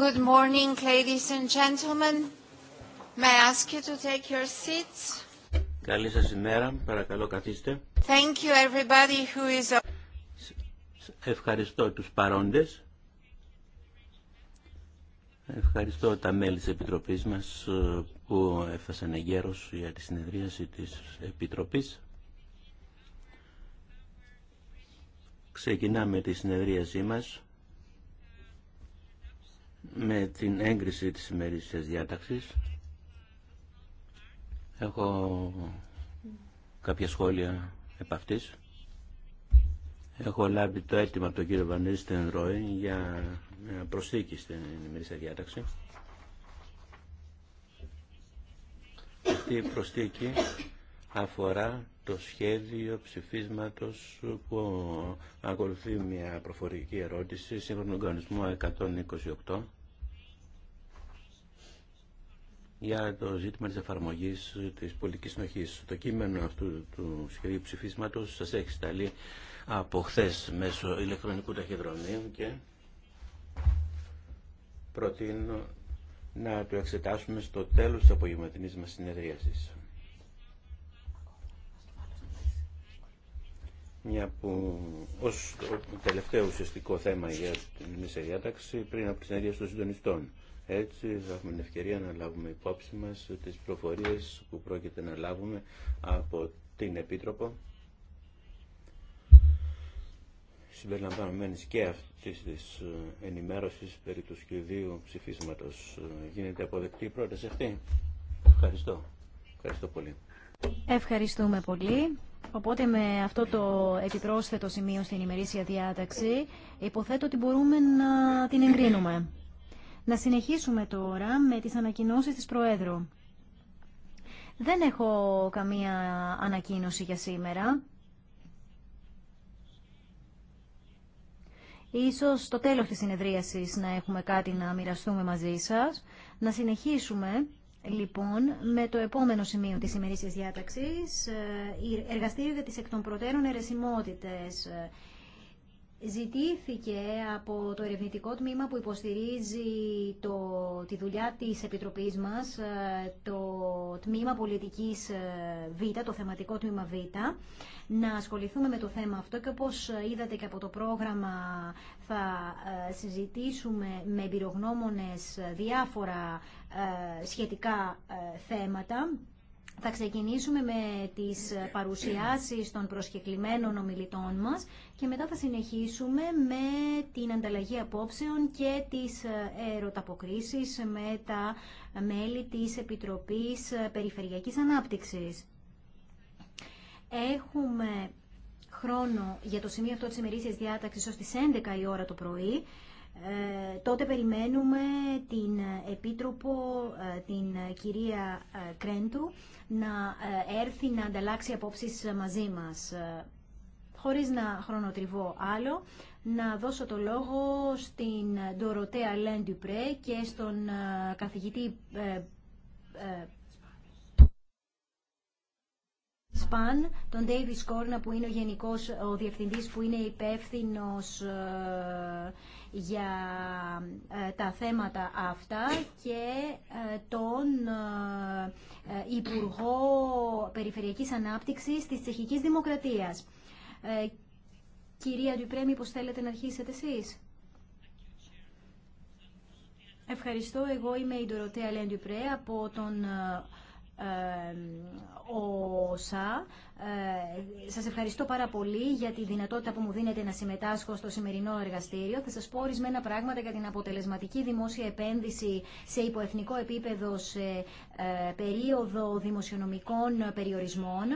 and gentlemen. Καλή σας ημέρα. Παρακαλώ καθίστε. Thank you Ευχαριστώ τους παρόντες. Ευχαριστώ τα μέλη της Επιτροπής μας ε, που έφτασαν εγκαίρως για τη συνεδρίαση της Επιτροπής. Ξεκινάμε τη συνεδρίασή μας με την έγκριση της ημερήσιας διάταξης. Έχω κάποια σχόλια επ' αυτής. Έχω λάβει το αίτημα από τον κύριο στην Ρόι για προσθήκη στην ημερήσια διάταξη. Αυτή η προσθήκη αφορά το σχέδιο ψηφίσματος που ακολουθεί μια προφορική ερώτηση σύμφωνα με τον κανονισμό 128 για το ζήτημα της εφαρμογής της πολιτικής συνοχής. Το κείμενο αυτού του σχεδίου ψηφίσματος σας έχει σταλεί από χθε μέσω ηλεκτρονικού ταχυδρομείου και προτείνω να το εξετάσουμε στο τέλος της απογευματινής μας συνεδρίασης. μια που ως τελευταίο ουσιαστικό θέμα για την Μισή Διάταξη πριν από τις ενέργειες των συντονιστών. Έτσι θα έχουμε την ευκαιρία να λάβουμε υπόψη μας τις προφορίες που πρόκειται να λάβουμε από την Επίτροπο συμπεριλαμβανομένης και αυτής της ε, ενημέρωσης περί του σχεδίου ψηφίσματος. Ε, γίνεται αποδεκτή η πρόταση αυτή. Ευχαριστώ. Ευχαριστώ πολύ. Ευχαριστούμε πολύ. Οπότε με αυτό το επιπρόσθετο σημείο στην ημερήσια διάταξη υποθέτω ότι μπορούμε να την εγκρίνουμε. Να συνεχίσουμε τώρα με τις ανακοινώσεις της Προέδρου. Δεν έχω καμία ανακοίνωση για σήμερα. Ίσως στο τέλος της συνεδρίασης να έχουμε κάτι να μοιραστούμε μαζί σας. Να συνεχίσουμε λοιπόν με το επόμενο σημείο της ημερήσιας διάταξης, ε, εργαστήριο για τις εκ των προτέρων ερεσιμότητες. Ε, ζητήθηκε από το ερευνητικό τμήμα που υποστηρίζει το, τη δουλειά της Επιτροπής μας, ε, το τμήμα πολιτικής ε, Β, το θεματικό τμήμα Β, να ασχοληθούμε με το θέμα αυτό και όπως είδατε και από το πρόγραμμα θα ε, συζητήσουμε με εμπειρογνώμονες διάφορα σχετικά θέματα θα ξεκινήσουμε με τις παρουσιάσεις των προσκεκλημένων ομιλητών μας και μετά θα συνεχίσουμε με την ανταλλαγή απόψεων και τις ε, ερωταποκρίσεις με τα μέλη της Επιτροπής Περιφερειακής Ανάπτυξης. Έχουμε χρόνο για το σημείο αυτό της ημερήσιας διάταξης ως τις 11 η ώρα το πρωί ε, τότε περιμένουμε την Επίτροπο, ε, την κυρία ε, Κρέντου, να έρθει να ανταλλάξει απόψεις μαζί μας. Χωρίς να χρονοτριβώ άλλο, να δώσω το λόγο στην Ντοροτέα Λέν και στον καθηγητή Σπαν, τον Ντέιβι Σκόρνα που είναι ο γενικός ο διευθυντής που είναι υπεύθυνος για ε, τα θέματα αυτά και ε, τον ε, Υπουργό Περιφερειακής Ανάπτυξης της Τσεχικής Δημοκρατίας. Κυρία Ντυπρέ, μήπως θέλετε να αρχίσετε εσείς. Ευχαριστώ. Εγώ είμαι η Ντοροτέα Λέντιπρέ από τον Σα ε, Σας ευχαριστώ πάρα πολύ για τη δυνατότητα που μου δίνετε να συμμετάσχω στο σημερινό εργαστήριο. Θα σας πω ορισμένα πράγματα για την αποτελεσματική δημόσια επένδυση σε υποεθνικό επίπεδο σε ε, περίοδο δημοσιονομικών περιορισμών.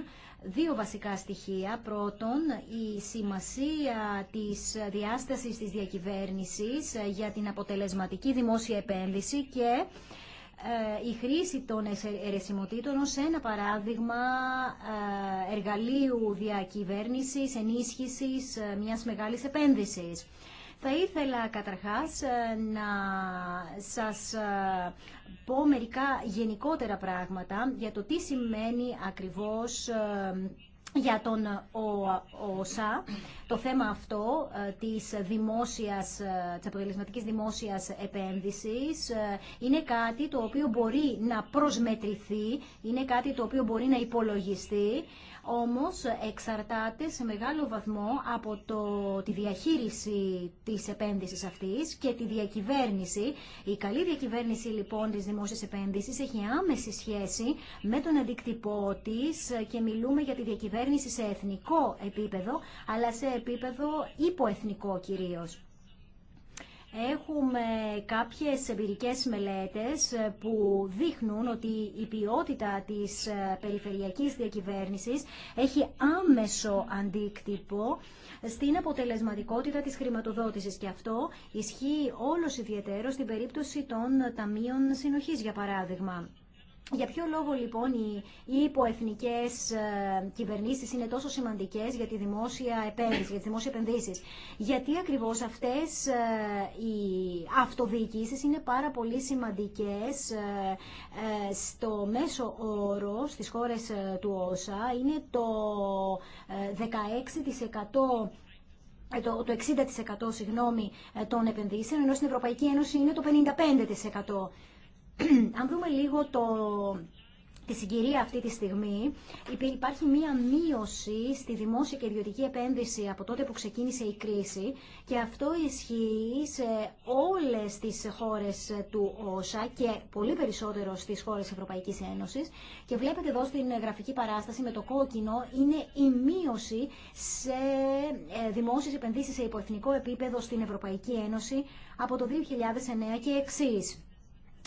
Δύο βασικά στοιχεία. Πρώτον, η σημασία της διάστασης της διακυβέρνησης ε, για την αποτελεσματική δημόσια επένδυση και ε, η χρήση των ερεσιμοτήτων ως ένα παράδειγμα ε, εργαλείου διακυβέρνησης, ενίσχυσης ε, μιας μεγάλης επένδυσης. Θα ήθελα καταρχάς να σας πω μερικά γενικότερα πράγματα για το τι σημαίνει ακριβώς για τον ε, ΟΣΑ το θέμα αυτό ε, της, δημόσιας, ε, της αποτελεσματικής δημόσιας επένδυσης είναι κάτι το οποίο μπορεί να προσμετρηθεί, είναι κάτι το οποίο μπορεί να υπολογιστεί όμως εξαρτάται σε μεγάλο βαθμό από το, τη διαχείριση της επένδυσης αυτής και τη διακυβέρνηση. Η καλή διακυβέρνηση λοιπόν της δημόσιας επένδυσης έχει άμεση σχέση με τον αντικτυπό τη και μιλούμε για τη διακυβέρνηση σε εθνικό επίπεδο, αλλά σε επίπεδο υποεθνικό κυρίως. Έχουμε κάποιες εμπειρικές μελέτες που δείχνουν ότι η ποιότητα της ε, περιφερειακής διακυβέρνησης έχει άμεσο αντίκτυπο στην αποτελεσματικότητα της χρηματοδότησης και αυτό ισχύει όλος ιδιαίτερο στην περίπτωση των ταμείων συνοχής για παράδειγμα. Για ποιο λόγο λοιπόν οι υποεθνικές ε, κυβερνήσεις είναι τόσο σημαντικές για τη δημόσια επένδυση, για τι δημόσιες επενδύσεις. Γιατί ακριβώς αυτές ε, οι αυτοδιοικήσει είναι πάρα πολύ σημαντικές ε, στο μέσο όρο στι χώρε του ΩΣΑ. Είναι το 16% το, το 60% συγγνώμη, των επενδύσεων, ενώ στην Ευρωπαϊκή Ένωση είναι το 55%. αν δούμε λίγο το, τη συγκυρία αυτή τη στιγμή, υπάρχει μία μείωση στη δημόσια και ιδιωτική επένδυση από τότε που ξεκίνησε η κρίση και αυτό ισχύει σε όλες τις χώρες του ΩΣΑ και πολύ περισσότερο στις χώρες Ευρωπαϊκής Ένωσης και βλέπετε εδώ στην γραφική παράσταση με το κόκκινο είναι η μείωση σε ε, δημόσιες επενδύσεις σε υποεθνικό επίπεδο στην Ευρωπαϊκή Ένωση από το 2009 και εξής.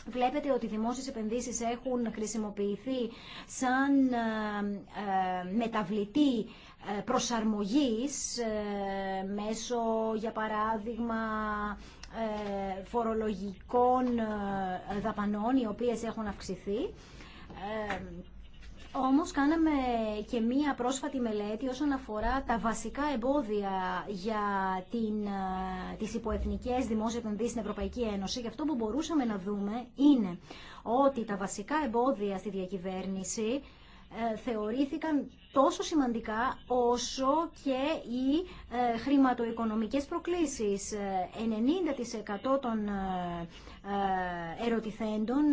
Βλέπετε ότι οι δημόσιες επενδύσεις έχουν χρησιμοποιηθεί σαν ε, ε, μεταβλητή ε, προσαρμογής μέσω, για παράδειγμα, φορολογικών δαπανών, οι οποίες έχουν αυξηθεί όμως κάναμε και μία πρόσφατη μελέτη όσον αφορά τα βασικά εμπόδια για την, ε, τις υποεθνικές δημόσιες στην Ευρωπαϊκή Ένωση και αυτό που μπορούσαμε να δούμε είναι ότι τα βασικά εμπόδια στη διακυβέρνηση ε, θεωρήθηκαν τόσο σημαντικά όσο και οι ε, χρηματοοικονομικές προκλήσεις. 90% ε, των ε, ερωτηθέντων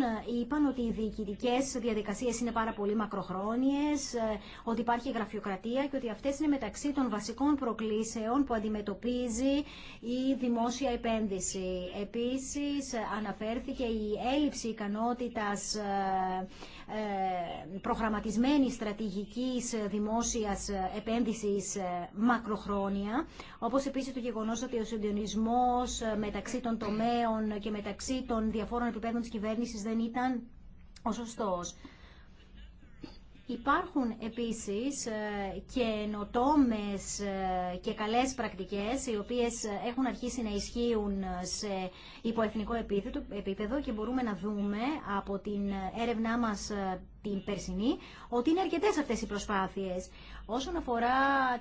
είπαν ότι οι διοικητικές διαδικασίες είναι πάρα πολύ μακροχρόνιες, ότι υπάρχει γραφειοκρατία και ότι αυτές είναι μεταξύ των βασικών προκλήσεων που αντιμετωπίζει η δημόσια επένδυση. Επίσης αναφέρθηκε η έλλειψη ικανότητας ε, προγραμματισμένη στρατηγικής δημόσιας επένδυσης ε, μακροχρόνια, όπως επίσης το γεγονός ότι ο συντονισμός ε, μεταξύ των τομέων και μεταξύ των διαφόρων επιπέδων της κυβέρνησης δεν ήταν ο σωστός. Υπάρχουν επίσης ε, και ε, και καλές πρακτικές οι οποίες ε, έχουν αρχίσει να ισχύουν σε υποεθνικό επίπεδο και μπορούμε να δούμε από την έρευνά μας την περσινή ότι είναι αρκετές αυτές οι προσπάθειες. Όσον αφορά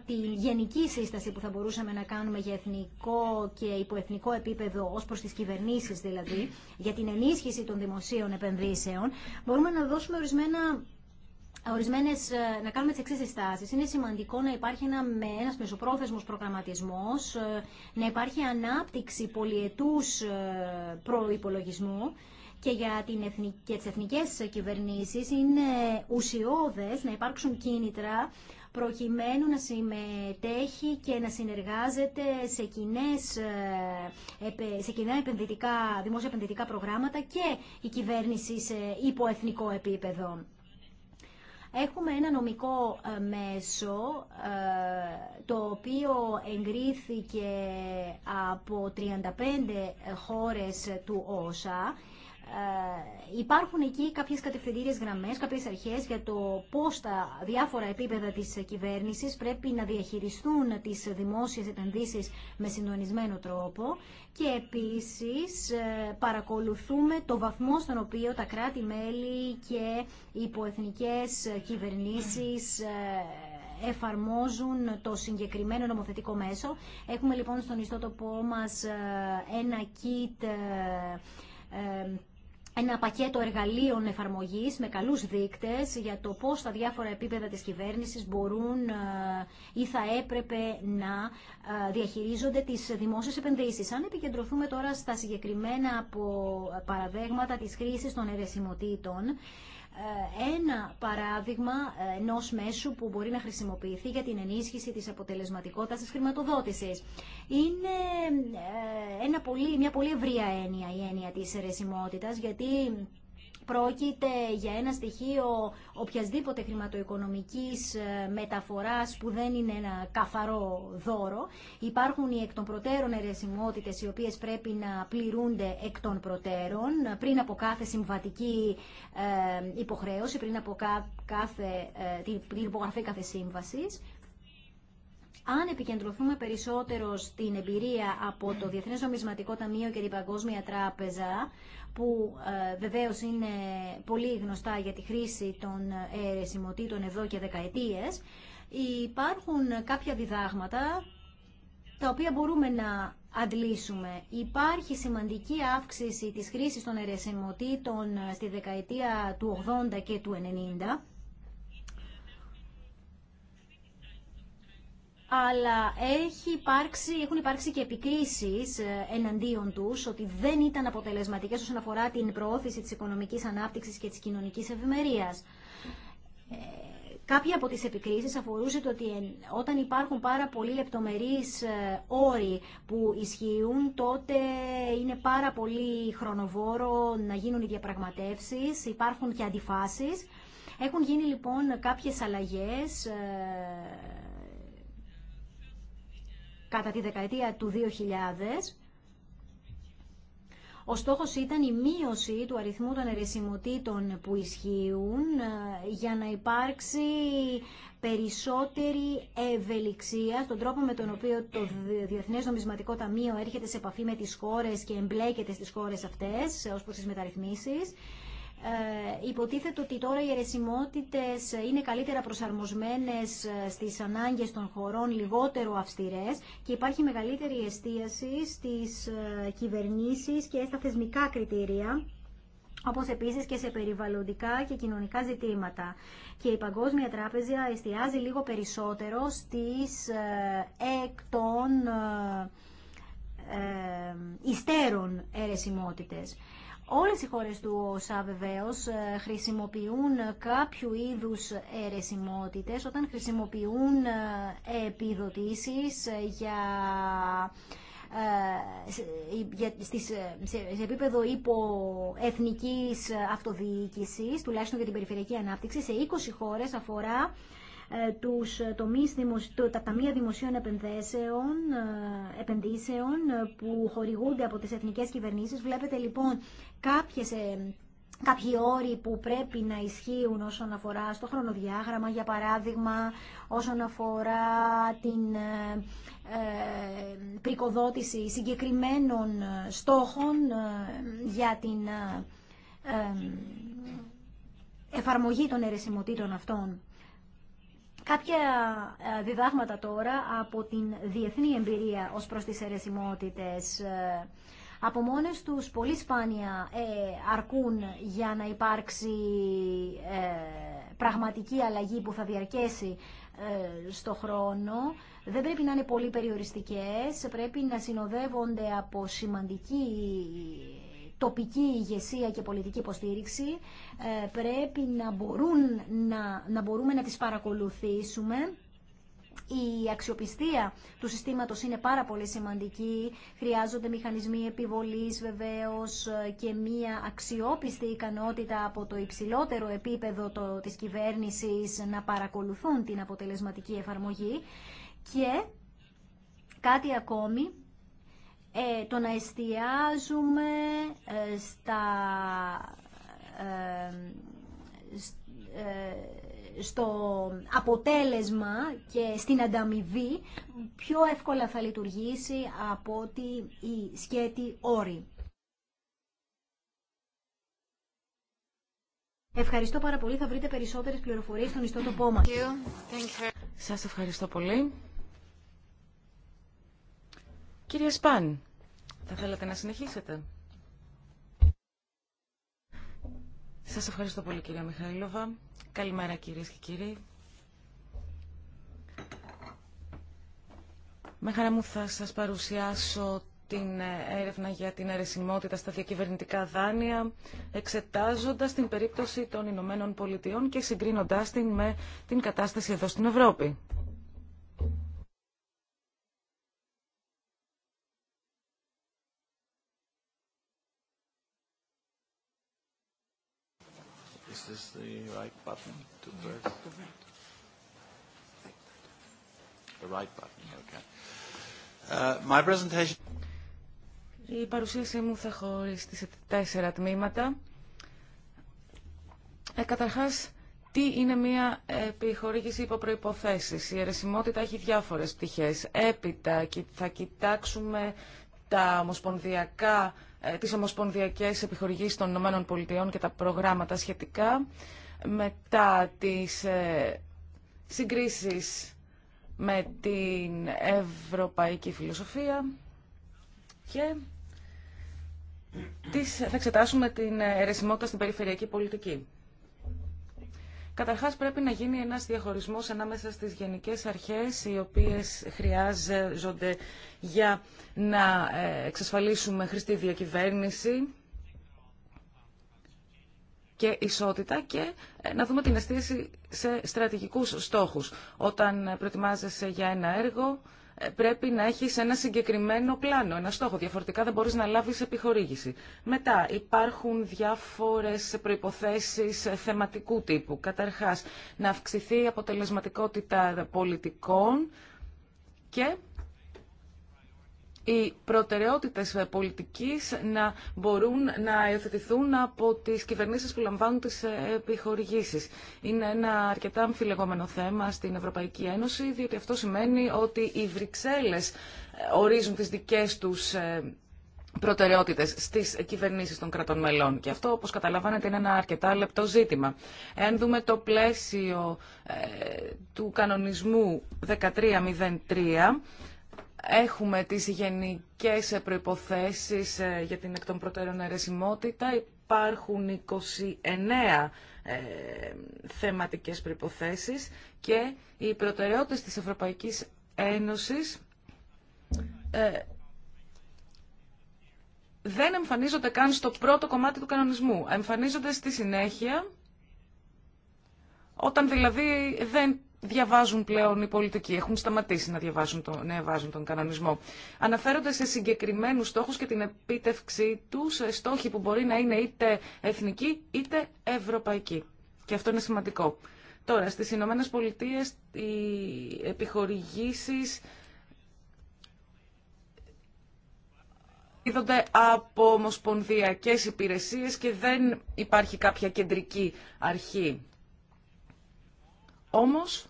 τη γενική σύσταση που θα μπορούσαμε να κάνουμε για εθνικό και υποεθνικό επίπεδο ως προς τις κυβερνήσεις δηλαδή για την ενίσχυση των δημοσίων επενδύσεων μπορούμε να δώσουμε ορισμένα ορισμένες, ε, να κάνουμε τις εξής συστάσεις. Είναι σημαντικό να υπάρχει ένα, ένας μεσοπρόθεσμος προγραμματισμός, ε, να υπάρχει ανάπτυξη πολιετούς ε, προϋπολογισμού, και για την εθνική, και τις εθνικές κυβερνήσεις είναι ουσιώδες να υπάρξουν κίνητρα προκειμένου να συμμετέχει και να συνεργάζεται σε, κοινές, σε κοινά επενδυτικά, δημόσια επενδυτικά προγράμματα και η κυβέρνηση σε υποεθνικό επίπεδο. Έχουμε ένα νομικό ε, μέσο ε, το οποίο εγκρίθηκε από 35 χώρες του ΩΣΑ ε, υπάρχουν εκεί κάποιες κατευθυντήριες γραμμές, κάποιες αρχές για το πώς τα διάφορα επίπεδα της κυβέρνησης πρέπει να διαχειριστούν τις δημόσιες επενδύσεις με συντονισμένο τρόπο και επίσης ε, παρακολουθούμε το βαθμό στον οποίο τα κράτη-μέλη και οι υποεθνικές κυβερνήσεις ε, εφαρμόζουν το συγκεκριμένο νομοθετικό μέσο. Έχουμε λοιπόν στον ιστότοπό μας ένα kit ένα πακέτο εργαλείων εφαρμογής με καλούς δείκτες για το πώς τα διάφορα επίπεδα της κυβέρνησης μπορούν ε, ή θα έπρεπε να ε, διαχειρίζονται τις δημόσιες επενδύσεις. Αν επικεντρωθούμε τώρα στα συγκεκριμένα από παραδείγματα της χρήσης των ερεσιμοτήτων, ε, ένα παράδειγμα ε, ενό μέσου που μπορεί να χρησιμοποιηθεί για την ενίσχυση της αποτελεσματικότητας της χρηματοδότησης. Είναι ε, ένα πολύ, μια πολύ ευρία έννοια η έννοια της αιρεσιμότητας γιατί Πρόκειται για ένα στοιχείο οποιασδήποτε χρηματοοικονομικής ε, μεταφοράς που δεν είναι ένα καθαρό δώρο. Υπάρχουν οι εκ των προτέρων αιρεσιμότητες οι οποίες πρέπει να πληρούνται εκ των προτέρων ε, πριν από κάθε συμβατική ε, υποχρέωση, πριν από κάθε, την υπογραφή κάθε σύμβασης. Αν επικεντρωθούμε περισσότερο στην εμπειρία από το Διεθνές Νομισματικό Ταμείο και την Παγκόσμια Τράπεζα, που ε, βεβαίως είναι πολύ γνωστά για τη χρήση των αιρεσιμοτήτων ε, εδώ και δεκαετίες, υπάρχουν κάποια διδάγματα τα οποία μπορούμε να αντλήσουμε. Υπάρχει σημαντική αύξηση της χρήσης των αιρεσιμοτήτων ε, στη δεκαετία του 80 και του 90 αλλά έχει έχουν υπάρξει και επικρίσεις ε, εναντίον τους ότι δεν ήταν αποτελεσματικές όσον αφορά την προώθηση της οικονομικής ανάπτυξης και της κοινωνικής ευημερίας. Ε, κάποια από τις επικρίσεις αφορούσε το ότι όταν υπάρχουν πάρα πολλοί λεπτομερείς ε, όροι που ισχύουν, τότε είναι πάρα πολύ χρονοβόρο να γίνουν οι διαπραγματεύσεις, υπάρχουν και αντιφάσεις. Έχουν γίνει λοιπόν κάποιες αλλαγές κατά τη δεκαετία του 2000. Ο στόχος ήταν η μείωση του αριθμού των ερεσιμοτήτων που ισχύουν ε, για να υπάρξει περισσότερη ευελιξία στον τρόπο με τον οποίο το Διεθνές Νομισματικό Ταμείο έρχεται σε επαφή με τις χώρες και εμπλέκεται στις χώρες αυτές ε, ως προς τις μεταρρυθμίσεις ε, υποτίθεται ότι τώρα οι αιρεσιμότητες είναι καλύτερα προσαρμοσμένες ε, στις ανάγκες των χωρών, λιγότερο αυστηρές και υπάρχει μεγαλύτερη εστίαση στις ε, κυβερνήσεις και στα θεσμικά κριτήρια όπως επίσης και σε περιβαλλοντικά και κοινωνικά ζητήματα. Και η Παγκόσμια Τράπεζα εστιάζει λίγο περισσότερο στις ε, εκ των υστέρων Όλες οι χώρες του ΩΣΑ βεβαίως ε, χρησιμοποιούν κάποιου είδους αιρεσιμότητες όταν χρησιμοποιούν ε, επιδοτήσεις για ε, σε επίπεδο υποεθνικής αυτοδιοίκησης, τουλάχιστον για την περιφερειακή ανάπτυξη, σε 20 χώρες αφορά ε, τους ε, τομείς, τα ταμεία δημοσίων ε, επενδύσεων, επενδύσεων που χορηγούνται από τις εθνικές κυβερνήσεις. Βλέπετε λοιπόν κάποιες κάποιοι όροι που πρέπει να ισχύουν όσον αφορά στο χρονοδιάγραμμα, για παράδειγμα, όσον αφορά την ε, πρικοδότηση συγκεκριμένων στόχων για την εφαρμογή των αιρεσιμοτήτων αυτών. Κάποια ε, διδάγματα τώρα από την διεθνή εμπειρία ως προς τις αιρεσιμότητες ε, από μόνες τους πολύ σπάνια ε, αρκούν για να υπάρξει πραγματική αλλαγή που θα διαρκέσει στο χρόνο. Δεν πρέπει να είναι πολύ περιοριστικές, πρέπει να συνοδεύονται από σημαντική τοπική ηγεσία και πολιτική υποστήριξη ε, πρέπει να, μπορούν, να, να μπορούμε να τις παρακολουθήσουμε η αξιοπιστία του συστήματος είναι πάρα πολύ σημαντική. Χρειάζονται μηχανισμοί επιβολής βεβαίως ε, και μία αξιόπιστη ικανότητα από το υψηλότερο επίπεδο το, της κυβέρνησης να παρακολουθούν την αποτελεσματική εφαρμογή. Και κάτι ακόμη ε, το να εστιάζουμε ε, στα, ε, ε, στο αποτέλεσμα και στην ανταμοιβή πιο εύκολα θα λειτουργήσει από ότι η σκέτη όρη. Ευχαριστώ πάρα πολύ. Θα βρείτε περισσότερες πληροφορίες στον ιστότοπό μας. Σας ευχαριστώ πολύ. Κύριε Σπάν, θα θέλατε να συνεχίσετε. Σας ευχαριστώ πολύ κυρία Μιχαήλωβα. Καλημέρα κυρίες και κύριοι. Με χαρά μου θα σας παρουσιάσω την έρευνα για την αρεσιμότητα στα διακυβερνητικά δάνεια, εξετάζοντας την περίπτωση των Ηνωμένων Πολιτειών και συγκρίνοντάς την με την κατάσταση εδώ στην Ευρώπη. This the right button to press. The right button, okay. Uh, my presentation... Η παρουσίασή μου θα χωρίσει σε τέσσερα τμήματα. Ε, καταρχάς, τι είναι μια επιχορήγηση υπό προϋποθέσεις. Η αιρεσιμότητα έχει διάφορες πτυχές. Έπειτα θα κοιτάξουμε τα ομοσπονδιακά ε, τις ομοσπονδιακές επιχορηγήσεις των Ηνωμένων Πολιτειών και τα προγράμματα σχετικά, μετά τις ε, συγκρίσεις με την ευρωπαϊκή φιλοσοφία και τις, θα εξετάσουμε την ε, αιρεσιμότητα στην περιφερειακή πολιτική. Καταρχάς πρέπει να γίνει ένας διαχωρισμός ανάμεσα στις γενικέ αρχές οι οποίες χρειάζονται για να ε, εξασφαλίσουμε χρηστή διακυβέρνηση και ισότητα και ε, να δούμε την αισθήση σε στρατηγικούς στόχους. Όταν ε, προετοιμάζεσαι για ένα έργο πρέπει να έχεις ένα συγκεκριμένο πλάνο, ένα στόχο. Διαφορετικά δεν μπορείς να λάβεις επιχορήγηση. Μετά υπάρχουν διάφορες προποθέσει θεματικού τύπου. Καταρχάς, να αυξηθεί η αποτελεσματικότητα πολιτικών και οι προτεραιότητες πολιτικής να μπορούν να υιοθετηθούν από τις κυβερνήσεις που λαμβάνουν τις ε, επιχορηγήσεις. Είναι ένα αρκετά αμφιλεγόμενο θέμα στην Ευρωπαϊκή Ένωση, διότι αυτό σημαίνει ότι οι Βρυξέλλες ε, ορίζουν τις δικές τους ε, προτεραιότητες στις κυβερνήσεις των κρατών μελών. Και αυτό, όπως καταλαβαίνετε, είναι ένα αρκετά λεπτό ζήτημα. Εάν δούμε το πλαίσιο του κανονισμού 1303, Έχουμε τις γενικές προϋποθέσεις ε, για την εκ των προτέρων αιρεσιμότητα. Υπάρχουν 29 ε, θεματικές προϋποθέσεις και οι προτεραιότητες της Ευρωπαϊκής Ένωσης ε, δεν εμφανίζονται καν στο πρώτο κομμάτι του κανονισμού. Εμφανίζονται στη συνέχεια, όταν δηλαδή δεν διαβάζουν πλέον οι πολιτικοί, έχουν σταματήσει να διαβάζουν τον, να τον κανονισμό. Αναφέρονται σε συγκεκριμένους στόχους και την επίτευξη τους, ε, στόχοι που μπορεί να είναι είτε εθνικοί είτε ευρωπαϊκοί. Και αυτό είναι σημαντικό. Τώρα, στις Ηνωμένες Πολιτείες οι επιχορηγήσεις δίδονται από ομοσπονδιακέ υπηρεσίες και δεν υπάρχει κάποια κεντρική αρχή. Όμως,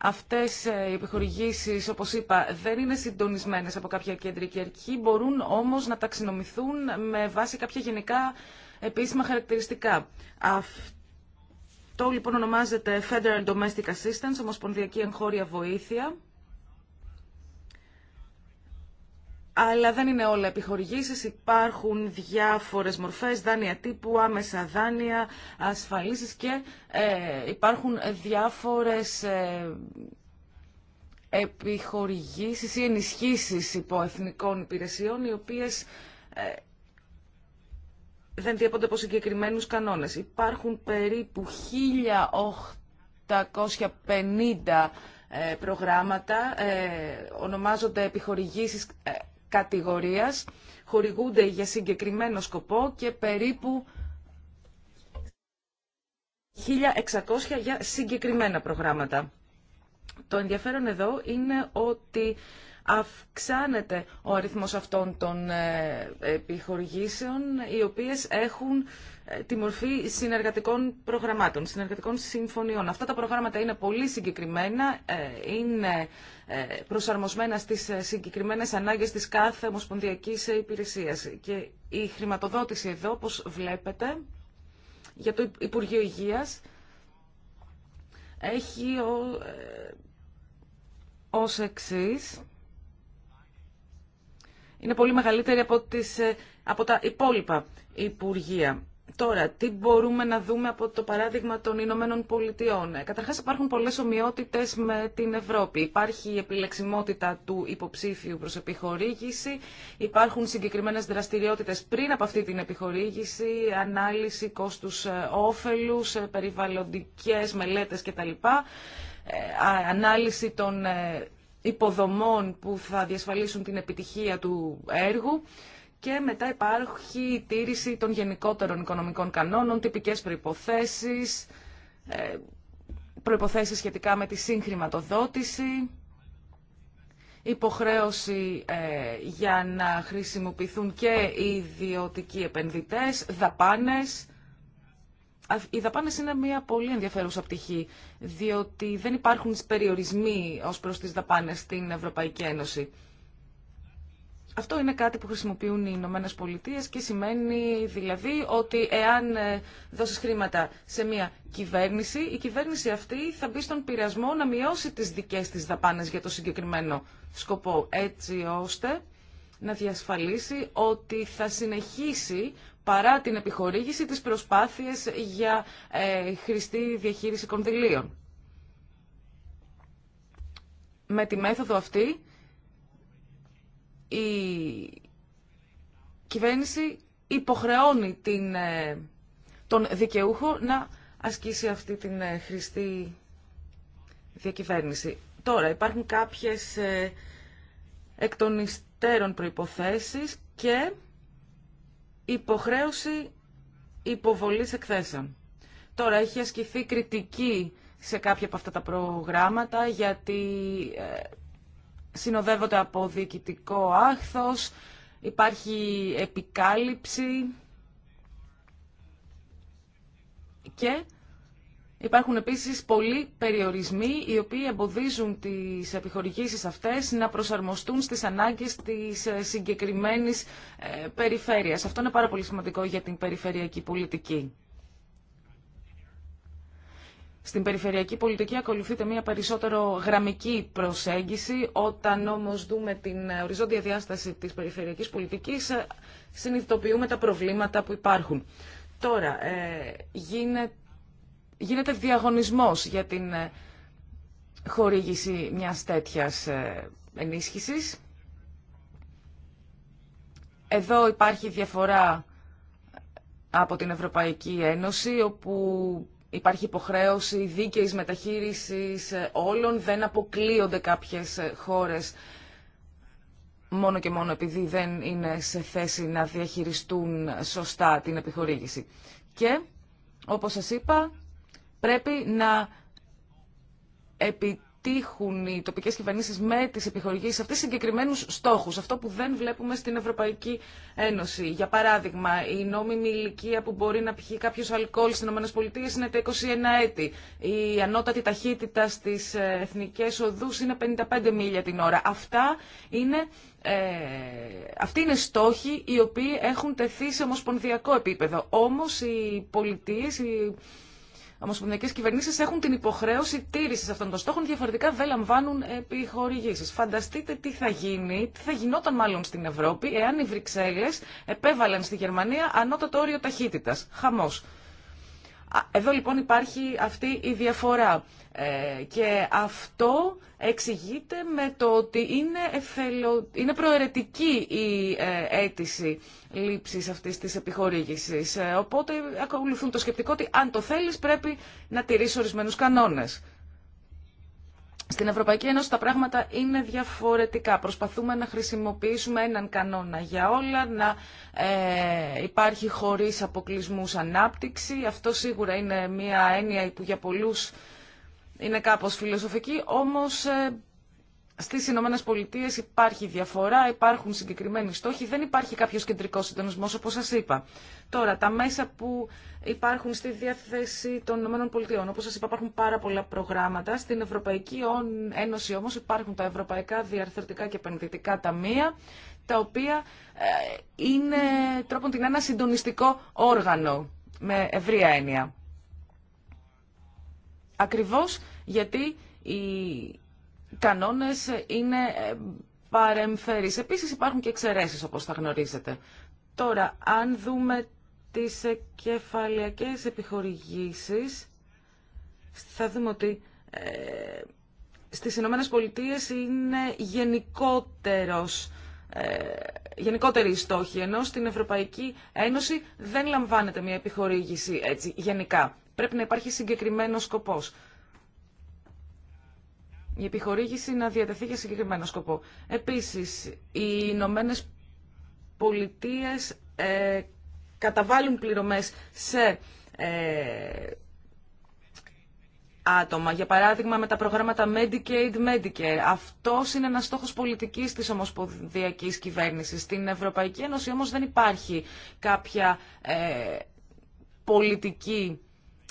Αυτές ε, οι επιχορηγήσεις, όπως είπα, δεν είναι συντονισμένες από κάποια κεντρική αρχή, μπορούν όμως να ταξινομηθούν με βάση κάποια γενικά επίσημα χαρακτηριστικά. Αυτό λοιπόν ονομάζεται Federal Domestic Assistance, Ομοσπονδιακή Εγχώρια Βοήθεια. αλλά δεν είναι όλα επιχορηγήσεις. Υπάρχουν διάφορες μορφές, δάνεια τύπου, άμεσα δάνεια, ασφαλίσεις και ε, υπάρχουν διάφορες ε, επιχορηγήσεις ή ενισχύσεις υποεθνικών υπηρεσιών, οι οποίες ε, δεν διέπονται από συγκεκριμένους κανόνες. Υπάρχουν περίπου 1.850 ε, προγράμματα, ονομάζονται επιχορηγήσεις κατηγορίας, χορηγούνται για συγκεκριμένο σκοπό και περίπου 1.600 για συγκεκριμένα προγράμματα. Το ενδιαφέρον εδώ είναι ότι αυξάνεται ο αριθμός αυτών των ε, επιχορηγήσεων οι οποίες έχουν τη μορφή συνεργατικών προγραμμάτων, συνεργατικών συμφωνιών. Αυτά τα προγράμματα είναι πολύ συγκεκριμένα, ε, είναι ε, προσαρμοσμένα στις ε, συγκεκριμένες ανάγκες της κάθε ομοσπονδιακής υπηρεσίας. Και η χρηματοδότηση εδώ, όπως βλέπετε, για το Υπουργείο Υγείας έχει ο, ε, ως Είναι πολύ μεγαλύτερη από, τις, από τα υπόλοιπα Υπουργεία. Τώρα, τι μπορούμε να δούμε από το παράδειγμα των Ηνωμένων Πολιτειών. Ε, καταρχάς υπάρχουν πολλές ομοιότητες με την Ευρώπη. Υπάρχει η επιλεξιμότητα του υποψήφιου προς επιχορήγηση, υπάρχουν συγκεκριμένες δραστηριότητες πριν από αυτή την επιχορήγηση, ανάλυση κόστους ε, όφελους, ε, περιβαλλοντικές μελέτες κτλ. Ανάλυση των υποδομών που θα διασφαλίσουν την επιτυχία του έργου και μετά υπάρχει η τήρηση των γενικότερων οικονομικών κανόνων, τυπικές προϋποθέσεις, ε, προϋποθέσεις σχετικά με τη συγχρηματοδότηση, υποχρέωση ε, για να χρησιμοποιηθούν και οι ιδιωτικοί επενδυτές, δαπάνες. Οι δαπάνες είναι μια πολύ ενδιαφέρουσα πτυχή, διότι δεν υπάρχουν περιορισμοί ως προς τις δαπάνες στην Ευρωπαϊκή Ένωση. Αυτό είναι κάτι που χρησιμοποιούν οι Ηνωμένε Πολιτείε και σημαίνει δηλαδή ότι εάν ε, δώσει χρήματα σε μια κυβέρνηση, η κυβέρνηση αυτή θα μπει στον πειρασμό να μειώσει τι δικέ τη δαπάνε για το συγκεκριμένο σκοπό, έτσι ώστε να διασφαλίσει ότι θα συνεχίσει παρά την επιχορήγηση της προσπάθειες για ε, χρηστή διαχείριση κονδυλίων. Με τη μέθοδο αυτή η κυβέρνηση υποχρεώνει την, ε, τον δικαιούχο να ασκήσει αυτή την ε, χρηστή διακυβέρνηση. Τώρα υπάρχουν κάποιες ε, εκ των υστέρων προϋποθέσεις και υποχρέωση υποβολής εκθέσεων. Τώρα έχει ασκηθεί κριτική σε κάποια από αυτά τα προγράμματα γιατί συνοδεύονται από διοικητικό άχθος, υπάρχει επικάλυψη και υπάρχουν επίσης πολλοί περιορισμοί οι οποίοι εμποδίζουν τις επιχορηγήσεις αυτές να προσαρμοστούν στις ανάγκες της ε, συγκεκριμένης ε, περιφέρειας. Αυτό είναι πάρα πολύ σημαντικό για την περιφερειακή πολιτική. Στην περιφερειακή πολιτική ακολουθείται μια περισσότερο γραμμική προσέγγιση. Όταν όμως δούμε την οριζόντια διάσταση της περιφερειακή πολιτική συνειδητοποιούμε τα προβλήματα που υπάρχουν. Τώρα, ε, γίνεται, γίνεται διαγωνισμός για την ε, χορήγηση μιας τέτοιας ε, ενίσχυσης. Εδώ υπάρχει διαφορά από την Ευρωπαϊκή Ένωση, όπου υπάρχει υποχρέωση δίκαιης μεταχείρισης ε, όλων, δεν αποκλείονται κάποιες ε, χώρες μόνο και μόνο επειδή δεν είναι σε θέση να διαχειριστούν σωστά την επιχορήγηση. Και, όπως σας είπα, πρέπει να επιτρέψουμε πετύχουν οι τοπικές κυβερνήσεις με τις επιχορηγήσεις αυτές συγκεκριμένους στόχους, αυτό που δεν βλέπουμε στην Ευρωπαϊκή Ένωση. Για παράδειγμα, η νόμιμη ηλικία που μπορεί να πιει κάποιο αλκοόλ στις ΗΠΑ είναι τα 21 έτη, η ανώτατη ταχύτητα στις ε, εθνικές οδούς είναι 55 μίλια την ώρα. Αυτά είναι ε, αυτοί είναι στόχοι οι οποίοι έχουν τεθεί σε ομοσπονδιακό επίπεδο. Όμως οι πολιτείες, οι ομοσπονδιακές κυβερνήσεις έχουν την υποχρέωση τήρησης αυτών των στόχων, διαφορετικά δεν λαμβάνουν επιχορηγήσεις. Φανταστείτε τι θα γίνει, τι θα γινόταν μάλλον στην Ευρώπη, εάν οι Βρυξέλλες επέβαλαν στη Γερμανία ανώτατο όριο ταχύτητας. Χαμός. Εδώ λοιπόν υπάρχει αυτή η διαφορά ε, και αυτό εξηγείται με το ότι είναι, είναι προαιρετική η ε, αίτηση λήψης αυτής της επιχορήγησης. Ε, οπότε ακολουθούν το σκεπτικό ότι αν το θέλεις πρέπει να τηρείς ορισμένους κανόνες. Στην Ευρωπαϊκή Ένωση τα πράγματα είναι διαφορετικά. Προσπαθούμε να χρησιμοποιήσουμε έναν κανόνα για όλα, να ε, υπάρχει χωρίς αποκλεισμούς ανάπτυξη. Αυτό σίγουρα είναι μια έννοια που για πολλούς είναι κάπως φιλοσοφική, όμως ε, στις Ηνωμένες Πολιτείες υπάρχει διαφορά, υπάρχουν συγκεκριμένοι στόχοι, δεν υπάρχει κάποιος κεντρικός συντονισμός όπως σας είπα. Τώρα, τα μέσα που υπάρχουν στη διάθεση των Ηνωμένων Πολιτείων, όπως σας είπα υπάρχουν πάρα πολλά προγράμματα. Στην Ευρωπαϊκή Ένωση όμως υπάρχουν τα Ευρωπαϊκά Διαρθρωτικά και Επενδυτικά Ταμεία, τα οποία ε, είναι τρόπον την ένα συντονιστικό όργανο, με ευρία έννοια. Ακριβώς γιατί η κανόνες είναι ε, παρεμφερείς. Επίσης υπάρχουν και εξαιρέσεις όπως θα γνωρίζετε. Τώρα, αν δούμε τις κεφαλιακές επιχορηγήσεις, θα δούμε ότι ε, στις Ηνωμένε Πολιτείε είναι γενικότερος ε, γενικότερη η στόχη, ενώ στην Ευρωπαϊκή Ένωση δεν λαμβάνεται μια επιχορήγηση έτσι γενικά. Πρέπει να υπάρχει συγκεκριμένος σκοπός η επιχορήγηση να διατεθεί για συγκεκριμένο σκοπό. Επίσης, οι Ηνωμένε Πολιτείες ε, καταβάλουν πληρωμές σε ε, άτομα. Για παράδειγμα, με τα προγράμματα Medicaid, Medicare. Αυτό είναι ένας στόχος πολιτικής της Ομοσπονδιακής κυβέρνηση. Στην Ευρωπαϊκή Ένωση όμως δεν υπάρχει κάποια ε, πολιτική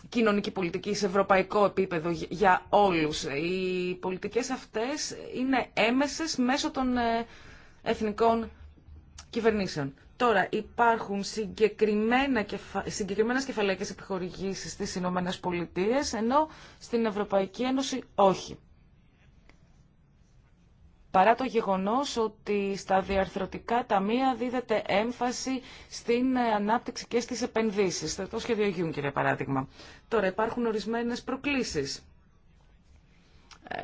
κοινωνική πολιτική σε ευρωπαϊκό επίπεδο για όλους. Οι πολιτικές αυτές είναι έμεσες μέσω των ε, εθνικών κυβερνήσεων. Τώρα υπάρχουν συγκεκριμένα κεφα... συγκεκριμένες κεφαλαϊκές επιχορηγήσεις στις Ηνωμένε Πολιτείες, ενώ στην Ευρωπαϊκή Ένωση όχι παρά το γεγονός ότι στα διαρθρωτικά ταμεία δίδεται έμφαση στην ε, ανάπτυξη και στις επενδύσεις. Το σχέδιο Γιούνκερ, παράδειγμα. Τώρα υπάρχουν ορισμένες προκλήσεις. Ε,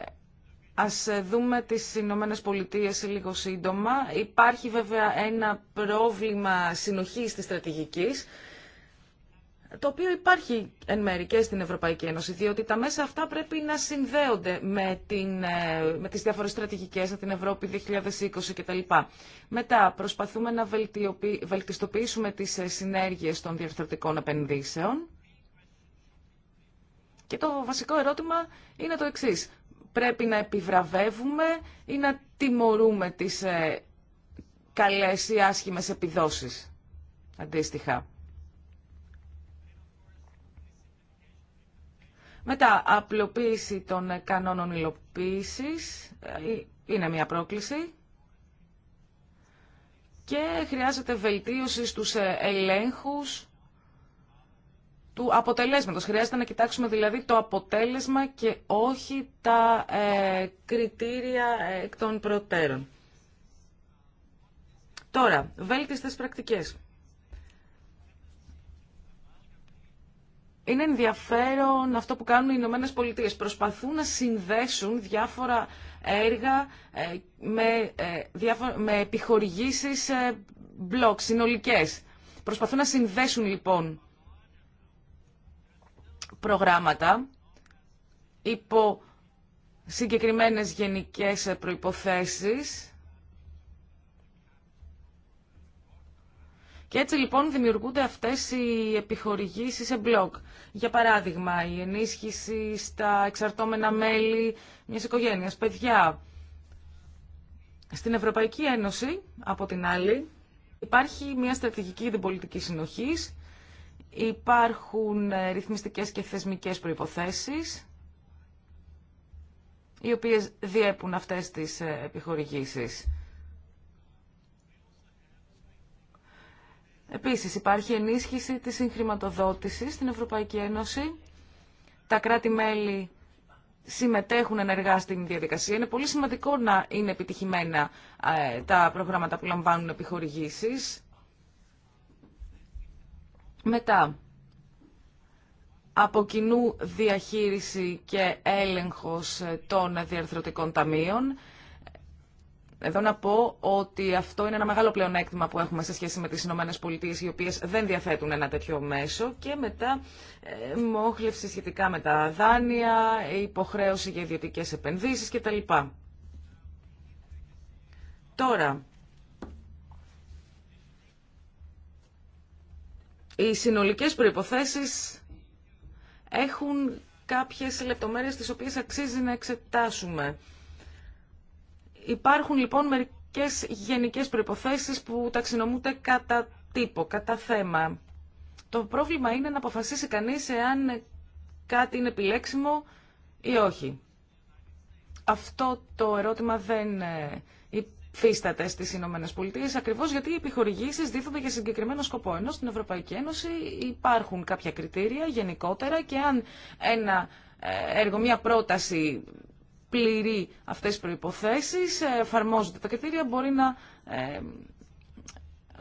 ας ε, δούμε τις Ηνωμένε Πολιτείε λίγο σύντομα. Υπάρχει βέβαια ένα πρόβλημα συνοχής της στρατηγικής το οποίο υπάρχει εν μέρει και στην Ευρωπαϊκή Ένωση, διότι τα μέσα αυτά πρέπει να συνδέονται με, την, ε, με τις διάφορες στρατηγικές, από την Ευρώπη 2020 κτλ. Μετά προσπαθούμε να βελτιστοποιήσουμε τις ε, συνέργειες των διαρθρωτικών επενδύσεων. Και το βασικό ερώτημα είναι το εξής. Πρέπει να επιβραβεύουμε ή να τιμωρούμε τις ε, καλές ή άσχημες επιδόσεις αντίστοιχα. Μετά, απλοποίηση των κανόνων υλοποίησης ε, είναι μια πρόκληση και χρειάζεται βελτίωση στους ε, ελέγχους του αποτελέσματος. Χρειάζεται να κοιτάξουμε δηλαδή το αποτέλεσμα και όχι τα ε, κριτήρια εκ των προτέρων. Τώρα, βέλτιστες πρακτικές. είναι ενδιαφέρον αυτό που κάνουν οι Ηνωμένε Πολιτείε. Προσπαθούν να συνδέσουν διάφορα έργα ε, με, ε, με επιχορηγήσεις ε, μπλοκ, συνολικές. Προσπαθούν να συνδέσουν λοιπόν προγράμματα υπό συγκεκριμένες γενικές προϋποθέσεις και έτσι λοιπόν δημιουργούνται αυτές οι επιχορηγήσεις σε μπλοκ. Για παράδειγμα, η ενίσχυση στα εξαρτώμενα μέλη μιας οικογένειας, παιδιά. Στην Ευρωπαϊκή Ένωση, από την άλλη, υπάρχει μια στρατηγική διπολιτική συνοχής, υπάρχουν ε, ρυθμιστικές και θεσμικές προϋποθέσεις, οι οποίες διέπουν αυτές τις ε, επιχορηγήσεις. Επίσης υπάρχει ενίσχυση της συγχρηματοδότησης στην Ευρωπαϊκή Ένωση. Τα κράτη-μέλη συμμετέχουν ενεργά στην διαδικασία. Είναι πολύ σημαντικό να είναι επιτυχημένα ε, τα προγράμματα που λαμβάνουν επιχορηγήσεις. Μετά, από κοινού διαχείριση και έλεγχος ε, των διαρθρωτικών ταμείων. Εδώ να πω ότι αυτό είναι ένα μεγάλο πλεονέκτημα που έχουμε σε σχέση με τις Ηνωμένε Πολιτείε, οι οποίες δεν διαθέτουν ένα τέτοιο μέσο και μετά ε, μόχλευση σχετικά με τα δάνεια, υποχρέωση για ιδιωτικέ επενδύσει κτλ. Τώρα, οι συνολικές προποθέσει έχουν κάποιες λεπτομέρειες τις οποίες αξίζει να εξετάσουμε. Υπάρχουν λοιπόν μερικές γενικές προϋποθέσεις που ταξινομούνται κατά τύπο, κατά θέμα. Το πρόβλημα είναι να αποφασίσει κανείς εάν κάτι είναι επιλέξιμο ή όχι. Αυτό το ερώτημα δεν ε, υφίσταται στις Ηνωμένε Πολιτείε, ακριβώς γιατί οι επιχορηγήσεις δίδονται για συγκεκριμένο σκοπό. Ενώ στην Ευρωπαϊκή Ένωση υπάρχουν κάποια κριτήρια γενικότερα και αν ένα ε, έργο, μια πρόταση πληρεί αυτές τις προϋποθέσεις, ε, εφαρμόζονται τα κριτήρια, μπορεί να ε,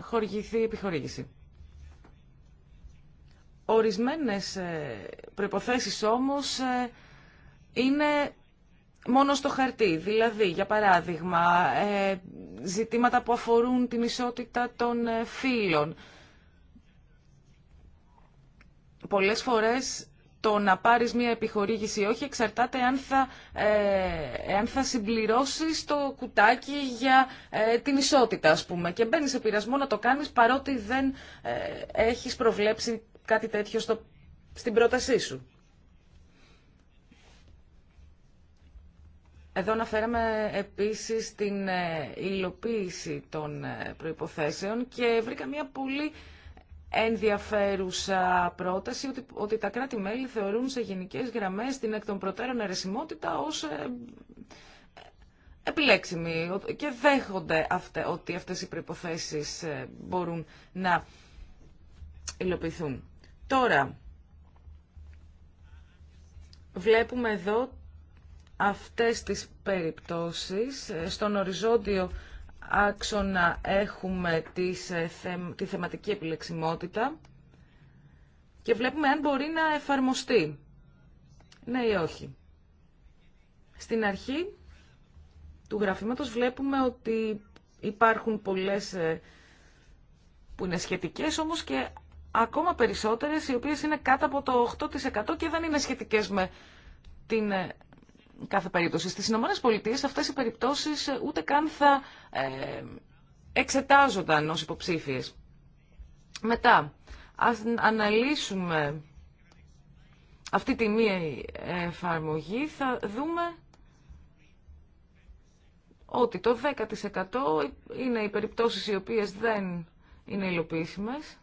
χορηγηθεί επιχορήγηση. Ορισμένες ε, προϋποθέσεις όμως ε, είναι μόνο στο χαρτί. Δηλαδή, για παράδειγμα, ζητήματα που αφορούν την ισότητα των φύλων. Πολλές φορές το να πάρεις μια επιχορήγηση ή όχι εξαρτάται αν θα, ε, συμπληρώσεις το κουτάκι για ε, την ισότητα, ας πούμε. Και μπαίνει σε πειρασμό να το κάνεις παρότι δεν ε, έχεις προβλέψει κάτι τέτοιο στο, στην πρότασή σου. Εδώ αναφέραμε επίσης την ε, υλοποίηση των προϋποθέσεων και βρήκα μια πολύ ενδιαφέρουσα πρόταση ότι, ότι τα κράτη-μέλη θεωρούν σε γενικές γραμμές την εκ των προτέρων αιρεσιμότητα ως ε, επιλέξιμη και δέχονται αυτε, ότι αυτές οι προϋποθέσεις ε, μπορούν να υλοποιηθούν. Τώρα, βλέπουμε εδώ αυτές τις περιπτώσεις ε, στον οριζόντιο άξονα έχουμε ε, τη θεματική επιλεξιμότητα και βλέπουμε αν μπορεί να εφαρμοστεί. Ναι ή όχι. Στην αρχή του γραφήματος βλέπουμε ότι υπάρχουν πολλές ε, που είναι σχετικές όμως και ακόμα περισσότερες οι οποίες είναι κάτω από το 8% και δεν είναι σχετικές με την ε, κάθε περίπτωση. Στις Ηνωμένες Πολιτείες αυτές οι περιπτώσεις ε, ούτε καν θα ε, εξετάζονταν ως υποψήφιες. Μετά, ας αναλύσουμε αυτή τη μία εφαρμογή, θα δούμε ότι το 10% είναι οι περιπτώσεις οι οποίες δεν είναι υλοποιήσιμες.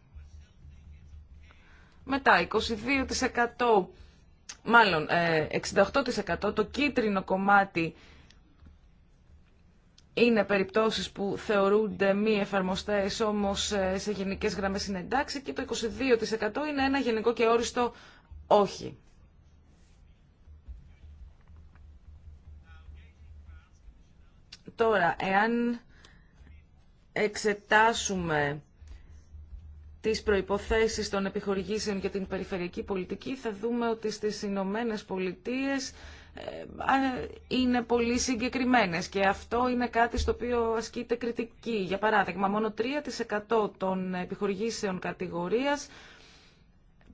Μετά, 22% μάλλον 68% ε, το κίτρινο κομμάτι είναι περιπτώσεις που θεωρούνται μη εφαρμοστές, όμως ε, σε γενικές γραμμές είναι εντάξει και το 22% είναι ένα γενικό και όριστο όχι. Τώρα, εάν εξετάσουμε τις προϋποθέσεις των επιχορηγήσεων για την περιφερειακή πολιτική, θα δούμε ότι στις Ηνωμένε Πολιτείε ε, είναι πολύ συγκεκριμένες και αυτό είναι κάτι στο οποίο ασκείται κριτική. Για παράδειγμα, μόνο 3% των επιχορηγήσεων κατηγορίας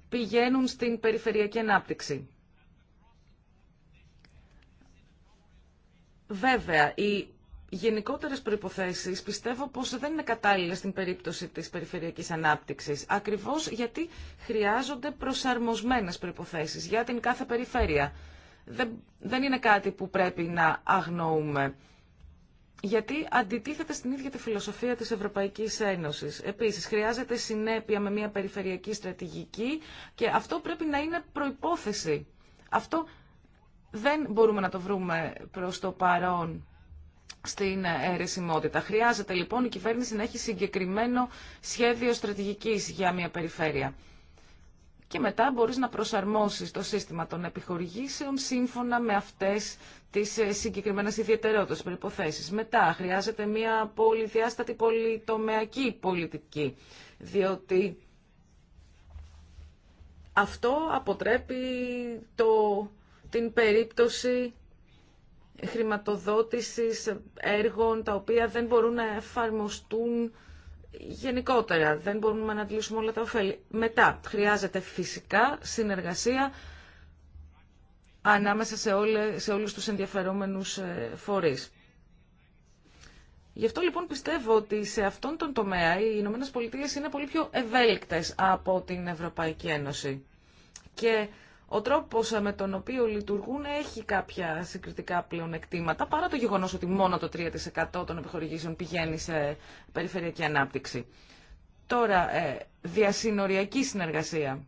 πηγαίνουν στην περιφερειακή ανάπτυξη. Βέβαια, η γενικότερες προϋποθέσεις πιστεύω πως δεν είναι κατάλληλες στην περίπτωση της περιφερειακής ανάπτυξης, ακριβώς γιατί χρειάζονται προσαρμοσμένες προϋποθέσεις για την κάθε περιφέρεια. Δεν, δεν είναι κάτι που πρέπει να αγνοούμε, γιατί αντιτίθεται στην ίδια τη φιλοσοφία της Ευρωπαϊκής Ένωσης. Επίσης, χρειάζεται συνέπεια με μια περιφερειακή στρατηγική και αυτό πρέπει να είναι προϋπόθεση. Αυτό δεν μπορούμε να το βρούμε προς το παρόν στην αιρεσιμότητα. Χρειάζεται λοιπόν η κυβέρνηση να έχει συγκεκριμένο σχέδιο στρατηγικής για μια περιφέρεια. Και μετά μπορείς να προσαρμόσεις το σύστημα των επιχορηγήσεων σύμφωνα με αυτές τις ε, συγκεκριμένες ιδιαιτερότητες προϋποθέσεις. Μετά χρειάζεται μια πολυδιάστατη πολυτομεακή πολιτική, διότι αυτό αποτρέπει το, την περίπτωση χρηματοδότησης έργων τα οποία δεν μπορούν να εφαρμοστούν γενικότερα. Δεν μπορούμε να αντλήσουμε όλα τα ωφέλη. Μετά, χρειάζεται φυσικά συνεργασία ανάμεσα σε, όλε, σε όλους τους ενδιαφερόμενους ε, φορείς. Γι' αυτό λοιπόν πιστεύω ότι σε αυτόν τον τομέα οι Ηνωμένε Πολιτείες είναι πολύ πιο ευέλικτες από την Ευρωπαϊκή Ένωση. Και ο τρόπο ε, με τον οποίο λειτουργούν έχει κάποια συγκριτικά πλεονεκτήματα, παρά το γεγονό ότι μόνο το 3% των επιχορηγήσεων πηγαίνει σε περιφερειακή ανάπτυξη. Τώρα, ε, διασυνοριακή συνεργασία.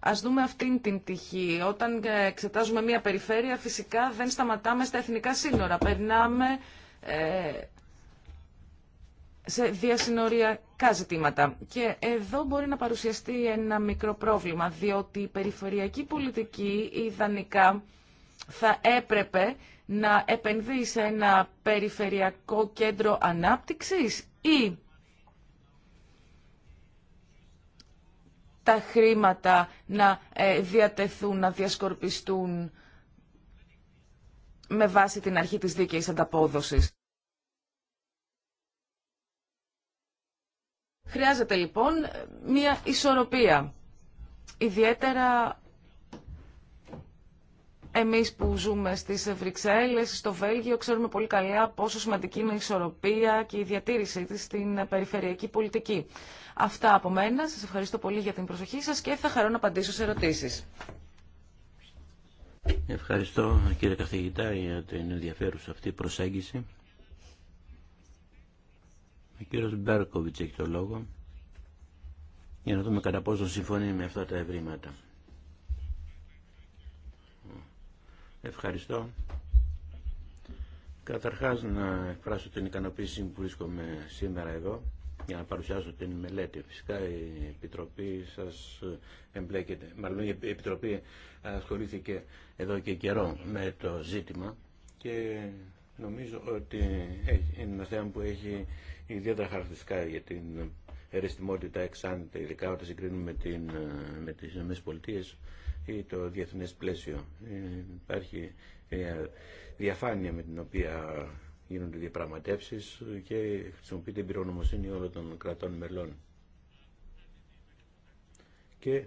Α δούμε αυτήν την τυχή. Όταν ε, εξετάζουμε μια περιφέρεια, φυσικά δεν σταματάμε στα εθνικά σύνορα. Περνάμε σε διασυνοριακά ζητήματα. Και εδώ μπορεί να παρουσιαστεί ένα μικρό πρόβλημα, διότι η περιφερειακή πολιτική ιδανικά θα έπρεπε να επενδύει σε ένα περιφερειακό κέντρο ανάπτυξης ή τα χρήματα να ε, διατεθούν, να διασκορπιστούν με βάση την αρχή της δίκαιης ανταπόδοσης. Χρειάζεται λοιπόν μια ισορροπία. Ιδιαίτερα εμείς που ζούμε στις Βρυξέλλες, στο Βέλγιο, ξέρουμε πολύ καλά πόσο σημαντική είναι η ισορροπία και η διατήρησή της στην περιφερειακή πολιτική. Αυτά από μένα. Σας ευχαριστώ πολύ για την προσοχή σας και θα χαρώ να απαντήσω σε ερωτήσεις. Ευχαριστώ κύριε καθηγητά για την ενδιαφέρουσα αυτή προσέγγιση. Ο κύριος Μπέρκοβιτς έχει το λόγο για να δούμε κατά πόσο συμφωνεί με αυτά τα ευρήματα. Ευχαριστώ. Καταρχάς να εκφράσω την ικανοποίηση που βρίσκομαι σήμερα εδώ για να παρουσιάσω την μελέτη. Φυσικά η Επιτροπή σας εμπλέκεται, μάλλον η Επιτροπή ασχολήθηκε εδώ και καιρό με το ζήτημα και νομίζω ότι είναι ένα θέμα που έχει ιδιαίτερα χαρακτηριστικά για την ερεστιμότητα εξάνεται, ειδικά όταν συγκρίνουμε την, με τις ΗΠΑ ή το διεθνές πλαίσιο. Ε, υπάρχει ε, διαφάνεια με την οποία γίνονται διαπραγματεύσεις και χρησιμοποιείται η πυρονομοσύνη όλων των κρατών μελών. Και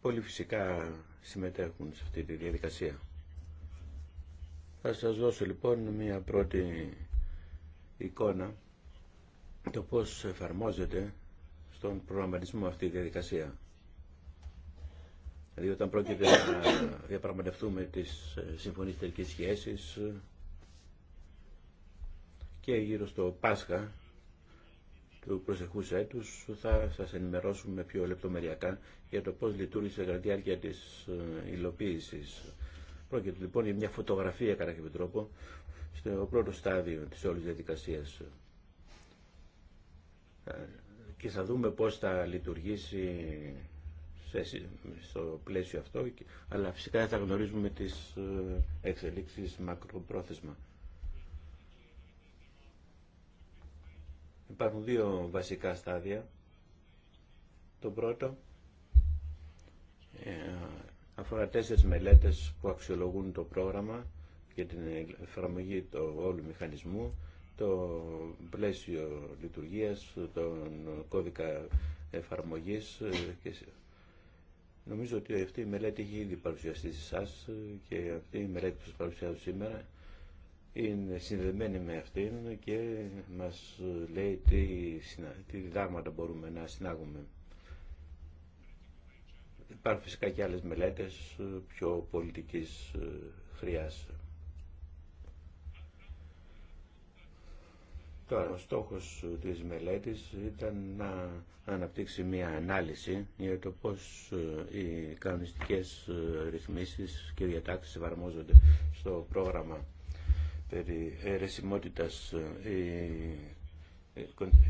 πολύ φυσικά συμμετέχουν σε αυτή τη διαδικασία. Θα σας δώσω λοιπόν μια πρώτη εικόνα το πώς εφαρμόζεται στον προγραμματισμό αυτή η διαδικασία. Δηλαδή όταν πρόκειται να διαπραγματευτούμε τις ε, συμφωνίες τελικής σχέσης και γύρω στο Πάσχα του προσεχούς έτους θα σα ενημερώσουμε πιο λεπτομεριακά για το πώς λειτουργήσε κατά τη διάρκεια της ε, υλοποίησης. Πρόκειται λοιπόν για μια φωτογραφία κατά κάποιο τρόπο στο πρώτο στάδιο της όλης διαδικασίας ε, και θα δούμε πώς θα λειτουργήσει στο πλαίσιο αυτό, αλλά φυσικά θα γνωρίζουμε τις ε, εξελίξεις μακροπρόθεσμα. Υπάρχουν δύο βασικά στάδια. Το πρώτο ε, αφορά τέσσερις μελέτες που αξιολογούν το πρόγραμμα για την εφαρμογή του όλου μηχανισμού, το πλαίσιο λειτουργίας, τον κώδικα εφαρμογής και Νομίζω ότι αυτή η μελέτη έχει ήδη παρουσιαστεί σε εσά και αυτή η μελέτη που σας παρουσιάζω σήμερα είναι συνδεμένη με αυτήν και μας λέει τι, τι διδάγματα μπορούμε να συνάγουμε. Υπάρχουν φυσικά και άλλες μελέτες πιο πολιτικής ε, χρειάς. Τώρα, ο στόχος της μελέτης ήταν να αναπτύξει μια ανάλυση για το πώς ε, οι κανονιστικές ε, ρυθμίσεις και διατάξεις εφαρμόζονται στο πρόγραμμα περί αιρεσιμότητας. Ε,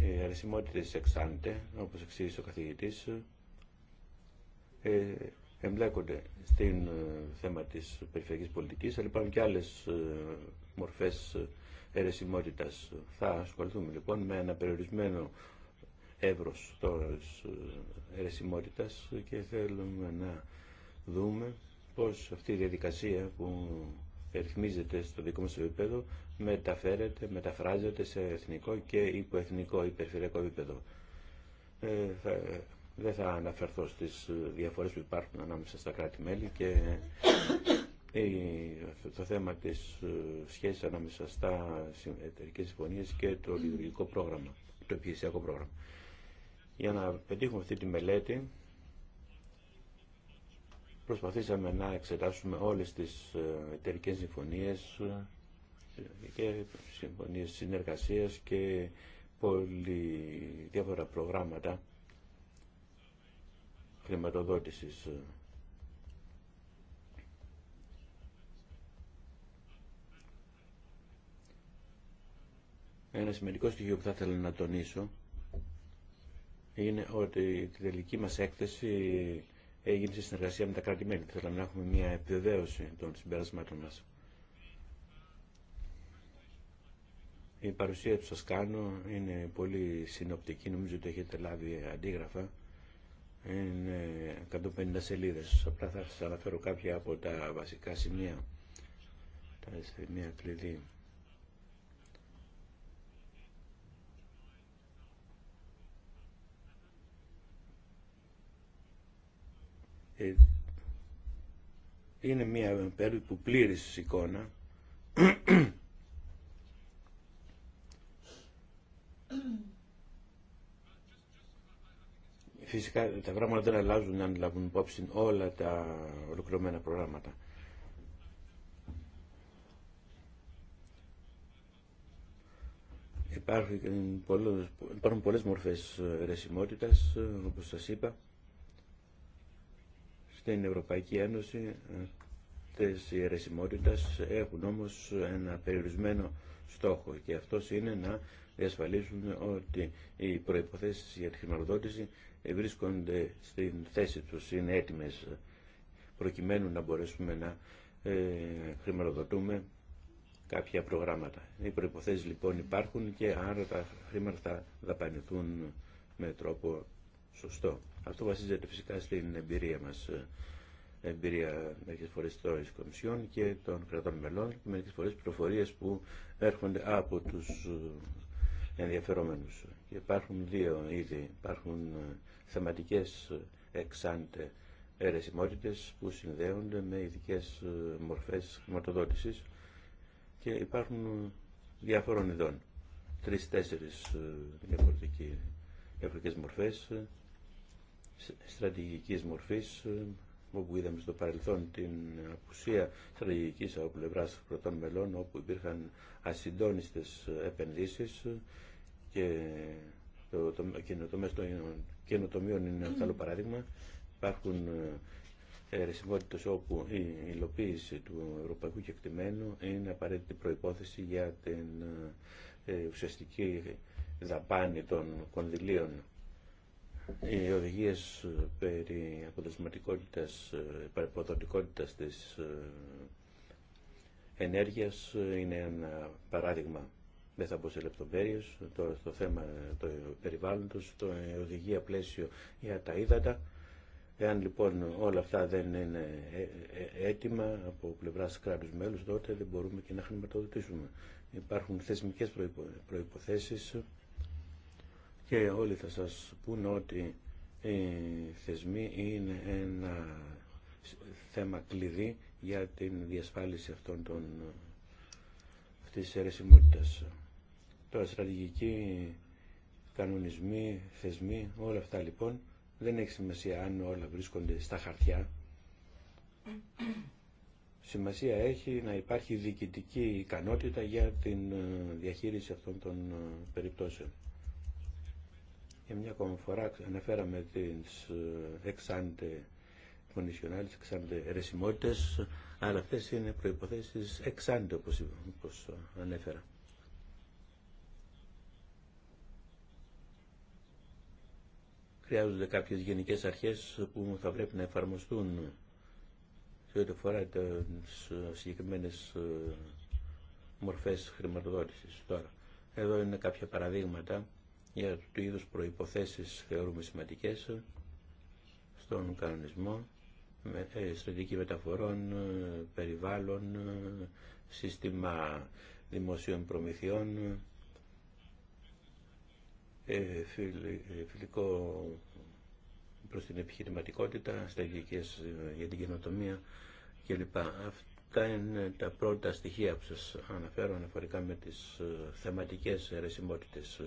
οι αιρεσιμότητες εξάντε, όπως εξήγησε ο καθηγητής, εμπλέκονται στην θέμα της περιφερειακής πολιτικής, αλλά υπάρχουν και άλλες μορφές ερεσιμότητας. Θα ασχοληθούμε λοιπόν με ένα περιορισμένο εύρος τώρα ερεσιμότητας και θέλουμε να δούμε πώς αυτή η διαδικασία που ρυθμίζεται στο δικό μας επίπεδο μεταφέρεται, μεταφράζεται σε εθνικό και υποεθνικό υπερφυριακό επίπεδο. Ε, θα, δεν θα αναφερθώ στις ε, διαφορές που υπάρχουν ανάμεσα στα κράτη-μέλη και ε, το θέμα της ε, σχέσης ανάμεσα στα εταιρικέ συμφωνίες και το λειτουργικό πρόγραμμα, το επιχειρησιακό πρόγραμμα. Για να πετύχουμε αυτή τη μελέτη προσπαθήσαμε να εξετάσουμε όλες τις ε, εταιρικέ συμφωνίες και συμφωνίες συνεργασίας και πολύ διάφορα προγράμματα χρηματοδότησης Ένα σημαντικό στοιχείο που θα ήθελα να τονίσω είναι ότι η τελική μας έκθεση έγινε σε συνεργασία με τα κράτη-μέλη. Θέλαμε να έχουμε μια επιβεβαίωση των συμπερασμάτων μας. Η παρουσία που σας κάνω είναι πολύ συνοπτική, νομίζω ότι έχετε λάβει αντίγραφα. Είναι 150 σελίδες. Απλά θα σας αναφέρω κάποια από τα βασικά σημεία, τα σημεία κλειδί. Ε, είναι μια περίπου πλήρης εικόνα Φυσικά τα πράγματα δεν αλλάζουν αν λάβουν υπόψη όλα τα ολοκληρωμένα προγράμματα. Υπάρχουν πολλές μορφές ε, ρεσιμότητας, ε, όπως σας είπα. Στην Ευρωπαϊκή Ένωση ε, τις ιερεσιμότητες έχουν όμως ένα περιορισμένο στόχο και αυτός είναι να διασφαλίσουμε ότι οι προϋποθέσεις για τη χρηματοδότηση βρίσκονται στην θέση τους, είναι έτοιμες προκειμένου να μπορέσουμε να ε, χρηματοδοτούμε κάποια προγράμματα. Οι προϋποθέσεις λοιπόν υπάρχουν και άρα τα χρήματα θα δαπανηθούν με τρόπο σωστό. Αυτό βασίζεται φυσικά στην εμπειρία μας ε, εμπειρία μερικές φορές των Κομισιόν και των κρατών μελών και μερικές φορές πληροφορίες που έρχονται από τους ε, ενδιαφερόμενους. Και υπάρχουν δύο είδη. Υπάρχουν ε, θεματικές εξάντε αιρεσιμότητες που συνδέονται με ειδικέ μορφές χρηματοδότησης και υπάρχουν διαφορών ειδών. Τρεις-τέσσερις διαφορετικές μορφές στρατηγικής μορφής ε, όπου είδαμε στο παρελθόν την απουσία στρατηγικής από πλευράς πρωτών μελών όπου υπήρχαν ασυντόνιστες επενδύσεις ε, και το, το, των καινοτομίων είναι ένα άλλο παράδειγμα. Υπάρχουν ε, ερεσιμότητες όπου η υλοποίηση του ευρωπαϊκού κεκτημένου είναι απαραίτητη προϋπόθεση για την ουσιαστική δαπάνη των κονδυλίων οι οδηγίε ε, περί αποτελεσματικότητας, ε, τη της ε, ενέργειας είναι ένα παράδειγμα. Δεν θα το σε λεπτομέρειε. θέμα του περιβάλλοντος, το οδηγία πλαίσιο για τα ύδατα. Εάν λοιπόν όλα αυτά δεν είναι έτοιμα από πλευρά κράτου μέλους, τότε δεν μπορούμε και να χρηματοδοτήσουμε. Υπάρχουν θεσμικές προποθέσει και όλοι θα σας πούν ότι οι θεσμοί είναι ένα θέμα κλειδί για την διασφάλιση αυτών των αυτής της αιρεσιμότητας. Τώρα στρατηγική, κανονισμοί, θεσμοί, όλα αυτά λοιπόν δεν έχει σημασία αν όλα βρίσκονται στα χαρτιά. Σημασία έχει να υπάρχει διοικητική ικανότητα για την ε, διαχείριση αυτών των ε, περιπτώσεων. Για μια ακόμα φορά αναφέραμε τις ε, εξάντε κονδυσιονάλες, εξάντε ερεσιμότητες, αλλά αυτές είναι προϋποθέσεις εξάντε όπως, όπως ανέφερα. Χρειάζονται κάποιες γενικές αρχές που θα πρέπει να εφαρμοστούν σε ό,τι αφορά τις ε, συγκεκριμένες ε, μορφές χρηματοδότησης τώρα. Εδώ είναι κάποια παραδείγματα για του είδους προϋποθέσεις θεωρούμε σημαντικές στον κανονισμό ε, στρατηγική μεταφορών, ε, περιβάλλον, ε, σύστημα δημοσίων προμηθειών, φιλικό προς την επιχειρηματικότητα, στρατηγικές για την καινοτομία κλπ. Αυτά είναι τα πρώτα στοιχεία που σας αναφέρω αναφορικά με τις ε, θεματικές αιρεσιμότητες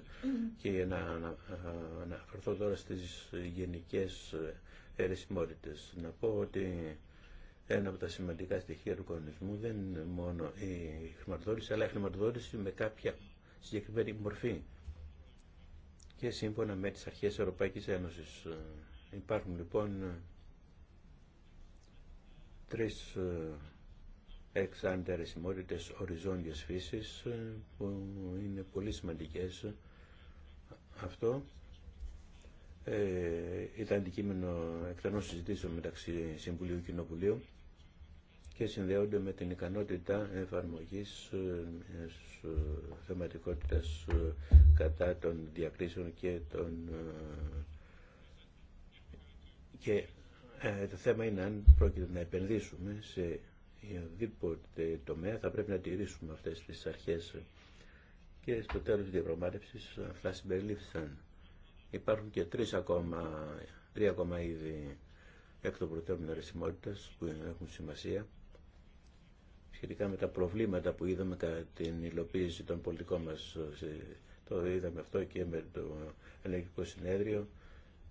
και να ε, αναφερθώ τώρα στις γενικές ε, αιρεσιμότητες. Να πω ότι ένα από τα σημαντικά στοιχεία του κανονισμού δεν είναι μόνο η χρηματοδότηση, αλλά η χρηματοδότηση με κάποια συγκεκριμένη μορφή και σύμφωνα με τις αρχές Ευρωπαϊκής Ένωσης. Υπάρχουν λοιπόν τρεις εξάντε αρεσιμότητες οριζόντιας φύσης ε, που είναι πολύ σημαντικές. Αυτό ε, ήταν αντικείμενο εκτενών συζητήσεων μεταξύ Συμβουλίου και Κοινοβουλίου και συνδέονται με την ικανότητα εφαρμογής ε, ε, θεματικότητας κατά των διακρίσεων και των και το θέμα είναι αν πρόκειται να επενδύσουμε σε ή οδήποτε τομέα θα πρέπει να τηρήσουμε αυτές τις αρχές και στο τέλος της διαπραγμάτευσης αυτά συμπεριλήφθησαν. Υπάρχουν και τρεις ακόμα, τρία ακόμα είδη εκ των προτέρων αρεσιμότητας που έχουν σημασία σχετικά με τα προβλήματα που είδαμε κατά την υλοποίηση των πολιτικών μας. Το είδαμε αυτό και με το ελεγκτικό συνέδριο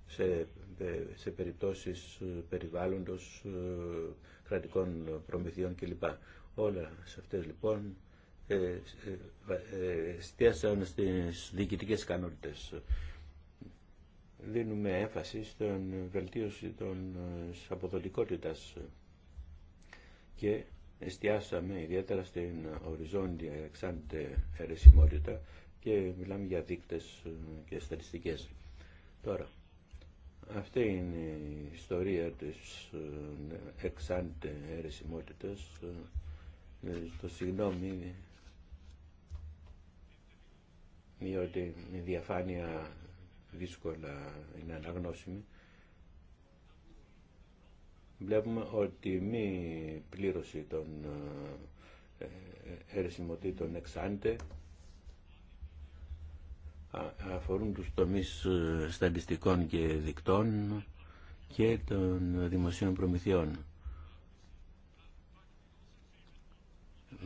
σε, ε, σε περιπτώσεις ε, περιβάλλοντος, ε, κρατικών προμηθειών κλπ. Όλα σε αυτές λοιπόν εστίασαν στις διοικητικές ικανότητες. Δίνουμε έμφαση στην βελτίωση των αποδοτικότητας και εστιάσαμε ιδιαίτερα στην οριζόντια εξάντε αιρεσιμότητα και μιλάμε για δείκτες και στατιστικές. Τώρα, αυτή είναι η ιστορία της ε, εξάντε αιρεσιμότητας. Ε, το συγγνώμη, διότι η διαφάνεια δύσκολα είναι αναγνώσιμη. Βλέπουμε ότι μη πλήρωση των ε, αιρεσιμοτήτων εξάντε αφορούν τους τομείς ε, στατιστικών και δικτών και των δημοσίων προμηθειών.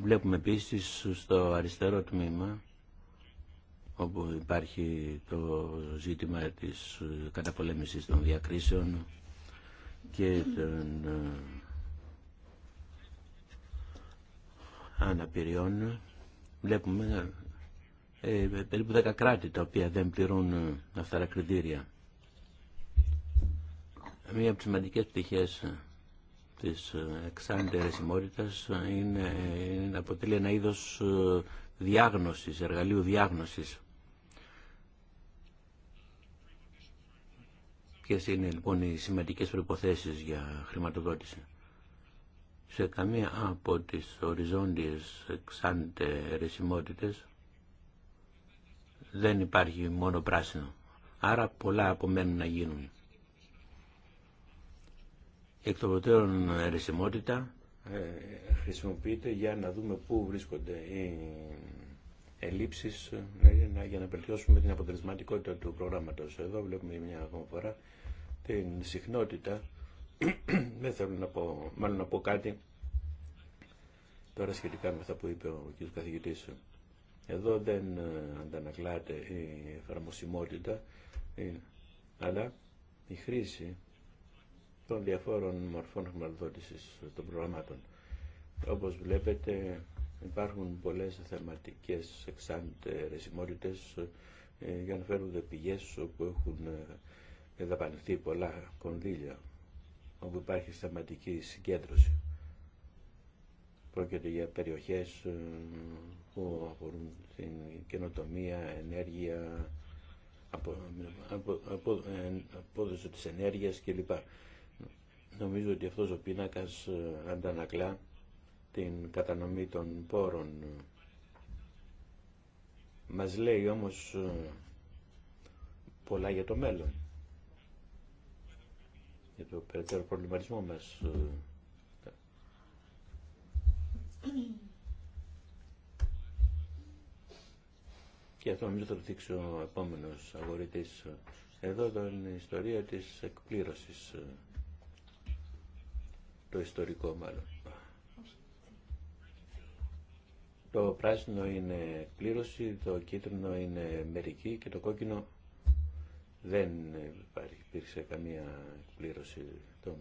Βλέπουμε επίσης στο αριστερό τμήμα όπου υπάρχει το ζήτημα της ε, καταπολέμησης των διακρίσεων και των ε, αναπηριών βλέπουμε ε, περίπου 10 κράτη τα οποία δεν πληρούν ε, αυτά τα κριτήρια. Μία από τις σημαντικές πτυχές ε, της εξάντια είναι, να αποτελεί ένα είδος διάγνωσης, εργαλείου διάγνωσης. Ποιες είναι λοιπόν οι σημαντικές προϋποθέσεις για χρηματοδότηση. Σε καμία από τις οριζόντιες εξάντια δεν υπάρχει μόνο πράσινο. Άρα πολλά απομένουν να γίνουν. Εκ των προτέρων ε, χρησιμοποιείται για να δούμε πού βρίσκονται οι ελλείψεις ε, ε, για να βελτιώσουμε την αποτελεσματικότητα του προγράμματος. Εδώ βλέπουμε μια ακόμα φορά την συχνότητα. δεν θέλω να πω, μάλλον να πω κάτι τώρα σχετικά με αυτά που είπε ο κ. καθηγητής. Εδώ δεν ε, αντανακλάται η εφαρμοσιμότητα, αλλά η χρήση των διαφόρων μορφών χρηματοδότησης των προγραμμάτων. Όπως βλέπετε υπάρχουν πολλές θεματικές εξάντερεσιμότητες ε, για να φέρονται πηγές όπου έχουν ε, δαπανηθεί πολλά κονδύλια, όπου υπάρχει θεματική συγκέντρωση. Πρόκειται για περιοχές ε, που αφορούν την καινοτομία, ενέργεια, απόδοση της ενέργειας κλπ. Νομίζω ότι αυτός ο πίνακας ε, αντανακλά την κατανομή των πόρων. Μας λέει όμως ε, πολλά για το μέλλον, για το περαιτέρω προβληματισμό μας. Και αυτό νομίζω θα το δείξει ο επόμενο αγορητή. Εδώ είναι η ιστορία της εκπλήρωση. Ε, το ιστορικό μάλλον. Το πράσινο είναι εκπλήρωση, το κίτρινο είναι μερική και το κόκκινο δεν υπήρξε καμία εκπλήρωση των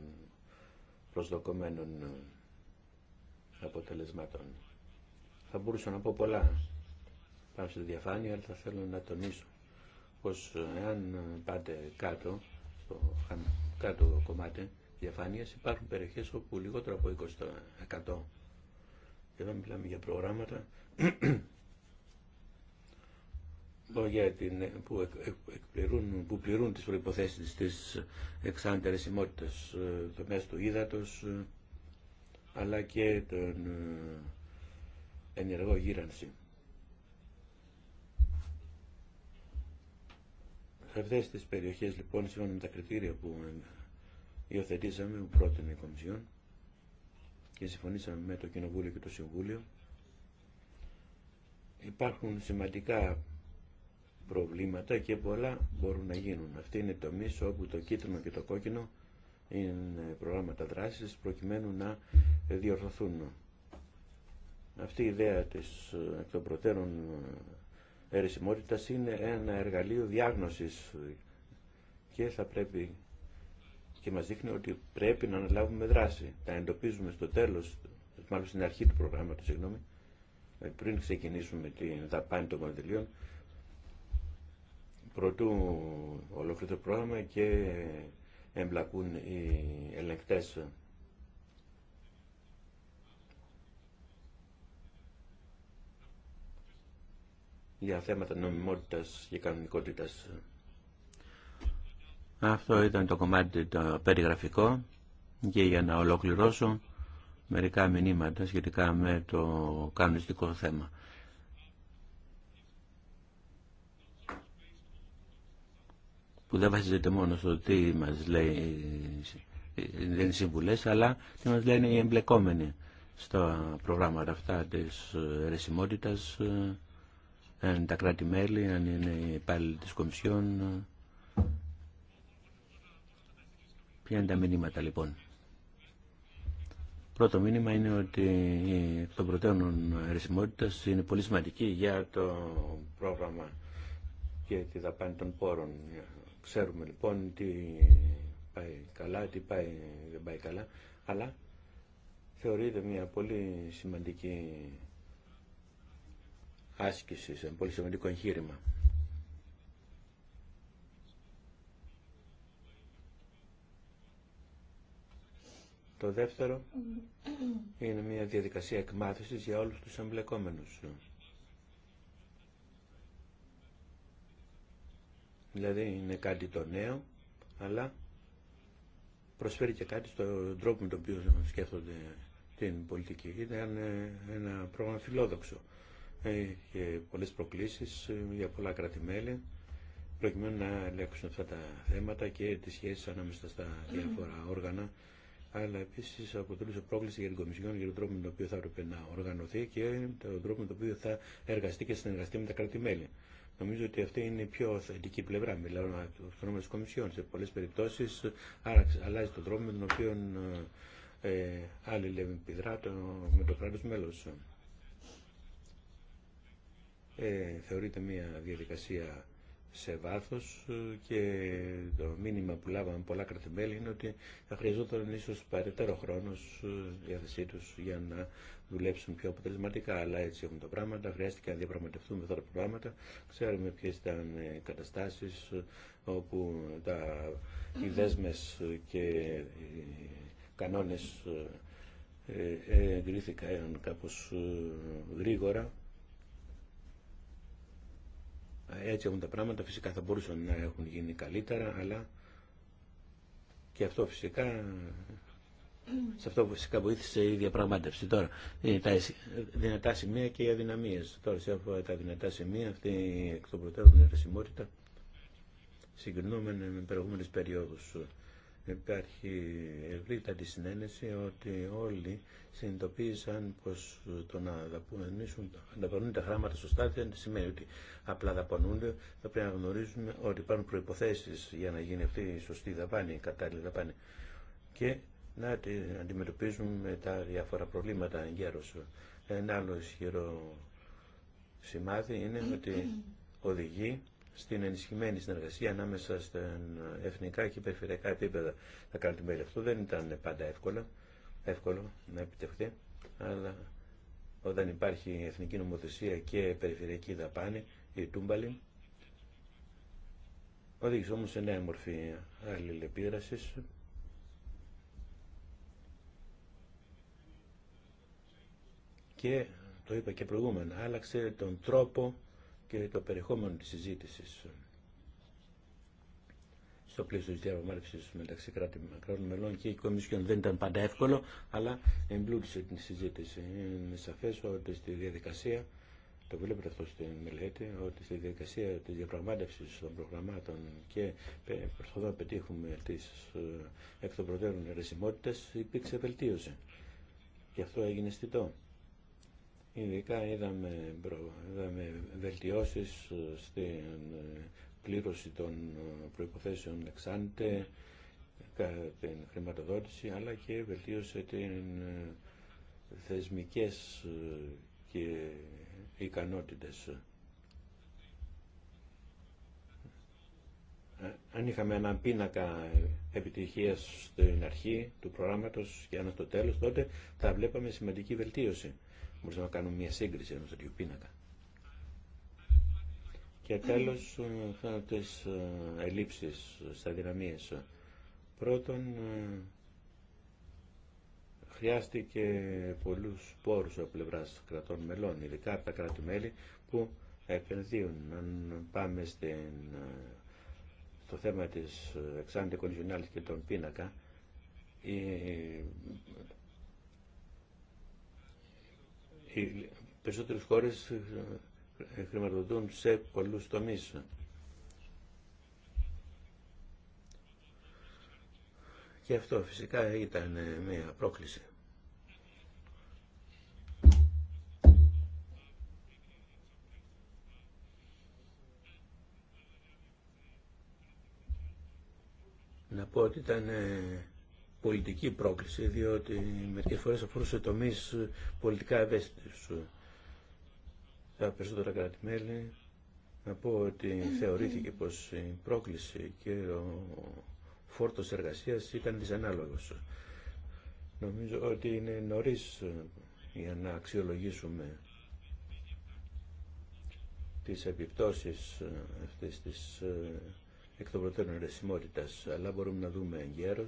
προσδοκομένων αποτελεσμάτων. Θα μπορούσα να πω πολλά πάνω στη διαφάνεια, αλλά θα θέλω να τονίσω πως ε, εάν πάτε κάτω, στο κάτω κομμάτι διαφάνειας, υπάρχουν περιοχές όπου λιγότερο από 20% και εδώ μιλάμε για προγράμματα για την, που, εκπληρούν, που πληρούν τις προϋποθέσεις της εξάντερης ημότητας, ε, το μέσο του ύδατος, ε, αλλά και τον ε, ενεργό γύρανση. Σε αυτές τις περιοχές λοιπόν σύμφωνα με τα κριτήρια που υιοθετήσαμε, που πρότεινε η Κομισιόν και συμφωνήσαμε με το Κοινοβούλιο και το Συμβούλιο υπάρχουν σημαντικά προβλήματα και πολλά μπορούν να γίνουν. Αυτή είναι η τομή όπου το κίτρινο και το κόκκινο είναι προγράμματα δράσης προκειμένου να ε, διορθωθούν. Αυτή η ιδέα της εκ των προτέρων ερεσιμότητας είναι ένα εργαλείο διάγνωσης και θα πρέπει και μας δείχνει ότι πρέπει να αναλάβουμε δράση. Τα εντοπίζουμε στο τέλος, μάλλον στην αρχή του προγράμματος, συγγνώμη, ε, πριν ξεκινήσουμε την δαπάνη των κονδυλίων, προτού ολοκληρωθεί το πρόγραμμα και εμπλακούν οι ελεγκτές για θέματα νομιμότητας και κανονικότητας. Αυτό ήταν το κομμάτι το περιγραφικό και για να ολοκληρώσω μερικά μηνύματα σχετικά με το κανονιστικό θέμα. που δεν βασίζεται μόνο στο τι μας λέει δεν είναι συμβουλές, αλλά τι μας λένε οι εμπλεκόμενοι στα προγράμματα αυτά της ρεσιμότητας αν είναι τα κράτη-μέλη, αν είναι οι υπάλληλοι της Κομισιόν. Ποια είναι τα μηνύματα λοιπόν. Πρώτο μήνυμα είναι ότι το των προτέρων είναι πολύ σημαντική για το πρόγραμμα και τη δαπάνη των πόρων. Ξέρουμε λοιπόν τι πάει καλά, τι πάει, δεν πάει καλά, αλλά θεωρείται μια πολύ σημαντική άσκησης, ένα πολύ σημαντικό εγχείρημα. Το δεύτερο είναι μια διαδικασία εκμάθησης για όλους τους εμπλεκόμενους. Δηλαδή είναι κάτι το νέο, αλλά προσφέρει και κάτι στον τρόπο με τον οποίο σκέφτονται την πολιτική. Ήταν ένα πρόγραμμα φιλόδοξο και πολλές προκλήσεις ε, για πολλά κράτη-μέλη προκειμένου να ελέγξουν αυτά τα θέματα και τις σχέσεις ανάμεσα στα διάφορα όργανα αλλά επίσης αποτελούσε πρόκληση για την Κομισιόν για τον τρόπο με τον οποίο θα έπρεπε να οργανωθεί και τον τρόπο με τον οποίο θα εργαστεί και συνεργαστεί με τα κράτη-μέλη. Νομίζω ότι αυτή είναι η πιο θετική πλευρά. Μιλάω για το φαινόμενο τη Κομισιόν. Σε πολλέ περιπτώσει αλλάζει τον τρόπο με τον οποίο ε, άλλοι λέμε επιδρά με το κράτο μέλο ε, θεωρείται μια διαδικασία σε βάθος ε, και το μήνυμα που λάβαμε πολλά κρατημέλη είναι ότι θα χρειαζόταν ίσως παρετέρω χρόνος ε, διάθεσή τους για να δουλέψουν πιο αποτελεσματικά, αλλά έτσι έχουν τα πράγματα, χρειάστηκε να διαπραγματευτούμε τώρα πράγματα, ξέρουμε ποιες ήταν οι ε, καταστάσεις όπου τα, οι δέσμες και οι κανόνες εγκρίθηκαν κάπως γρήγορα έτσι έχουν τα πράγματα. Φυσικά θα μπορούσαν να έχουν γίνει καλύτερα, αλλά και αυτό φυσικά σε αυτό φυσικά βοήθησε η διαπραγμάτευση. Τώρα, τα δυνατά σημεία και οι αδυναμίες. Τώρα, σε αυτά τα δυνατά σημεία, αυτή εκ των προτέρων ερεσιμότητα συγκρινόμενη με προηγούμενες περιόδους υπάρχει ευρύτατη συνένεση ότι όλοι συνειδητοποίησαν πως το να δαπανίσουν, δαπανούν τα χρήματα σωστά δεν σημαίνει ότι απλά δαπανούνται. Θα πρέπει να γνωρίζουμε ότι υπάρχουν προϋποθέσεις για να γίνει αυτή η σωστή δαπάνη, η κατάλληλη δαπάνη. Και να αντιμετωπίζουμε τα διάφορα προβλήματα γέρος. Ένα άλλο ισχυρό σημάδι είναι ότι οδηγεί στην ενισχυμένη συνεργασία ανάμεσα στα εθνικά και περιφερειακά επίπεδα. Τα τη μέλη αυτό δεν ήταν πάντα εύκολα, εύκολο να επιτευχθεί, αλλά όταν υπάρχει εθνική νομοθεσία και περιφερειακή δαπάνη, η τούμπαλη, οδήγησε όμως σε νέα μορφή αλληλεπίδρασης, και το είπα και προηγούμενα, άλλαξε τον τρόπο και το περιεχόμενο της συζήτησης στο πλαίσιο της διαπραγμάτευσης μεταξύ κράτη κρατών μελών και η Κομισιόν δεν ήταν πάντα εύκολο, αλλά εμπλούτησε την συζήτηση. Είναι σαφές ότι στη διαδικασία, το βλέπετε αυτό στη μελέτη, ότι στη διαδικασία της διαπραγμάτευσης των προγραμμάτων και προσπαθούμε να πετύχουμε τις ε, εκ των προτέρων υπήρξε βελτίωση. Και αυτό έγινε αισθητό. Ειδικά είδαμε, προ, βελτιώσεις στην ε, πλήρωση των ε, προϋποθέσεων εξάντε, την χρηματοδότηση, αλλά και βελτίωσε την ε, θεσμικές και ικανότητες. Αν είχαμε έναν πίνακα επιτυχίας στην αρχή του προγράμματος και ένα στο τέλος, τότε θα βλέπαμε σημαντική βελτίωση μπορούσαμε να κάνουμε μια σύγκριση ενός τέτοιου πίνακα. Και τέλος, ε, τις ε, ελλείψεις ε, στα δυναμίες. Πρώτον, χρειάστηκε πολλούς πόρους από πλευράς κρατών μελών, ειδικά από τα κράτη-μέλη που επενδύουν. Αν πάμε στο θέμα της εξάντη και των πίνακα, η οι περισσότερες χώρες ε, ε, χρηματοδοτούν σε πολλούς τομείς. Και αυτό φυσικά ήταν ε, μια πρόκληση. Να πω ότι ήταν πολιτική πρόκληση, διότι μερικές φορές αφορούσε τομείς πολιτικά ευαίσθητους τα περισσότερα κράτη-μέλη. Να πω ότι θεωρήθηκε πως η πρόκληση και ο φόρτος εργασίας ήταν δυσανάλογος. Νομίζω ότι είναι νωρίς για να αξιολογήσουμε τις επιπτώσεις αυτής της ε, εκ των προτέρων ρεσιμότητας, αλλά μπορούμε να δούμε γέρο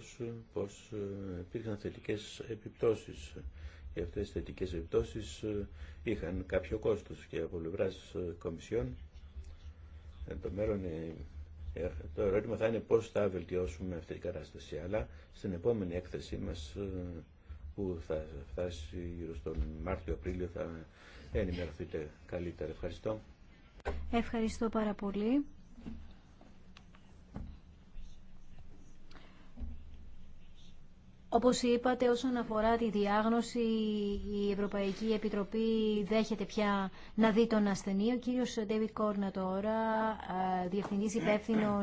πως ε, υπήρχαν θετικέ επιπτώσεις. Και αυτές οι θετικές επιπτώσεις ε, είχαν κάποιο κόστος και από πλευρά ε, κομισιών. Το μέλλον, το ερώτημα θα είναι πώς θα βελτιώσουμε αυτή την κατάσταση, αλλά στην επόμενη έκθεσή μας που θα φτάσει γύρω στον Μάρτιο-Απρίλιο θα ενημερωθείτε καλύτερα. Ευχαριστώ. Ευχαριστώ πάρα πολύ. Όπως είπατε, όσον αφορά τη διάγνωση, η Ευρωπαϊκή Επιτροπή δέχεται πια να δει τον ασθενή. Ο κύριος David Κόρνα τώρα, διευθυντής υπεύθυνο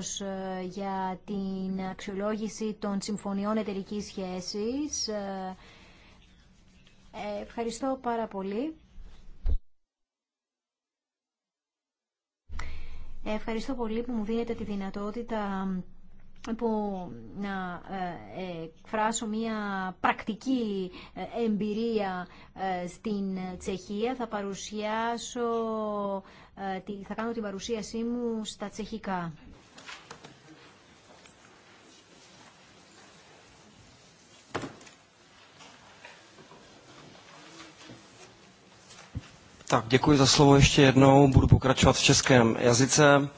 για την αξιολόγηση των συμφωνιών εταιρική σχέσης. Ε, ευχαριστώ πάρα πολύ. Ε, ευχαριστώ πολύ που μου δίνετε τη δυνατότητα που να ε, εκφράσω μια πρακτική ε, εμπειρία ε, στην Τσεχία. Θα παρουσιάσω, θα κάνω την παρουσίασή μου στα τσεχικά. Tak, děkuji za slovo ještě jednou. Budu pokračovat v českém jazyce.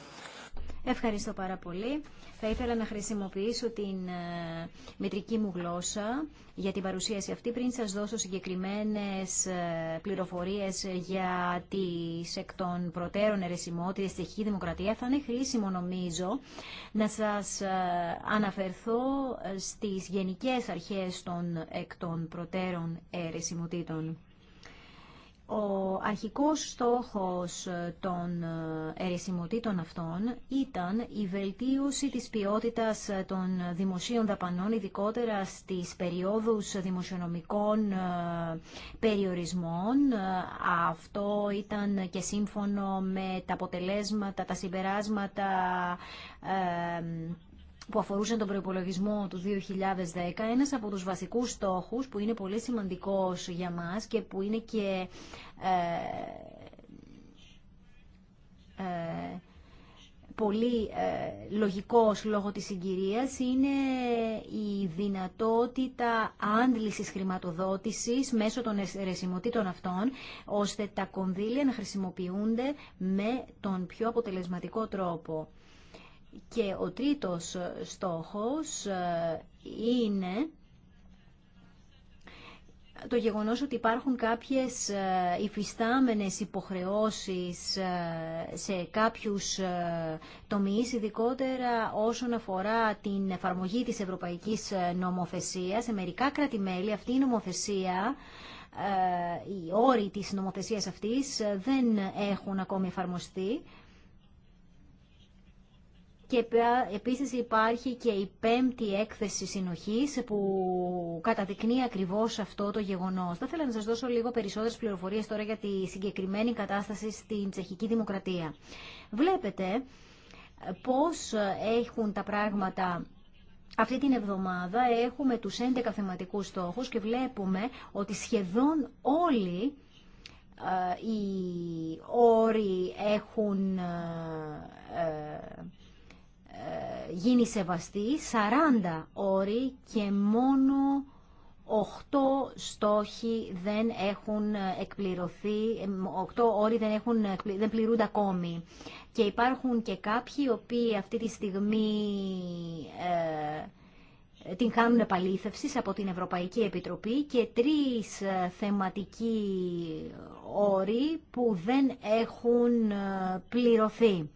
Ευχαριστώ πάρα πολύ. Θα ήθελα να χρησιμοποιήσω την ε, μετρική μου γλώσσα για την παρουσίαση αυτή πριν σας δώσω συγκεκριμένες ε, πληροφορίες για τις εκ των προτέρων ερεσιμότητες στη Δημοκρατία. Θα είναι χρήσιμο νομίζω να σας ε, αναφερθώ στις γενικές αρχές των εκ των προτέρων ερεσιμοτήτων. Ο αρχικός στόχος των ερεσιμοτήτων αυτών ήταν η βελτίωση της ποιότητας των δημοσίων δαπανών, ειδικότερα στις περιόδους δημοσιονομικών ε, περιορισμών. Αυτό ήταν και σύμφωνο με τα αποτελέσματα, τα συμπεράσματα ε, που αφορούσε τον προπολογισμό του 2010, ένας από τους βασικούς στόχους που είναι πολύ σημαντικός για μας και που είναι και ε, ε πολύ ε, λογικός λόγω της συγκυρίας είναι η δυνατότητα άντλησης χρηματοδότησης μέσω των ερεσιμοτήτων αυτών, ώστε τα κονδύλια να χρησιμοποιούνται με τον πιο αποτελεσματικό τρόπο. Και ο τρίτος στόχος ε, είναι το γεγονός ότι υπάρχουν κάποιες ε, υφιστάμενες υποχρεώσεις ε, σε κάποιους τομείς, ειδικότερα όσον αφορά την εφαρμογή της ευρωπαϊκής νομοθεσίας. Σε μερικά κράτη-μέλη αυτή η νομοθεσία οι όροι της νομοθεσίας αυτής δεν έχουν ακόμη εφαρμοστεί και επίσης υπάρχει και η πέμπτη έκθεση συνοχής που καταδεικνύει ακριβώς αυτό το γεγονός. Θα ήθελα να σας δώσω λίγο περισσότερες πληροφορίες τώρα για τη συγκεκριμένη κατάσταση στην τσεχική δημοκρατία. Βλέπετε πώς έχουν τα πράγματα αυτή την εβδομάδα έχουμε τους 11 θεματικούς στόχους και βλέπουμε ότι σχεδόν όλοι ε, οι όροι έχουν ε, ε, ε, γίνει σεβαστή 40 όροι και μόνο 8 στόχοι δεν έχουν ε, εκπληρωθεί, 8 ε, όροι δεν, έχουν, δεν πληρούνται ακόμη. Και υπάρχουν και κάποιοι οι οποίοι αυτή τη στιγμή την κάνουν επαλήθευση από την Ευρωπαϊκή Επιτροπή και τρεις θεματικοί όροι που δεν έχουν πληρωθεί.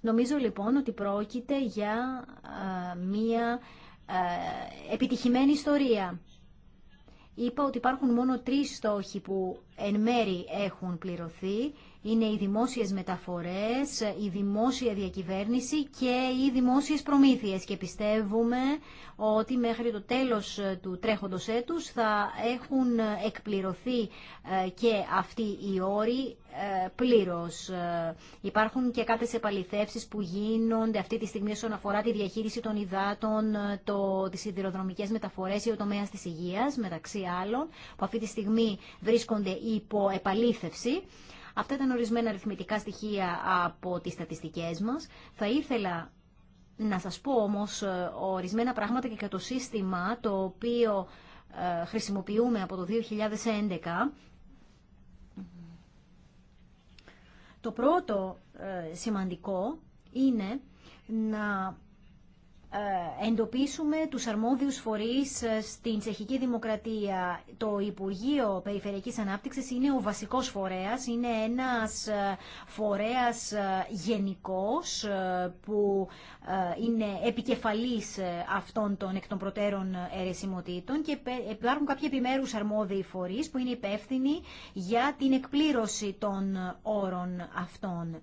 Νομίζω λοιπόν ότι πρόκειται για μία επιτυχημένη ιστορία. Είπα ότι υπάρχουν μόνο τρεις στόχοι που εν μέρη έχουν πληρωθεί είναι οι δημόσιες μεταφορές, η δημόσια διακυβέρνηση και οι δημόσιες προμήθειες. Και πιστεύουμε ότι μέχρι το τέλος του τρέχοντος έτους θα έχουν εκπληρωθεί ε, και αυτοί οι όροι ε, πλήρως. Ε, υπάρχουν και κάποιες επαληθεύσεις που γίνονται αυτή τη στιγμή όσον αφορά τη διαχείριση των υδάτων, το, τις σιδηροδρομικές μεταφορές ή ο τομέας της υγείας, μεταξύ άλλων, που αυτή τη στιγμή βρίσκονται υπό επαλήθευση. Αυτά ήταν ορισμένα αριθμητικά στοιχεία από τις στατιστικές μας. Θα ήθελα να σας πω όμως ε, ορισμένα πράγματα και για το σύστημα το οποίο ε, χρησιμοποιούμε από το 2011. Το πρώτο ε, σημαντικό είναι να ε, εντοπίσουμε τους αρμόδιους φορείς ε, στην Τσεχική Δημοκρατία. Το Υπουργείο Περιφερειακής Ανάπτυξης είναι ο βασικός φορέας, είναι ένας ε, φορέας γενικός που είναι επικεφαλής αυτών των εκ των προτέρων αιρεσιμοτήτων και υπάρχουν κάποιοι επιμέρους αρμόδιοι φορείς που είναι υπεύθυνοι για την εκπλήρωση των όρων αυτών.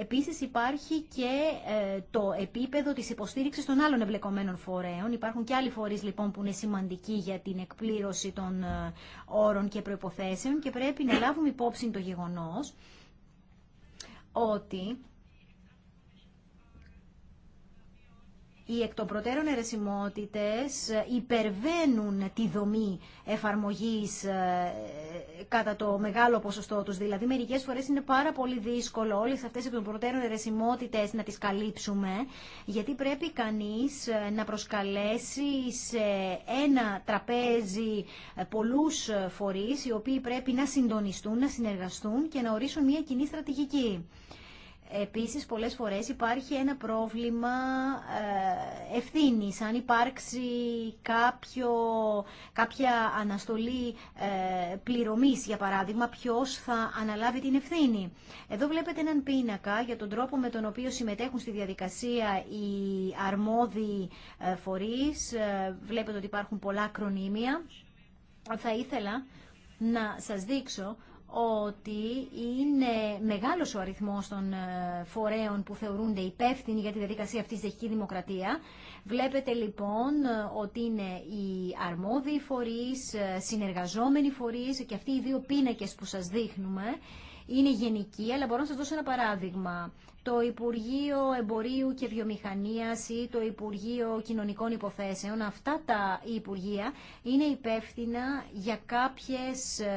Επίσης υπάρχει και ε, το επίπεδο της υποστήριξης των άλλων εμπλεκομένων φορέων. Υπάρχουν και άλλοι φορείς λοιπόν που είναι σημαντικοί για την εκπλήρωση των ε, όρων και προϋποθέσεων και πρέπει να λάβουμε υπόψη το γεγονός ότι οι εκ των προτέρων αιρεσιμότητες υπερβαίνουν τη δομή εφαρμογής ε, κατά το μεγάλο ποσοστό τους. Δηλαδή μερικές φορές είναι πάρα πολύ δύσκολο όλες αυτές οι εκ των προτέρων αιρεσιμότητες να τις καλύψουμε γιατί πρέπει κανείς ε, να προσκαλέσει σε ένα τραπέζι ε, πολλούς φορείς οι οποίοι πρέπει να συντονιστούν, να συνεργαστούν και να ορίσουν μια κοινή στρατηγική. Επίσης, πολλές φορές υπάρχει ένα πρόβλημα ε, ευθύνης. Αν υπάρξει κάποιο, κάποια αναστολή ε, πληρωμής, για παράδειγμα, ποιος θα αναλάβει την ευθύνη. Εδώ βλέπετε έναν πίνακα για τον τρόπο με τον οποίο συμμετέχουν στη διαδικασία οι αρμόδιοι ε, φορείς. Βλέπετε ότι υπάρχουν πολλά ακρονίμια. Θα ήθελα να σας δείξω ότι είναι μεγάλος ο αριθμός των ε, φορέων που θεωρούνται υπεύθυνοι για τη διαδικασία αυτής της δεχική δημοκρατία. Βλέπετε λοιπόν ε, ότι είναι οι αρμόδιοι φορείς, ε, συνεργαζόμενοι φορείς και αυτοί οι δύο πίνακες που σας δείχνουμε είναι γενική, αλλά μπορώ να σας δώσω ένα παράδειγμα. Το Υπουργείο Εμπορίου και Βιομηχανίας ή το Υπουργείο Κοινωνικών Υποθέσεων, αυτά τα Υπουργεία είναι υπεύθυνα για κάποιες ε,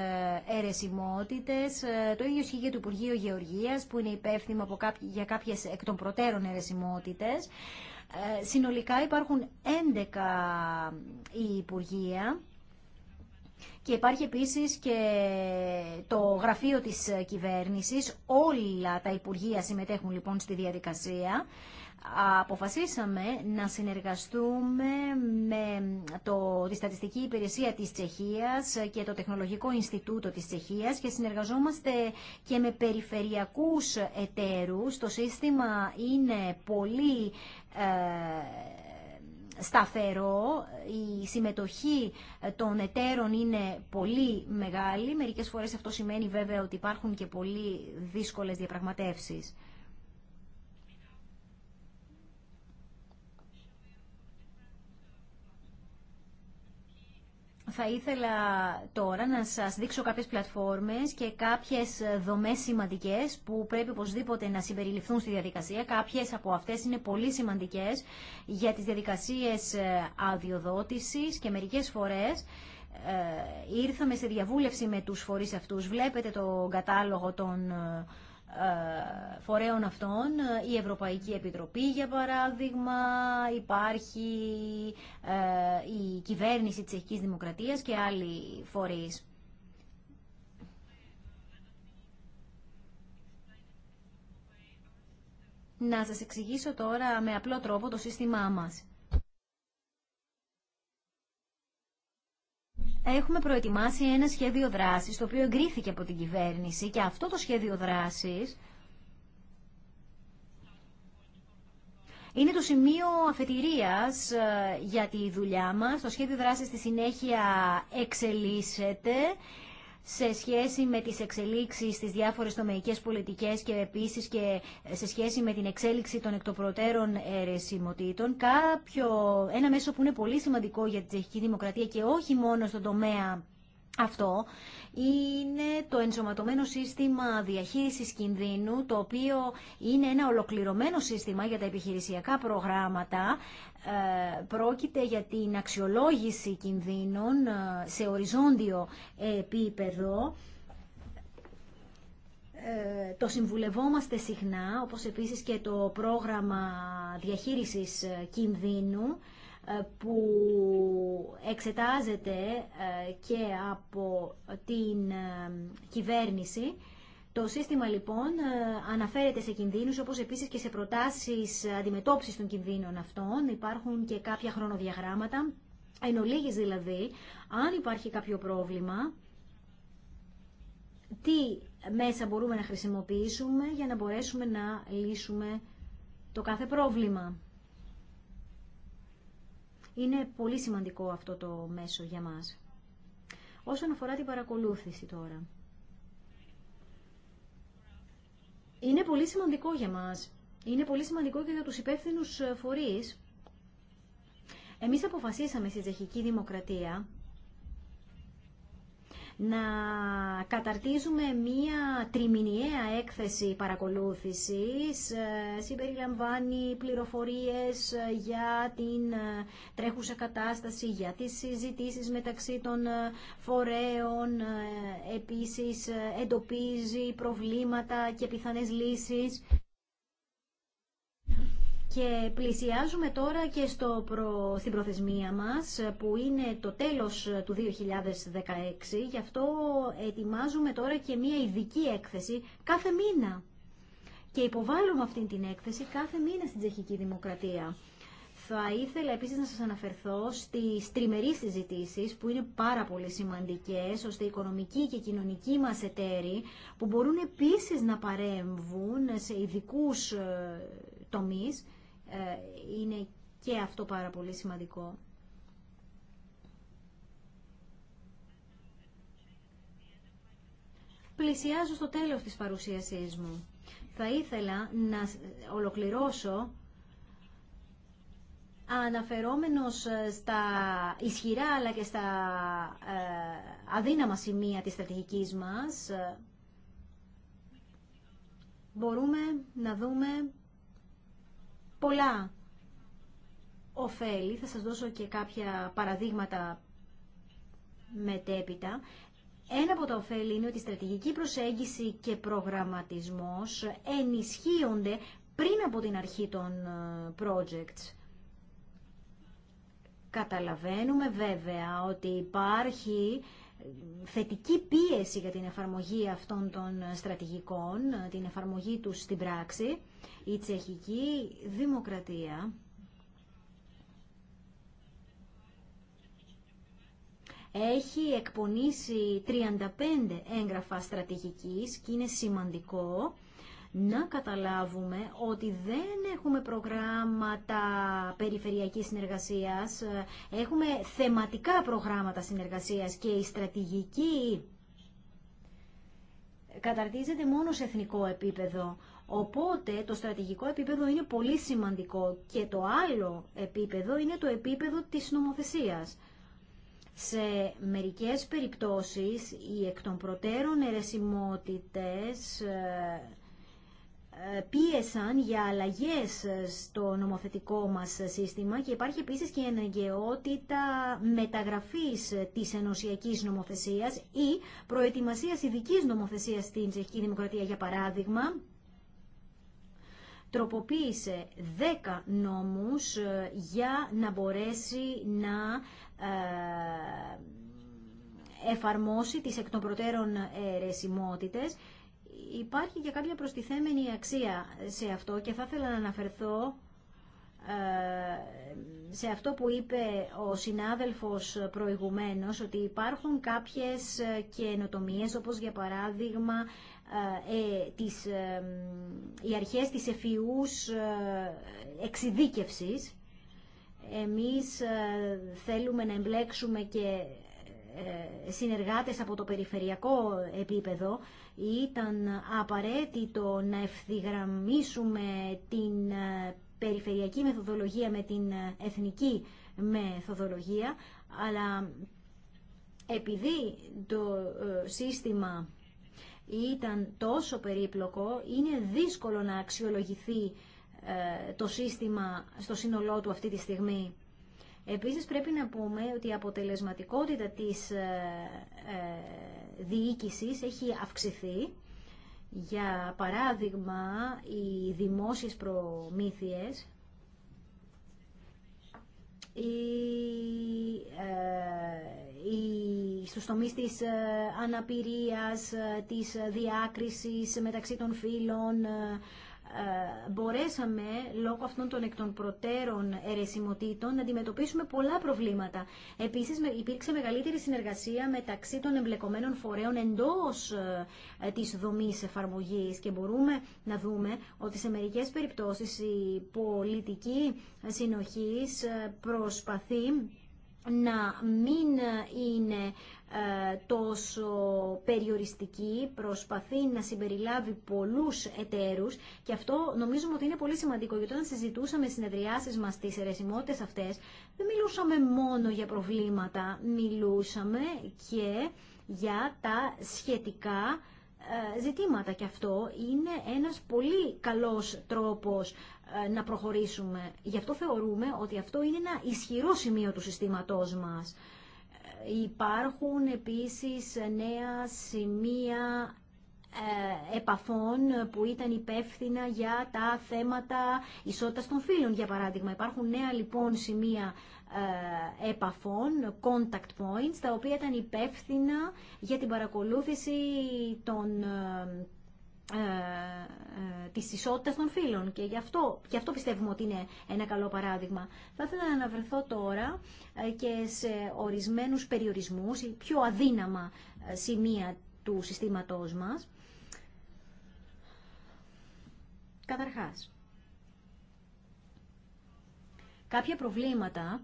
αιρεσιμότητες. Ε, το ίδιο ισχύει για το Υπουργείο Γεωργίας που είναι υπεύθυνο για κάποιες εκ των προτέρων αιρεσιμότητες. Ε, συνολικά υπάρχουν 11 υπουργεία και υπάρχει επίσης και το γραφείο της κυβέρνησης. Όλα τα Υπουργεία συμμετέχουν λοιπόν στη διαδικασία. Αποφασίσαμε να συνεργαστούμε με το, τη Στατιστική Υπηρεσία της Τσεχίας και το Τεχνολογικό Ινστιτούτο της Τσεχίας και συνεργαζόμαστε και με περιφερειακούς εταίρους. Το σύστημα είναι πολύ ε, σταθερό, η συμμετοχή των εταίρων είναι πολύ μεγάλη. Μερικές φορές αυτό σημαίνει βέβαια ότι υπάρχουν και πολύ δύσκολες διαπραγματεύσεις. θα ήθελα τώρα να σας δείξω κάποιες πλατφόρμες και κάποιες δομές σημαντικές που πρέπει οπωσδήποτε να συμπεριληφθούν στη διαδικασία. Κάποιες από αυτές είναι πολύ σημαντικές για τις διαδικασίες ε, αδειοδότησης και μερικές φορές ε, ήρθαμε σε διαβούλευση με τους φορείς αυτούς. Βλέπετε το κατάλογο των ε, ε, φορέων αυτών, η Ευρωπαϊκή Επιτροπή για παράδειγμα, υπάρχει ε, η κυβέρνηση της Αιχικής Δημοκρατίας και άλλοι φορείς. Να σας εξηγήσω τώρα με απλό τρόπο το σύστημά μας. έχουμε προετοιμάσει ένα σχέδιο δράσης, το οποίο εγκρίθηκε από την κυβέρνηση και αυτό το σχέδιο δράσης Είναι το σημείο αφετηρίας ε, για τη δουλειά μας. Το σχέδιο δράσης στη συνέχεια εξελίσσεται σε σχέση με τις εξελίξεις στις διάφορες τομεϊκές πολιτικές και επίσης και σε σχέση με την εξέλιξη των εκτοπροτέρων αιρεσιμοτήτων, κάποιο, ένα μέσο που είναι πολύ σημαντικό για την τσεχική δημοκρατία και όχι μόνο στον τομέα αυτό είναι το ενσωματωμένο σύστημα διαχείρισης κινδύνου, το οποίο είναι ένα ολοκληρωμένο σύστημα για τα επιχειρησιακά προγράμματα. Ε, πρόκειται για την αξιολόγηση κινδύνων ε, σε οριζόντιο επίπεδο. Ε, το συμβουλευόμαστε συχνά, όπως επίσης και το πρόγραμμα διαχείρισης κινδύνου ε, που εξετάζεται ε, και από την ε, κυβέρνηση. Το σύστημα λοιπόν αναφέρεται σε κινδύνους όπως επίσης και σε προτάσεις αντιμετώπισης των κινδύνων αυτών. Υπάρχουν και κάποια χρονοδιαγράμματα. Εν ολίγης δηλαδή, αν υπάρχει κάποιο πρόβλημα, τι μέσα μπορούμε να χρησιμοποιήσουμε για να μπορέσουμε να λύσουμε το κάθε πρόβλημα. Είναι πολύ σημαντικό αυτό το μέσο για μας. Όσον αφορά την παρακολούθηση τώρα. Είναι πολύ σημαντικό για μας. Είναι πολύ σημαντικό και για τους υπεύθυνους ε, φορείς. Εμείς αποφασίσαμε στη Τσεχική Δημοκρατία να καταρτίζουμε μία τριμηνιαία έκθεση παρακολούθησης, ε, συμπεριλαμβάνει πληροφορίες ε, για την ε, τρέχουσα κατάσταση, για τις συζητήσεις μεταξύ των φορέων, επίσης εντοπίζει προβλήματα και πιθανές λύσεις. Και πλησιάζουμε τώρα και στο προ... στην προθεσμία μας που είναι το τέλος του 2016. Γι' αυτό ετοιμάζουμε τώρα και μία ειδική έκθεση κάθε μήνα. Και υποβάλλουμε αυτή την έκθεση κάθε μήνα στην Τσεχική Δημοκρατία. Θα ήθελα επίσης να σας αναφερθώ στις τριμερείς συζητήσεις που είναι πάρα πολύ σημαντικές ώστε οι οικονομικοί και κοινωνικοί μας εταίροι που μπορούν επίσης να παρέμβουν σε ειδικού ε, τομείς ε, είναι και αυτό πάρα πολύ σημαντικό. Πλησιάζω στο τέλος της παρουσίασής μου. Θα ήθελα να ολοκληρώσω αναφερόμενος ε, στα ισχυρά αλλά και στα ε, αδύναμα σημεία της στρατηγικής μας, μπορούμε να δούμε πολλά ωφέλη. Θα σας δώσω και κάποια παραδείγματα μετέπειτα. Ένα από τα ωφέλη είναι ότι η στρατηγική προσέγγιση και προγραμματισμός ενισχύονται πριν από την αρχή των ε, projects. Καταλαβαίνουμε βέβαια ότι υπάρχει θετική πίεση για την εφαρμογή αυτών των στρατηγικών, την εφαρμογή τους στην πράξη, η τσεχική δημοκρατία έχει εκπονήσει 35 έγγραφα στρατηγικής και είναι σημαντικό να καταλάβουμε ότι δεν έχουμε προγράμματα περιφερειακής συνεργασίας, ε, έχουμε θεματικά προγράμματα συνεργασίας και η στρατηγική καταρτίζεται μόνο σε εθνικό επίπεδο. Οπότε το στρατηγικό επίπεδο είναι πολύ σημαντικό και το άλλο επίπεδο είναι το επίπεδο της νομοθεσίας. Σε μερικές περιπτώσεις οι εκ των προτέρων αιρεσιμότητες ε, πίεσαν για αλλαγές στο νομοθετικό μας σύστημα και υπάρχει επίσης και η μεταγραφής της ενωσιακής νομοθεσίας ή προετοιμασίας ειδική νομοθεσίας στην Τσεχική Δημοκρατία, για παράδειγμα, τροποποίησε 10 νόμους για να μπορέσει να ε, εφαρμόσει τις εκ των προτέρων αιρεσιμότητες υπάρχει και κάποια προστιθέμενη αξία σε αυτό και θα ήθελα να αναφερθώ ε, σε αυτό που είπε ο συνάδελφος προηγουμένως ότι υπάρχουν κάποιες ε, καινοτομίες όπως για παράδειγμα ε, ε τις, οι αρχές της εφιούς εξειδίκευσης. Εμείς θέλουμε να εμπλέξουμε και συνεργάτες από το περιφερειακό επίπεδο ήταν απαραίτητο να ευθυγραμμίσουμε την ε, περιφερειακή μεθοδολογία με την ε, εθνική μεθοδολογία, αλλά επειδή το ε, σύστημα ήταν τόσο περίπλοκο, είναι δύσκολο να αξιολογηθεί το σύστημα στο σύνολό του αυτή τη στιγμή. Επίσης πρέπει να πούμε ότι η αποτελεσματικότητα της διοίκησης έχει αυξηθεί. Για παράδειγμα, οι δημόσιες προμήθειες, οι, ε, στους τομείς της ε, αναπηρίας, ε, της ε, διάκρισης μεταξύ των φύλων, ε, μπορέσαμε λόγω αυτών των εκ των προτέρων αιρεσιμοτήτων να αντιμετωπίσουμε πολλά προβλήματα. Επίσης υπήρξε μεγαλύτερη συνεργασία μεταξύ των εμπλεκομένων φορέων εντός ε, της δομής εφαρμογής και μπορούμε να δούμε ότι σε μερικές περιπτώσεις η πολιτική συνοχής ε, προσπαθεί να μην είναι ε, τόσο περιοριστική, προσπαθεί να συμπεριλάβει πολλούς εταίρους και αυτό νομίζουμε ότι είναι πολύ σημαντικό γιατί όταν συζητούσαμε συνεδριάσεις μας τις αιρεσιμότητες αυτές δεν μιλούσαμε μόνο για προβλήματα, μιλούσαμε και για τα σχετικά ε, ζητήματα και αυτό είναι ένας πολύ καλός τρόπος ε, να προχωρήσουμε. Γι' αυτό θεωρούμε ότι αυτό είναι ένα ισχυρό σημείο του συστήματός μας. Υπάρχουν επίσης νέα σημεία ε, επαφών που ήταν υπεύθυνα για τα θέματα ισότητας των φύλων, για παράδειγμα. Υπάρχουν νέα λοιπόν σημεία ε, επαφών, contact points, τα οποία ήταν υπεύθυνα για την παρακολούθηση των ε, ε, ε, της ισότητας των φύλων και γι' αυτό, γι αυτό πιστεύουμε ότι είναι ένα καλό παράδειγμα. Θα ήθελα να αναβρεθώ τώρα ε, και σε ορισμένους περιορισμούς, ή πιο αδύναμα σημεία του συστήματός μας. Καταρχάς, κάποια προβλήματα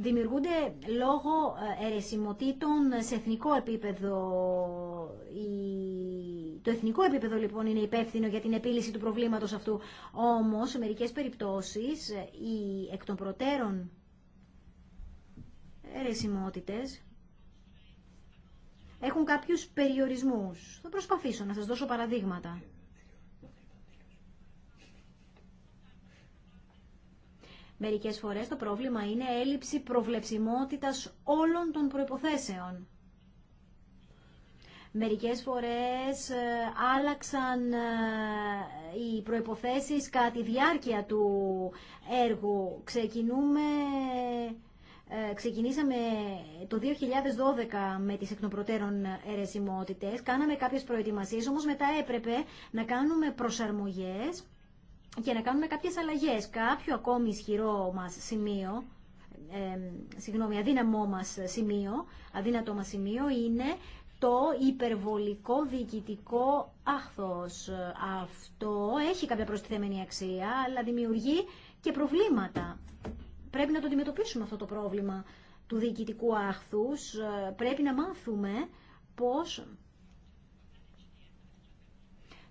δημιουργούνται λόγω ε, αιρεσιμοτήτων σε εθνικό επίπεδο. Το εθνικό επίπεδο λοιπόν είναι υπεύθυνο για την επίλυση του προβλήματος αυτού. Όμως, σε μερικές περιπτώσεις, οι εκ των προτέρων αιρεσιμότητες έχουν κάποιους περιορισμούς. Θα προσπαθήσω να σας δώσω παραδείγματα. Μερικές φορές το πρόβλημα είναι έλλειψη προβλεψιμότητας όλων των προϋποθέσεων. Μερικές φορές ε, άλλαξαν ε, οι προϋποθέσεις κατά τη διάρκεια του έργου. Ξεκινούμε, ε, ξεκινήσαμε το 2012 με τις εκνοπροτέρων ερεσιμότητες, κάναμε κάποιες προετοιμασίες, όμως μετά έπρεπε να κάνουμε προσαρμογές και να κάνουμε κάποιες αλλαγές. Κάποιο ακόμη ισχυρό μας σημείο, ε, συγγνώμη, αδύναμό μας σημείο, αδύνατο μας σημείο είναι το υπερβολικό διοικητικό άχθος. Αυτό έχει κάποια προστιθέμενη αξία, αλλά δημιουργεί και προβλήματα. Πρέπει να το αντιμετωπίσουμε αυτό το πρόβλημα του διοικητικού άχθους. Πρέπει να μάθουμε πώς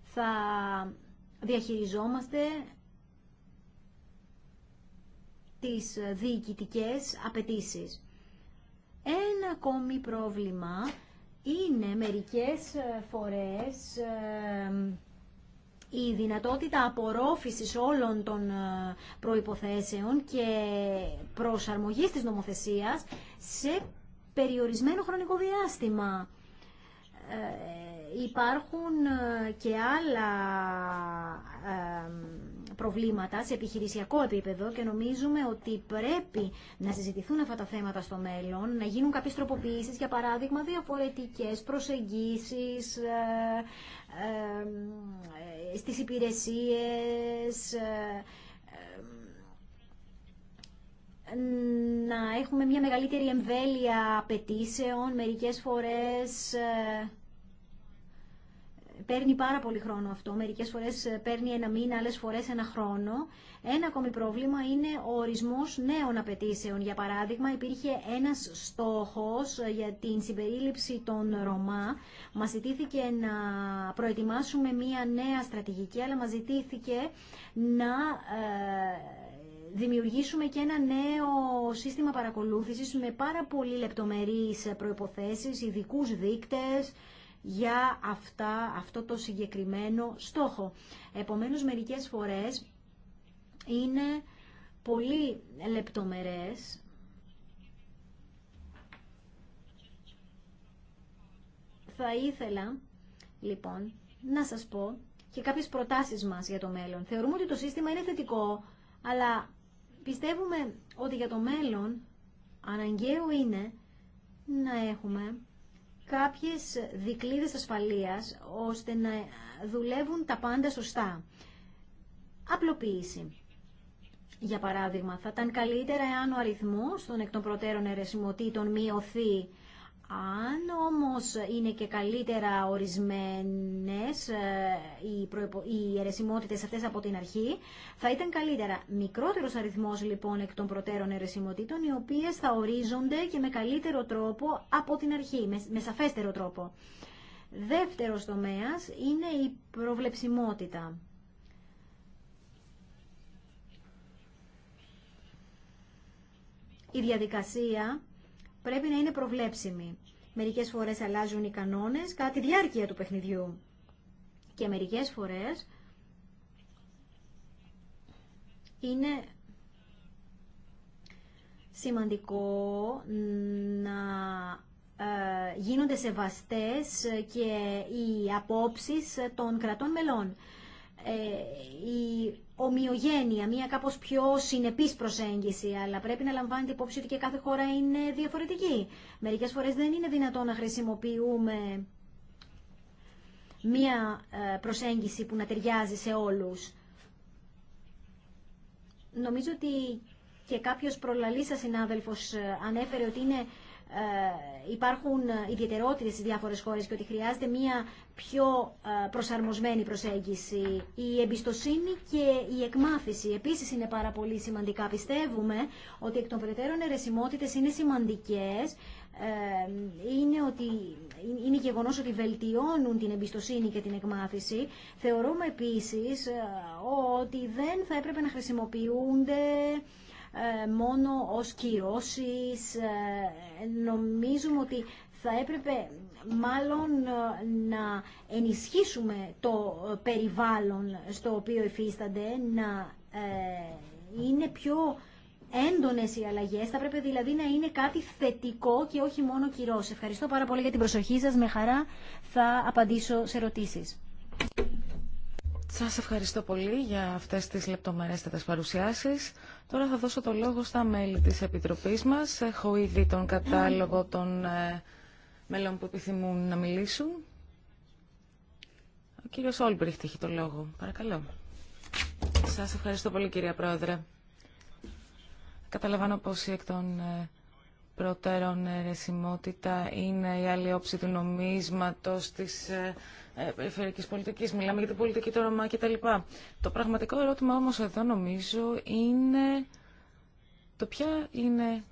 θα διαχειριζόμαστε τις διοικητικές απαιτήσεις. Ένα ακόμη πρόβλημα είναι μερικές φορές η δυνατότητα απορρόφησης όλων των ε, προϋποθέσεων και προσαρμογής της νομοθεσίας σε περιορισμένο χρονικό διάστημα. Ε, υπάρχουν ε, και άλλα ε, προβλήματα σε επιχειρησιακό επίπεδο και νομίζουμε ότι πρέπει να συζητηθούν αυτά τα θέματα στο μέλλον, να γίνουν κάποιες τροποποιήσεις, για παράδειγμα διαφορετικές προσεγγίσεις ε, στις υπηρεσίες, να έχουμε μια μεγαλύτερη εμβέλεια απαιτήσεων, μερικές φορές παίρνει πάρα πολύ χρόνο αυτό. Μερικές φορές ε, παίρνει ένα μήνα, άλλες φορές ένα χρόνο. Ένα ακόμη πρόβλημα είναι ο ορισμός νέων απαιτήσεων. Για παράδειγμα, υπήρχε ένας στόχος ε, για την συμπερίληψη των Ρωμά. Μας ζητήθηκε να προετοιμάσουμε μία νέα στρατηγική, αλλά μας ζητήθηκε να ε, δημιουργήσουμε και ένα νέο σύστημα παρακολούθησης με πάρα πολύ λεπτομερείς προϋποθέσεις, ειδικού δείκτες, για αυτά, αυτό το συγκεκριμένο στόχο. Επομένως, μερικές φορές είναι πολύ λεπτομερές θα ήθελα λοιπόν να σας πω και κάποιες προτάσεις μας για το μέλλον. Θεωρούμε ότι το σύστημα είναι θετικό, αλλά πιστεύουμε ότι για το μέλλον αναγκαίο είναι να έχουμε κάποιες δικλείδες ασφαλείας ώστε να δουλεύουν τα πάντα σωστά. Απλοποίηση. Για παράδειγμα, θα ήταν καλύτερα εάν ο αριθμός των εκ των προτέρων αιρεσιμοτήτων μειωθεί αν όμως είναι και καλύτερα ορισμένες ε, οι, προϋπο- οι αιρεσιμότητες αυτές από την αρχή, θα ήταν καλύτερα. Μικρότερος αριθμός λοιπόν εκ των προτέρων αιρεσιμοτήτων, οι οποίες θα ορίζονται και με καλύτερο τρόπο από την αρχή, με, με σαφέστερο τρόπο. Δεύτερος τομέας είναι η προβλεψιμότητα. Η διαδικασία πρέπει να είναι προβλέψιμη. Μερικές φορές αλλάζουν οι κανόνες κατά τη διάρκεια του παιχνιδιού. Και μερικές φορές είναι σημαντικό να ε, γίνονται σεβαστές και οι απόψεις των κρατών μελών. Ε, η ομοιογένεια, μια κάπως πιο συνεπής προσέγγιση, αλλά πρέπει να λαμβάνετε υπόψη ότι και κάθε χώρα είναι διαφορετική. Μερικές φορές δεν είναι δυνατόν να χρησιμοποιούμε μια ε, προσέγγιση που να ταιριάζει σε όλους. Νομίζω ότι και κάποιος προλαλής σας συνάδελφος ε, ανέφερε ότι είναι ε, υπάρχουν ε, ιδιαιτερότητες στις διάφορες χώρες και ότι χρειάζεται μια πιο ε, προσαρμοσμένη προσέγγιση. Η εμπιστοσύνη και η εκμάθηση επίσης είναι πάρα πολύ σημαντικά. Πιστεύουμε ότι εκ των περαιτέρων αιρεσιμότητες είναι σημαντικές είναι, ότι, είναι γεγονός ότι βελτιώνουν την εμπιστοσύνη και την εκμάθηση. Θεωρούμε επίσης ότι δεν θα έπρεπε να χρησιμοποιούνται ε, μόνο ως κυρώσεις. Ε, νομίζουμε ότι θα έπρεπε μάλλον ε, να ενισχύσουμε το περιβάλλον στο οποίο υφίστανται, να είναι πιο έντονες οι αλλαγές. Θα πρέπει δηλαδή να είναι κάτι θετικό και όχι μόνο κυρώς. Ευχαριστώ πάρα πολύ για την προσοχή σας. Με χαρά θα απαντήσω σε ερωτήσεις. Σας ευχαριστώ πολύ για αυτές τις λεπτομερέστατες παρουσιάσεις. Τώρα θα δώσω το λόγο στα μέλη της Επιτροπής μας. Έχω ήδη τον κατάλογο των ε, μέλων που επιθυμούν να μιλήσουν. Ο κύριος Όλμπριχτ έχει το λόγο. Παρακαλώ. Σας ευχαριστώ πολύ κυρία Πρόεδρε. Καταλαβαίνω πως εκ των ε, προτέρων αιρεσιμότητα είναι η άλλη όψη του νομίσματος της ε, ε, περιφερειακή πολιτικής. Μιλάμε για την πολιτική του Ρωμά κτλ. Το πραγματικό ερώτημα όμως εδώ νομίζω είναι το ποια είναι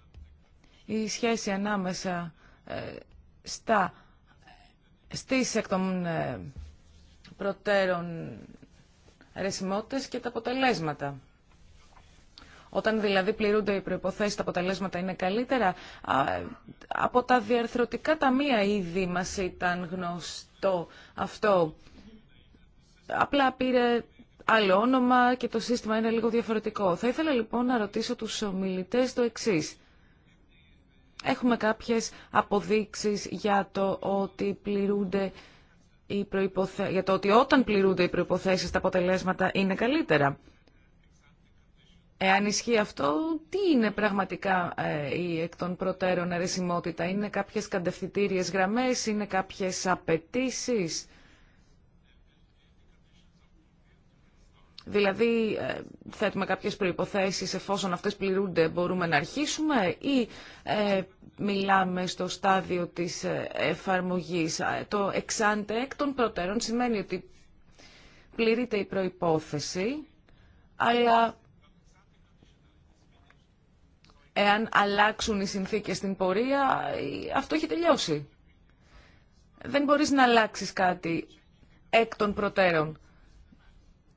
η σχέση ανάμεσα ε, στα, στις εκ των προτέρων αιρεσιμότητες και τα αποτελέσματα. Όταν δηλαδή πληρούνται οι προϋποθέσεις, τα αποτελέσματα είναι καλύτερα. Από τα διαρθρωτικά ταμεία ήδη μας ήταν γνωστό αυτό. Απλά πήρε άλλο όνομα και το σύστημα είναι λίγο διαφορετικό. Θα ήθελα λοιπόν να ρωτήσω τους ομιλητέ το εξή. Έχουμε κάποιες αποδείξεις για το ότι πληρούνται οι για το ότι όταν πληρούνται οι προϋποθέσεις τα αποτελέσματα είναι καλύτερα. Εάν ισχύει αυτό, τι είναι πραγματικά ε, η εκ των προτέρων αρεσιμότητα. Είναι κάποιες κατευθυντήριες γραμμές, είναι κάποιες απαιτήσει. Δηλαδή, ε, θέτουμε κάποιες προϋποθέσεις, εφόσον αυτές πληρούνται μπορούμε να αρχίσουμε ή ε, μιλάμε στο στάδιο της εφαρμογής. Το εξάντε εκ των προτέρων σημαίνει ότι πληρείται η προϋπόθεση, αλλά εάν αλλάξουν οι συνθήκες στην πορεία, αυτό έχει τελειώσει. Δεν μπορείς να αλλάξεις κάτι εκ των προτέρων.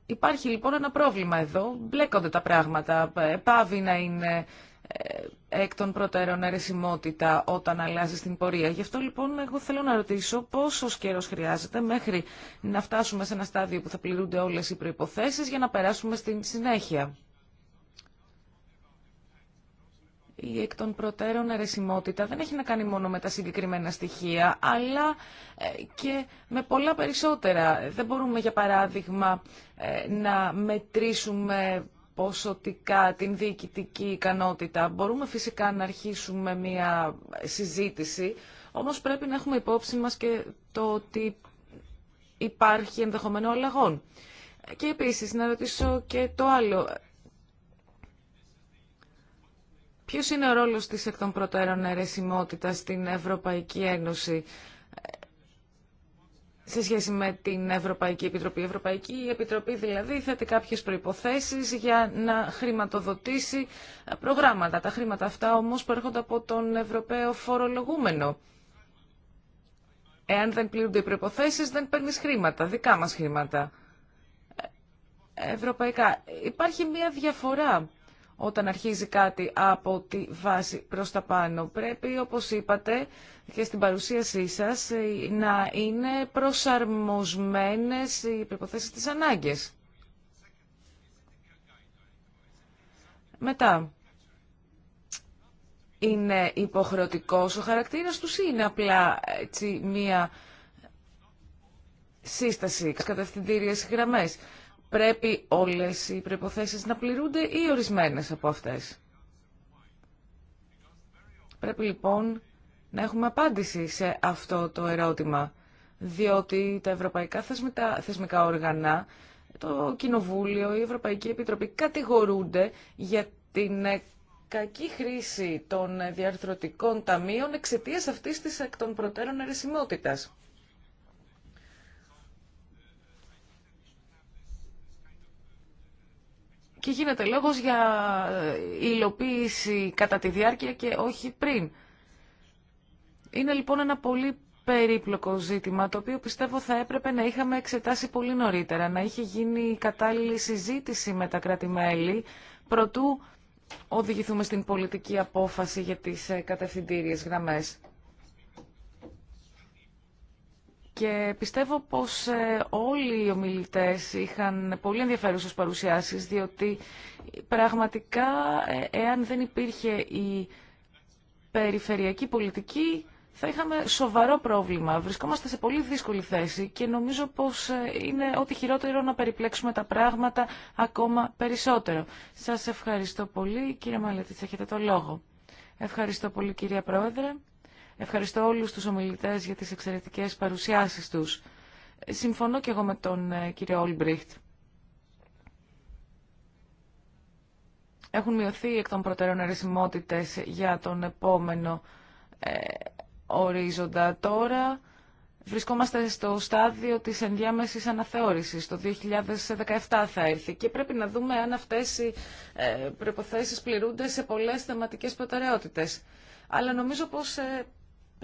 Υπάρχει λοιπόν ένα πρόβλημα εδώ, μπλέκονται τα πράγματα, ε, πάβει να είναι ε, εκ των προτέρων αιρεσιμότητα όταν αλλάζει την πορεία. Γι' αυτό λοιπόν εγώ θέλω να ρωτήσω πόσο καιρό χρειάζεται μέχρι να φτάσουμε σε ένα στάδιο που θα πληρούνται όλες οι προϋποθέσεις για να περάσουμε στην συνέχεια. η εκ των προτέρων αρεσιμότητα δεν έχει να κάνει μόνο με τα συγκεκριμένα στοιχεία, αλλά ε, και με πολλά περισσότερα. Δεν μπορούμε, για παράδειγμα, ε, να μετρήσουμε ποσοτικά την διοικητική ικανότητα. Μπορούμε φυσικά να αρχίσουμε μια συζήτηση, όμως πρέπει να έχουμε υπόψη μας και το ότι υπάρχει ενδεχομένο αλλαγών. Και επίσης να ρωτήσω και το άλλο. Ποιο είναι ο ρόλο τη εκ των προτέρων αιρεσιμότητα στην Ευρωπαϊκή Ένωση ε, σε σχέση με την Ευρωπαϊκή Επιτροπή. Η Ευρωπαϊκή Επιτροπή δηλαδή θέτει κάποιες προϋποθέσεις για να χρηματοδοτήσει ε, προγράμματα. Τα χρήματα αυτά όμως προέρχονται από τον Ευρωπαίο φορολογούμενο. Εάν δεν πληρούνται οι προϋποθέσεις δεν παίρνεις χρήματα, δικά μας χρήματα. Ε, ευρωπαϊκά. Υπάρχει μια διαφορά όταν αρχίζει κάτι από τη βάση προς τα πάνω. Πρέπει, όπως είπατε και στην παρουσίασή σας, να είναι προσαρμοσμένες οι προϋποθέσεις της ανάγκης. Μετά, είναι υποχρεωτικός ο χαρακτήρας τους ή είναι απλά έτσι, μία σύσταση, κατευθυντήριες γραμμές πρέπει όλες οι προϋποθέσεις να πληρούνται ή ορισμένες από αυτές. Πρέπει λοιπόν να έχουμε απάντηση σε αυτό το ερώτημα, διότι τα ευρωπαϊκά θεσμικά, θεσμικά οργανά, το Κοινοβούλιο, η Ευρωπαϊκή Επιτροπή κατηγορούνται για την ε, κακή χρήση των ε, διαρθρωτικών ταμείων εξαιτία αυτής της εκ των προτέρων αρισιμότητας. Και γίνεται λόγος για ε, υλοποίηση κατά τη διάρκεια και όχι πριν. Είναι λοιπόν ένα πολύ περίπλοκο ζήτημα, το οποίο πιστεύω θα έπρεπε να είχαμε εξετάσει πολύ νωρίτερα, να είχε γίνει κατάλληλη συζήτηση με τα κράτη-μέλη, προτού οδηγηθούμε στην πολιτική απόφαση για τις ε, κατευθυντήριες γραμμές. Και πιστεύω πως ε, όλοι οι ομιλητές είχαν πολύ ενδιαφέρουσες παρουσιάσεις, διότι πραγματικά ε, εάν δεν υπήρχε η περιφερειακή πολιτική θα είχαμε σοβαρό πρόβλημα. Βρισκόμαστε σε πολύ δύσκολη θέση και νομίζω πως ε, είναι ό,τι χειρότερο να περιπλέξουμε τα πράγματα ακόμα περισσότερο. Σας ευχαριστώ πολύ. Κύριε Μαλέτης, έχετε το λόγο. Ευχαριστώ πολύ κυρία Πρόεδρε. Ευχαριστώ όλους τους ομιλητές για τις εξαιρετικές παρουσιάσεις τους. Συμφωνώ και εγώ με τον ε, κύριο Όλμπριχτ. Έχουν μειωθεί εκ των προτεραιών αρισιμότητες για τον επόμενο ε, ορίζοντα. Τώρα βρισκόμαστε στο στάδιο της ενδιάμεσης αναθεώρησης. Το 2017 θα έρθει και πρέπει να δούμε αν αυτές οι ε, προϋποθέσεις πληρούνται σε πολλές θεματικές προτεραιότητες. Αλλά νομίζω πως ε,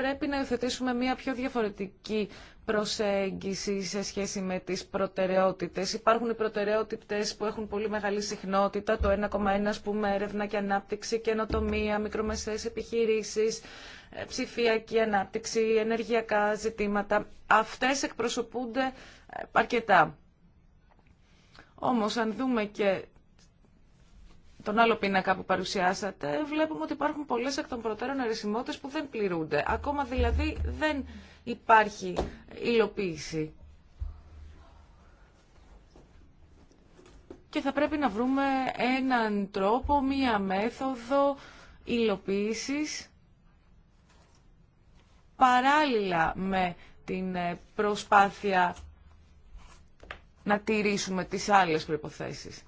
πρέπει να υιοθετήσουμε μια πιο διαφορετική προσέγγιση σε σχέση με τις προτεραιότητες. Υπάρχουν οι προτεραιότητες που έχουν πολύ μεγάλη συχνότητα, το 1,1 ας πούμε έρευνα και ανάπτυξη, καινοτομία, μικρομεσαίες επιχειρήσεις, ε, ψηφιακή ανάπτυξη, ενεργειακά ζητήματα. Αυτές εκπροσωπούνται ε, αρκετά. Όμως αν δούμε και τον άλλο πίνακα που παρουσιάσατε, βλέπουμε ότι υπάρχουν πολλές εκ των προτέρων αρισιμότητες που δεν πληρούνται. Ακόμα δηλαδή δεν υπάρχει υλοποίηση. Και θα πρέπει να βρούμε έναν τρόπο, μία μέθοδο υλοποίησης παράλληλα με την ε, προσπάθεια να τηρήσουμε τις άλλες προϋποθέσεις.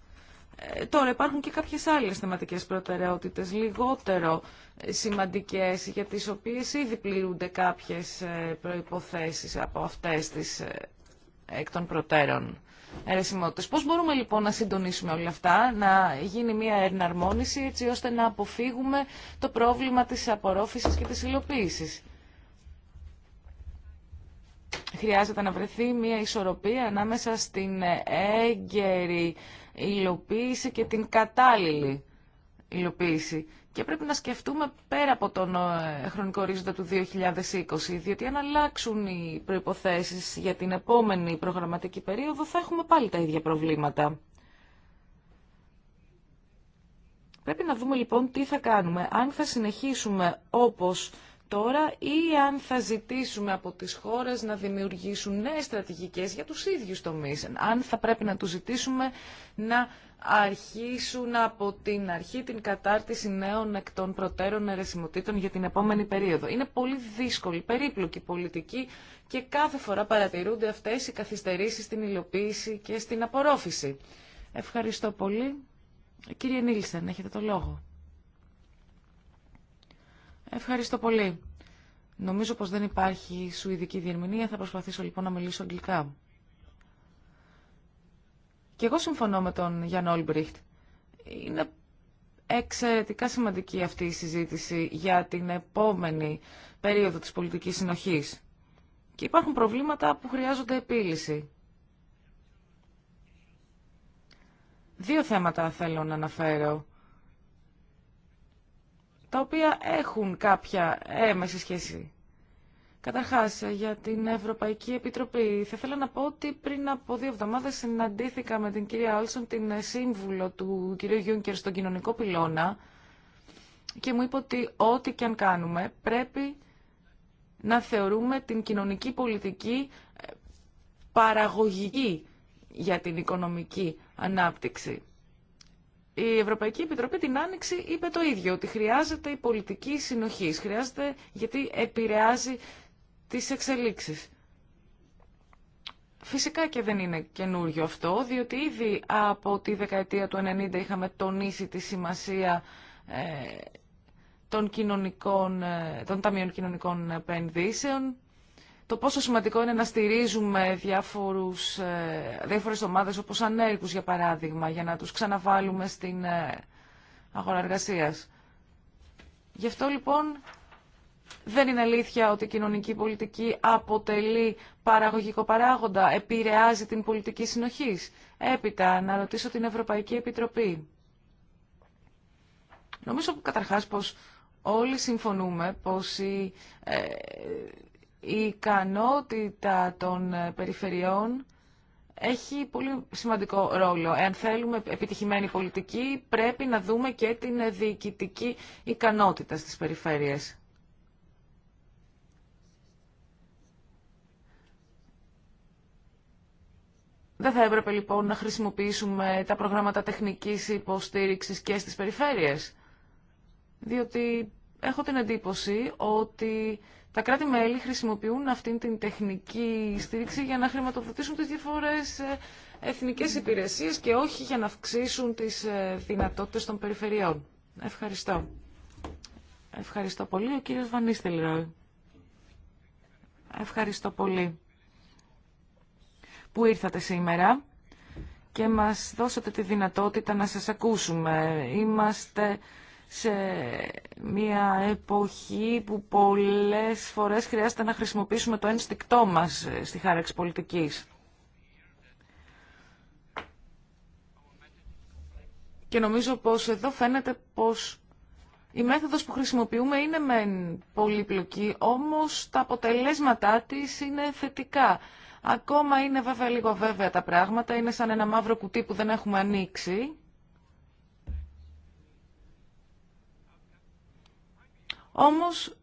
Ε, τώρα υπάρχουν και κάποιες άλλες θεματικές προτεραιότητες, λιγότερο σημαντικές, για τις οποίες ήδη πληρούνται κάποιες ε, προϋποθέσεις από αυτές τις ε, εκ των προτέρων αιρεσιμότητες. Πώς μπορούμε λοιπόν να συντονίσουμε όλα αυτά, να γίνει μια εναρμόνιση έτσι ώστε να αποφύγουμε το πρόβλημα της απορρόφησης και της υλοποίησης. Χρειάζεται να βρεθεί μια ισορροπία ανάμεσα στην έγκαιρη υλοποίηση και την κατάλληλη υλοποίηση. Και πρέπει να σκεφτούμε πέρα από τον ε, χρονικό ορίζοντα του 2020, διότι αν αλλάξουν οι προϋποθέσεις για την επόμενη προγραμματική περίοδο θα έχουμε πάλι τα ίδια προβλήματα. Πρέπει να δούμε λοιπόν τι θα κάνουμε, αν θα συνεχίσουμε όπως τώρα ή αν θα ζητήσουμε από τις χώρες να δημιουργήσουν νέες στρατηγικές για τους ίδιους τομείς. Αν θα πρέπει να τους ζητήσουμε να αρχίσουν από την αρχή την κατάρτιση νέων εκ των προτέρων ερεσιμοτήτων για την επόμενη περίοδο. Είναι πολύ δύσκολη, περίπλοκη πολιτική και κάθε φορά παρατηρούνται αυτές οι καθυστερήσεις στην υλοποίηση και στην απορρόφηση. Ευχαριστώ πολύ. Κύριε Νίλσεν, έχετε το λόγο. Ευχαριστώ πολύ. Νομίζω πως δεν υπάρχει σου ειδική διερμηνία, θα προσπαθήσω λοιπόν να μιλήσω αγγλικά. Και εγώ συμφωνώ με τον Γιάνν Όλμπριχτ. Είναι εξαιρετικά σημαντική αυτή η συζήτηση για την επόμενη περίοδο της πολιτικής συνοχής. Και υπάρχουν προβλήματα που χρειάζονται επίλυση. Δύο θέματα θέλω να αναφέρω τα οποία έχουν κάποια έμεση σχέση. Καταρχάς, για την Ευρωπαϊκή Επιτροπή, θα ήθελα να πω ότι πριν από δύο εβδομάδες συναντήθηκα με την κυρία Όλσον, την σύμβουλο του κυρίου Γιούνκερ στον κοινωνικό πυλώνα και μου είπε ότι ό,τι και αν κάνουμε πρέπει να θεωρούμε την κοινωνική πολιτική ε, παραγωγική για την οικονομική ανάπτυξη η Ευρωπαϊκή Επιτροπή την Άνοιξη είπε το ίδιο, ότι χρειάζεται η πολιτική συνοχή, χρειάζεται γιατί επηρεάζει τις εξελίξεις. Φυσικά και δεν είναι καινούριο αυτό, διότι ήδη από τη δεκαετία του 90 είχαμε τονίσει τη σημασία ε, των, κοινωνικών, ε, των Ταμείων Κοινωνικών Επενδύσεων το πόσο σημαντικό είναι να στηρίζουμε διάφορους, ε, διάφορες ομάδες όπως ανέργους για παράδειγμα για να τους ξαναβάλουμε στην ε, αγορά εργασία. Γι' αυτό λοιπόν δεν είναι αλήθεια ότι η κοινωνική πολιτική αποτελεί παραγωγικό παράγοντα, επηρεάζει την πολιτική συνοχής. Έπειτα να ρωτήσω την Ευρωπαϊκή Επιτροπή. Νομίζω καταρχάς πως όλοι συμφωνούμε πως η ε, η ικανότητα των ε, περιφερειών έχει πολύ σημαντικό ρόλο. Εάν θέλουμε επιτυχημένη πολιτική, πρέπει να δούμε και την διοικητική ικανότητα στις περιφέρειες. Δεν θα έπρεπε λοιπόν να χρησιμοποιήσουμε τα προγράμματα τεχνικής υποστήριξης και στις περιφέρειες. Διότι έχω την εντύπωση ότι τα κράτη-μέλη χρησιμοποιούν αυτήν την τεχνική στήριξη για να χρηματοδοτήσουν τις διαφορές ε, εθνικές υπηρεσίες και όχι για να αυξήσουν τις ε, δυνατότητες των περιφερειών. Ευχαριστώ. Ευχαριστώ πολύ. Ο κύριος Βανίστελ Ρόι. Ευχαριστώ πολύ που ήρθατε σήμερα και μας δώσατε τη δυνατότητα να σας ακούσουμε. Είμαστε σε μια εποχή που πολλές φορές χρειάζεται να χρησιμοποιήσουμε το ένστικτό μας ε, στη χάραξη πολιτικής. Και νομίζω πως εδώ φαίνεται πως η μέθοδος που χρησιμοποιούμε είναι μεν πολύπλοκη, όμως τα αποτελέσματά της είναι θετικά. Ακόμα είναι βέβαια λίγο βέβαια τα πράγματα, είναι σαν ένα μαύρο κουτί που δεν έχουμε ανοίξει Όμως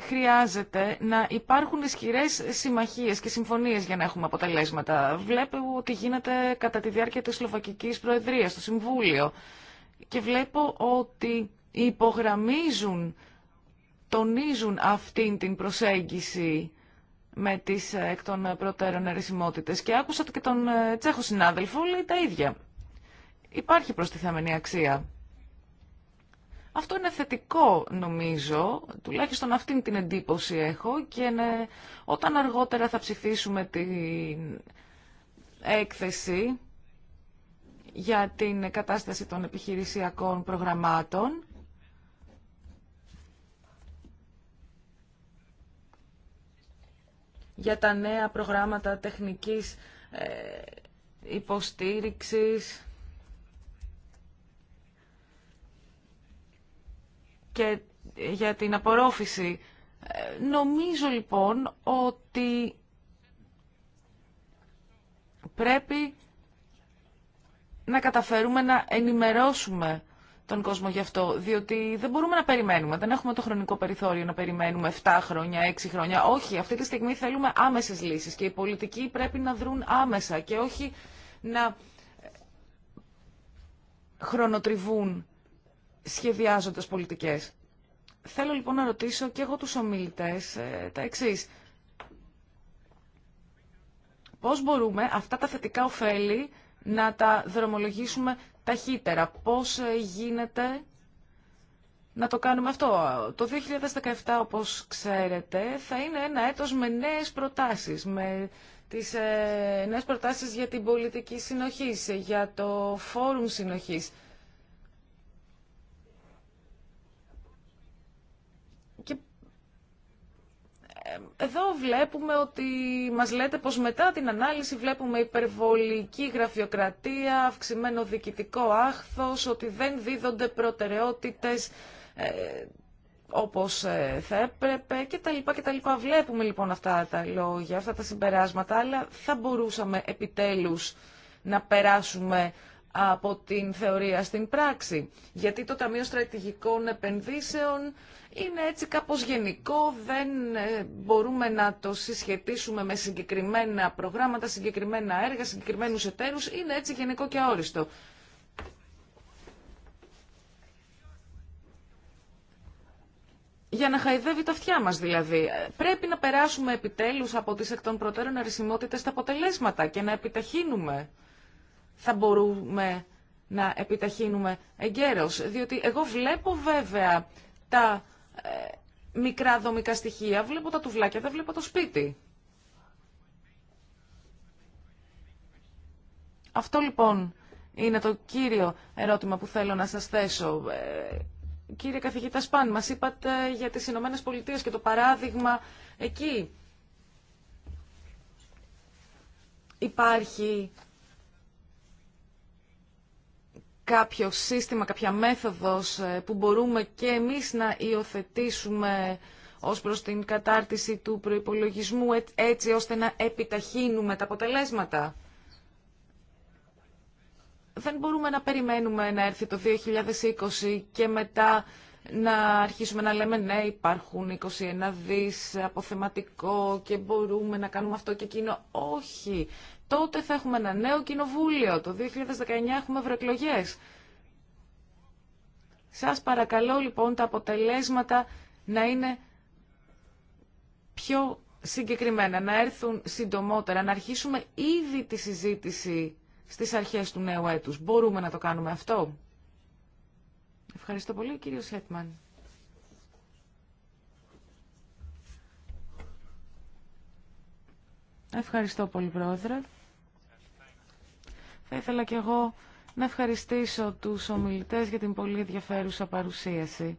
χρειάζεται να υπάρχουν ισχυρές συμμαχίες και συμφωνίες για να έχουμε αποτελέσματα. Βλέπω ότι γίνεται κατά τη διάρκεια της Σλοβακικής Προεδρίας, το Συμβούλιο και βλέπω ότι υπογραμμίζουν, τονίζουν αυτήν την προσέγγιση με τις ε, εκ των ε, προτέρων αρισιμότητες. Και άκουσα και τον ε, Τσέχο συνάδελφο, λέει τα ίδια. Υπάρχει προστιθέμενη αξία. Αυτό είναι θετικό νομίζω, τουλάχιστον αυτήν την εντύπωση έχω και όταν αργότερα θα ψηφίσουμε την έκθεση για την κατάσταση των επιχειρησιακών προγραμμάτων, για τα νέα προγράμματα τεχνικής ε, υποστήριξης και για την απορρόφηση. Ε, νομίζω λοιπόν ότι πρέπει να καταφέρουμε να ενημερώσουμε τον κόσμο γι' αυτό, διότι δεν μπορούμε να περιμένουμε. Δεν έχουμε το χρονικό περιθώριο να περιμένουμε 7 χρόνια, 6 χρόνια. Όχι, αυτή τη στιγμή θέλουμε άμεσες λύσεις και οι πολιτικοί πρέπει να δρουν άμεσα και όχι να ε, χρονοτριβούν σχεδιάζοντας πολιτικές. Θέλω λοιπόν να ρωτήσω και εγώ τους ομιλητές ε, τα εξής. Πώς μπορούμε αυτά τα θετικά ωφέλη να τα δρομολογήσουμε ταχύτερα. Πώς ε, γίνεται να το κάνουμε αυτό. Το 2017, όπως ξέρετε, θα είναι ένα έτος με νέες προτάσεις, με τις ε, νέες προτάσεις για την πολιτική συνοχής, για το φόρουμ συνοχής. εδώ βλέπουμε ότι μας λέτε πως μετά την ανάλυση βλέπουμε υπερβολική γραφειοκρατία, αυξημένο διοικητικό άχθος, ότι δεν δίδονται προτεραιότητες ε, όπως ε, θα έπρεπε κτλ. κτλ. Βλέπουμε λοιπόν αυτά τα λόγια, αυτά τα συμπεράσματα, αλλά θα μπορούσαμε επιτέλους να περάσουμε από την θεωρία στην πράξη. Γιατί το Ταμείο Στρατηγικών Επενδύσεων είναι έτσι κάπως γενικό, δεν ε, μπορούμε να το συσχετίσουμε με συγκεκριμένα προγράμματα, συγκεκριμένα έργα, συγκεκριμένους εταίρους, είναι έτσι γενικό και αόριστο. Για να χαϊδεύει τα αυτιά μας δηλαδή. Ε, πρέπει να περάσουμε επιτέλους από τις εκ των προτέρων αρισιμότητες τα αποτελέσματα και να επιταχύνουμε. Θα μπορούμε να επιταχύνουμε εγκαίρως, διότι εγώ βλέπω βέβαια τα ε, μικρά δομικά στοιχεία. Βλέπω τα τουβλάκια, δεν βλέπω το σπίτι. Αυτό λοιπόν είναι το κύριο ερώτημα που θέλω να σας θέσω. Ε, κύριε καθηγητά Σπάν, μας είπατε για τις Ηνωμένε Πολιτείες και το παράδειγμα εκεί. Υπάρχει κάποιο σύστημα, κάποια μέθοδος ε, που μπορούμε και εμείς να υιοθετήσουμε ως προς την κατάρτιση του προϋπολογισμού έτσι ώστε να επιταχύνουμε τα αποτελέσματα. Δεν μπορούμε να περιμένουμε να έρθει το 2020 και μετά να αρχίσουμε να λέμε ναι υπάρχουν 21 δις αποθεματικό και μπορούμε να κάνουμε αυτό και εκείνο. Όχι τότε θα έχουμε ένα νέο κοινοβούλιο. Το 2019 έχουμε ευρωεκλογέ. Σας παρακαλώ λοιπόν τα αποτελέσματα να είναι πιο συγκεκριμένα, να έρθουν συντομότερα, να αρχίσουμε ήδη τη συζήτηση στις αρχές του νέου έτους. Μπορούμε να το κάνουμε αυτό. Ευχαριστώ πολύ κύριο Σέτμαν. Ευχαριστώ πολύ πρόεδρε. Θα ήθελα και εγώ να ευχαριστήσω τους ομιλητές για την πολύ ενδιαφέρουσα παρουσίαση.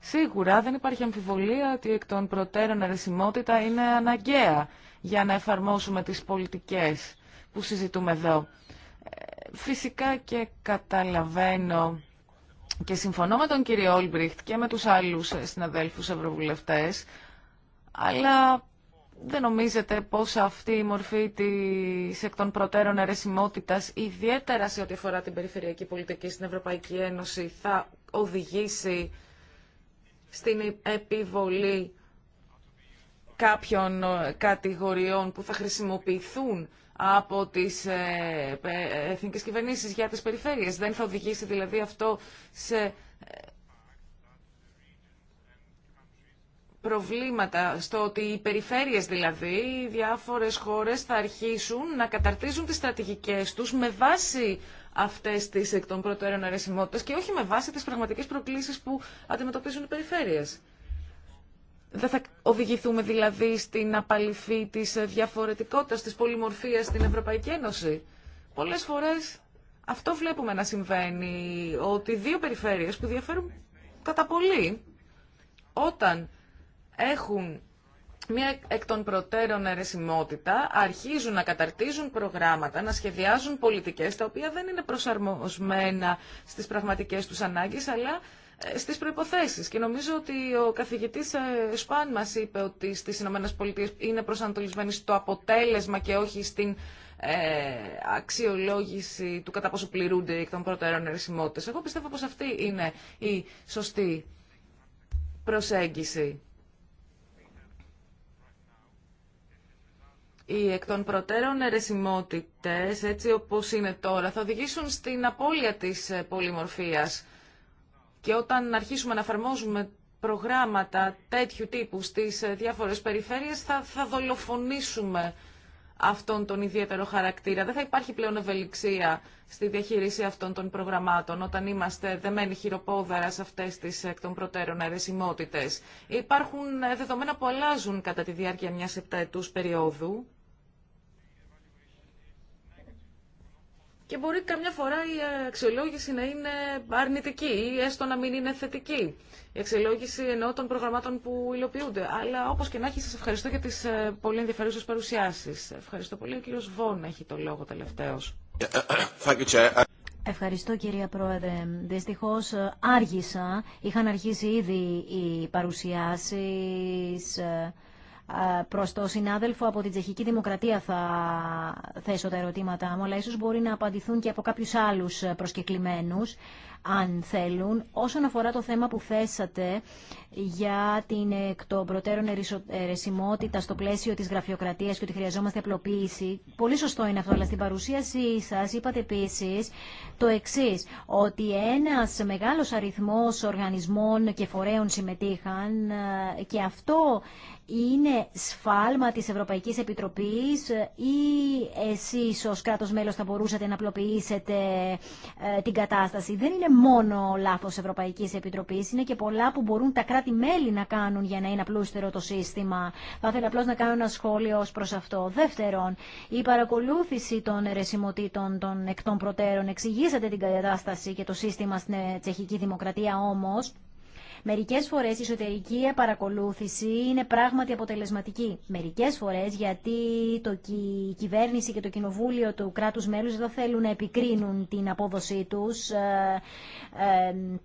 Σίγουρα δεν υπάρχει αμφιβολία ότι εκ των προτέρων αρισιμότητα είναι αναγκαία για να εφαρμόσουμε τις πολιτικές που συζητούμε εδώ. Ε, φυσικά και καταλαβαίνω και συμφωνώ με τον κύριο Όλμπριχτ και με τους άλλους συναδέλφους ευρωβουλευτές, αλλά δεν νομίζετε πως αυτή η μορφή της εκ των προτέρων αιρεσιμότητας, ιδιαίτερα σε ό,τι αφορά την περιφερειακή πολιτική στην Ευρωπαϊκή Ένωση, θα οδηγήσει στην επιβολή κάποιων ε, κατηγοριών που θα χρησιμοποιηθούν από τις ε, εθνικές κυβερνήσεις για τις περιφέρειες. Δεν θα οδηγήσει δηλαδή αυτό σε προβλήματα στο ότι οι περιφέρειες δηλαδή, οι διάφορες χώρες θα αρχίσουν να καταρτίζουν τις στρατηγικές τους με βάση αυτές τις εκ των προτέρων αρεσιμότητες και όχι με βάση τις πραγματικές προκλήσεις που αντιμετωπίζουν οι περιφέρειες. Δεν θα οδηγηθούμε δηλαδή στην απαλυφή της διαφορετικότητας, της πολυμορφίας στην Ευρωπαϊκή Ένωση. Πολλές φορές αυτό βλέπουμε να συμβαίνει, ότι δύο περιφέρειες που διαφέρουν κατά πολύ, όταν έχουν μια εκ των προτέρων αιρεσιμότητα, αρχίζουν να καταρτίζουν προγράμματα, να σχεδιάζουν πολιτικές, τα οποία δεν είναι προσαρμοσμένα στις πραγματικές τους ανάγκες, αλλά ε, στις προϋποθέσεις. Και νομίζω ότι ο καθηγητής ε, Σπάν μας είπε ότι στις ΗΠΑ είναι προσανατολισμένοι στο αποτέλεσμα και όχι στην ε, αξιολόγηση του κατά πόσο πληρούνται εκ των προτέρων αιρεσιμότητες. Εγώ πιστεύω πως αυτή είναι η σωστή προσέγγιση. οι εκ των προτέρων αιρεσιμότητες, έτσι όπως είναι τώρα, θα οδηγήσουν στην απώλεια της ε, πολυμορφίας. Και όταν αρχίσουμε να εφαρμόζουμε προγράμματα τέτοιου τύπου στις ε, διάφορες περιφέρειες, θα, θα δολοφονήσουμε αυτόν τον ιδιαίτερο χαρακτήρα. Δεν θα υπάρχει πλέον ευελιξία στη διαχείριση αυτών των προγραμμάτων όταν είμαστε δεμένοι χειροπόδαρα σε αυτές τις εκ των προτέρων αρεσιμότητες. Υπάρχουν ε, δεδομένα που αλλάζουν κατά τη διάρκεια μιας επταετούς περίοδου Και μπορεί καμιά φορά η αξιολόγηση να είναι αρνητική ή έστω να μην είναι θετική. Η αξιολόγηση εννοώ των προγραμμάτων που υλοποιούνται. Αλλά όπως και να έχει, σα ευχαριστώ για τις ε, πολύ ενδιαφέρουσες παρουσιάσεις. Ευχαριστώ πολύ. Ο κύριος Βόν έχει το λόγο τελευταίος. Ευχαριστώ κυρία Πρόεδρε. Δυστυχώς ε, άργησα. Είχαν αρχίσει ήδη οι παρουσιάσεις ε, προς το συνάδελφο από την Τσεχική Δημοκρατία θα θέσω τα ερωτήματά μου, αλλά ίσως μπορεί να απαντηθούν και από κάποιους άλλους προσκεκλημένους, αν θέλουν. Όσον αφορά το θέμα που θέσατε για την εκ των προτέρων ερεσιμότητα στο πλαίσιο της γραφειοκρατίας και ότι χρειαζόμαστε απλοποίηση, πολύ σωστό είναι αυτό, αλλά στην παρουσίασή σας είπατε επίσης το εξής, ότι ένας μεγάλος αριθμός οργανισμών και φορέων συμμετείχαν ε, και αυτό είναι σφάλμα της Ευρωπαϊκής Επιτροπής ή εσείς ως κράτος μέλος θα μπορούσατε να απλοποιήσετε ε, την κατάσταση. Δεν είναι μόνο λάθος Ευρωπαϊκής Επιτροπής, είναι και πολλά που μπορούν τα κράτη-μέλη να κάνουν για να είναι απλούστερο το σύστημα. Θα ήθελα απλώς να κάνω ένα σχόλιο ως προς αυτό. Δεύτερον, η παρακολούθηση των ερεσιμοτήτων των εκ των προτέρων. Εξηγήσατε την κατάσταση και το σύστημα στην ε, Τσεχική Δημοκρατία όμως. Μερικές φορέ, η εσωτερική παρακολούθηση είναι πράγματι αποτελεσματική. Μερικές φορέ, γιατί το, η κυβέρνηση και το κοινοβούλιο του κράτους μέλους δεν θέλουν να επικρίνουν την απόδοσή τους ε, ε,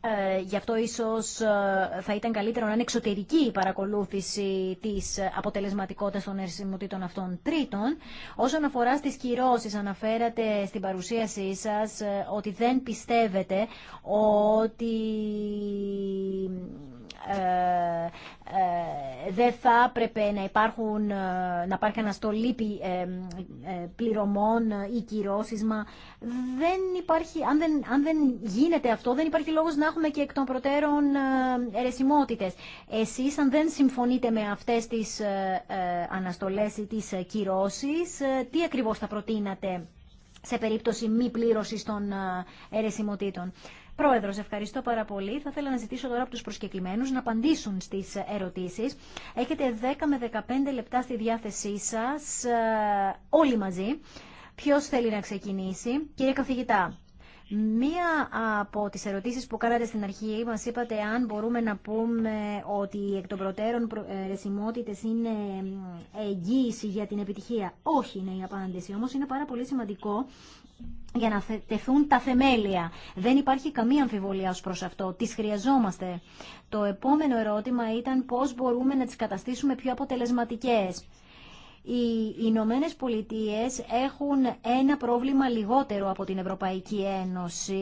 ε, γι' αυτό ίσως ε, θα ήταν καλύτερο να είναι εξωτερική η παρακολούθηση της αποτελεσματικότητας των ερσιμοτήτων αυτών. τρίτων. όσον αφορά στις κυρώσεις, αναφέρατε στην παρουσίασή σας ε, ότι δεν πιστεύετε ότι ε, ε, δεν θα έπρεπε να, υπάρχουν, ε, να υπάρχει αναστολή πληρωμών ή κυρώσισμα δεν υπάρχει, αν, δεν, αν δεν γίνεται αυτό, δεν υπάρχει λόγος να έχουμε και εκ των προτέρων ερεσιμότητες. Εσείς, αν δεν συμφωνείτε με αυτές τις αναστολές ή τις κυρώσεις, τι ακριβώς θα προτείνατε σε περίπτωση μη πλήρωσης των ερεσιμοτήτων. Πρόεδρο, ευχαριστώ πάρα πολύ. Θα ήθελα να ζητήσω τώρα από του προσκεκλημένους να απαντήσουν στις ερωτήσεις. Έχετε 10 με 15 λεπτά στη διάθεσή σας, ε, όλοι μαζί. Ποιο θέλει να ξεκινήσει. Κύριε Καθηγητά, Μία από τις ερωτήσεις που κάνατε στην αρχή μας είπατε αν μπορούμε να πούμε ότι εκ των προτέρων ε, ρεσιμότητες είναι ε, εγγύηση για την επιτυχία. Όχι είναι η απάντηση, όμως είναι πάρα πολύ σημαντικό για να τεθούν τα θεμέλια. Δεν υπάρχει καμία αμφιβολία ως προς αυτό. Τις χρειαζόμαστε. Το επόμενο ερώτημα ήταν πώς μπορούμε να τις καταστήσουμε πιο αποτελεσματικές οι Ηνωμένε Πολιτείε έχουν ένα πρόβλημα λιγότερο από την Ευρωπαϊκή Ένωση.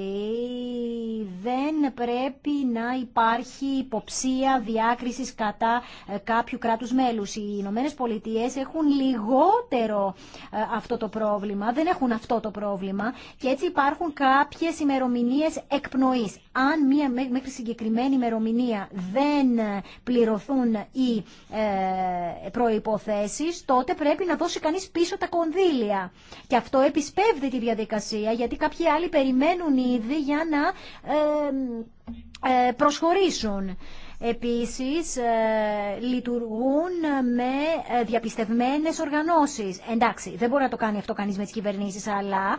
Δεν πρέπει να υπάρχει υποψία διάκριση κατά ε, κάποιου κράτου μέλους. Οι Ηνωμένε Πολιτείε έχουν λιγότερο ε, αυτό το πρόβλημα, δεν έχουν αυτό το πρόβλημα και έτσι υπάρχουν κάποιε ημερομηνίε εκπνοή. Αν μία μέχρι συγκεκριμένη ημερομηνία δεν πληρωθούν οι ε, προποθέσει. τότε πρέπει να δώσει κανείς πίσω τα κονδύλια. Και αυτό επισπεύδει τη διαδικασία γιατί κάποιοι άλλοι περιμένουν ήδη για να ε, ε, προσχωρήσουν. Επίσης, ε, λειτουργούν με ε, διαπιστευμένες οργανώσεις. Εντάξει, δεν μπορεί να το κάνει αυτό κανείς με τις κυβερνήσεις, αλλά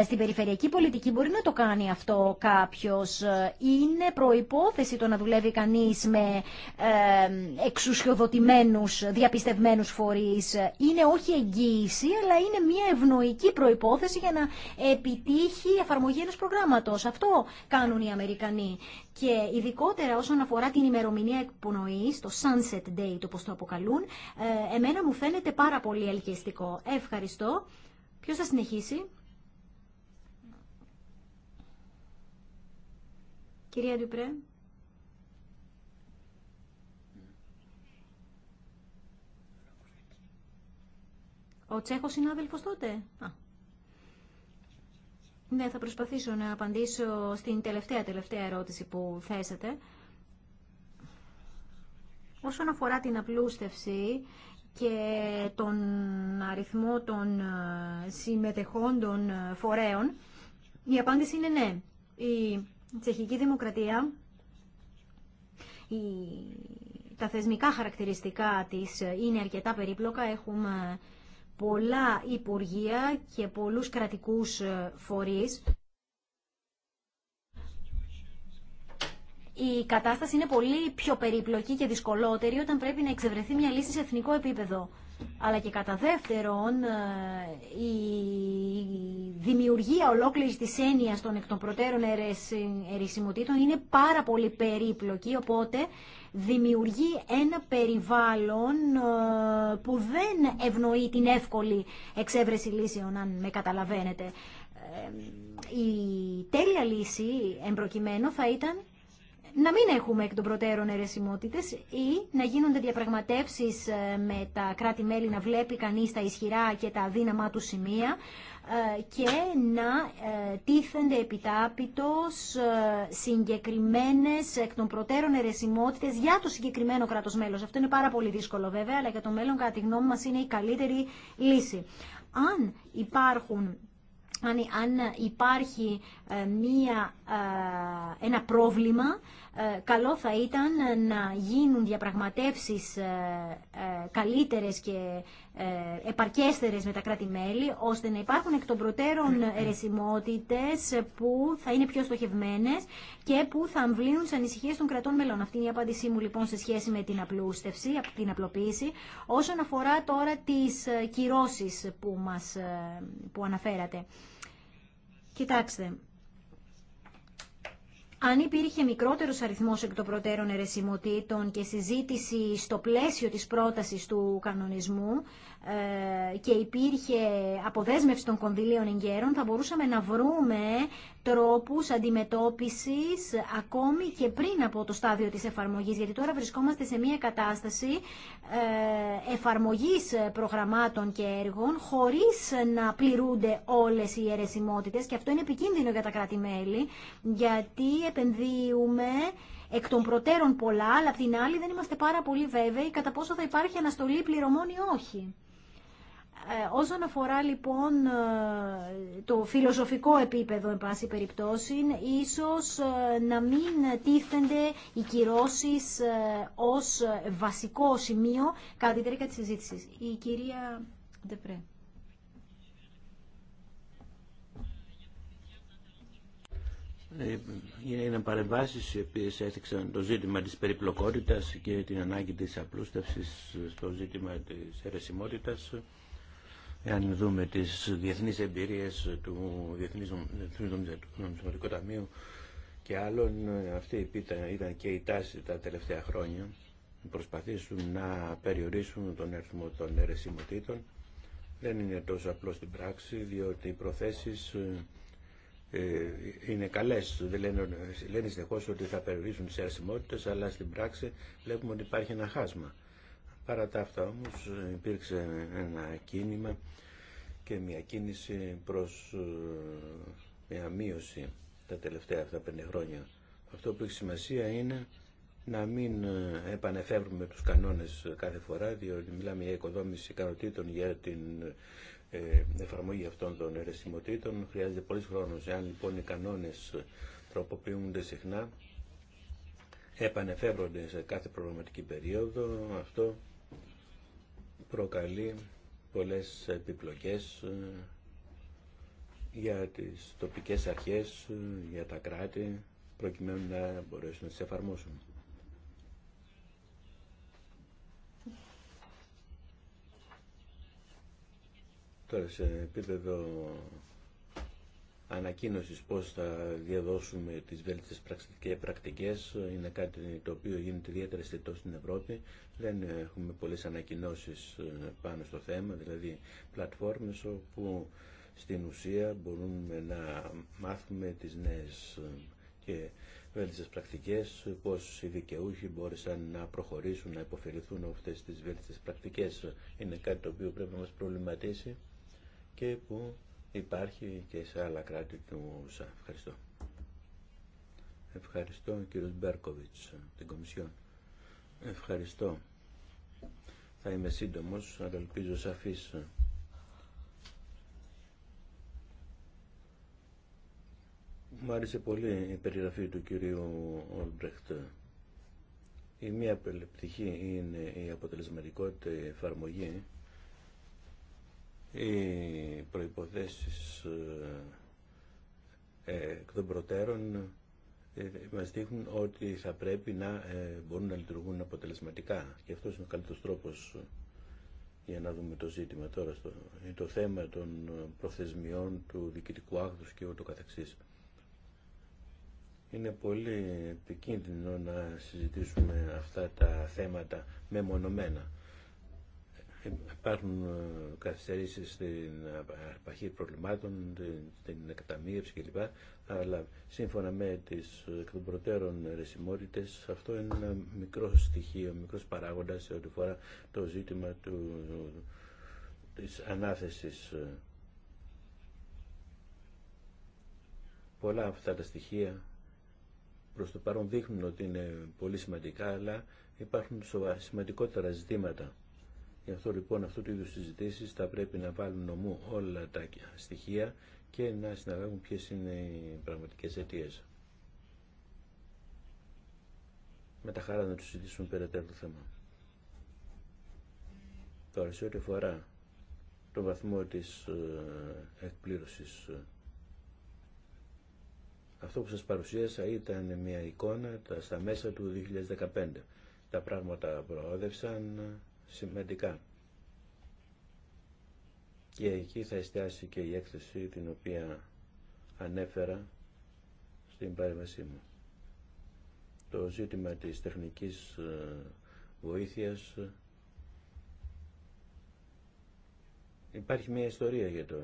ε, στην περιφερειακή πολιτική μπορεί να το κάνει αυτό κάποιος. Είναι προϋπόθεση το να δουλεύει κανείς με εξουσιοδοτημένους, διαπιστευμένους φορείς. Είναι όχι εγγύηση, αλλά είναι μια ευνοϊκή προϋπόθεση για να επιτύχει η εφαρμογή ενός προγράμματος. Αυτό κάνουν οι Αμερικανοί και ειδικότερα όσον αφορά την ημερομηνία εκπονοής, το sunset date όπως το αποκαλούν, ε, εμένα μου φαίνεται πάρα πολύ ελκυστικό. Ευχαριστώ. Ποιος θα συνεχίσει? Κυρία Ντουπρέ. Ο Τσέχος συνάδελφος τότε. Α, ναι, θα προσπαθήσω να απαντήσω στην τελευταία τελευταία ερώτηση που θέσατε. Όσον αφορά την απλούστευση και τον αριθμό των ε, συμμετεχόντων ε, φορέων, η απάντηση είναι ναι. Η τσεχική δημοκρατία, η... τα θεσμικά χαρακτηριστικά της ε, είναι αρκετά περίπλοκα. Έχουμε πολλά υπουργεία και πολλούς κρατικούς ε, φορείς. Η κατάσταση είναι πολύ πιο περίπλοκη και δυσκολότερη όταν πρέπει να εξευρεθεί μια λύση σε εθνικό επίπεδο. Αλλά και κατά δεύτερον, ε, η δημιουργία ολόκληρης της έννοιας των εκ των προτέρων ερεσιμοτήτων είναι πάρα πολύ περίπλοκη, οπότε δημιουργεί ένα περιβάλλον ε, που δεν ευνοεί την εύκολη εξέβρεση λύσεων, αν με καταλαβαίνετε. Ε, η τέλεια λύση, εμπροκειμένο, θα ήταν να μην έχουμε εκ των προτέρων αιρεσιμότητες ή να γίνονται διαπραγματεύσεις ε, με τα κράτη-μέλη να βλέπει κανείς τα ισχυρά και τα αδύναμα του σημεία ε, και να ε, τίθενται επιτάπητος ε, συγκεκριμένες εκ των προτέρων αιρεσιμότητες για το συγκεκριμένο κράτος μέλος. Αυτό είναι πάρα πολύ δύσκολο βέβαια, αλλά για το μέλλον κατά τη γνώμη μας είναι η καλύτερη λύση. Αν υπάρχουν αν, υπάρχει μία, ένα πρόβλημα, ε, καλό θα ήταν να γίνουν διαπραγματεύσεις ε, ε, καλύτερες και επαρκέστερες με τα κράτη-μέλη, ώστε να υπάρχουν εκ των προτέρων ερεσιμότητες που θα είναι πιο στοχευμένες και που θα αμβλύνουν σε ανησυχίε των κρατών μελών. Αυτή είναι η απάντησή μου λοιπόν σε σχέση με την απλούστευση, την απλοποίηση. Όσον αφορά τώρα τις κυρώσεις που, μας, που αναφέρατε. Κοιτάξτε, αν υπήρχε μικρότερος αριθμός εκ των προτέρων ερεσιμοτήτων και συζήτηση στο πλαίσιο της πρότασης του κανονισμού, ε, και υπήρχε αποδέσμευση των κονδυλίων εγκαίρων, θα μπορούσαμε να βρούμε τρόπους αντιμετώπισης ακόμη και πριν από το στάδιο της εφαρμογής. Γιατί τώρα βρισκόμαστε σε μια κατάσταση ε, εφαρμογής προγραμμάτων και έργων χωρίς να πληρούνται όλες οι αιρεσιμότητες και αυτό είναι επικίνδυνο για τα κράτη-μέλη γιατί επενδύουμε εκ των προτέρων πολλά, αλλά απ' την άλλη δεν είμαστε πάρα πολύ βέβαιοι κατά πόσο θα υπάρχει αναστολή πληρωμών ή όχι. Ε, όσον αφορά λοιπόν ε, το φιλοσοφικό επίπεδο, εν πάση περιπτώσει, ίσως ε, να μην τίθενται οι κυρώσεις ως βασικό σημείο κατά τη διάρκεια της συζήτησης. Η κυρία Ντεπρέ. Είναι παρεμβάσει οι οποίε έθιξαν το ζήτημα τη περιπλοκότητας και την ανάγκη της απλούστευσης στο ζήτημα της αιρεσιμότητα. Εάν δούμε τις διεθνείς εμπειρίες του Διεθνού Νομισματικού Ταμείου και άλλων, αυτή η ήταν και η τάση τα τελευταία χρόνια, προσπαθήσουν να περιορίσουν τον αριθμό των αιρεσιμοτήτων. Δεν είναι τόσο απλό στην πράξη, διότι οι προθέσεις ε, ε, είναι καλές. Δεν λένε, λένε συνεχώς ότι θα περιορίσουν τι αιρεσιμότητες, αλλά στην πράξη βλέπουμε ότι υπάρχει ένα χάσμα. Παρά τα αυτά όμως ε, υπήρξε ένα κίνημα και μια κίνηση προς ε, μια μείωση τα τελευταία αυτά πέντε χρόνια. Αυτό που έχει σημασία είναι να μην ε, επανεφεύρουμε τους κανόνες κάθε φορά, διότι μιλάμε για οικοδόμηση ικανοτήτων για την εφαρμογή αυτών των ερεσιμοτήτων. Χρειάζεται πολλή χρόνο. Εάν λοιπόν οι κανόνες τροποποιούνται συχνά, επανεφεύρονται σε κάθε προγραμματική περίοδο, αυτό προκαλεί πολλές επιπλοκές ε, για τις τοπικές αρχές, ε, για τα κράτη, προκειμένου να μπορέσουν να τις εφαρμόσουν. Τώρα σε επίπεδο ανακοίνωσης πώς θα διαδώσουμε τις βέλτιστες πρακτικές είναι κάτι το οποίο γίνεται ιδιαίτερα αισθητό στην Ευρώπη. Δεν έχουμε πολλές ανακοινώσεις ε, πάνω στο θέμα, δηλαδή πλατφόρμες όπου στην ουσία μπορούμε να μάθουμε τις νέες ε, και βέλτιστες πρακτικές, πώς οι δικαιούχοι μπόρεσαν να προχωρήσουν, να υποφεληθούν από αυτές τις βέλτιστες πρακτικές. Είναι κάτι το οποίο πρέπει να μας προβληματίσει και που υπάρχει και σε άλλα κράτη του ΩΣΑ. Ευχαριστώ. Ευχαριστώ κύριο Μπέρκοβιτς, την Κομισιόν. Ευχαριστώ. Θα είμαι σύντομος, αλλά ελπίζω σαφής. Μου άρεσε πολύ η περιγραφή του κυρίου Ολμπρεχτ. Η μία πτυχή είναι η αποτελεσματικότητα η εφαρμογή οι προϋποθέσεις ε, ε, εκ των προτέρων ε, μας δείχνουν ότι θα πρέπει να μπορούν να λειτουργούν αποτελεσματικά και αυτός είναι ο καλύτερος τρόπος για να δούμε το ζήτημα τώρα στο, το θέμα των προθεσμιών του διοικητικού άκου και ούτω καθεξής. Είναι πολύ επικίνδυνο να συζητήσουμε αυτά τα θέματα μεμονωμένα. Υπάρχουν ε, καθυστερήσεις στην ε, απαρχή προβλημάτων, την εκταμείευση κλπ. Αλλά σύμφωνα με τις εκ των αυτό είναι ένα μικρό στοιχείο, μικρός παράγοντας σε ό,τι φορά το ζήτημα του, της ανάθεσης. Πολλά αυτά τα στοιχεία προς το παρόν δείχνουν ότι είναι πολύ σημαντικά, αλλά υπάρχουν σημαντικότερα ζητήματα Γι' αυτό λοιπόν αυτού του είδους συζητήσεις θα πρέπει να βάλουν νομού όλα τα στοιχεία και να συναντάγουν ποιε είναι οι πραγματικές αιτίε. Με τα χαρά να τους συζητήσουμε περαιτέρω το θέμα. Τώρα σε ό,τι αφορά τον βαθμό της ε, εκπλήρωσης ε, αυτό που σας παρουσίασα ήταν μια εικόνα στα μέσα του 2015. Τα πράγματα προόδευσαν, σημαντικά. Και εκεί θα εστιάσει και η έκθεση την οποία ανέφερα στην παρέμβασή μου. Το ζήτημα της τεχνικής ε, βοήθειας υπάρχει μια ιστορία για το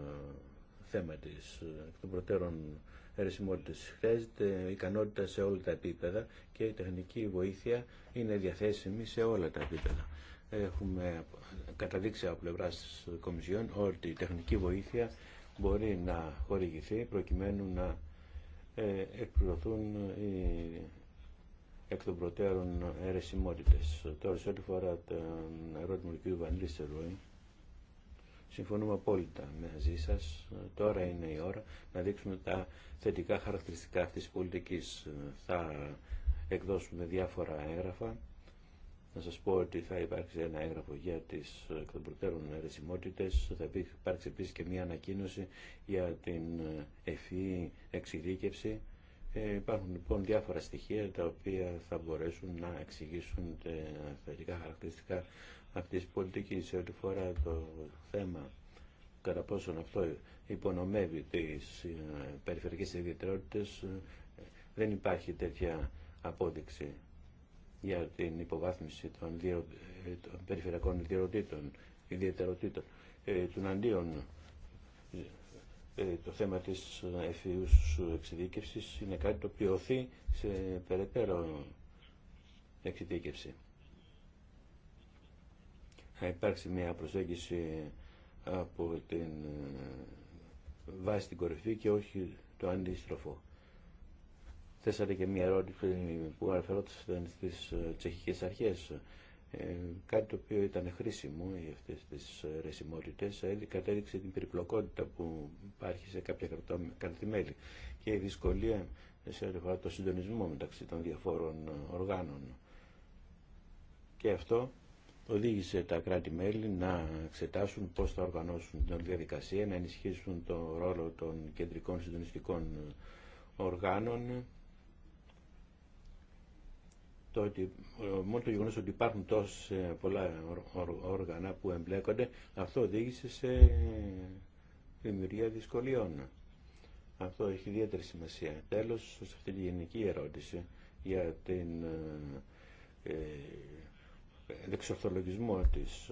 θέμα της ε, των προτέρων αιρεσιμότητας. Χρειάζεται ικανότητα σε όλα τα επίπεδα και η τεχνική βοήθεια είναι διαθέσιμη σε όλα τα επίπεδα έχουμε καταδείξει από πλευρά της Κομισιόν ότι η τεχνική βοήθεια μπορεί να χορηγηθεί προκειμένου να ε, εκπληρωθούν οι εκ των προτέρων αιρεσιμότητες. Τώρα σε ό,τι φορά το ερώτημα του κ. Βανλίστερου, συμφωνούμε απόλυτα μαζί σα. Τώρα είναι η ώρα να δείξουμε τα θετικά χαρακτηριστικά αυτής της πολιτικής. Θα εκδώσουμε διάφορα έγγραφα να σας πω ότι θα υπάρξει ένα έγγραφο για τις εκ των προτέρων θα υπάρξει επίσης και μια ανακοίνωση για την ε, ευφυή εξειδίκευση. Ε, υπάρχουν λοιπόν διάφορα στοιχεία τα οποία θα μπορέσουν να εξηγήσουν τα θετικά χαρακτηριστικά αυτής της πολιτικής σε ό,τι φορά το θέμα κατά πόσον αυτό υπονομεύει τις ε, περιφερειακές ιδιαιτερότητες δεν υπάρχει τέτοια απόδειξη για την υποβάθμιση των, διο... Ε, των περιφερειακών ιδιαιτεροτήτων ε, του αντίον ε, το θέμα της ευθύους εξειδίκευσης είναι κάτι το οποίο οθεί σε περαιτέρω εξειδίκευση. Θα υπάρξει μια προσέγγιση από την ε, βάση στην κορυφή και όχι το αντίστροφο θέσατε και μια ερώτηση που αναφερόταν στις ε, τσεχικές αρχές. Ε, κάτι το οποίο ήταν χρήσιμο για αυτές τις ε, ρεσιμότητες κατέληξε την περιπλοκότητα που υπάρχει σε κάποια κρατημέλη και η δυσκολία σε ό,τι αφορά το συντονισμό μεταξύ των διαφόρων οργάνων. Και αυτό οδήγησε τα κράτη-μέλη να εξετάσουν πώς θα οργανώσουν την διαδικασία, να ενισχύσουν τον ρόλο των κεντρικών συντονιστικών οργάνων το ότι, ε, μόνο το ότι υπάρχουν τόσε ε, πολλά όργανα που εμπλέκονται, αυτό οδήγησε σε ε, δημιουργία δυσκολιών. Αυτό έχει ιδιαίτερη σημασία. Τέλος, σε αυτή τη γενική ερώτηση για την ε, δεξορθολογισμό της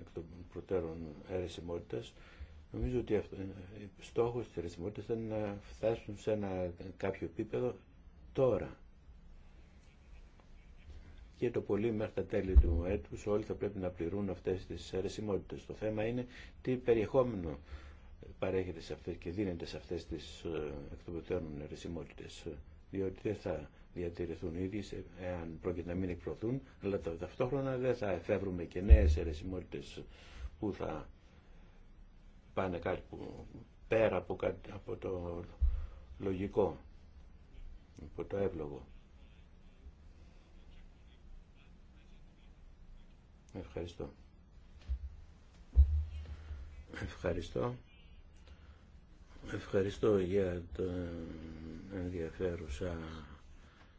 εκ των προτέρων αιρεσιμότητας, νομίζω ότι στόχο τη της αιρεσιμότητας ήταν να φτάσουν σε ένα κάποιο επίπεδο τώρα και το πολύ μέχρι τα τέλη του έτους όλοι θα πρέπει να πληρούν αυτές τις αιρεσιμότητες. Το θέμα είναι τι περιεχόμενο παρέχεται σε αυτές και δίνεται σε αυτές τις ε, εκ των διότι δεν θα διατηρηθούν οι ίδιες εάν πρόκειται να μην εκπροθούν αλλά ταυτόχρονα δεν θα εφεύρουμε και νέε αρεσιμότητε που θα πάνε κάτι πέρα από, από το λογικό από το εύλογο Ευχαριστώ. Ευχαριστώ. Ευχαριστώ για το ενδιαφέρουσα,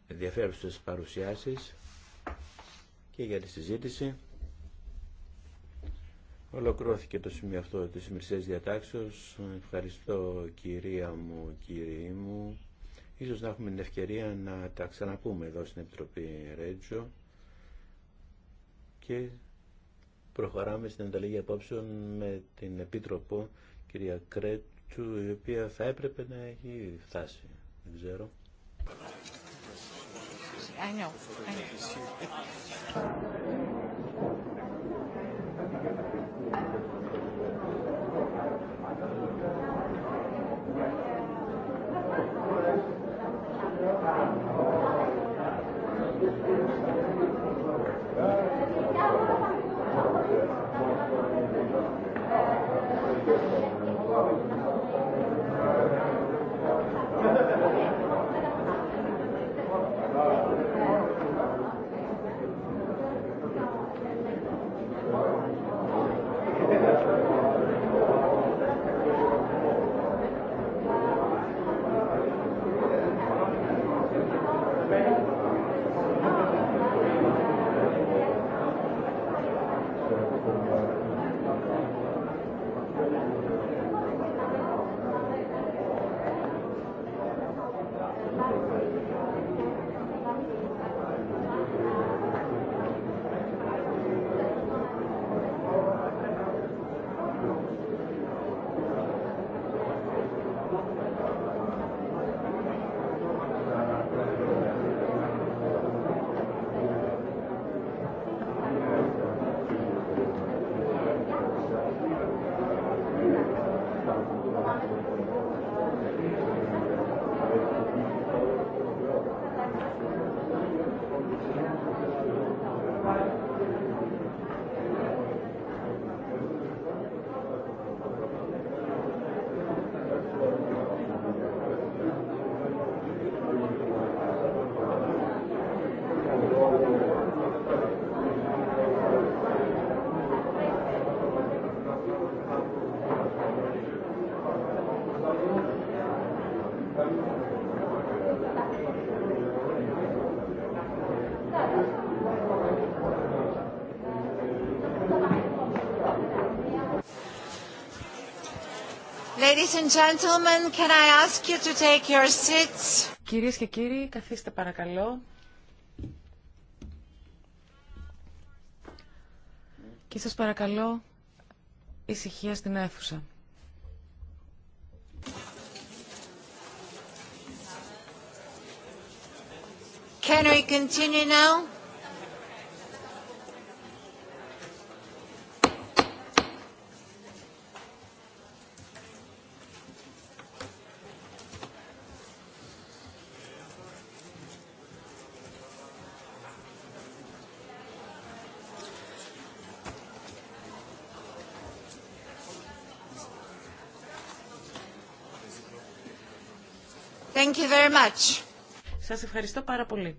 ενδιαφέρουσες παρουσιάσεις και για τη συζήτηση. Ολοκληρώθηκε το σημείο αυτό της ημερησίας διατάξεως. Ευχαριστώ κυρία μου, κύριοι μου. Ίσως να έχουμε την ευκαιρία να τα ξαναπούμε εδώ στην Επιτροπή Ρέτζο και προχωράμε στην ανταλλαγή απόψεων με την Επίτροπο κυρία Κρέτσου η οποία θα έπρεπε να έχει φτάσει. Δεν ξέρω. I Ladies and gentlemen, can I ask you to take your seats? Κυρίες και κύριοι, καθίστε παρακαλώ. Και σας παρακαλώ ησυχία στην αίθουσα. Can we continue now? Thank you very much. Σας ευχαριστώ πάρα πολύ.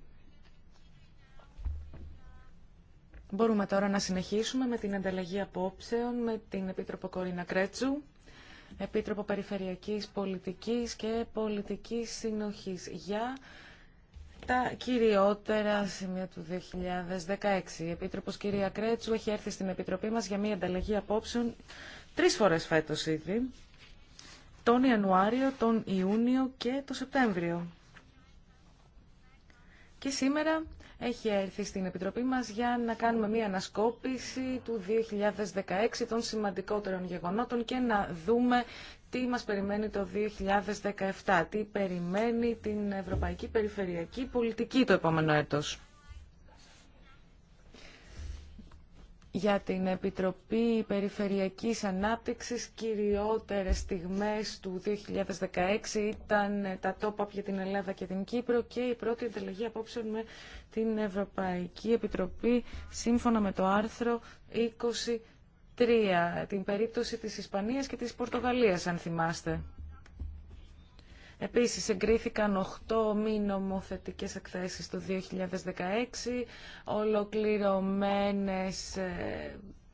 Μπορούμε τώρα να συνεχίσουμε με την ανταλλαγή απόψεων με την Επίτροπο Κορίνα Κρέτσου, Επίτροπο Περιφερειακής Πολιτικής και Πολιτικής Συνοχής για τα κυριότερα σημεία του 2016. Η Επίτροπος κυρία Κρέτσου έχει έρθει στην Επιτροπή μας για μια ανταλλαγή απόψεων τρεις φορές φέτος ήδη τον Ιανουάριο, τον Ιούνιο και τον Σεπτέμβριο. Και σήμερα έχει έρθει στην Επιτροπή μας για να κάνουμε μία ανασκόπηση του 2016 των σημαντικότερων γεγονότων και να δούμε τι μας περιμένει το 2017, τι περιμένει την Ευρωπαϊκή Περιφερειακή Πολιτική το επόμενο έτος. για την Επιτροπή Περιφερειακής Ανάπτυξης κυριότερες στιγμές του 2016 ήταν τα τόπα για την Ελλάδα και την Κύπρο και η πρώτη ενταλλαγή απόψεων με την Ευρωπαϊκή Επιτροπή σύμφωνα με το άρθρο 23, την περίπτωση της Ισπανίας και της Πορτογαλίας αν θυμάστε. Επίσης, εγκρίθηκαν 8 μη νομοθετικές εκθέσεις το 2016, ολοκληρωμένες ε,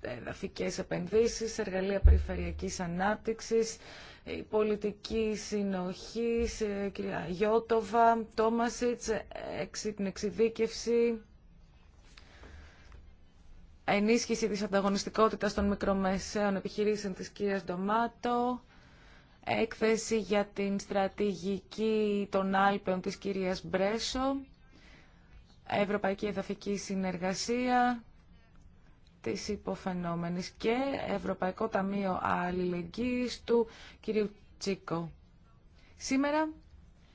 εδαφικές επενδύσεις, εργαλεία περιφερειακής ανάπτυξης, πολιτική συνοχή, ε, κυρία Γιώτοβα, Τόμασιτς, ε, την εξειδίκευση, ενίσχυση της ανταγωνιστικότητας των μικρομεσαίων επιχειρήσεων της κυρίας Ντομάτο, έκθεση για την στρατηγική των Άλπαιων της κυρίας Μπρέσο, Ευρωπαϊκή Εδαφική Συνεργασία της Υποφαινόμενης και Ευρωπαϊκό Ταμείο Αλληλεγγύης του κυρίου Τσίκο. Σήμερα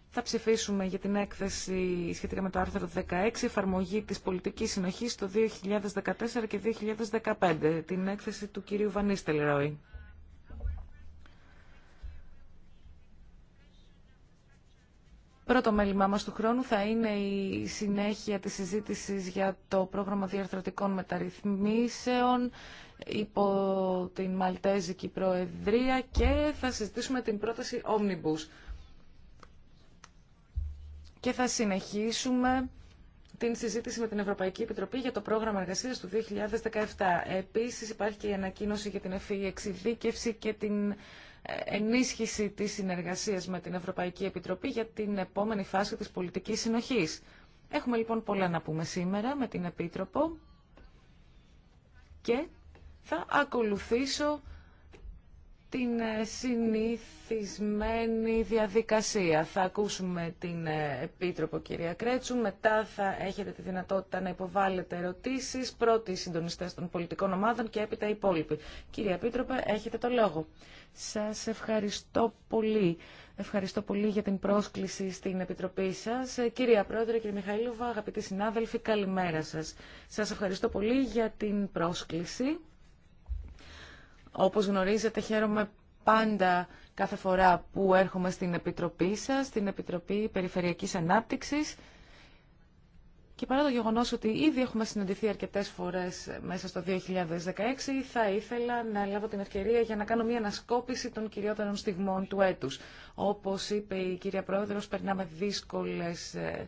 θα ψηφίσουμε για την έκθεση σχετικά με το άρθρο 16, εφαρμογή της πολιτικής συνοχής το 2014 και 2015, την έκθεση του κυρίου Βανίστελ Ρόι. Πρώτο μέλημά μας του χρόνου θα είναι η συνέχεια της συζήτησης για το πρόγραμμα διαρθρωτικών μεταρρυθμίσεων υπό την Μαλτέζικη Προεδρία και θα συζητήσουμε την πρόταση Omnibus. Και θα συνεχίσουμε την συζήτηση με την Ευρωπαϊκή Επιτροπή για το πρόγραμμα εργασίας του 2017. Επίσης υπάρχει και η ανακοίνωση για την ευφυή εξειδίκευση και την ενίσχυση της συνεργασίας με την Ευρωπαϊκή Επιτροπή για την επόμενη φάση της πολιτικής συνοχής. Έχουμε λοιπόν πολλά να πούμε σήμερα με την Επίτροπο και θα ακολουθήσω την ε, συνήθισμένη διαδικασία. Θα ακούσουμε την ε, Επίτροπο κυρία Κρέτσου, μετά θα έχετε τη δυνατότητα να υποβάλλετε ερωτήσεις, πρώτοι συντονιστές των πολιτικών ομάδων και έπειτα οι υπόλοιποι. Κυρία Επίτροπε, έχετε το λόγο. Σας ευχαριστώ πολύ. Ευχαριστώ πολύ για την πρόσκληση στην Επιτροπή σας. Ε, κυρία Πρόεδρε, κύριε Μιχαήλουβα, αγαπητοί συνάδελφοι, καλημέρα σας. Σας ευχαριστώ πολύ για την πρόσκληση. Όπως γνωρίζετε χαίρομαι πάντα κάθε φορά που έρχομαι στην Επιτροπή σας, στην Επιτροπή Περιφερειακής Ανάπτυξης και παρά το γεγονός ότι ήδη έχουμε συναντηθεί αρκετές φορές μέσα στο 2016 θα ήθελα να λάβω την ευκαιρία για να κάνω μια ανασκόπηση των κυριότερων στιγμών του έτους. Όπως είπε η κυρία Πρόεδρος, περνάμε δύσκολες ε,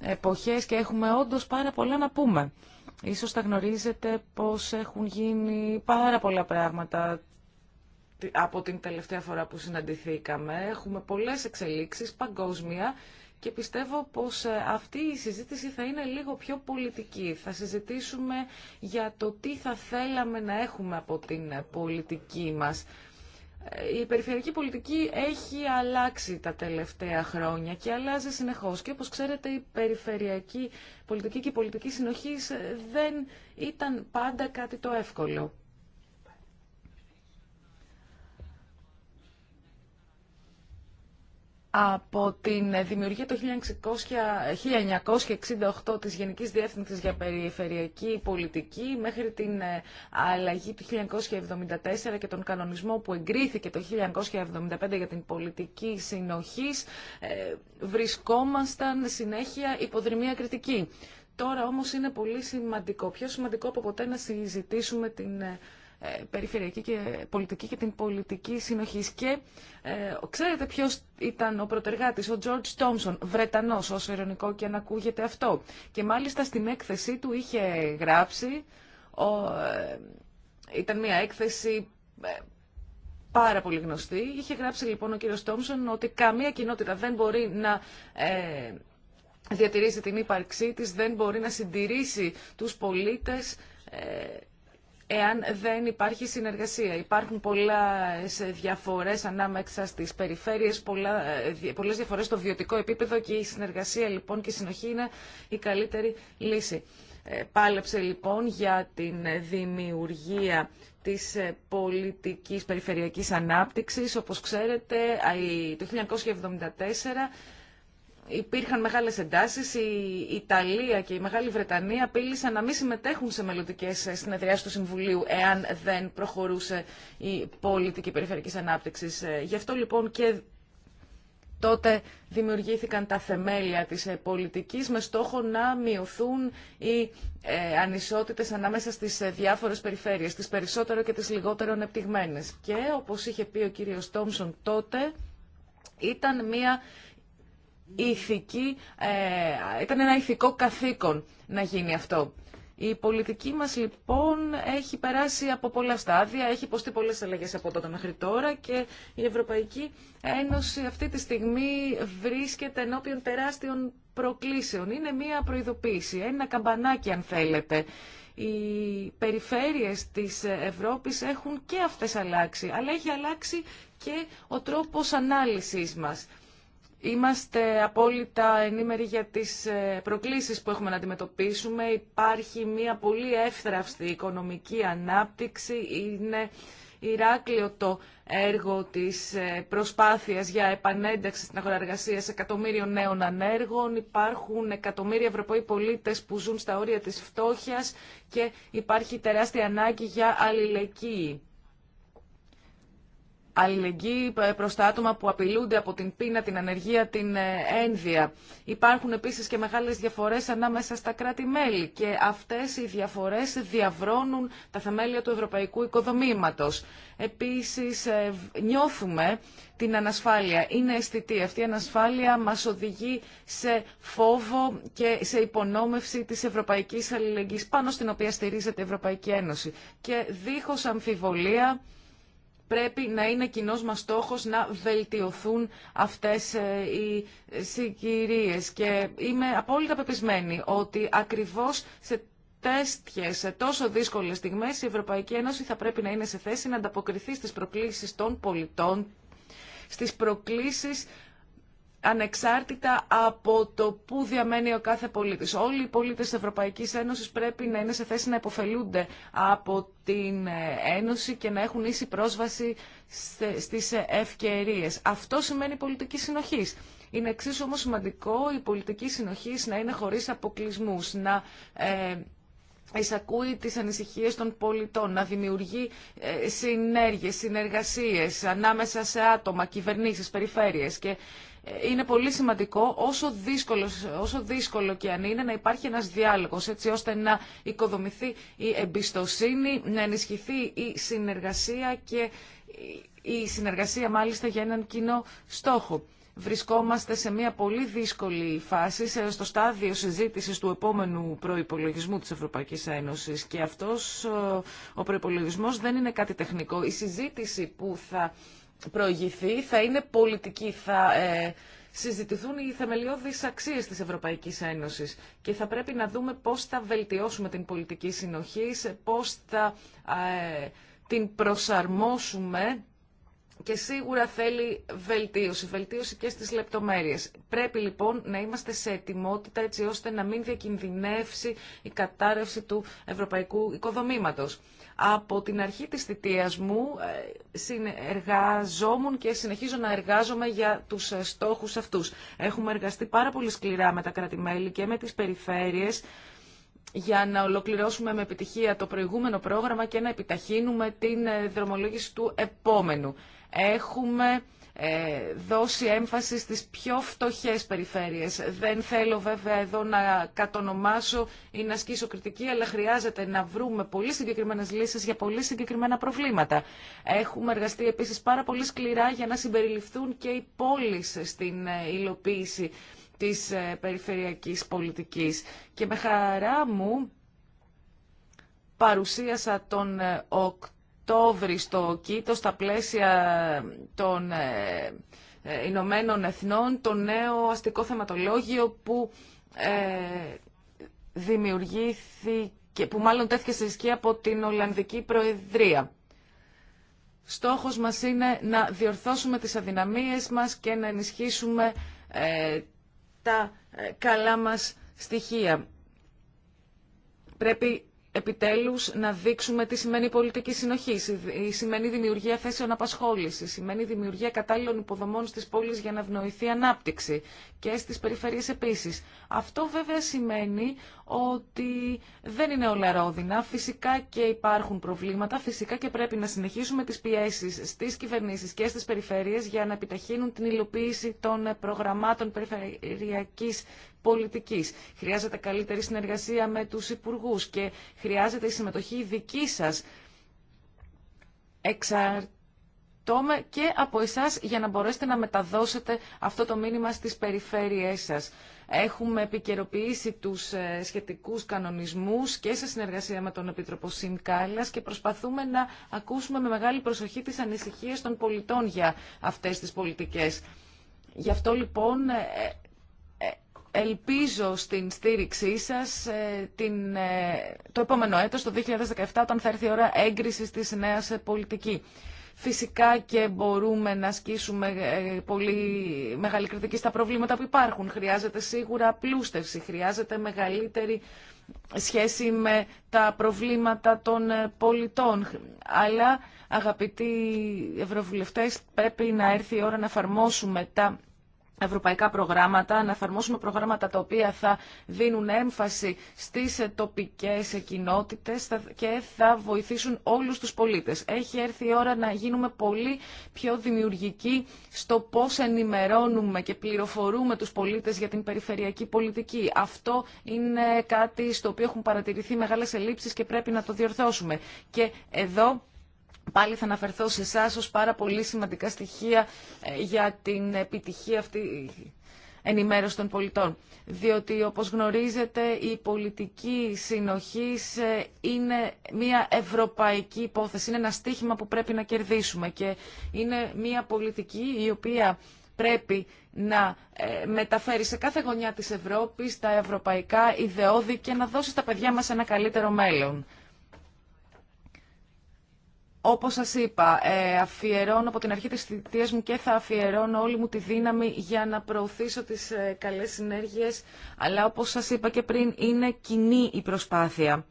εποχές και έχουμε όντως πάρα πολλά να πούμε. Ίσως θα γνωρίζετε πως έχουν γίνει πάρα πολλά πράγματα από την τελευταία φορά που συναντηθήκαμε. Έχουμε πολλές εξελίξεις παγκόσμια και πιστεύω πως ε, αυτή η συζήτηση θα είναι λίγο πιο πολιτική. Θα συζητήσουμε για το τι θα θέλαμε να έχουμε από την ε, πολιτική μας ε, η περιφερειακή πολιτική έχει αλλάξει τα τελευταία χρόνια και αλλάζει συνεχώς. Και όπως ξέρετε η περιφερειακή πολιτική και η πολιτική συνοχής ε, δεν ήταν πάντα κάτι το εύκολο. από την δημιουργία το 1968 της Γενικής Διεύθυνσης για Περιφερειακή Πολιτική μέχρι την ε, αλλαγή του 1974 και τον κανονισμό που εγκρίθηκε το 1975 για την πολιτική συνοχής ε, βρισκόμασταν συνέχεια υποδρυμία κριτική. Τώρα όμως είναι πολύ σημαντικό, πιο σημαντικό από ποτέ να συζητήσουμε την ε, ε, περιφερειακή και πολιτική και την πολιτική συνοχή Και ε, ξέρετε ποιο ήταν ο πρωτεργάτης, ο George Thompson, Βρετανός, όσο ειρωνικό και αν ακούγεται αυτό. Και μάλιστα στην έκθεσή του είχε γράψει, ο, ε, ήταν μια έκθεση ε, πάρα πολύ γνωστή, είχε γράψει λοιπόν ο κύριος Τόμσον ότι καμία κοινότητα δεν μπορεί να διατηρήσει την ύπαρξή της, δεν μπορεί να συντηρήσει τους πολίτες εάν δεν υπάρχει συνεργασία. Υπάρχουν πολλές διαφορές ανάμεσα στις περιφέρειες, πολλά, ε, πολλές διαφορές στο βιωτικό επίπεδο και η συνεργασία λοιπόν και η συνοχή είναι η καλύτερη λύση. Ε, πάλεψε λοιπόν για την δημιουργία της ε, πολιτικής περιφερειακής ανάπτυξης. Όπως ξέρετε, το 1974 υπήρχαν μεγάλες εντάσεις. Η Ιταλία και η Μεγάλη Βρετανία απείλησαν να μην συμμετέχουν σε μελλοντικές συνεδριάσεις του Συμβουλίου εάν δεν προχωρούσε η πολιτική περιφερειακής ανάπτυξης. Ε, γι' αυτό λοιπόν και τότε δημιουργήθηκαν τα θεμέλια της ε, πολιτικής με στόχο να μειωθούν οι ε, ανισότητες ανάμεσα στις διάφορες περιφέρειες, τις περισσότερο και τις λιγότερο ανεπτυγμένες. Και όπως είχε πει ο κύριος Τόμσον τότε, ήταν μια ηθική, ε, ήταν ένα ηθικό καθήκον να γίνει αυτό. Η πολιτική μας λοιπόν έχει περάσει από πολλά στάδια, έχει υποστεί πολλές αλλαγές από τότε μέχρι τώρα και η Ευρωπαϊκή Ένωση αυτή τη στιγμή βρίσκεται ενώπιον τεράστιων προκλήσεων. Είναι μία προειδοποίηση, ένα καμπανάκι αν θέλετε. Οι περιφέρειες της Ευρώπης έχουν και αυτές αλλάξει, αλλά έχει αλλάξει και ο τρόπος ανάλυσης μας. Είμαστε απόλυτα ενήμεροι για τις ε, προκλήσεις που έχουμε να αντιμετωπίσουμε. Υπάρχει μια πολύ εύθραυστη οικονομική ανάπτυξη. Είναι Ηράκλειο το έργο της ε, προσπάθειας για επανένταξη στην αγορά εργασία εκατομμύριων νέων ανέργων. Υπάρχουν εκατομμύρια Ευρωπαίοι πολίτες που ζουν στα όρια της φτώχειας και υπάρχει τεράστια ανάγκη για αλληλεγγύη αλληλεγγύη ε, προ τα άτομα που απειλούνται από την πείνα, την ανεργία, την ε, ένδυα. Υπάρχουν επίσης και μεγάλες διαφορές ανάμεσα στα κράτη-μέλη και αυτές οι διαφορές διαβρώνουν τα θεμέλια του ευρωπαϊκού οικοδομήματος. Επίσης ε, νιώθουμε την ανασφάλεια. Είναι αισθητή. Αυτή η ανασφάλεια μας οδηγεί σε φόβο και σε υπονόμευση τη Ευρωπαϊκή αλληλεγγύη πάνω στην οποία στηρίζεται η Ευρωπαϊκή Ένωση. Και δίχως αμφιβολία πρέπει να είναι κοινό μας στόχο να βελτιωθούν αυτές ε, οι συγκυρίες. Και είμαι απόλυτα πεπισμένη ότι ακριβώς σε τέτοιες, σε τόσο δύσκολες στιγμές η Ευρωπαϊκή Ένωση θα πρέπει να είναι σε θέση να ανταποκριθεί στις προκλήσεις των πολιτών, στις προκλήσεις ανεξάρτητα από το πού διαμένει ο κάθε πολίτης. Όλοι οι πολίτες της Ευρωπαϊκής Ένωσης πρέπει να είναι σε θέση να υποφελούνται από την ε, Ένωση και να έχουν ίση πρόσβαση στις ευκαιρίες. Αυτό σημαίνει πολιτική συνοχής. Είναι εξίσου όμως σημαντικό η πολιτική συνοχής να είναι χωρίς αποκλεισμού, να ε, εισακούει τις ανησυχίες των πολιτών, να δημιουργεί ε, συνέργειες, συνεργασίες ανάμεσα σε άτομα, κυβερνήσεις, περιφέρειες είναι πολύ σημαντικό, όσο, δύσκολος, όσο δύσκολο και αν είναι, να υπάρχει ένας διάλογος, έτσι ώστε να οικοδομηθεί η εμπιστοσύνη, να ενισχυθεί η συνεργασία και η συνεργασία μάλιστα για έναν κοινό στόχο. Βρισκόμαστε σε μια πολύ δύσκολη φάση, στο στάδιο συζήτησης του επόμενου προϋπολογισμού της Ευρωπαϊκής Ένωσης και αυτός ο προϋπολογισμός δεν είναι κάτι τεχνικό. Η συζήτηση που θα προηγηθεί θα είναι πολιτική. Θα ε, συζητηθούν οι θεμελιώδεις αξίες της Ευρωπαϊκής Ένωσης και θα πρέπει να δούμε πώς θα βελτιώσουμε την πολιτική συνοχή, πώς θα ε, την προσαρμόσουμε και σίγουρα θέλει βελτίωση, βελτίωση και στις λεπτομέρειες. Πρέπει λοιπόν να είμαστε σε ετοιμότητα έτσι ώστε να μην διακινδυνεύσει η κατάρρευση του ευρωπαϊκού οικοδομήματος. Από την αρχή της θητείας μου ε, συνεργαζόμουν και συνεχίζω να εργάζομαι για τους ε, στόχους αυτούς. Έχουμε εργαστεί πάρα πολύ σκληρά με τα κρατημέλη και με τις περιφέρειες για να ολοκληρώσουμε με επιτυχία το προηγούμενο πρόγραμμα και να επιταχύνουμε την ε, δρομολόγηση του επόμενου έχουμε ε, δώσει έμφαση στις πιο φτωχές περιφέρειες. Δεν θέλω βέβαια εδώ να κατονομάσω ή να ασκήσω κριτική, αλλά χρειάζεται να βρούμε πολύ συγκεκριμένες λύσεις για πολύ συγκεκριμένα προβλήματα. Έχουμε εργαστεί επίσης πάρα πολύ σκληρά για να συμπεριληφθούν και οι πόλεις στην ε, υλοποίηση της ε, περιφερειακής πολιτικής. Και με χαρά μου παρουσίασα τον οκτώ. Οκτώβρη στο στα πλαίσια των ε, ε, Ηνωμένων Εθνών το νέο αστικό θεματολόγιο που ε, δημιουργήθηκε, που μάλλον τέθηκε σε ισχύ από την Ολλανδική Προεδρία. Στόχος μας είναι να διορθώσουμε τις αδυναμίες μας και να ενισχύσουμε τα καλά μας στοιχεία. Πρέπει επιτέλους να δείξουμε τι σημαίνει πολιτική συνοχή, σημαίνει δημιουργία θέσεων απασχόλησης, σημαίνει δημιουργία κατάλληλων υποδομών στις πόλεις για να ευνοηθεί ανάπτυξη και στις περιφέρειες επίσης. Αυτό βέβαια σημαίνει ότι δεν είναι όλα ρόδινα. Φυσικά και υπάρχουν προβλήματα, φυσικά και πρέπει να συνεχίσουμε τι πιέσει στι κυβερνήσει και στι περιφερειε για να επιταχύνουν την υλοποίηση των προγραμμάτων περιφερειακή πολιτικής. Χρειάζεται καλύτερη συνεργασία με του υπουργού και χρειάζεται η συμμετοχή δική σας τόμε και από εσάς για να μπορέσετε να μεταδώσετε αυτό το μήνυμα στις περιφέρειές σας. Έχουμε επικαιροποιήσει τους ε, σχετικούς κανονισμούς και σε συνεργασία με τον Επίτροπο Κάλλα και προσπαθούμε να ακούσουμε με μεγάλη προσοχή τις ανησυχίες των πολιτών για αυτές τις πολιτικές. Γι' αυτό λοιπόν ε, ε, ελπίζω στην στήριξή σας την, το επόμενο έτος, το 2017, όταν θα έρθει η ώρα έγκρισης της νέας πολιτική. Φυσικά και μπορούμε να ασκήσουμε ε, πολύ μεγάλη κριτική στα προβλήματα που υπάρχουν. Χρειάζεται σίγουρα πλούστευση, χρειάζεται μεγαλύτερη σχέση με τα προβλήματα των ε, πολιτών. Αλλά, αγαπητοί ευρωβουλευτές, πρέπει να έρθει η ώρα να εφαρμόσουμε τα ευρωπαϊκά προγράμματα, να εφαρμόσουμε προγράμματα τα οποία θα δίνουν έμφαση στις ε, τοπικές ε, κοινότητες και θα βοηθήσουν όλους τους πολίτες. Έχει έρθει η ώρα να γίνουμε πολύ πιο δημιουργικοί στο πώς ενημερώνουμε και πληροφορούμε τους πολίτες για την περιφερειακή πολιτική. Αυτό είναι κάτι στο οποίο έχουν παρατηρηθεί μεγάλες ελλείψεις και πρέπει να το διορθώσουμε. Και εδώ Πάλι θα αναφερθώ σε εσά ως πάρα πολύ σημαντικά στοιχεία ε, για την επιτυχία αυτή ε, ενημέρωση των πολιτών. Διότι, όπως γνωρίζετε, η πολιτική συνοχή ε, είναι μια ευρωπαϊκή υπόθεση, είναι ένα στίχημα που πρέπει να κερδίσουμε και είναι μια πολιτική η οποία πρέπει να μεταφέρει σε κάθε γωνιά της Ευρώπης τα ευρωπαϊκά ιδεώδη και να δώσει στα παιδιά μας ένα καλύτερο μέλλον. Όπως σας είπα, ε, αφιερώνω από την αρχή της θητείας μου και θα αφιερώνω όλη μου τη δύναμη για να προωθήσω τις ε, καλές συνέργειες, αλλά όπως σας είπα και πριν, είναι κοινή η προσπάθεια.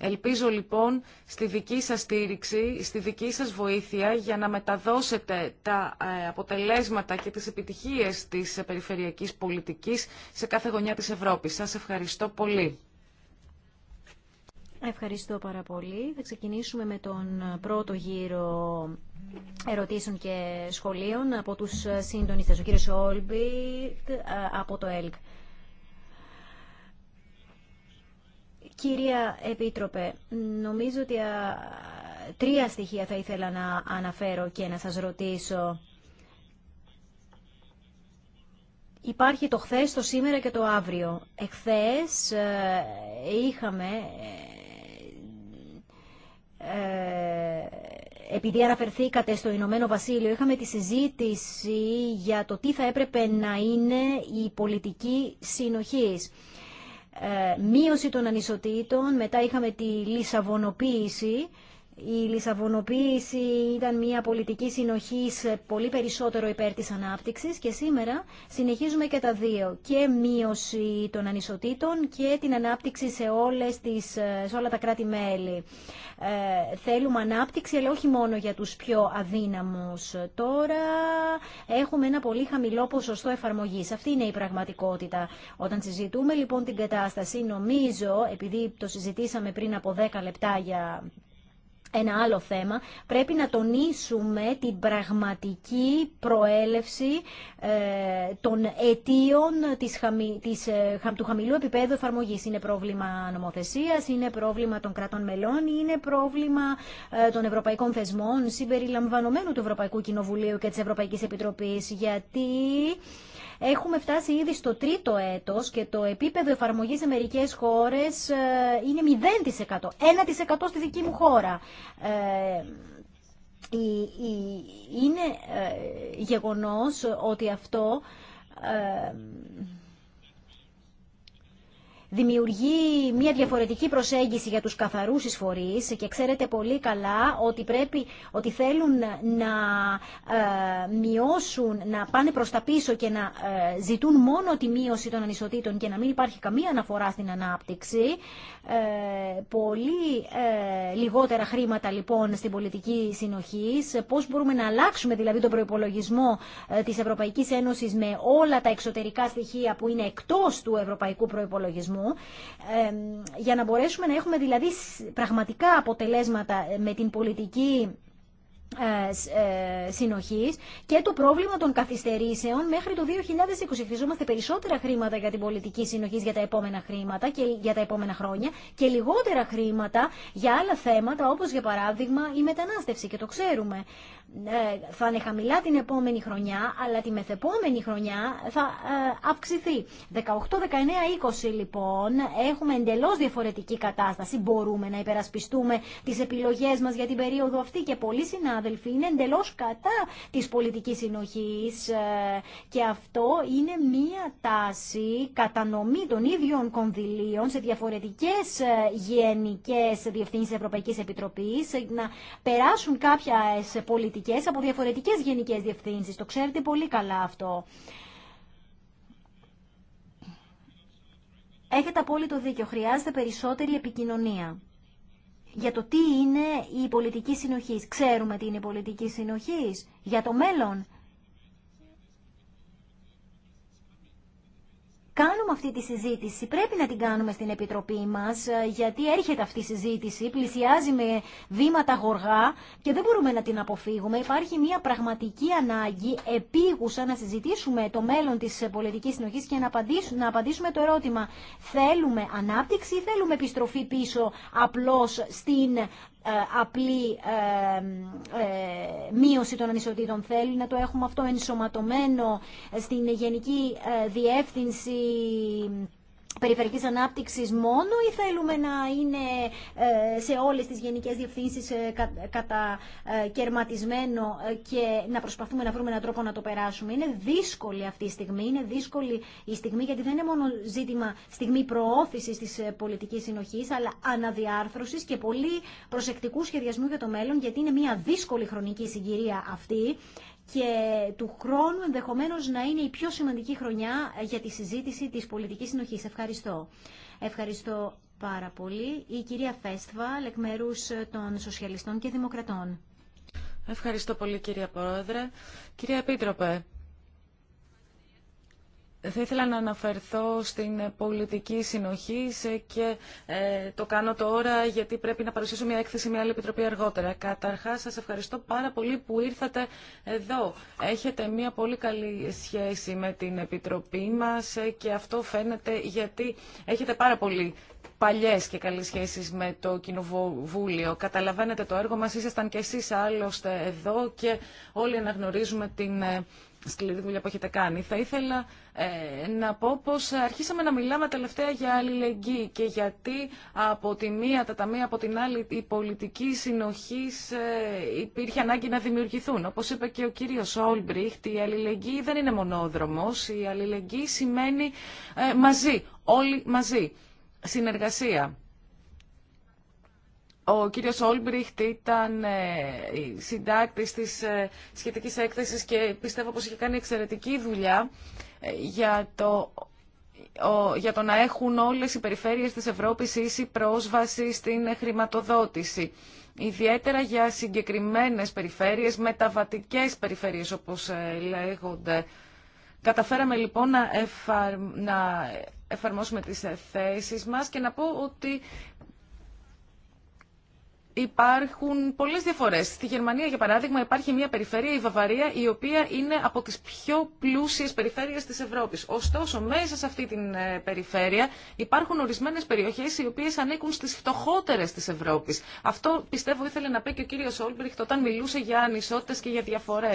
Ελπίζω λοιπόν στη δική σας στήριξη, στη δική σας βοήθεια για να μεταδώσετε τα ε, αποτελέσματα και τις επιτυχίες της περιφερειακής πολιτικής σε κάθε γωνιά της Ευρώπης. Σας ευχαριστώ πολύ. Ευχαριστώ πάρα πολύ. Θα ξεκινήσουμε με τον πρώτο γύρο ερωτήσεων και σχολείων από τους συντονιστές. Ο κύριος Όλμπιτ ε, από το ΕΛΚ. Κυρία Επίτροπε, νομίζω ότι τρία στοιχεία θα ήθελα να αναφέρω και να σας ρωτήσω. Υπάρχει το χθες, το σήμερα και το αύριο. Εχθές ε, είχαμε ε, ε, επειδή αναφερθήκατε στο Ηνωμένο Βασίλειο, είχαμε τη συζήτηση για το τι θα έπρεπε να είναι η πολιτική συνοχής. Ε, μείωση των ανισοτήτων, μετά είχαμε τη λισαβονοποίηση η λισαβονοποίηση ήταν μια πολιτική συνοχή πολύ περισσότερο υπέρ της ανάπτυξης και σήμερα συνεχίζουμε και τα δύο. Και μείωση των ανισοτήτων και την ανάπτυξη σε, όλες τις, όλα τα κράτη-μέλη. Ε, θέλουμε ανάπτυξη, αλλά όχι μόνο για τους πιο αδύναμους. Τώρα έχουμε ένα πολύ χαμηλό ποσοστό εφαρμογής. Αυτή είναι η πραγματικότητα. Όταν συζητούμε λοιπόν την κατάσταση, νομίζω, επειδή το συζητήσαμε πριν από 10 λεπτά για ένα άλλο θέμα, πρέπει να τονίσουμε την πραγματική προέλευση ε, των αιτίων της, της, ε, του χαμηλού επίπεδου εφαρμογής. Είναι πρόβλημα νομοθεσίας, είναι πρόβλημα των κρατών μελών, είναι πρόβλημα ε, των ευρωπαϊκών θεσμών, συμπεριλαμβανομένου του Ευρωπαϊκού Κοινοβουλίου και της Ευρωπαϊκής Επιτροπής, γιατί... Έχουμε φτάσει ήδη στο τρίτο έτος και το επίπεδο εφαρμογής σε μερικές χώρες ε, είναι 0%. 1% στη δική μου χώρα. Ε, είναι ε, γεγονός ότι αυτό δημιουργεί μια διαφορετική προσέγγιση για τους καθαρούς εισφορείς και ξέρετε πολύ καλά ότι, πρέπει, ότι θέλουν να ε, μειώσουν, να πάνε προς τα πίσω και να ε, ζητούν μόνο τη μείωση των ανισοτήτων και να μην υπάρχει καμία αναφορά στην ανάπτυξη. Ε, πολύ ε, λιγότερα χρήματα λοιπόν στην πολιτική συνοχή, πώς μπορούμε να αλλάξουμε δηλαδή τον προϋπολογισμό ε, της Ευρωπαϊκής Ένωσης με όλα τα εξωτερικά στοιχεία που είναι εκτός του ευρωπαϊκού προϋπολογισμού, για να μπορέσουμε να έχουμε δηλαδή πραγματικά αποτελέσματα με την πολιτική ε, ε, συνοχή και το πρόβλημα των καθυστερήσεων μέχρι το 2020. Χρειαζόμαστε περισσότερα χρήματα για την πολιτική συνοχή για τα επόμενα χρήματα και για τα επόμενα χρόνια και λιγότερα χρήματα για άλλα θέματα όπως για παράδειγμα η μετανάστευση και το ξέρουμε. Ναι, θα είναι χαμηλά την επόμενη χρονιά, αλλά τη μεθεπόμενη χρονιά θα ε, αυξηθεί. 18, 19, 20 λοιπόν έχουμε εντελώς διαφορετική κατάσταση. Μπορούμε να υπερασπιστούμε τις επιλογές μας για την περίοδο αυτή και πολλοί συνάδελφοι είναι εντελώς κατά της πολιτικής συνοχής ε, και αυτό είναι μία τάση κατανομή των ίδιων κονδυλίων σε διαφορετικές ε, γενικές διευθύνσεις Ευρωπαϊκής Επιτροπής να περάσουν κάποια από διαφορετικές γενικέ διευθύνσεις. Το ξέρετε πολύ καλά αυτό. Έχετε απόλυτο δίκιο. Χρειάζεται περισσότερη επικοινωνία για το τι είναι η πολιτική συνοχή. Ξέρουμε τι είναι η πολιτική συνοχή για το μέλλον. κάνουμε αυτή τη συζήτηση, πρέπει να την κάνουμε στην Επιτροπή μας, ε, γιατί έρχεται αυτή η συζήτηση, πλησιάζει με βήματα γοργά και δεν μπορούμε να την αποφύγουμε. Υπάρχει μια πραγματική ανάγκη επίγουσα να συζητήσουμε το μέλλον της πολιτικής συνοχής και να απαντήσουμε, να απαντήσουμε το ερώτημα θέλουμε ανάπτυξη ή θέλουμε επιστροφή πίσω απλώς στην ε, απλή ε, ε, μείωση των ανισοτήτων. Θέλει να το έχουμε αυτό ενσωματωμένο στην Γενική Διεύθυνση Περιφερική ανάπτυξης μόνο ή θέλουμε να είναι ε, σε όλες τις γενικές διευθύνσεις ε, κατακαιρματισμένο ε, και να προσπαθούμε να βρούμε έναν τρόπο να το περάσουμε. Είναι δύσκολη αυτή η στιγμή, είναι δύσκολη η στιγμή γιατί δεν είναι μόνο ζήτημα στιγμή προώθησης της πολιτικής συνοχής αλλά αναδιάρθρωσης και πολύ προσεκτικού σχεδιασμού για το μέλλον γιατί είναι μια δύσκολη χρονική συγκυρία αυτή και του χρόνου ενδεχομένως να είναι η πιο σημαντική χρονιά για τη συζήτηση της πολιτικής συνοχής. Ευχαριστώ. Ευχαριστώ πάρα πολύ. Η κυρία Φέστβα, λεκμερούς των Σοσιαλιστών και Δημοκρατών. Ευχαριστώ πολύ κυρία Πρόεδρε. Κυρία Επίτροπε, θα ήθελα να αναφερθώ στην πολιτική συνοχή και ε, το κάνω τώρα γιατί πρέπει να παρουσιάσω μια έκθεση μια άλλη επιτροπή αργότερα. Καταρχάς, σας ευχαριστώ πάρα πολύ που ήρθατε εδώ. Έχετε μια πολύ καλή σχέση με την επιτροπή μας ε, και αυτό φαίνεται γιατί έχετε πάρα πολύ παλιές και καλές σχέσεις με το Κοινοβούλιο. Καταλαβαίνετε το έργο μας, ήσασταν κι εσείς άλλωστε εδώ και όλοι αναγνωρίζουμε την ε, σκληρή δουλειά που έχετε κάνει. Θα ήθελα ε, να πω πως αρχίσαμε να μιλάμε τελευταία για αλληλεγγύη και γιατί από τη μία, τα ταμεία, από την άλλη η πολιτική συνοχή ε, υπήρχε ανάγκη να δημιουργηθούν. Όπως είπε και ο κύριος Όλμπριχτ, η αλληλεγγύη δεν είναι μονόδρομος. Η αλληλεγγύη σημαίνει ε, μαζί, όλοι μαζί, συνεργασία. Ο κύριος Όλμπριχτ ήταν ε, συντάκτης της ε, σχετικής έκθεσης και πιστεύω πως είχε κάνει εξαιρετική δουλειά ε, για το για το να έχουν όλες οι περιφέρειες της Ευρώπης ίση πρόσβαση στην χρηματοδότηση. Ιδιαίτερα για συγκεκριμένες περιφέρειες, μεταβατικές περιφέρειες όπως λέγονται. Καταφέραμε λοιπόν να, εφαρ... να εφαρμόσουμε τις θέσεις μας και να πω ότι υπάρχουν πολλέ διαφορέ. Στη Γερμανία, για παράδειγμα, υπάρχει μια περιφέρεια, η Βαβαρία, η οποία είναι από τι πιο πλούσιε περιφέρειες τη Ευρώπη. Ωστόσο, μέσα σε αυτή την ε, περιφέρεια υπάρχουν ορισμένε, περιοχές οι οποίε ανήκουν στι φτωχότερε τη Ευρώπη. Αυτό πιστεύω ήθελε να πει και ο κύριος Όλμπριχτ όταν μιλούσε για ανισότητες και για διαφορέ.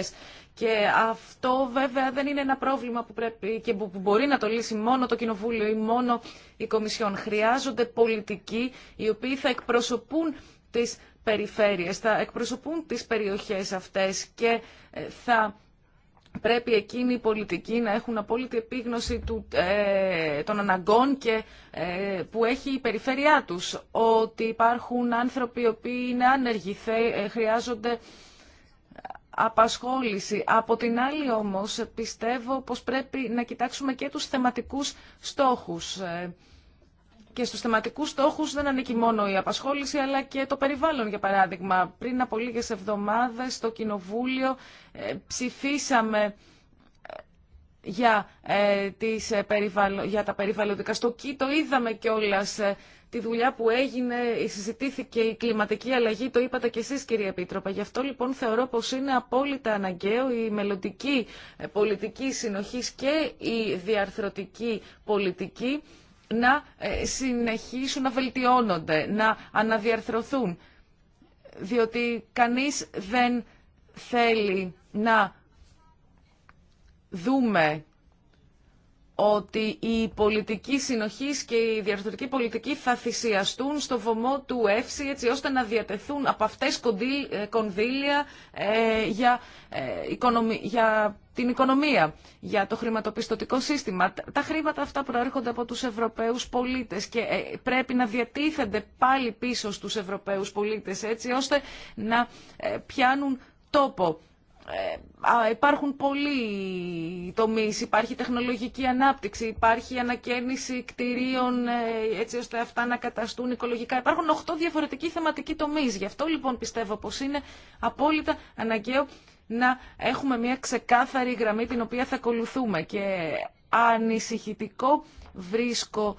Και αυτό βέβαια δεν είναι ένα πρόβλημα που, πρέπει και που μπορεί να το λύσει μόνο το Κοινοβούλιο ή μόνο η Κομισιόν. Χρειάζονται πολιτικοί οι οποίοι θα εκπροσωπούν τις περιφέρειες, θα εκπροσωπούν τις περιοχές αυτές και ε, θα πρέπει εκείνοι οι πολιτικοί να έχουν απόλυτη επίγνωση του, ε, των αναγκών και ε, που έχει η περιφέρειά τους. Ότι υπάρχουν άνθρωποι οι οποίοι είναι άνεργοι, χρειάζονται απασχόληση. Από την άλλη όμως πιστεύω πως πρέπει να κοιτάξουμε και τους θεματικούς στόχους και στους θεματικούς στόχους δεν ανήκει μόνο η απασχόληση αλλά και το περιβάλλον για παράδειγμα. Πριν από λίγες εβδομάδες στο Κοινοβούλιο ε, ψηφίσαμε ε, για, ε, τις, για τα περιβαλλοντικά στο ΚΙΤΟ είδαμε κιόλας ε, τη δουλειά που έγινε, συζητήθηκε η κλιματική αλλαγή, το είπατε κι εσείς κυρία Επίτροπα. Γι' αυτό λοιπόν θεωρώ πως είναι απόλυτα αναγκαίο η μελλοντική πολιτική συνοχής και η διαρθρωτική πολιτική να ε, συνεχίσουν να βελτιώνονται, να αναδιαρθρωθούν, διότι κανείς δεν θέλει να δούμε ότι η πολιτική συνοχή και η διαρθρωτική πολιτική θα θυσιαστούν στο βωμό του ΕΦΣΥ έτσι ώστε να διατεθούν από αυτές ε, κονδύλια ε, για, ε, για την οικονομία, για το χρηματοπιστωτικό σύστημα. Τα χρήματα αυτά προέρχονται από τους Ευρωπαίους πολίτες και πρέπει να διατίθενται πάλι πίσω στους Ευρωπαίους πολίτες έτσι ώστε να πιάνουν τόπο. Ε, υπάρχουν πολλοί τομείς, υπάρχει τεχνολογική ανάπτυξη, υπάρχει ανακαίνιση κτηρίων ε, έτσι ώστε αυτά να καταστούν οικολογικά. Υπάρχουν 8 διαφορετικοί θεματικοί τομείς. Γι' αυτό λοιπόν πιστεύω πως είναι απόλυτα αναγκαίο να έχουμε μια ξεκάθαρη γραμμή την οποία θα ακολουθούμε. Και ανησυχητικό βρίσκω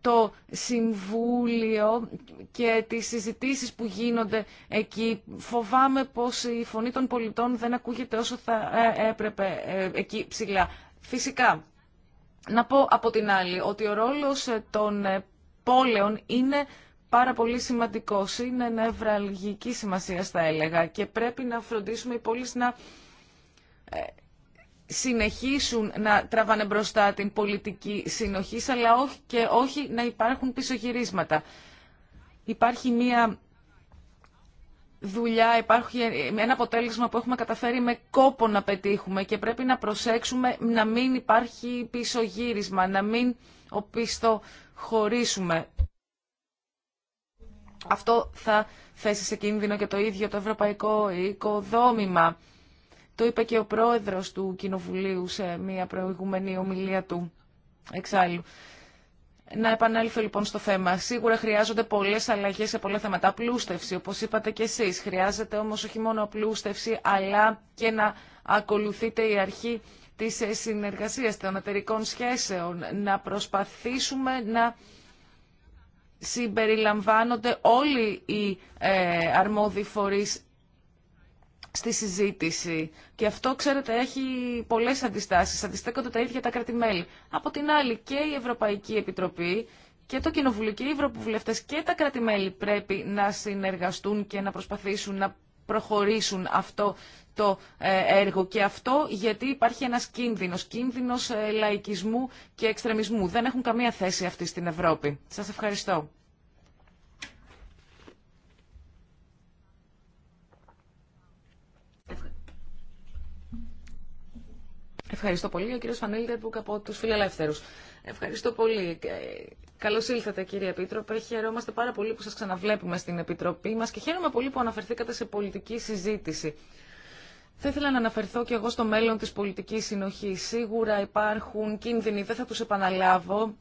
το Συμβούλιο και τις συζητήσεις που γίνονται εκεί. Φοβάμαι πως η φωνή των πολιτών δεν ακούγεται όσο θα ε, έπρεπε ε, εκεί ψηλά. Φυσικά, να πω από την άλλη ότι ο ρόλος ε, των πόλεων είναι πάρα πολύ σημαντικός. Είναι νευραλγική σημασία, θα έλεγα, και πρέπει να φροντίσουμε οι πόλεις να συνεχίσουν να τραβάνε μπροστά την πολιτική συνοχή, αλλά όχι και όχι να υπάρχουν πίσω γυρίσματα. Υπάρχει μία δουλειά, υπάρχει ένα αποτέλεσμα που έχουμε καταφέρει με κόπο να πετύχουμε και πρέπει να προσέξουμε να μην υπάρχει πίσω γύρισμα, να μην οπίστο χωρίσουμε. Αυτό θα θέσει σε κίνδυνο και το ίδιο το ευρωπαϊκό οικοδόμημα. Το είπε και ο πρόεδρος του Κοινοβουλίου σε μια προηγούμενη ομιλία του εξάλλου. Να επανέλθω λοιπόν στο θέμα. Σίγουρα χρειάζονται πολλές αλλαγές σε πολλά θέματα. Απλούστευση, όπως είπατε και εσείς. Χρειάζεται όμως όχι μόνο απλούστευση, αλλά και να ακολουθείτε η αρχή της συνεργασίας των εταιρικών σχέσεων. Να προσπαθήσουμε να συμπεριλαμβάνονται όλοι οι ε, αρμόδιοι φορείς στη συζήτηση. Και αυτό, ξέρετε, έχει πολλές αντιστάσεις. Αντιστέκονται τα ίδια τα κρατημέλη. Από την άλλη και η Ευρωπαϊκή Επιτροπή και το Κοινοβουλίο και οι Ευρωβουλευτέ και τα κρατημέλη πρέπει να συνεργαστούν και να προσπαθήσουν να προχωρήσουν αυτό το ε, έργο και αυτό γιατί υπάρχει ένας κίνδυνος, κίνδυνος ε, λαϊκισμού και εξτρεμισμού. Δεν έχουν καμία θέση αυτή στην Ευρώπη. Σας ευχαριστώ. Ευχαριστώ πολύ. Ο κύριο που από του Φιλελεύθερου. Ευχαριστώ πολύ. Καλώς ήλθατε κύριε Επίτροπε. Χαιρόμαστε πάρα πολύ που σας ξαναβλέπουμε στην Επιτροπή μα και χαίρομαι πολύ που αναφερθήκατε σε πολιτική συζήτηση. Θα ήθελα να αναφερθώ και εγώ στο μέλλον της πολιτικής συνοχή. Σίγουρα υπάρχουν κίνδυνοι, δεν θα του επαναλάβω,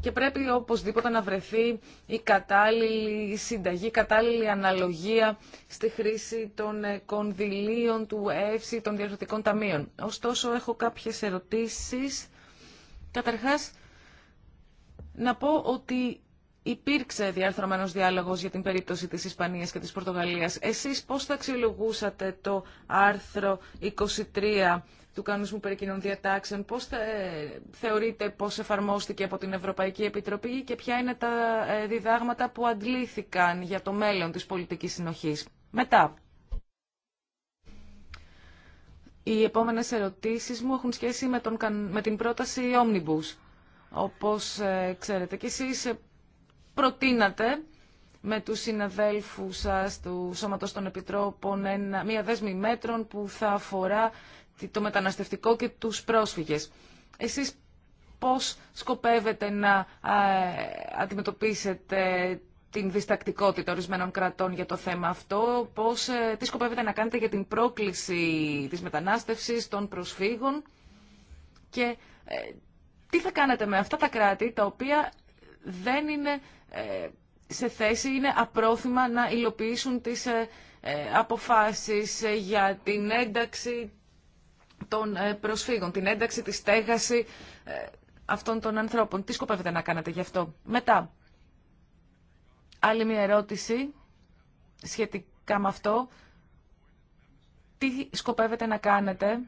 και πρέπει οπωσδήποτε να βρεθεί η κατάλληλη συνταγή, η κατάλληλη αναλογία στη χρήση των ε, κονδυλίων του ΕΦΣΥ, των διαρθρωτικών ταμείων. Ωστόσο, έχω κάποιες ερωτήσεις. Καταρχάς, να πω ότι υπήρξε διαρθρωμένος διάλογος για την περίπτωση της Ισπανίας και της Πορτογαλίας. Εσείς πώς θα αξιολογούσατε το άρθρο 23 του κανονισμού περί κοινών διατάξεων, πώς ε, θεωρείτε πώς εφαρμόστηκε από την Ευρωπαϊκή Επιτροπή και ποια είναι τα ε, διδάγματα που αντλήθηκαν για το μέλλον της πολιτικής συνοχής. Μετά, οι επόμενες ερωτήσεις μου έχουν σχέση με, τον, με την πρόταση Omnibus. Όπως ε, ξέρετε και εσείς προτείνατε με τους συναδέλφους σας του Σώματος των Επιτρόπων ένα, μια δέσμη μέτρων που θα αφορά το μεταναστευτικό και τους πρόσφυγες. Εσείς πώς σκοπεύετε να ε, αντιμετωπίσετε την διστακτικότητα ορισμένων κρατών για το θέμα αυτό, πώς, ε, τι σκοπεύετε να κάνετε για την πρόκληση της μετανάστευσης των προσφύγων και ε, τι θα κάνετε με αυτά τα κράτη τα οποία δεν είναι σε θέση, είναι απρόθυμα να υλοποιήσουν τις αποφάσεις για την ένταξη των ε, προσφύγων, την ένταξη, τη στέγαση ε, αυτών των ανθρώπων. Τι σκοπεύετε να κάνετε γι' αυτό. Μετά, άλλη μια ερώτηση σχετικά με αυτό. Τι σκοπεύετε να κάνετε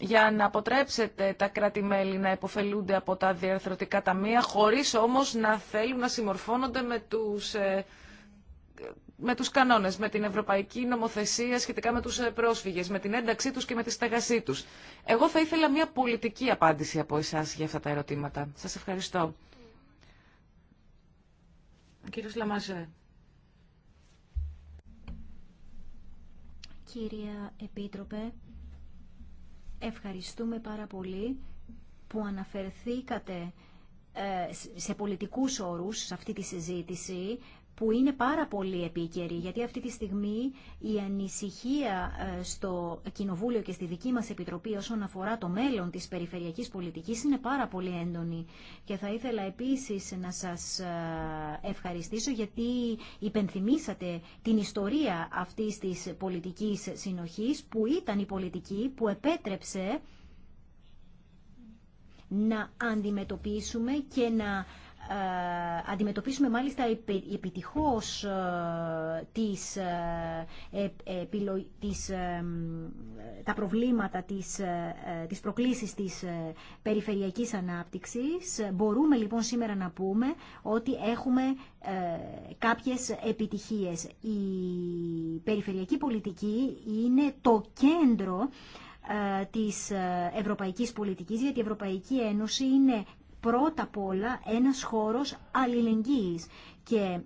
για να αποτρέψετε τα κράτη-μέλη να υποφελούνται από τα διαρθρωτικά ταμεία, χωρίς όμως να θέλουν να συμμορφώνονται με τους ε, με τους κανόνες, με την ευρωπαϊκή νομοθεσία σχετικά με τους ε, πρόσφυγες, με την ένταξή τους και με τη στεγασή τους. Εγώ θα ήθελα μια πολιτική απάντηση από εσάς για αυτά τα ερωτήματα. Σας ευχαριστώ. Κύριος Λαμαζέ. Κύρια Επίτροπε, ευχαριστούμε πάρα πολύ που αναφερθήκατε ε, σε πολιτικούς όρους σε αυτή τη συζήτηση που είναι πάρα πολύ επίκαιρη, γιατί αυτή τη στιγμή η ανησυχία ε, στο Κοινοβούλιο και στη δική μας Επιτροπή όσον αφορά το μέλλον της περιφερειακής πολιτικής είναι πάρα πολύ έντονη. Και θα ήθελα επίσης να σας ε, ευχαριστήσω γιατί υπενθυμίσατε την ιστορία αυτής της πολιτικής συνοχής που ήταν η πολιτική που επέτρεψε να αντιμετωπίσουμε και να ε, αντιμετωπίσουμε μάλιστα επιτυχώς ε, τις, ε, τα προβλήματα, της της προκλήσεις της περιφερειακής ανάπτυξης. Μπορούμε λοιπόν σήμερα να πούμε ότι έχουμε κάποιες επιτυχίες. Η περιφερειακή πολιτική είναι το κέντρο ε, της ε, ευρωπαϊκής πολιτικής, γιατί η Ευρωπαϊκή Ένωση είναι πρώτα απ' όλα ένας χώρος αλληλεγγύης. Και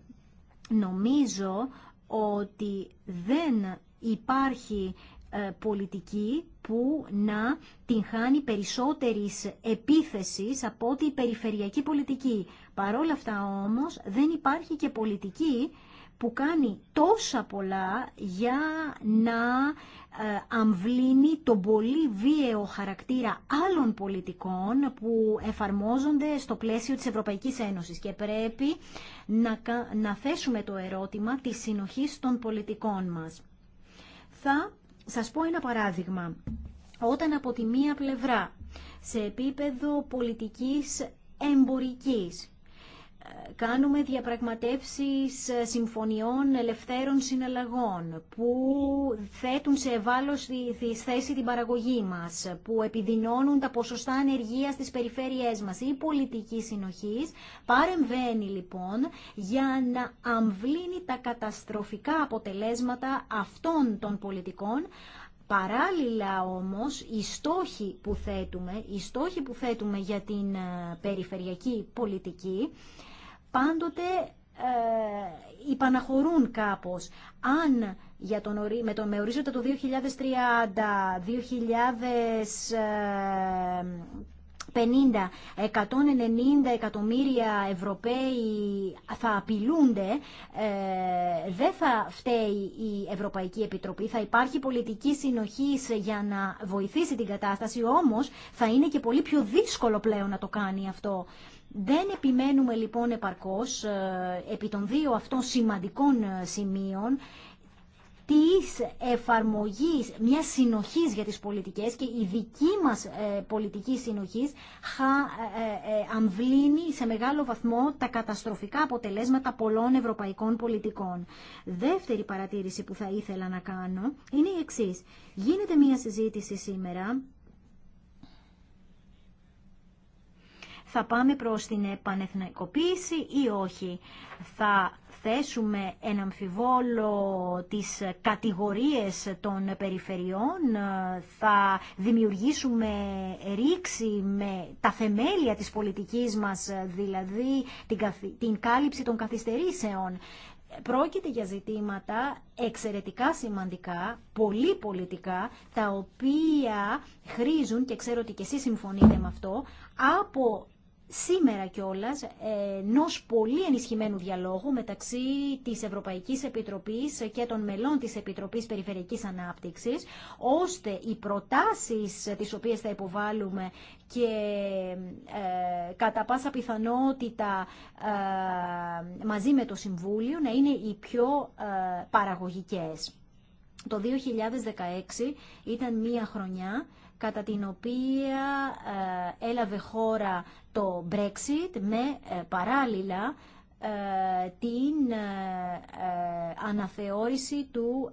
νομίζω ότι δεν υπάρχει ε, πολιτική που να την χάνει περισσότερης επίθεσης από ότι η περιφερειακή πολιτική. Παρόλα αυτά όμως δεν υπάρχει και πολιτική που κάνει τόσα πολλά για να ε, αμβλύνει τον πολύ βίαιο χαρακτήρα άλλων πολιτικών που εφαρμόζονται στο πλαίσιο της Ευρωπαϊκής Ένωσης και πρέπει να, να θέσουμε το ερώτημα της συνοχής των πολιτικών μας. Θα σας πω ένα παράδειγμα. Όταν από τη μία πλευρά, σε επίπεδο πολιτικής εμπορικής, κάνουμε διαπραγματεύσεις ε, συμφωνιών ελευθέρων συναλλαγών που θέτουν σε ευάλωση τη θέση την παραγωγή μας, που επιδεινώνουν τα ποσοστά ανεργίας στις περιφέρειές μας. Η πολιτική συνοχής παρεμβαίνει λοιπόν για να αμβλύνει τα καταστροφικά αποτελέσματα αυτών των πολιτικών Παράλληλα όμως, οι στόχοι που θέτουμε, οι στόχοι που θέτουμε για την ε, περιφερειακή πολιτική πάντοτε ε, υπαναχωρούν κάπως. Αν για τον, με, τον, με ορίζοντα το 2030, 2050, 190 εκατομμύρια Ευρωπαίοι θα απειλούνται, ε, δεν θα φταίει η Ευρωπαϊκή Επιτροπή. Θα υπάρχει πολιτική συνοχή για να βοηθήσει την κατάσταση, όμως θα είναι και πολύ πιο δύσκολο πλέον να το κάνει αυτό. Δεν επιμένουμε λοιπόν επαρκώς ε, επί των δύο αυτών σημαντικών ε, σημείων της εφαρμογής μιας συνοχής για τις πολιτικές και η δική μας ε, πολιτική συνοχής χα, ε, αμβλύνει σε μεγάλο βαθμό τα καταστροφικά αποτελέσματα πολλών ευρωπαϊκών πολιτικών. Δεύτερη παρατήρηση που θα ήθελα να κάνω είναι η εξής. Γίνεται μια συζήτηση σήμερα θα πάμε προς την επανεθνικοποίηση ή όχι. Θα θέσουμε ένα αμφιβόλο τις κατηγορίες των περιφερειών, θα δημιουργήσουμε ρήξη με τα θεμέλια της πολιτικής μας, δηλαδή την κάλυψη των καθυστερήσεων. Πρόκειται για ζητήματα εξαιρετικά σημαντικά, πολύ πολιτικά, τα οποία χρήζουν, και ξέρω ότι και εσείς συμφωνείτε με αυτό, από σήμερα κιόλα ενό πολύ ενισχυμένου διαλόγου μεταξύ τη Ευρωπαϊκή Επιτροπή και των μελών τη Επιτροπή Περιφερειακή Ανάπτυξη, ώστε οι προτάσει τι οποίε θα υποβάλουμε και ε, κατά πάσα πιθανότητα ε, μαζί με το Συμβούλιο να είναι οι πιο ε, παραγωγικές. Το 2016 ήταν μία χρονιά κατά την οποία ε, έλαβε χώρα το Brexit με ε, παράλληλα ε, την αναθεώρηση του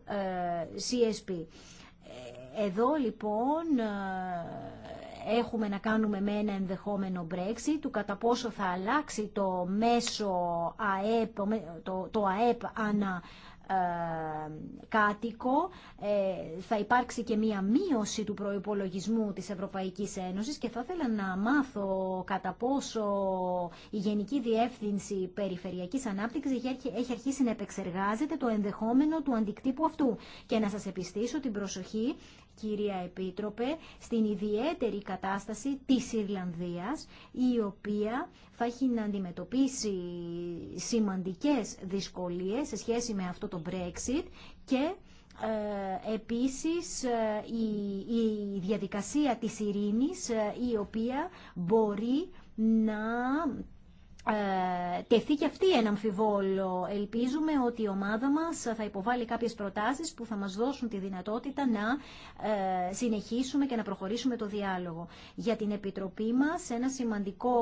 CSP. Εδώ λοιπόν έχουμε να κάνουμε με ένα ενδεχόμενο Brexit, του κατά πόσο θα αλλάξει το μέσο ΑΕΠ, το, το ΑΕΠ ανα ε, κάτοικο ε, θα υπάρξει και μία μείωση του προϋπολογισμού της Ευρωπαϊκής Ένωσης και θα ήθελα να μάθω κατά πόσο η Γενική Διεύθυνση Περιφερειακής Ανάπτυξης έχει αρχίσει να επεξεργάζεται το ενδεχόμενο του αντικτύπου αυτού και να σας επιστήσω την προσοχή κυρία Επίτροπε, στην ιδιαίτερη κατάσταση της Ιρλανδίας, η οποία θα έχει να αντιμετωπίσει σημαντικές δυσκολίες σε σχέση με αυτό το Brexit και ε, επίσης ε, η διαδικασία της ειρήνης ε, η οποία μπορεί να ε, τεθεί και αυτή ένα αμφιβόλο. Ελπίζουμε ότι η ομάδα μας θα υποβάλει κάποιες προτάσεις που θα μας δώσουν τη δυνατότητα να ε, συνεχίσουμε και να προχωρήσουμε το διάλογο. Για την Επιτροπή μας ένα σημαντικό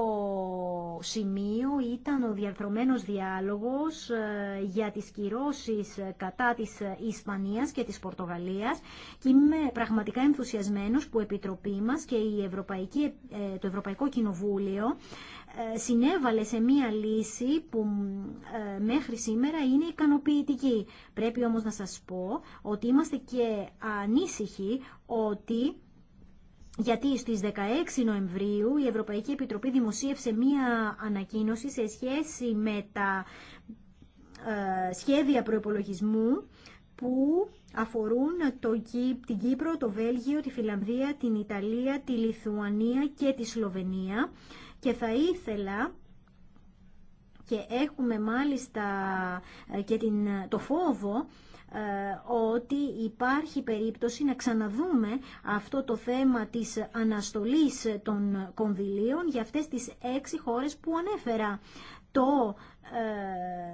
σημείο ήταν ο διαρθρωμένος διάλογος ε, για τις κυρώσεις κατά της Ισπανίας και της Πορτογαλίας και είμαι πραγματικά ενθουσιασμένος που η Επιτροπή μας και Ευρωπαϊκή, το Ευρωπαϊκό Κοινοβούλιο ε, συνέβαλε σε μία λύση που ε, μέχρι σήμερα είναι ικανοποιητική. Πρέπει όμως να σας πω ότι είμαστε και ανήσυχοι ότι γιατί στις 16 Νοεμβρίου η Ευρωπαϊκή Επιτροπή δημοσίευσε μία ανακοίνωση σε σχέση με τα ε, σχέδια προϋπολογισμού που αφορούν το, την Κύπρο, το Βέλγιο, τη Φιλανδία, την Ιταλία, τη Λιθουανία και τη Σλοβενία και θα ήθελα και έχουμε μάλιστα ε, και την, το φόβο ε, ότι υπάρχει περίπτωση να ξαναδούμε αυτό το θέμα της αναστολής των κονδυλίων για αυτές τις έξι χώρες που ανέφερα. Το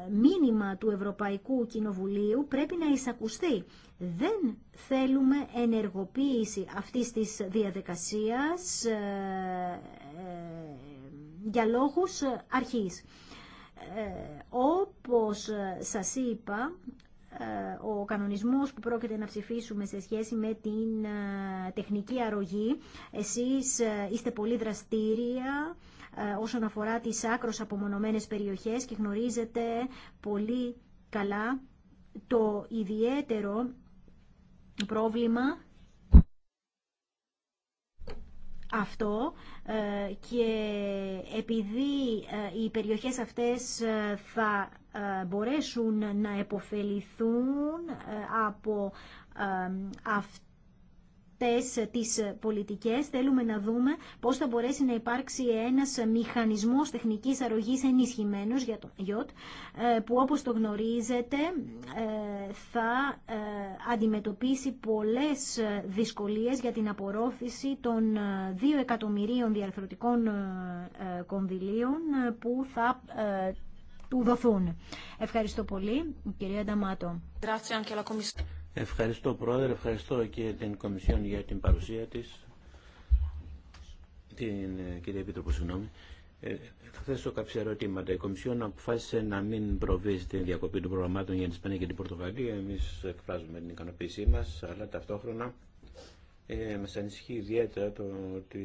ε, μήνυμα του Ευρωπαϊκού Κοινοβουλίου πρέπει να εισακουστεί. Δεν θέλουμε ενεργοποίηση αυτής της διαδικασίας για λόγους ε, αρχής. Ε, όπως ε, σας είπα, ο κανονισμός που πρόκειται να ψηφίσουμε σε σχέση με την τεχνική αρρωγή. Εσείς είστε πολύ δραστήρια όσον αφορά τις άκρος απομονωμένες περιοχές και γνωρίζετε πολύ καλά το ιδιαίτερο πρόβλημα αυτό ε, και επειδή ε, οι περιοχές αυτές ε, θα μπορέσουν να επωφεληθούν από αυτό αυτές τις ε, πολιτικές θέλουμε να δούμε πώς θα μπορέσει να υπάρξει ένας ε, μηχανισμός τεχνικής αρρωγής ενισχυμένος για τον ΙΟΤ ε, που όπως το γνωρίζετε θα αντιμετωπίσει πολλές δυσκολίες για την απορρόφηση των 2 εκατομμυρίων διαρθρωτικών κονδυλίων που θα του δοθούν. Ευχαριστώ πολύ, κυρία Νταμάτο. Ευχαριστώ Πρόεδρε, ευχαριστώ και την Κομισιόν για την παρουσία της, την ε, κυρία Επίτροπο, συγγνώμη. Ε, θα θέσω κάποια ερωτήματα. Η Κομισιόν αποφάσισε να μην προβεί στην διακοπή των προγραμμάτων για την Ισπανία και την Πορτογαλία. Εμεί εκφράζουμε την ικανοποίησή μα, αλλά ταυτόχρονα ε, μα ανησυχεί ιδιαίτερα το ότι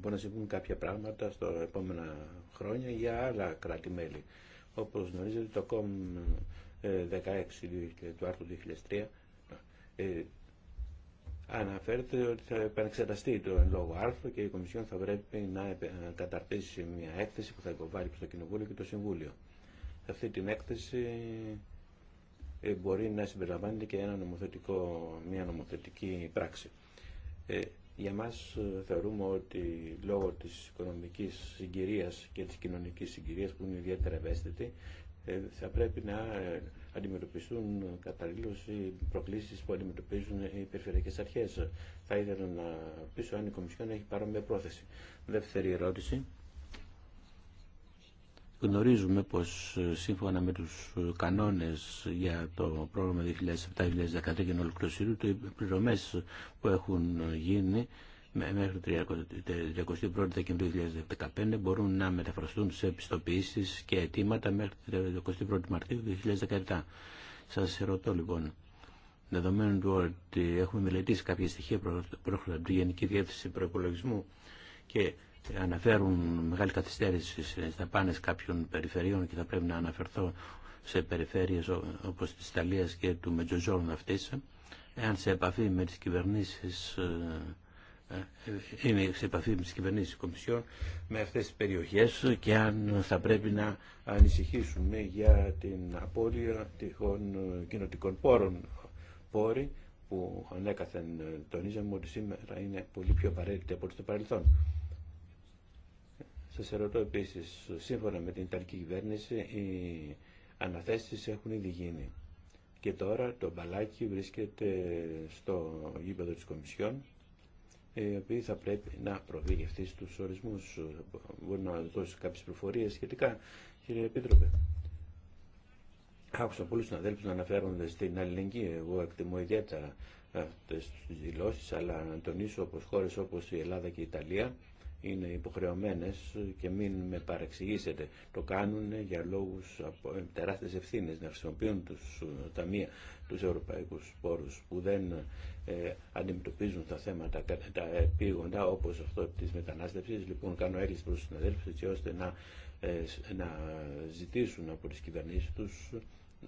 μπορεί να συμβούν κάποια πράγματα στα επόμενα χρόνια για άλλα κράτη-μέλη. Όπω γνωρίζετε, το ΚΟΜ 16 ε, του άρθρου 2003 ε, αναφέρεται ότι θα επαναξεταστεί το εν λόγω άρθρο και η Κομισιόν θα πρέπει να καταρτήσει μια έκθεση που θα υποβάλει το Κοινοβούλιο και το Συμβούλιο. Σε αυτή την έκθεση ε, μπορεί να συμπεριλαμβάνεται και ένα νομοθετικό, μια νομοθετική πράξη. Ε, για μας ε, θεωρούμε ότι λόγω της οικονομικής συγκυρίας και της κοινωνικής συγκυρίας που είναι ιδιαίτερα ευαίσθητη θα πρέπει να αντιμετωπιστούν καταλήλως οι προκλήσεις που αντιμετωπίζουν οι περιφερειακές αρχές. Θα ήθελα να πείσω αν η Κομισιόν έχει παρόμοια πρόθεση. Δεύτερη ερώτηση. Γνωρίζουμε πως ε, σύμφωνα με τους ε, κανόνες για το πρόγραμμα 2007-2013 και ολοκληρωσίου, οι πληρωμές που έχουν γίνει μέχρι ναι, ναι, το 31 Δεκεμβρίου 2015 μπορούν να μεταφραστούν σε επιστοποιήσεις και αιτήματα μέχρι το 21 Μαρτίου 2017. Σας ρωτώ λοιπόν, δεδομένου ότι έχουμε μελετήσει κάποια στοιχεία πρόχειρα από τη Γενική Διεύθυνση Προπολογισμού και αναφέρουν μεγάλη καθυστέρηση στις δαπάνες κάποιων περιφερειών και θα πρέπει να αναφερθώ σε περιφέρειες όπως της Ιταλίας και του Μετζοζόρνου αυτής, εάν σε επαφή με τις κυβερνήσεις ε, ε, είναι σε επαφή με τις κυβερνήσεις Κομισιόν με αυτές τις περιοχές και αν θα πρέπει να ανησυχήσουμε για την απώλεια τυχών κοινοτικών πόρων. Πόροι που ανέκαθεν τονίζαμε ότι σήμερα είναι πολύ πιο απαραίτητοι από το παρελθόν. Σας ερωτώ επίσης, σύμφωνα με την Ιταλική κυβέρνηση, οι αναθέσεις έχουν ήδη γίνει. Και τώρα το μπαλάκι βρίσκεται στο γήπεδο της Κομισιόν οι ε, οποίοι θα πρέπει να προβεί για ορισμού. τους ορισμούς. Μπορεί να δώσει κάποιες πληροφορίες σχετικά, κύριε Επίτροπε. Άκουσα πολλούς συναδέλφους να αναφέρονται στην αλληλεγγύη. Εγώ εκτιμώ ιδιαίτερα αυτές τις δηλώσεις, αλλά να τονίσω όπως χώρες όπως η Ελλάδα και η Ιταλία είναι υποχρεωμένες και μην με παρεξηγήσετε. Το κάνουν για λόγους από ε, τεράστιες ευθύνες να χρησιμοποιούν τους ε, ταμεία, τους ευρωπαϊκούς πόρους που δεν ε, αντιμετωπίζουν τα θέματα τα επίγοντα όπως αυτό της μετανάστευσης. Λοιπόν, κάνω έκκληση προς τους συναδέλφους έτσι ώστε να, ε, να ζητήσουν από τις κυβερνήσεις τους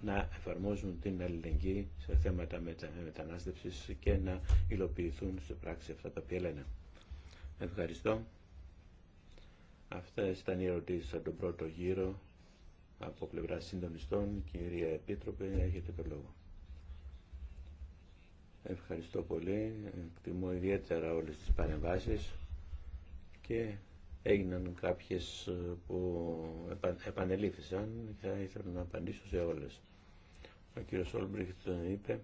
να εφαρμόζουν την αλληλεγγύη σε θέματα μετα, μετανάστευσης και να υλοποιηθούν σε πράξη αυτά τα οποία λένε. Ευχαριστώ. Αυτές ήταν οι ερωτήσεις από τον πρώτο γύρο από πλευρά συντονιστών. Κυρία Επίτροπε, έχετε το λόγο. Ευχαριστώ πολύ. Εκτιμώ ιδιαίτερα όλες τις παρεμβάσεις και έγιναν κάποιες που επανελήφθησαν και θα ήθελα να απαντήσω σε όλες. Ο κύριος Όλμπριχτ είπε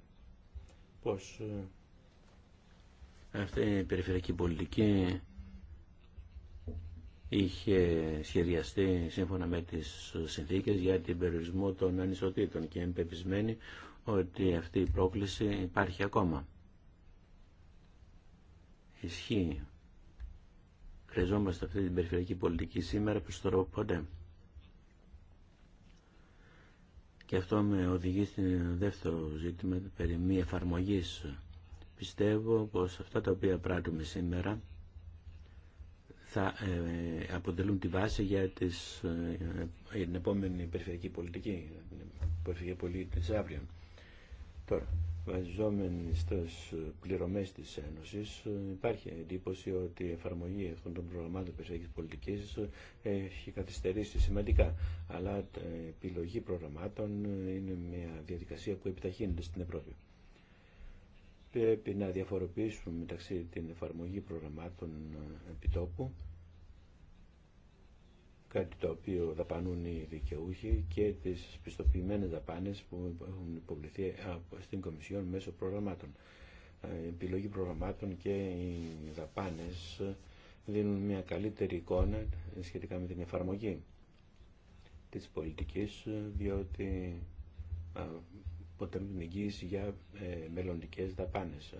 πως ε, αυτή η περιφερειακή πολιτική είχε σχεδιαστεί σύμφωνα με τις συνθήκες για την περιορισμό των ανισοτήτων και πεπισμένη ότι αυτή η πρόκληση υπάρχει ακόμα. Ισχύει. Χρειαζόμαστε αυτή την περιφερειακή πολιτική σήμερα προς ποτέ. Και αυτό με οδηγεί στην δεύτερο ζήτημα περί μη εφαρμογής. Πιστεύω πως αυτά τα οποία πράττουμε σήμερα θα ε, αποτελούν τη βάση για, τις, ε, την επόμενη περιφερειακή πολιτική, την περιφερειακή πολιτική της αύριο. Τώρα, βαζόμενοι στις ε, πληρωμές της Ένωσης, υπάρχει εντύπωση ότι η εφαρμογή αυτών των προγραμμάτων περιφερειακής πολιτικής έχει καθυστερήσει σημαντικά, αλλά η επιλογή προγραμμάτων είναι μια διαδικασία που επιταχύνεται στην Ευρώπη πρέπει να διαφοροποιήσουμε μεταξύ την εφαρμογή προγραμμάτων ε, επιτόπου κάτι το οποίο δαπανούν οι δικαιούχοι και τις πιστοποιημένες δαπάνες που έχουν υποβληθεί ε, στην Κομισιόν μέσω προγραμμάτων. Ε, η επιλογή προγραμμάτων και οι δαπάνες δίνουν μια καλύτερη εικόνα σχετικά με την εφαρμογή της πολιτικής, διότι την εγγύηση για ε, μελλοντικές δαπάνες.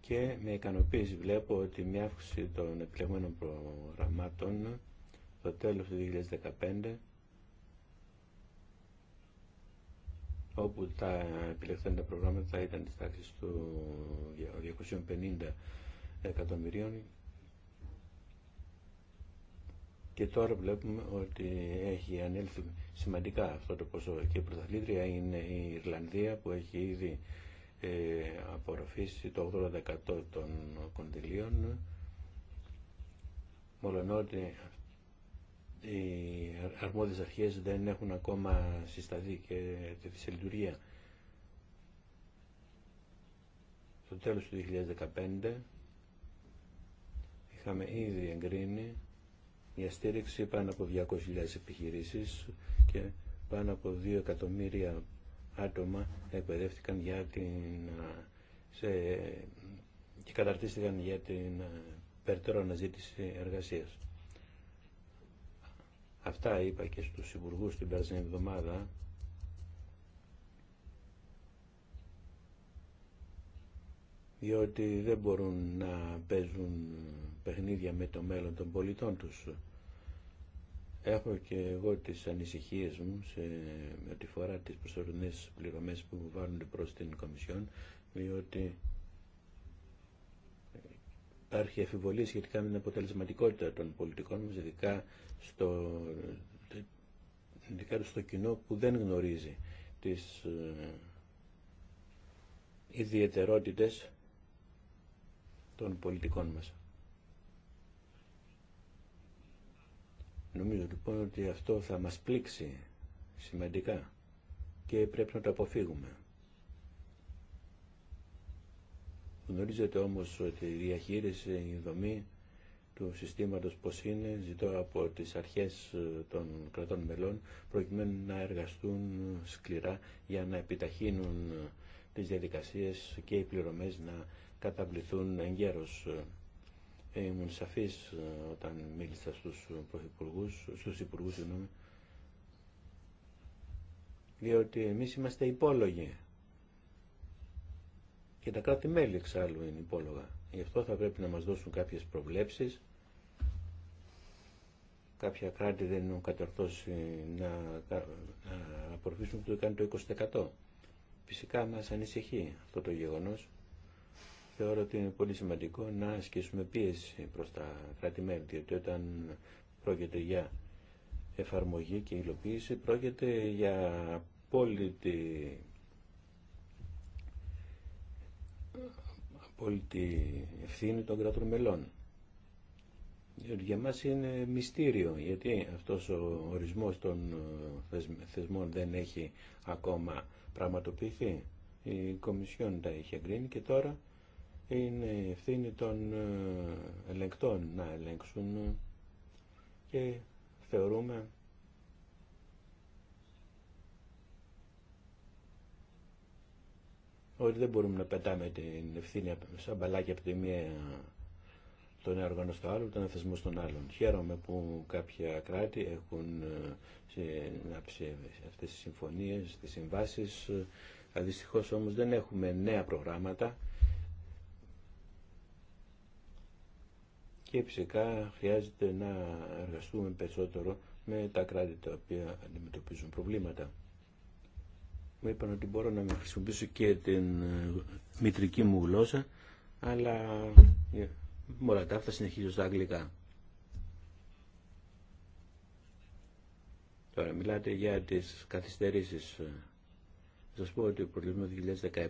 Και με ικανοποίηση βλέπω ότι μια αύξηση των επιλεγμένων προγραμμάτων το τέλος του 2015 όπου τα επιλεγμένα προγράμματα ήταν τη τάξη του 250 εκατομμυρίων και τώρα βλέπουμε ότι έχει ανέλθει σημαντικά αυτό το ποσό και η πρωταθλήτρια είναι η Ιρλανδία που έχει ήδη ε, απορροφήσει το 80% των κονδυλίων μόλον ότι οι αρμόδιες αρχές δεν έχουν ακόμα συσταθεί και τη σε λειτουργία. Στο τέλος του 2015 είχαμε ήδη εγκρίνει για στήριξη πάνω από 200.000 επιχειρήσεις και πάνω από 2 εκατομμύρια άτομα εκπαιδεύτηκαν για την, σε, και καταρτίστηκαν για την περαιτέρω αναζήτηση εργασίας. Αυτά είπα και στους υπουργούς την περασμένη εβδομάδα διότι δεν μπορούν να παίζουν παιχνίδια με το μέλλον των πολιτών τους. Έχω και εγώ τις ανησυχίες μου σε τη φορά τις προσωρινές πληρωμές που βάλουν προς την Κομισιόν, διότι υπάρχει αφιβολία σχετικά με την αποτελεσματικότητα των πολιτικών μας, ειδικά στο, ειδικά στο κοινό που δεν γνωρίζει τις ε, ιδιαιτερότητες των πολιτικών μας. Νομίζω λοιπόν ότι αυτό θα μας πλήξει σημαντικά και πρέπει να το αποφύγουμε. Γνωρίζετε όμως ότι η διαχείριση, η δομή του συστήματος πως είναι, ζητώ από τις αρχές ε, των κρατών μελών, προκειμένου να εργαστούν σκληρά για να επιταχύνουν ε, τις διαδικασίες και οι πληρωμές να καταβληθούν εγκαίρως. Ήμουν σαφής ε, όταν μίλησα στους υπουργούς, στους υπουργούς διότι εμείς είμαστε υπόλογοι και τα κράτη-μέλη εξάλλου είναι υπόλογα. Γι' αυτό θα πρέπει να μας δώσουν κάποιες προβλέψεις. Κάποια κράτη δεν έχουν κατορθώσει να, να απορροφήσουν το 20%. Φυσικά μας ανησυχεί αυτό το γεγονός θεωρώ ότι είναι πολύ σημαντικό να ασκήσουμε πίεση προς τα κράτη-μέλη, διότι όταν πρόκειται για εφαρμογή και υλοποίηση, πρόκειται για απόλυτη, απόλυτη ευθύνη των κρατών μελών. Για μας είναι μυστήριο, γιατί αυτός ο ορισμός των ε, θεσμών δεν έχει ακόμα πραγματοποιηθεί. Η Κομισιόν τα έχει εγκρίνει και τώρα είναι η ευθύνη των ε, ελεγκτών να ελέγξουν και θεωρούμε ότι δεν μπορούμε να πετάμε την ευθύνη σαν μπαλάκι από τη μία τον έργο στο άλλο, τον θεσμό στον άλλον. Χαίρομαι που κάποια κράτη έχουν ε, συνάψει αυτές τις συμφωνίες, τις συμβάσεις. Ε, δυστυχώς όμως δεν έχουμε νέα προγράμματα και φυσικά χρειάζεται να εργαστούμε περισσότερο με τα κράτη τα οποία αντιμετωπίζουν προβλήματα. Μου είπαν ότι μπορώ να χρησιμοποιήσω και την ε, μητρική μου γλώσσα, αλλά ε, μόνο τα αυτά συνεχίζω στα αγγλικά. Τώρα μιλάτε για τις καθυστερήσεις. Ε, σας πω ότι ο προβλήμα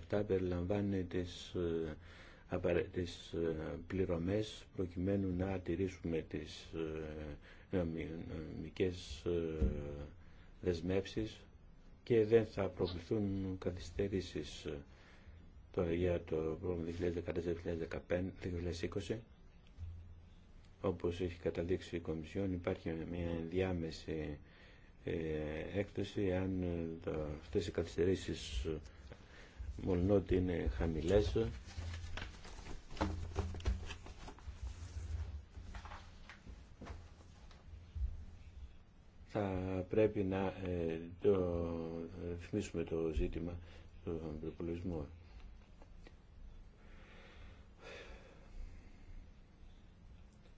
2017 περιλαμβάνει τις απαραίτητες ε, πληρωμές προκειμένου να τηρήσουμε τις ε, νομικές ε, δεσμεύσεις και δεν θα προβληθούν καθυστερήσεις για το πρόγραμμα 2014-2020 όπως έχει καταδείξει η Κομισιόν υπάρχει μια διάμεση έκθεση αν αυτές οι καθυστερήσεις μόνο ότι είναι χαμηλές θα πρέπει να ε, το ρυθμίσουμε το ζήτημα του προπολισμού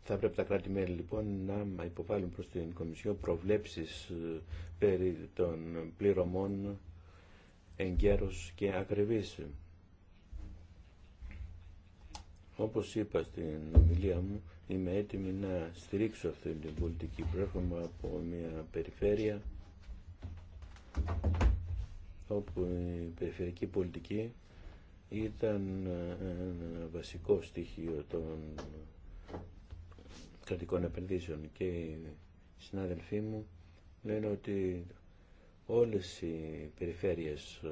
Θα πρέπει τα κράτη-μέλη λοιπόν να υποβάλουν προς την Κομισιό προβλέψεις ε, περί των πληρωμών εγκαίρως και ακριβής. Όπως είπα στην ομιλία μου, είμαι έτοιμη να στηρίξω αυτή την πολιτική. Προέρχομαι από μια περιφέρεια όπου η περιφερειακή πολιτική ήταν ένα βασικό στοιχείο των κρατικών επενδύσεων και οι συνάδελφοί μου λένε ότι όλες οι περιφέρειες ε,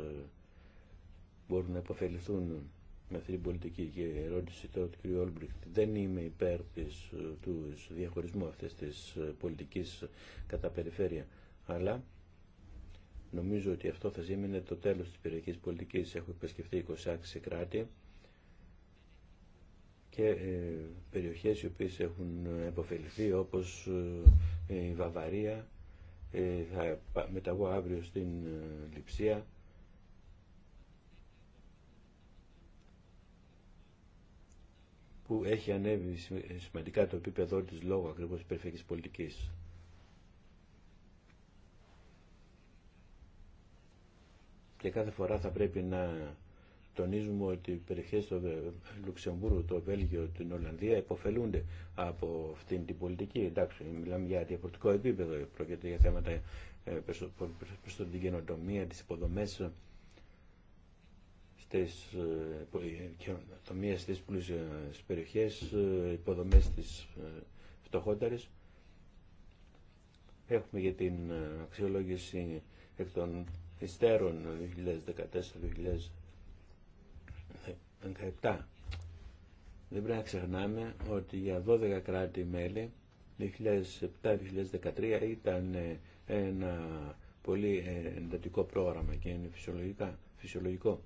μπορούν να υποφεληθούν με αυτή την πολιτική και ερώτηση τώρα του κ. Όλμπριχτ δεν είμαι υπέρ της, του διαχωρισμού αυτής της πολιτικής κατά περιφέρεια αλλά νομίζω ότι αυτό θα σήμαινε το τέλος της περιοχής πολιτικής έχω επισκεφτεί 26 κράτη και ε, περιοχές οι οποίες έχουν επωφεληθεί όπως ε, η Βαβαρία ε, θα μεταβώ αύριο στην ε, Λιψία που έχει ανέβει σημαντικά το επίπεδο της λόγω ακριβώς της περιφερειακής πολιτικής. Και κάθε φορά θα πρέπει να τονίζουμε ότι οι περιοχέ του Λουξεμβούργου, το Βέλγιο, την Ολλανδία υποφελούνται από αυτήν την πολιτική. Εντάξει, μιλάμε για διαφορετικό επίπεδο, προκειμένου για θέματα προς την καινοτομία, τις υποδομές, το ε, ε, τομείες στις πλούσιες ε, περιοχές, υποδομές στις φτωχότερες. Έχουμε για την αξιολόγηση εκ των υστέρων 2014-2017. Δεν πρέπει να ξεχνάμε ότι για 12 κράτη-μέλη 2007-2013 ήταν ένα πολύ εντατικό πρόγραμμα και είναι φυσιολογικό.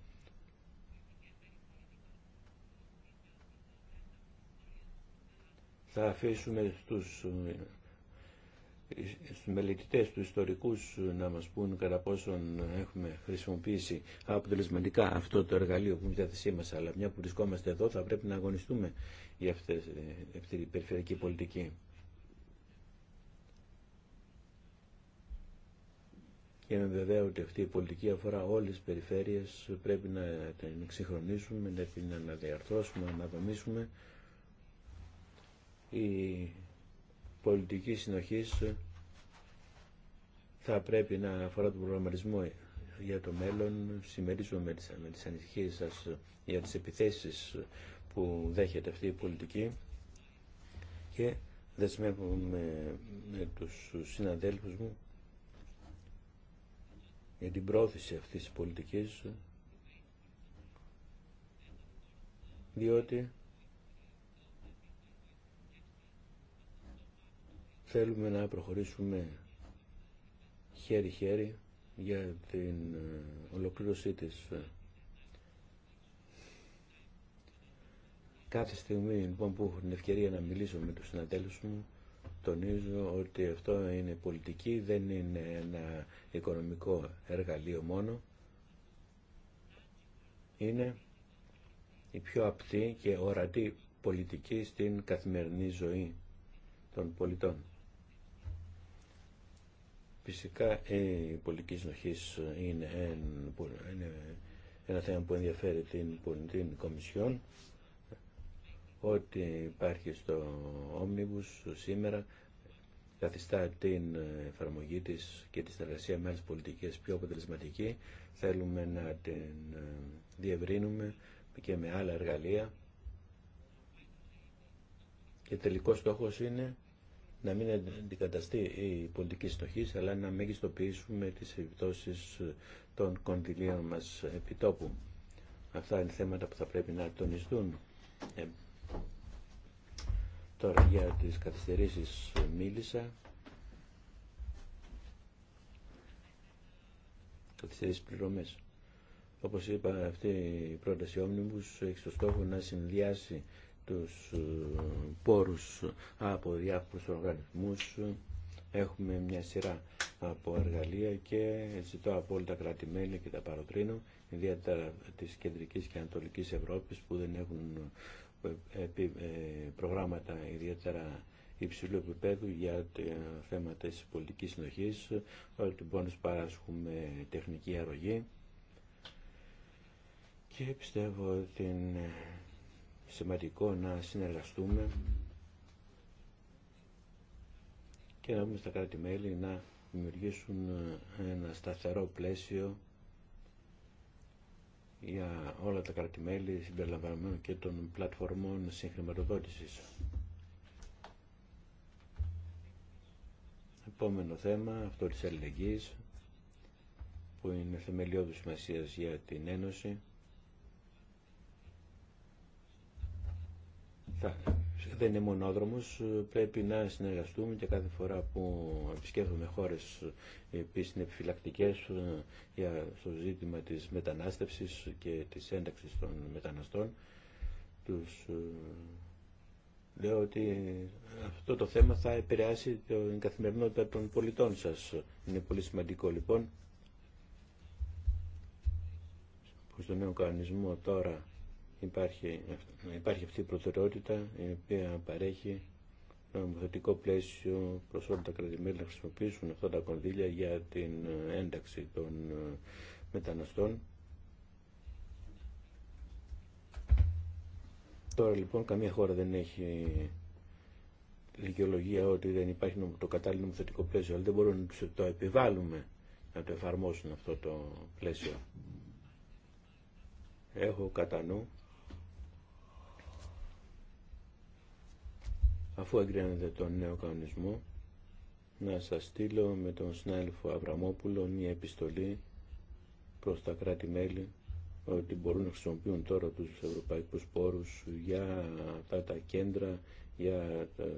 θα αφήσουμε στους στους μελετητές, του ιστορικούς να μας πούν κατά πόσον έχουμε χρησιμοποιήσει αποτελεσματικά αυτό το εργαλείο που είναι διάθεσή μας, αλλά μια που βρισκόμαστε εδώ θα πρέπει να αγωνιστούμε για αυτή την περιφερειακή πολιτική. Και είμαι βεβαία ότι αυτή η πολιτική αφορά όλες τις περιφέρειες, πρέπει να την εξυγχρονίσουμε, να την αναδιαρθώσουμε, να αναδομήσουμε η πολιτική συνοχή θα πρέπει να αφορά τον προγραμματισμό για το μέλλον. Συμμερίζομαι με τις, με τις ανησυχίες σας για τις επιθέσεις που δέχεται αυτή η πολιτική και δεσμεύομαι με τους συναδέλφους μου για την πρόθεση αυτής της πολιτικής διότι θέλουμε να προχωρήσουμε χέρι-χέρι για την ε, ολοκλήρωσή της. Κάθε στιγμή λοιπόν, που έχω την ευκαιρία να μιλήσω με τους συναντέλους μου, τονίζω ότι αυτό είναι πολιτική, δεν είναι ένα οικονομικό εργαλείο μόνο. Είναι η πιο απτή και ορατή πολιτική στην καθημερινή ζωή των πολιτών. Φυσικά η πολιτική συνοχή είναι, ένα θέμα που ενδιαφέρει την, πολιτική Κομισιόν. Ό,τι υπάρχει στο Omnibus σήμερα καθιστά την εφαρμογή της και τη συνεργασία με άλλες πολιτικές πιο αποτελεσματική. Θέλουμε να την ε, διευρύνουμε και με άλλα εργαλεία. Και τελικός στόχος είναι να μην αντικαταστεί η πολιτική στοχή, αλλά να μεγιστοποιήσουμε τις επιπτώσεις των κοντιλίων μας επιτόπου. Αυτά είναι θέματα που θα πρέπει να τονιστούν. Ε, τώρα για τις καθυστερήσεις μίλησα. Καθυστερήσεις πληρωμές. Όπως είπα, αυτή η πρόταση Omnibus έχει στο στόχο να συνδυάσει τους ε, πόρους από διάφορους οργανισμούς. Έχουμε μια σειρά από εργαλεία και ζητώ από όλα τα κρατη και τα παροτρύνω, ιδιαίτερα της κεντρικής και ανατολικής Ευρώπης που δεν έχουν ε, ε, προγράμματα ιδιαίτερα υψηλού επίπεδου για θέματα της πολιτικής συνοχής. μπορούμε να λοιπόν, παράσχουμε τεχνική αρρωγή και πιστεύω ότι σημαντικό να συνεργαστούμε και να δούμε στα κράτη-μέλη να δημιουργήσουν ένα σταθερό πλαίσιο για όλα τα κράτη-μέλη συμπεριλαμβανομένων και των πλατφορμών συγχρηματοδότησης. Επόμενο θέμα, αυτό της αλληλεγγύης, που είναι θεμελιώδης σημασία για την Ένωση. δεν είναι μονόδρομος, πρέπει να συνεργαστούμε και κάθε φορά που επισκέφτομαι χώρες οι είναι επιφυλακτικές ε, για, το ζήτημα της μετανάστευσης και της ένταξης των μεταναστών, τους ε, λέω ότι αυτό το θέμα θα επηρεάσει την καθημερινότητα των πολιτών σας. Είναι πολύ σημαντικό λοιπόν που στον νέο κανονισμό τώρα υπάρχει, υπάρχει αυτή η προτεραιότητα η οποία παρέχει νομοθετικό πλαίσιο προ όλα τα κρατημέρια να χρησιμοποιήσουν αυτά τα κονδύλια για την ε, ένταξη των ε, μεταναστών. Τώρα λοιπόν καμία χώρα δεν έχει δικαιολογία ότι δεν υπάρχει το κατάλληλο νομοθετικό πλαίσιο, αλλά δεν μπορούμε να το επιβάλλουμε να το εφαρμόσουν αυτό το πλαίσιο. Έχω κατά νου αφού εγκρίνεται τον νέο κανονισμό, να σας στείλω με τον συνάδελφο Αβραμόπουλο μια επιστολή προς τα κράτη-μέλη ότι μπορούν να χρησιμοποιούν τώρα τους ευρωπαϊκούς πόρους για τα, τα κέντρα, για τα, ε,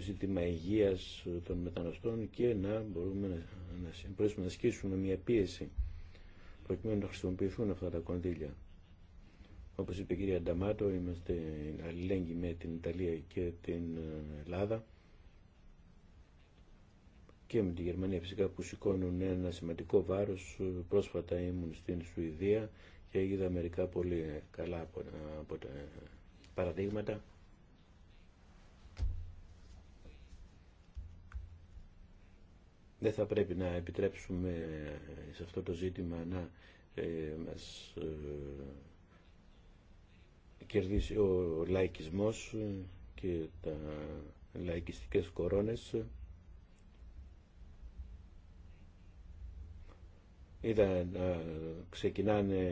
ζήτημα υγείας των μεταναστών και να μπορούμε να, να, να ασκήσουμε μια πίεση προκειμένου να χρησιμοποιηθούν αυτά τα κονδύλια. Όπως είπε η κυρία Νταμάτο, είμαστε αλληλέγγυοι με την Ιταλία και την ε, Ελλάδα και με τη Γερμανία φυσικά που σηκώνουν ένα σημαντικό βάρος. Πρόσφατα ήμουν στην Σουηδία και είδα μερικά πολύ καλά από, παραδείγματα. Δεν θα πρέπει να επιτρέψουμε σε αυτό το ζήτημα να ε, μας ε, κερδίσει ο λαϊκισμός και τα λαϊκιστικές κορώνες. Είδα να ξεκινάνε,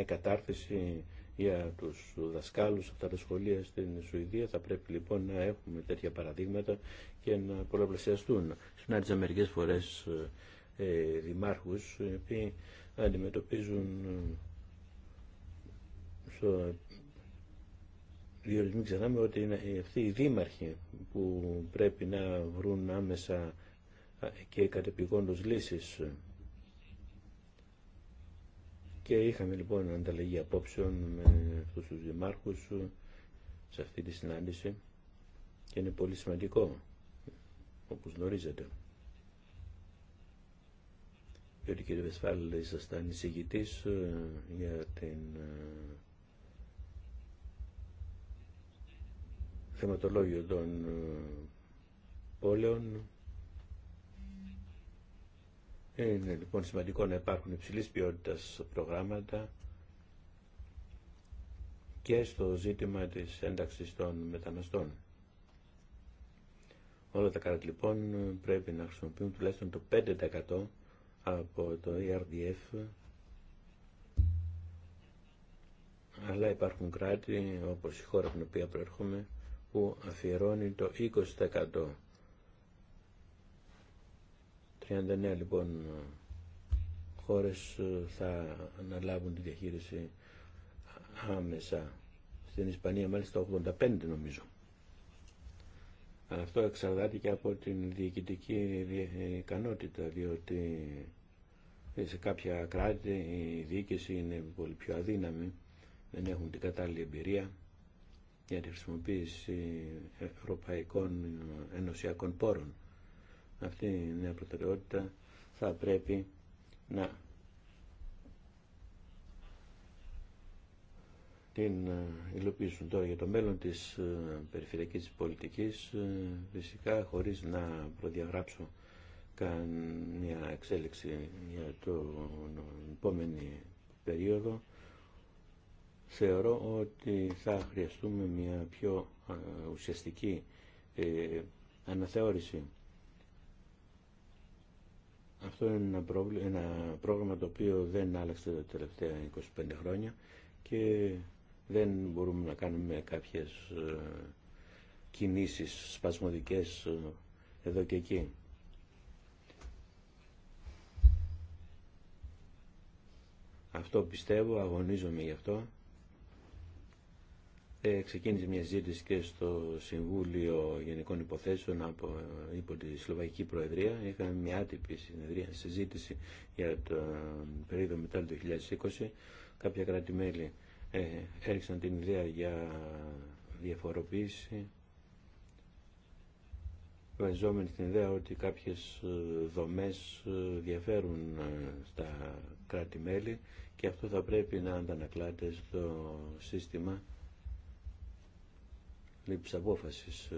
η κατάρτιση για τους δασκάλους από τα σχολεία στην Σουηδία. Θα πρέπει λοιπόν να έχουμε τέτοια παραδείγματα και να πολλαπλασιαστούν. Συνάντησα μερικές φορές ε, δημάρχους οι αντιμετωπίζουν διότι μην ξεχνάμε ότι είναι αυτοί οι δήμαρχοι που πρέπει να βρουν άμεσα και κατεπηγόντως λύσεις. Και είχαμε λοιπόν ανταλλαγή απόψεων με αυτούς τους δημάρχους σε αυτή τη συνάντηση και είναι πολύ σημαντικό όπως γνωρίζετε. Διότι κύριε Βεσφάλ ήσασταν εισηγητής ε, για την ε, θεματολόγιο των ε, πόλεων. Είναι λοιπόν σημαντικό να υπάρχουν υψηλής ποιότητας προγράμματα και στο ζήτημα της ένταξης των μεταναστών. Όλα τα κράτη λοιπόν πρέπει να χρησιμοποιούν τουλάχιστον το 5% από το ERDF ε αλλά υπάρχουν κράτη όπως η χώρα από την οποία προέρχομαι που αφιερώνει το 20%. 39 λοιπόν χώρες ε, θα αναλάβουν τη διαχείριση άμεσα. Στην Ισπανία μάλιστα 85 νομίζω. Αλλά αυτό εξαρτάται και από την διοικητική ικανότητα, διότι σε κάποια κράτη η διοίκηση είναι πολύ πιο αδύναμη, δεν έχουν την κατάλληλη εμπειρία για τη χρησιμοποίηση ευρωπαϊκών ενωσιακών πόρων. Αυτή η νέα προτεραιότητα θα πρέπει να την ε, υλοποιήσουν τώρα για το μέλλον της ε, περιφερειακής πολιτικής ε, φυσικά χωρίς να προδιαγράψω μια εξέλιξη για το επόμενο περίοδο θεωρώ ότι θα χρειαστούμε μια πιο ε, ουσιαστική ε, αναθεώρηση. Αυτό είναι ένα, ένα πρόγραμμα το οποίο δεν άλλαξε τα τελευταία 25 χρόνια και δεν μπορούμε να κάνουμε κάποιες ε, κινήσεις σπασμωδικές εδώ και εκεί. Αυτό πιστεύω, αγωνίζομαι γι' αυτό ε, ξεκίνησε μια ζήτηση και στο Συμβούλιο Γενικών Υποθέσεων από, υπό τη Σλοβακική Προεδρία. Είχαμε μια άτυπη συνεδρία, συζήτηση για το περίοδο μετά το 2020. Κάποια κράτη-μέλη ε, έριξαν την ιδέα για διαφοροποίηση βασιζόμενη στην ιδέα ότι κάποιες ε, δομές διαφέρουν στα κράτη-μέλη και αυτό θα πρέπει να αντανακλάται στο σύστημα λήψη απόφαση. Ε,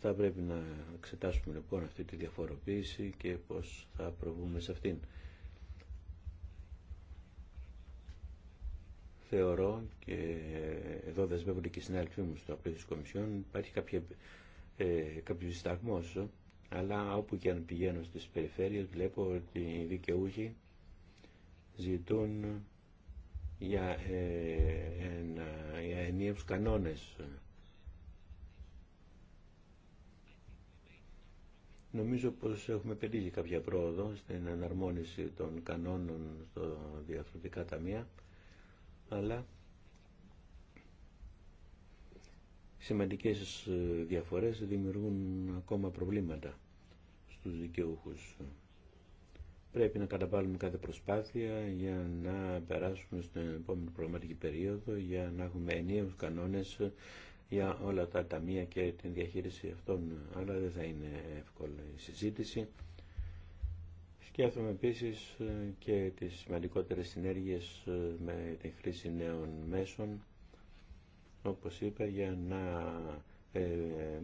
θα πρέπει να εξετάσουμε λοιπόν αυτή τη διαφοροποίηση και πώς θα προβούμε σε αυτήν. Θεωρώ και εδώ δεσμεύονται και οι συνάδελφοί μου στο απλή της Κομισιόν υπάρχει κάποια, ε, κάποιος δισταγμός ε, αλλά όπου και αν πηγαίνω στις περιφέρειες βλέπω ότι οι δικαιούχοι ζητούν για, ε, κανόνε. για κανόνες ε, Νομίζω πως έχουμε πετύχει κάποια πρόοδο στην εναρμόνιση των κανόνων στο διαφορετικά ταμεία, αλλά σημαντικές ε, διαφορές δημιουργούν ακόμα προβλήματα στους δικαιούχους. Πρέπει να καταβάλουμε κάθε προσπάθεια για να περάσουμε στην επόμενη προγραμματική περίοδο, για να έχουμε τους κανόνες για όλα τα ταμεία και την διαχείριση αυτών, αλλά δεν θα είναι εύκολη η συζήτηση. Σκέφτομαι επίσης ε, και τις σημαντικότερες συνέργειες ε, με την χρήση νέων μέσων, όπως είπα, για να ε,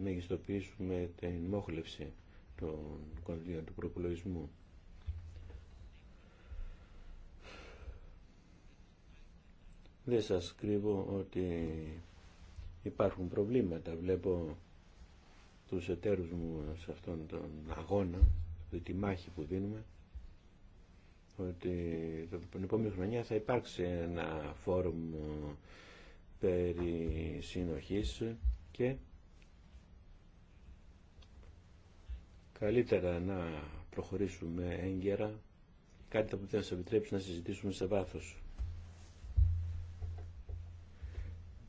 μεγιστοποιήσουμε την μόχλευση των κονδύλων του προπολογισμού. Δεν σας κρύβω ότι υπάρχουν προβλήματα. Βλέπω τους εταίρους μου σε αυτόν τον αγώνα, τη μάχη που δίνουμε, ότι την επόμενη χρονιά θα υπάρξει ένα φόρουμ περί συνοχής και καλύτερα να προχωρήσουμε έγκαιρα κάτι που θα σας επιτρέψει να συζητήσουμε σε βάθος.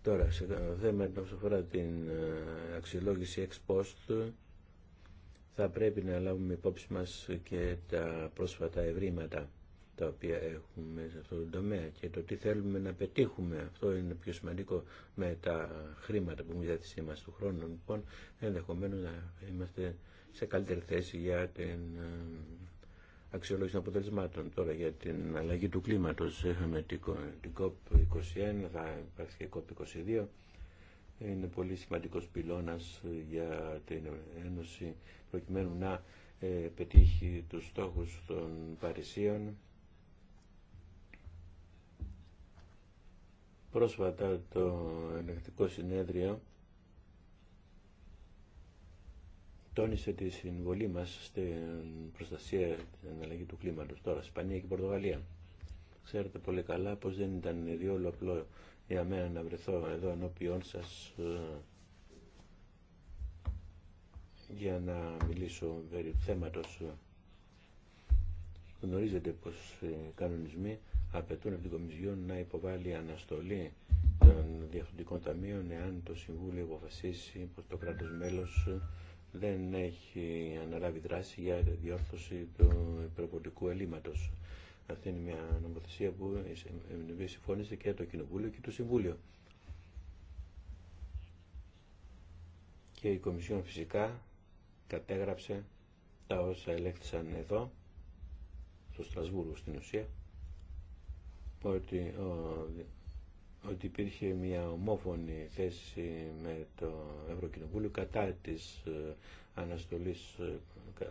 Τώρα, σε θέμα αφορά την ε, αξιολόγηση ex post, θα πρέπει να λάβουμε υπόψη μας και τα πρόσφατα ευρήματα τα οποία έχουμε σε αυτό το τομέα και το τι θέλουμε να πετύχουμε. Αυτό είναι πιο σημαντικό με τα χρήματα που έχουμε διάθεσή μας του χρόνου. Λοιπόν, ενδεχομένως να είμαστε σε καλύτερη θέση για την ε, αξιολόγηση των αποτελεσμάτων. Τώρα για την αλλαγή του κλίματος Έχουμε την COP21, θα υπάρξει και COP22. Είναι πολύ σημαντικός πυλώνας για την Ένωση προκειμένου να ε, πετύχει τους στόχους των Παρισίων. Πρόσφατα το Ενεκτικό συνέδριο τόνισε τη συμβολή μας στην προστασία την αλλαγή του κλίματος τώρα, Ισπανία και Πορτογαλία. Ξέρετε πολύ καλά πως δεν ήταν διόλου απλό για μένα να βρεθώ εδώ ενώπιόν σας ε, για να μιλήσω περί θέματος γνωρίζετε πως οι κανονισμοί απαιτούν από την Κομισιόν να υποβάλει αναστολή των διευθυντικών ταμείων εάν το Συμβούλιο αποφασίσει πως το κράτος μέλος δεν έχει αναλάβει δράση για διόρθωση του υπερβολικού ελλείμματος. Αυτή είναι μια νομοθεσία που συμφώνησε και το Κοινοβούλιο και το Συμβούλιο. Και η Κομισιόν φυσικά κατέγραψε τα όσα ελέγχθησαν εδώ, στο Στρασβούργο στην ουσία, ότι ότι υπήρχε μια ομόφωνη θέση με το Ευρωκοινοβούλιο κατά της ε, αναστολής ε,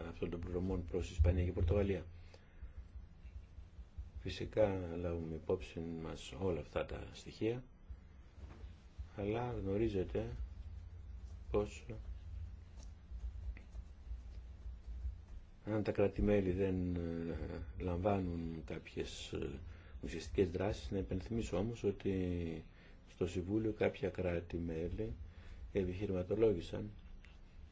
αυτών των προγραμμών προς Ισπανία και Πορτογαλία. Φυσικά λάβουμε υπόψη μας όλα αυτά τα στοιχεία, αλλά γνωρίζετε πως αν τα κρατημέλη δεν ε, λαμβάνουν κάποιες ουσιαστικές δράσεις. Να υπενθυμίσω όμως ότι στο Συμβούλιο κάποια κράτη-μέλη επιχειρηματολόγησαν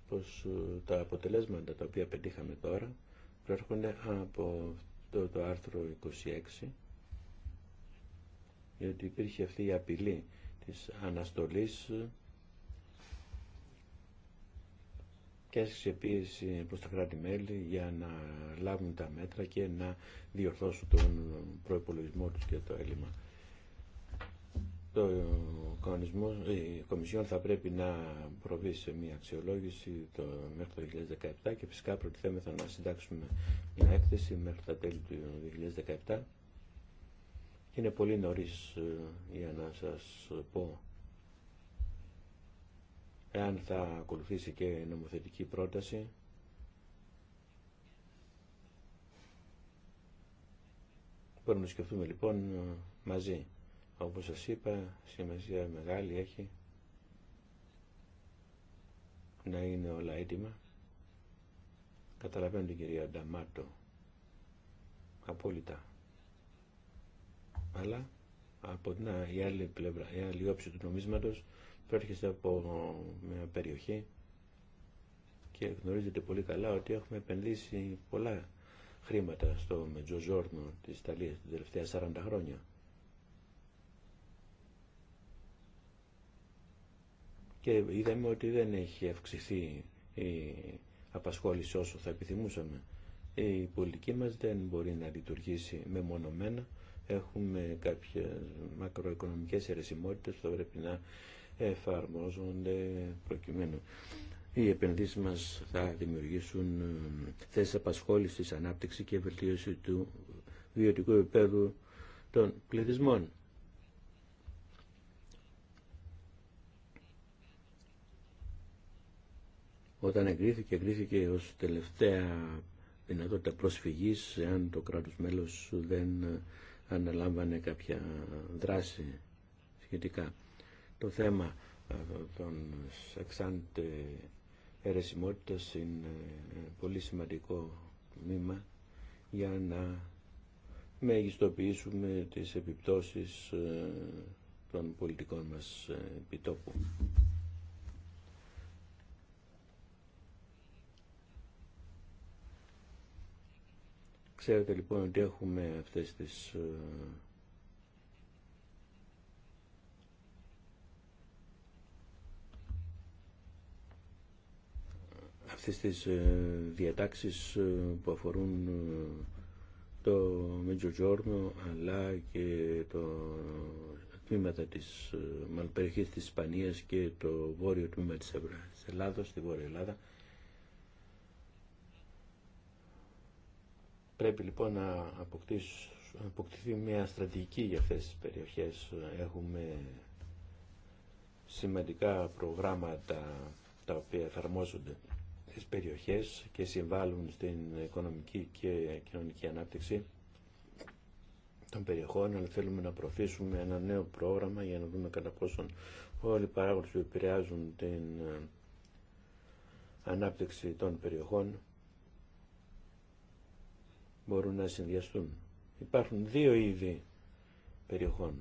πως ε, τα αποτελέσματα τα οποία πετύχαμε τώρα προέρχονται από το, το άρθρο 26 γιατί υπήρχε αυτή η απειλή της αναστολής και άσκησε πίεση προ τα κράτη-μέλη για να λάβουν τα μέτρα και να διορθώσουν τον προπολογισμό τους και το έλλειμμα. Το κανονισμό, η Κομισιόν θα πρέπει να προβεί σε μια αξιολόγηση το, μέχρι το 2017 και φυσικά προτιθέμεθα να συντάξουμε μια έκθεση μέχρι τα τέλη του 2017. είναι πολύ νωρίς ε, για να σας πω εάν θα ακολουθήσει και νομοθετική πρόταση Μπορούμε να σκεφτούμε λοιπόν μαζί. Όπως σας είπα, σημασία μεγάλη έχει να είναι όλα έτοιμα. Καταλαβαίνω την κυρία Νταμάτο απόλυτα. Αλλά από την άλλη πλευρά, η άλλη όψη του νομίσματος προέρχεστε από μια περιοχή και γνωρίζετε πολύ καλά ότι έχουμε επενδύσει πολλά χρήματα στο Μετζοζόρνο της Ιταλίας τα τελευταία 40 χρόνια. Και είδαμε ότι δεν έχει αυξηθεί η απασχόληση όσο θα επιθυμούσαμε. Η πολιτική μας δεν μπορεί να λειτουργήσει μεμονωμένα. Έχουμε κάποιες μακροοικονομικές αιρεσιμότητες που θα πρέπει να εφαρμόζονται προκειμένου. Οι επενδύσεις μας θα δημιουργήσουν θέσεις απασχόλησης, ανάπτυξη και βελτίωση του βιωτικού επίπεδου των πληθυσμών. Όταν εγκρίθηκε, εγκρίθηκε ως τελευταία δυνατότητα προσφυγής εάν το κράτος μέλος δεν αναλάμβανε κάποια δράση σχετικά. Το θέμα ε, των εξάντε αιρεσιμότητας είναι ε, πολύ σημαντικό μήμα για να μεγιστοποιήσουμε τις επιπτώσεις ε, των πολιτικών μας επιτόπου. Ξέρετε λοιπόν ότι έχουμε αυτές τις αυτές τις ε, διατάξεις ε, που αφορούν ε, το Μετζοτζόρνο αλλά και το τμήματα της μαλπεριχής της Ισπανίας και το βόρειο τμήμα της Ελλάδος, τη Βόρεια Ελλάδα. Πρέπει λοιπόν να αποκτηθεί μια στρατηγική για αυτές τις περιοχές. Έχουμε σημαντικά προγράμματα τα οποία εφαρμόζονται τις περιοχές και συμβάλλουν στην οικονομική και κοινωνική ανάπτυξη των περιοχών, αλλά θέλουμε να προωθήσουμε ένα νέο πρόγραμμα για να δούμε κατά πόσον όλοι οι παράγοντες που επηρεάζουν την ε, ανάπτυξη των περιοχών μπορούν να συνδυαστούν. Υπάρχουν δύο είδη περιοχών.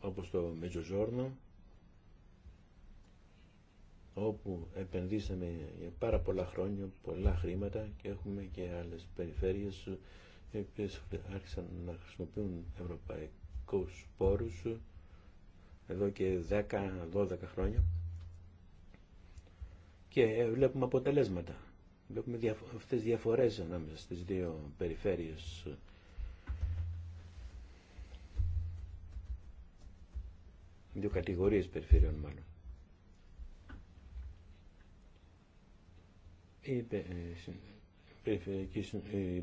Όπως το Μετζοζόρνο, όπου επενδύσαμε για πάρα πολλά χρόνια πολλά χρήματα και έχουμε και άλλες περιφέρειες οι οποίες άρχισαν να χρησιμοποιούν ευρωπαϊκούς πόρους εδώ και 10-12 χρόνια και ε, βλέπουμε αποτελέσματα. Βλέπουμε αυτές τις διαφορές ανάμεσα στις δύο περιφέρειες δύο κατηγορίες περιφερειών μάλλον. Ε, η περιφερειακή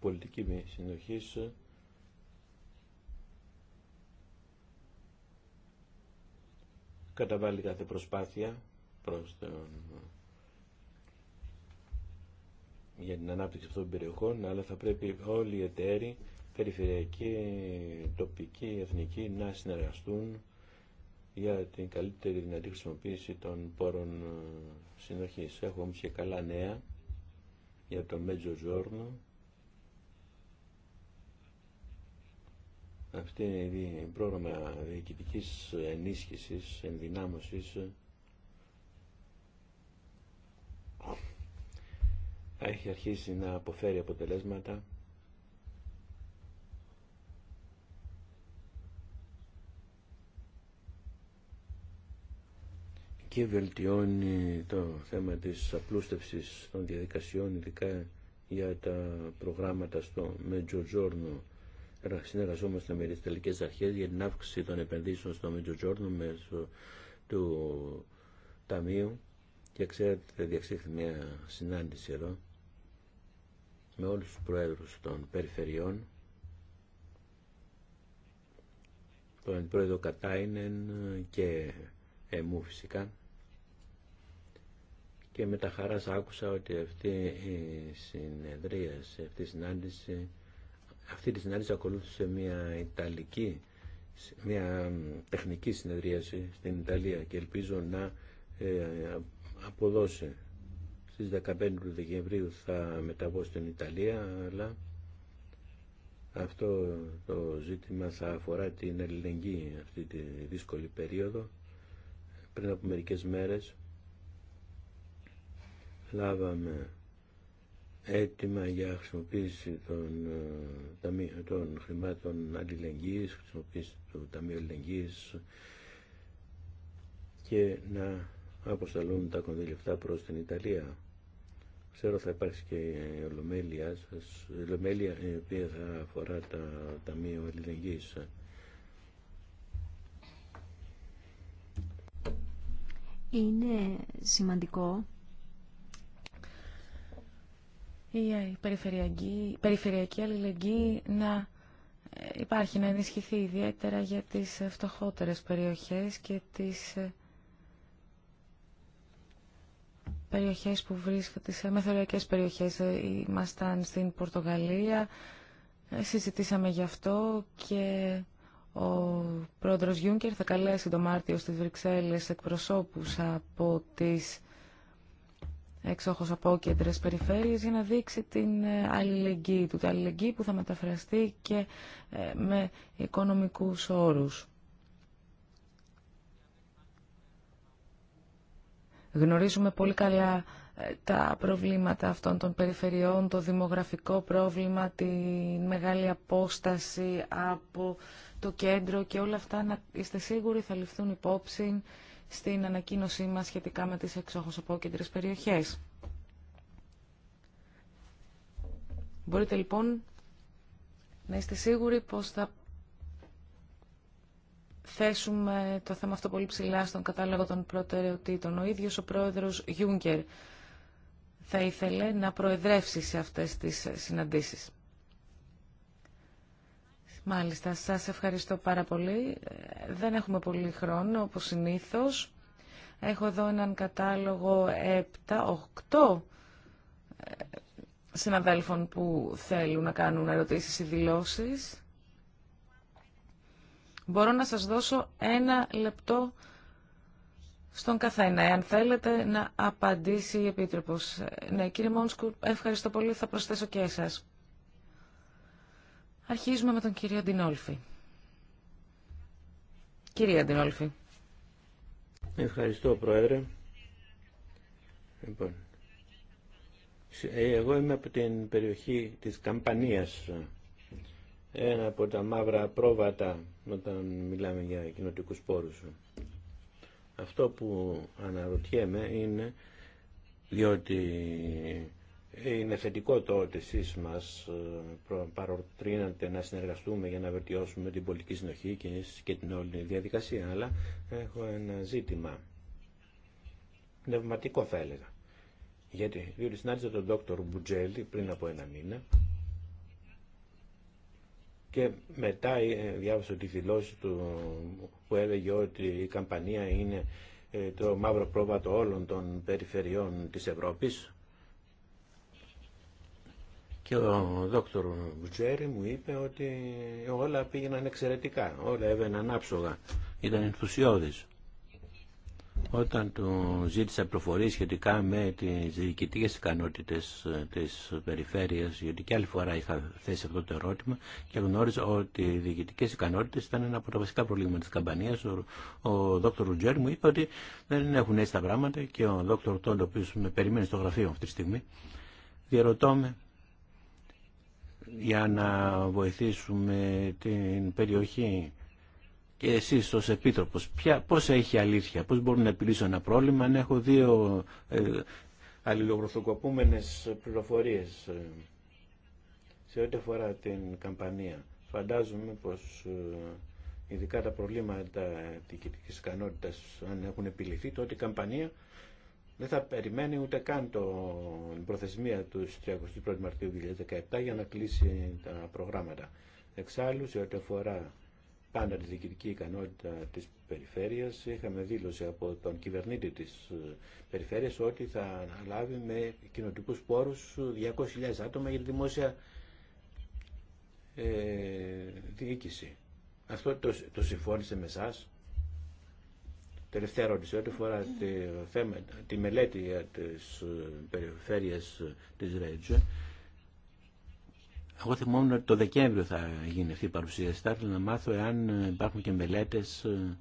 πολιτική συνοχή ε, καταβάλει κάθε προσπάθεια προς τον... για την ανάπτυξη αυτών των περιοχών, αλλά θα πρέπει όλοι οι εταίροι, περιφερειακοί, τοπικοί, εθνικοί, να συνεργαστούν για την καλύτερη δυνατή χρησιμοποίηση των πόρων ε, συνοχής. Έχω όμως και καλά νέα για το Μέτζο Ζόρνο. Αυτή είναι η πρόγραμμα διοικητικής ενίσχυσης, ενδυνάμωσης έχει αρχίσει να αποφέρει αποτελέσματα και βελτιώνει το θέμα της απλούστευσης των διαδικασιών, ειδικά για τα προγράμματα στο Μετζοτζόρνο. Συνεργαζόμαστε με τις τελικές αρχές για την αύξηση των επενδύσεων στο Μετζοτζόρνο μέσω του Ταμείου και ξέρετε διαξήχθη μια συνάντηση εδώ με όλους τους προέδρους των περιφερειών τον πρόεδρο Κατάινεν και εμού φυσικά και με τα χαράς άκουσα ότι αυτή η συνεδρία αυτή η συνάντηση αυτή τη συνάντηση ακολούθησε μια ιταλική μια τεχνική συνεδρίαση στην Ιταλία και ελπίζω να ε, αποδώσει στις 15 του Δεκεμβρίου θα μεταβώ στην Ιταλία αλλά αυτό το ζήτημα θα αφορά την ελληνική αυτή τη δύσκολη περίοδο πριν από μερικές μέρες λάβαμε έτοιμα για χρησιμοποίηση των, ε, των χρημάτων αλληλεγγύης, χρησιμοποίηση του Ταμείου Αλληλεγγύης και να αποσταλούν τα κονδύλια προς την Ιταλία. Ξέρω θα υπάρξει και η ολομέλεια, η οποία θα αφορά τα Ταμείο Αλληλεγγύης. Είναι σημαντικό η περιφερειακή, περιφερειακή αλληλεγγύη να ε, υπάρχει, να ενισχυθεί ιδιαίτερα για τις ε, φτωχότερες περιοχές και τις ε, περιοχές που βρίσκονται, σε μεθοριακές περιοχές. Ήμασταν στην Πορτογαλία, συζητήσαμε γι' αυτό και ο πρόεδρος Γιούνκερ θα καλέσει το Μάρτιο στις Βρυξέλλες εκπροσώπους από τις εξόχως απόκεντρες περιφέρειες για να δείξει την ε, αλληλεγγύη του, την αλληλεγγύη που θα μεταφραστεί και ε, με οικονομικούς όρους. Γνωρίζουμε πολύ καλά ε, τα προβλήματα αυτών των περιφερειών, το δημογραφικό πρόβλημα, τη μεγάλη απόσταση από το κέντρο και όλα αυτά να είστε σίγουροι θα ληφθούν υπόψη στην ανακοίνωσή μας σχετικά με τις εξόχως απόκεντρες περιοχές. Μπορείτε λοιπόν να είστε σίγουροι πως θα θέσουμε το θέμα αυτό πολύ ψηλά στον κατάλογο των προτεραιοτήτων. Ο ίδιος ο πρόεδρος Γιούγκερ θα ήθελε να προεδρεύσει σε αυτές τις συναντήσεις. Μάλιστα, σας ευχαριστώ πάρα πολύ. Δεν έχουμε πολύ χρόνο, όπως συνήθως. Έχω εδώ έναν κατάλογο 7, 8 ε, συναδέλφων που θέλουν να κάνουν ερωτήσεις ή δηλώσεις. Μπορώ να σας δώσω ένα λεπτό στον καθένα, εάν θέλετε να απαντήσει η Επίτροπος. Ε, ναι, κύριε Μόνσκου, ευχαριστώ πολύ, θα προσθέσω και εσάς. Αρχίζουμε με τον κύριο Ντινόλφη. Κυρία Ντινόλφη. Ευχαριστώ, Πρόεδρε. Λοιπόν, ε, εγώ είμαι από την περιοχή της Καμπανίας. Ένα από τα μαύρα πρόβατα όταν μιλάμε για κοινοτικούς πόρους. Αυτό που αναρωτιέμαι είναι διότι είναι θετικό το ότι εσείς μας ε, παροτρύνατε να συνεργαστούμε για να βελτιώσουμε την πολιτική συνοχή και την όλη διαδικασία, αλλά έχω ένα ζήτημα πνευματικό θα έλεγα. Γιατί, διότι συνάντησα τον δόκτωρ Μπουτζέλη πριν από ένα μήνα και μετά ε, διάβασα τη δηλώση του που έλεγε ότι η καμπανία είναι ε, το μαύρο πρόβατο όλων των περιφερειών της Ευρώπης και ο δόκτωρ Μπουτζέρη μου είπε ότι όλα πήγαιναν εξαιρετικά, όλα έβαιναν άψογα, ήταν ενθουσιώδης. Όταν του ζήτησα προφορίες σχετικά με τις διοικητικές ικανότητες της περιφέρειας, γιατί και άλλη φορά είχα θέσει αυτό το ερώτημα και γνώριζα ότι οι διοικητικές ικανότητες ήταν ένα από τα βασικά προβλήματα της καμπανίας. Ο, ο Δ. μου είπε ότι δεν έχουν έτσι τα πράγματα και ο δόκτωρ Τόντο, ο οποίος με περιμένει στο γραφείο αυτή τη στιγμή, διαρωτώ με για να βοηθήσουμε την περιοχή και εσείς ως Επίτροπος, ποια, πώς έχει αλήθεια, πώς μπορούμε να επιλύσω ένα πρόβλημα αν έχω δύο ε, αλληλογροθοκοπούμενες πληροφορίες ε, σε ό,τι αφορά την καμπανία. Φαντάζομαι πως ε, ειδικά τα προβλήματα ε, διοικητικής ικανότητας αν έχουν επιληθεί, προβληματα κοινωνικης ικανοτητας αν εχουν επιληθει τοτε η καμπανία δεν θα περιμένει ούτε καν την προθεσμία του 31 Μαρτίου 2017 για να κλείσει τα προγράμματα. Εξάλλου, σε ό,τι αφορά πάντα τη διοικητική ικανότητα της περιφέρειας, είχαμε δήλωση από τον κυβερνήτη της ε, περιφέρειας ότι θα αναλάβει με κοινοτικού πόρους 200.000 άτομα για τη δημόσια ε, διοίκηση. Αυτό το, το συμφώνησε με εσάς τελευταία ερώτηση, ό,τι φορά τη, θέμα, τη μελέτη για τις ε, περιφέρειες της Ρέτζε. εγώ θυμόμουν ότι το Δεκέμβριο θα γίνει αυτή η παρουσίαση. Θα ήθελα να μάθω εάν υπάρχουν και μελέτες ε,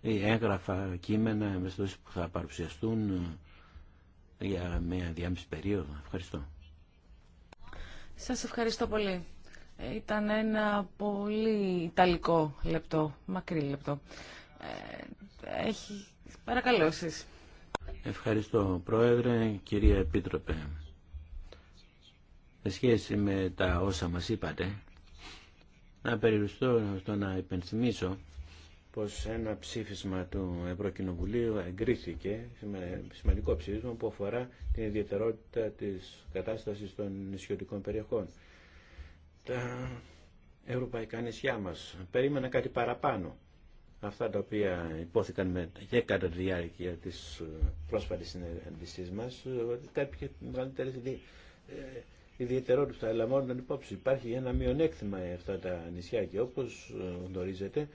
ή έγγραφα, κείμενα, εμπιστώσεις που θα παρουσιαστούν ε, για μια διάμεση περίοδο. Ευχαριστώ. Σας ευχαριστώ πολύ. Ήταν ένα πολύ ιταλικό λεπτό, μακρύ λεπτό. Ε, έχει... Παρακαλώ Ευχαριστώ Πρόεδρε, κυρία Επίτροπε. Σε σχέση με τα όσα μας είπατε, να περιοριστώ στο να υπενθυμίσω πως ένα ψήφισμα του Ευρωκοινοβουλίου εγκρίθηκε, σημαντικό ψήφισμα που αφορά την ιδιαιτερότητα της κατάστασης των νησιωτικών περιοχών. Τα ευρωπαϊκά νησιά μας περίμενα κάτι παραπάνω αυτά τα οποία υπόθηκαν με, και κατά τη διάρκεια τη ε, πρόσφατη συνέντευξή μα. ότι ε, κάποιες μεγαλύτερες ιδιαιτερότητε θα την υπόψη. Υπάρχει ένα μειονέκτημα ε, αυτά τα νησιά και όπω γνωρίζετε,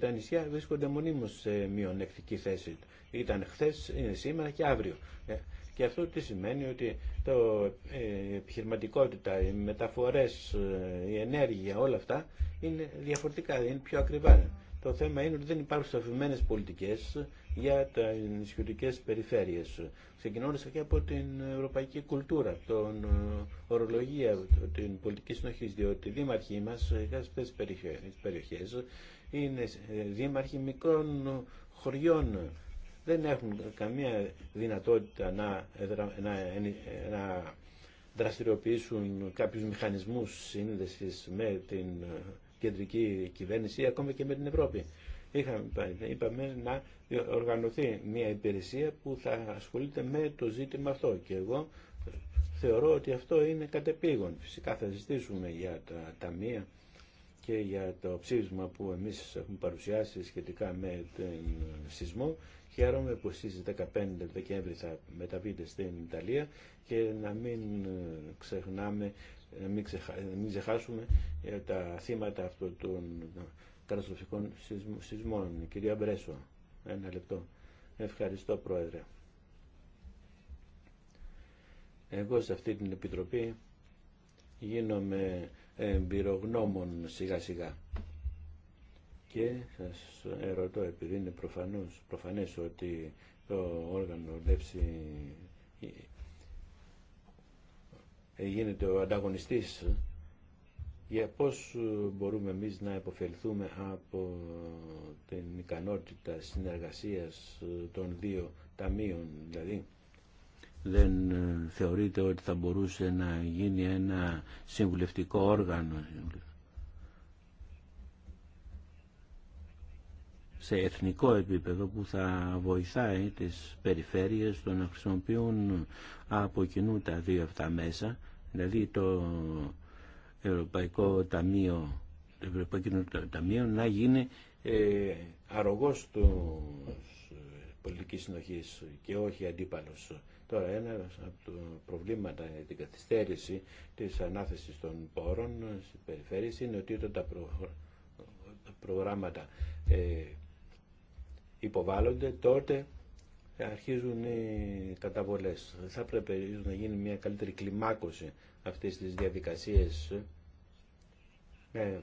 τα νησιά βρίσκονται μονίμως σε μειονεκτική θέση. Ήταν χθε είναι σήμερα και αύριο. Και αυτό τι σημαίνει ότι το, η επιχειρηματικότητα, οι μεταφορές, η ενέργεια, όλα αυτά είναι διαφορετικά, είναι πιο ακριβά το θέμα είναι ότι δεν υπάρχουν σταθμιμένες πολιτικές για τα νησιωτικές περιφέρειες. Ξεκινώντας και από την ευρωπαϊκή κουλτούρα, τον ε, ορολογία, την πολιτική συνοχή, διότι οι δήμαρχοι μας, σε περιοχές, είναι ε, δήμαρχοι μικρών χωριών. Δεν έχουν καμία δυνατότητα να, να, να δραστηριοποιήσουν κάποιους μηχανισμούς σύνδεσης με την ε, κεντρική κυβέρνηση ή ακόμα και με την Ευρώπη. Είχαμε, είπαμε να οργανωθεί μια υπηρεσία που θα ασχολείται με το ζήτημα αυτό και εγώ θεωρώ ότι αυτό είναι κατεπήγον. Φυσικά θα ζητήσουμε για τα ταμεία και για το ψήφισμα που εμείς έχουμε παρουσιάσει σχετικά με τον σεισμό. Χαίρομαι που στις 15 Δεκέμβρη θα μεταβείτε στην Ιταλία και να μην ξεχνάμε ε, να ε, μην ξεχάσουμε ε, τα θύματα αυτών των καταστροφικών σεισμών. Κυρία Μπρέσο, ένα λεπτό. Ευχαριστώ, Πρόεδρε. Εγώ σε αυτή την Επιτροπή γίνομαι εμπειρογνώμων σιγά-σιγά. Και σας ερωτώ, επειδή είναι προφανώς, προφανές ότι το όργανο δεύσει γίνεται ο ανταγωνιστής για πώς ε, μπορούμε εμείς να υποφελθούμε από την ικανότητα συνεργασίας ε, των δύο ταμείων. Δηλαδή, δεν ε, θεωρείται ότι θα μπορούσε να γίνει ένα συμβουλευτικό όργανο σε εθνικό επίπεδο που θα βοηθάει τις περιφέρειες στο να χρησιμοποιούν από κοινού τα δύο αυτά μέσα, δηλαδή το Ευρωπαϊκό Ταμείο, το Ευρωπαϊκό Ταμείο να γίνει ε, αρρωγός του πολιτικής συνοχής και όχι αντίπαλος. Τώρα ένα από τα προβλήματα για την καθυστέρηση της ανάθεσης των πόρων στην περιφέρεια είναι ότι όταν τα προγράμματα ε, υποβάλλονται, τότε αρχίζουν οι καταβολές. Θα πρέπει να γίνει μια καλύτερη κλιμάκωση αυτής της διαδικασίας ε,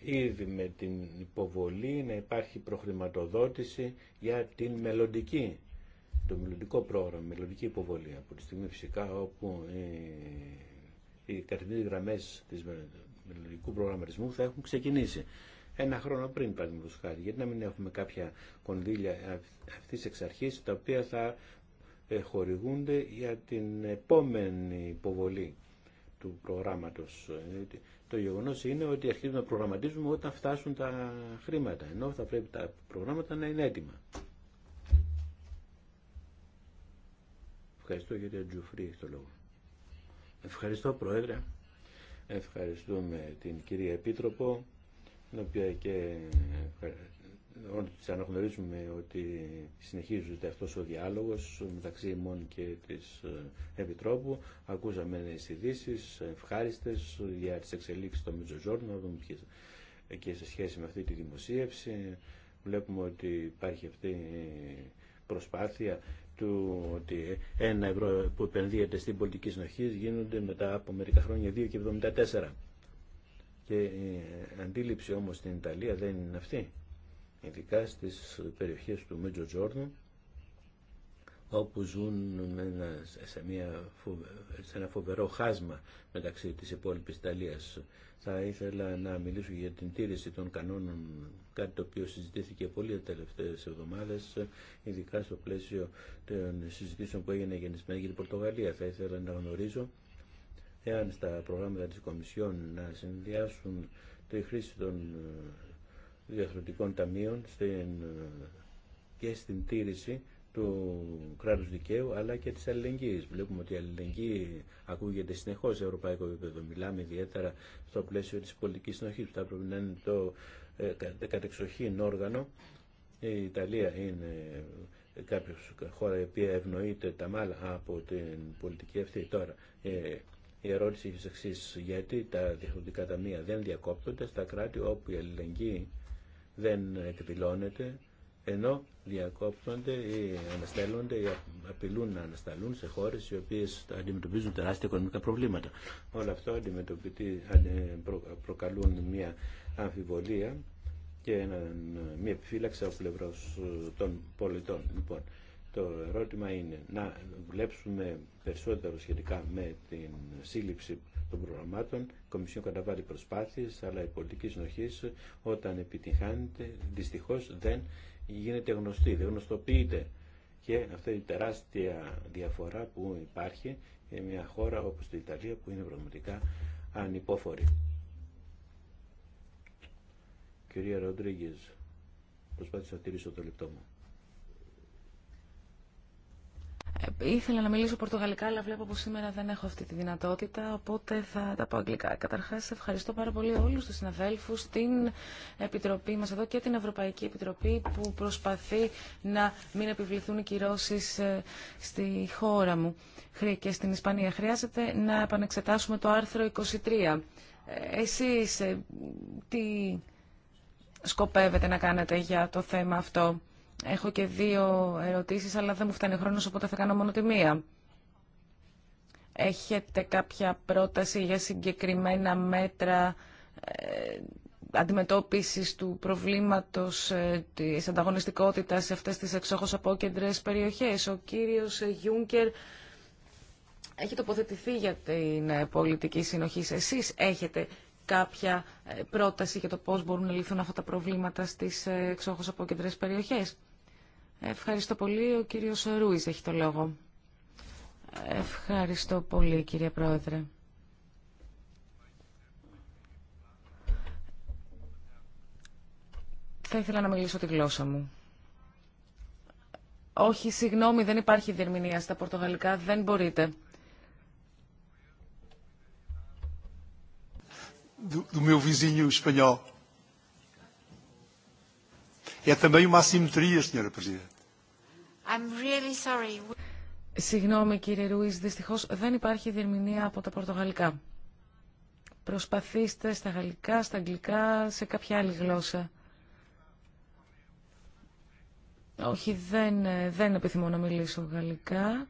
ήδη με την υποβολή να υπάρχει προχρηματοδότηση για την μελλοντική το μελλοντικό πρόγραμμα, μελλοντική υποβολή από τη στιγμή φυσικά όπου οι, οι γραμμές της μελλοντικού προγραμματισμού θα έχουν ξεκινήσει ένα χρόνο πριν, παραδείγματο χάρη. Γιατί να μην έχουμε κάποια κονδύλια αυτή εξ αρχή, τα οποία θα ε, χορηγούνται για την επόμενη υποβολή του προγράμματο. Το γεγονός είναι ότι αρχίζουμε να προγραμματίζουμε όταν φτάσουν τα χρήματα, ενώ θα πρέπει τα προγράμματα να είναι έτοιμα. Ευχαριστώ την Τζουφρή το λόγο. Ευχαριστώ Πρόεδρε. Ευχαριστούμε την κυρία Επίτροπο την οποία και ε, όλοι τις αναγνωρίζουμε ότι συνεχίζεται αυτός ο διάλογος μεταξύ ημών και της ε, Επιτρόπου. Ακούσαμε νέες ειδήσει, ευχάριστες για τις εξελίξεις στο Μιτζοζόρνο, και σε σχέση με αυτή τη δημοσίευση. Βλέπουμε ότι υπάρχει αυτή η προσπάθεια του ότι ένα ευρώ που επενδύεται στην πολιτική συνοχή γίνονται μετά από μερικά χρόνια 2,74 και η αντίληψη όμως στην Ιταλία δεν είναι αυτή, ειδικά στις περιοχές του Μέτζο Τζόρνου, όπου ζουν σε, ένα φοβερό χάσμα μεταξύ της υπόλοιπης Ιταλίας. Θα ήθελα να μιλήσω για την τήρηση των κανόνων, κάτι το οποίο συζητήθηκε πολύ τα τελευταίες εβδομάδες, ειδικά στο πλαίσιο των συζητήσεων που έγινε για την Πορτογαλία. Θα ήθελα να γνωρίζω εάν στα προγράμματα της Κομισιόν να συνδυάσουν τη χρήση των ε, διαφορετικών ταμείων στην, ε, και στην τήρηση του κράτους δικαίου αλλά και της αλληλεγγύης. Βλέπουμε ότι η αλληλεγγύη ακούγεται συνεχώς σε ευρωπαϊκό επίπεδο. Μιλάμε ιδιαίτερα στο πλαίσιο της πολιτικής συνοχής που θα πρέπει να είναι το ε, κατεξοχήν όργανο. Η Ιταλία είναι κάποια χώρα η οποία ευνοείται τα μάλα από την πολιτική αυτή. Τώρα, η ερώτηση έχει εξή, γιατί τα διευθυντικά ταμεία δεν διακόπτονται στα κράτη όπου η αλληλεγγύη δεν εκδηλώνεται, ενώ διακόπτονται ή αναστέλλονται ή απειλούν να ανασταλούν σε χωρε οι οποίες αντιμετωπίζουν τεράστια οικονομικά προβλήματα. Όλα αυτά προκαλούν μια αμφιβολία και μια επιφύλαξη από πλευρά ε, των πολιτών. Λοιπόν, το ερώτημα είναι να δουλέψουμε περισσότερο σχετικά με την σύλληψη των προγραμμάτων. Η Κομισιόν καταβάλει προσπάθειες, αλλά η πολιτική συνοχή όταν επιτυχάνεται δυστυχώς δεν γίνεται γνωστή, δεν γνωστοποιείται. Και αυτή η τεράστια διαφορά που υπάρχει για μια χώρα όπως την Ιταλία που είναι πραγματικά ανυπόφορη. Κυρία Ροντρίγκης, προσπάθησα να τηρήσω το λεπτό μου. Ήθελα να μιλήσω πορτογαλικά, αλλά βλέπω πως σήμερα δεν έχω αυτή τη δυνατότητα, οπότε θα τα πω αγγλικά. Καταρχάς, ευχαριστώ πάρα πολύ όλους τους συναδέλφους, την Επιτροπή μας εδώ και την Ευρωπαϊκή Επιτροπή που προσπαθεί να μην επιβληθούν οι κυρώσεις ε, στη χώρα μου και στην Ισπανία. Χρειάζεται να επανεξετάσουμε το άρθρο 23. Ε, εσείς ε, τι σκοπεύετε να κάνετε για το θέμα αυτό. Έχω και δύο ερωτήσεις, αλλά δεν μου φτάνει χρόνος, οπότε θα κάνω μόνο τη μία. Έχετε κάποια πρόταση για συγκεκριμένα μέτρα ε, αντιμετώπισης του προβλήματος ε, της ανταγωνιστικότητας σε αυτές τις εξόχως απόκεντρες περιοχές. Ο κύριος Γιούνκερ έχει τοποθετηθεί για την ε, πολιτική συνοχή. Εσείς έχετε κάποια ε, πρόταση για το πώς μπορούν να λυθούν αυτά τα προβλήματα στις ε, εξόχως απόκεντρες περιοχές. Ευχαριστώ πολύ. Ο κύριος Ρούις έχει το λόγο. Ευχαριστώ πολύ κύριε Πρόεδρε. Θα ήθελα να μιλήσω τη γλώσσα μου. Όχι, συγγνώμη, δεν υπάρχει διερμηνία στα πορτογαλικά, δεν μπορείτε. do meu vizinho espanhol. É também uma assimetria, Sra. Presidente. Συγγνώμη κύριε Ρουίς, δυστυχώς δεν υπάρχει διερμηνία από τα πορτογαλικά. Προσπαθήστε στα γαλλικά, στα αγγλικά, σε κάποια άλλη γλώσσα. Όχι, δεν, δεν επιθυμώ να μιλήσω γαλλικά.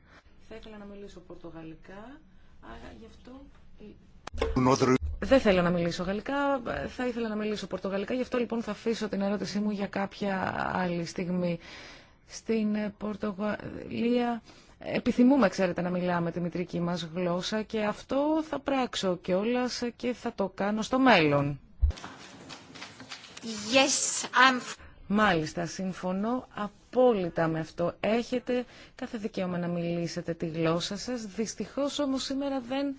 Θα ήθελα να μιλήσω πορτογαλικά, αλλά γι' αυτό... Δεν θέλω να μιλήσω γαλλικά, θα ήθελα να μιλήσω πορτογαλικά, γι' αυτό λοιπόν θα αφήσω την ερώτησή μου για κάποια άλλη στιγμή. Στην Πορτογαλία επιθυμούμε, ξέρετε, να μιλάμε τη μητρική μας γλώσσα και αυτό θα πράξω κιόλα και θα το κάνω στο μέλλον. Yes, I'm... Μάλιστα, συμφωνώ απόλυτα με αυτό. Έχετε κάθε δικαίωμα να μιλήσετε τη γλώσσα σας. Δυστυχώς όμως σήμερα δεν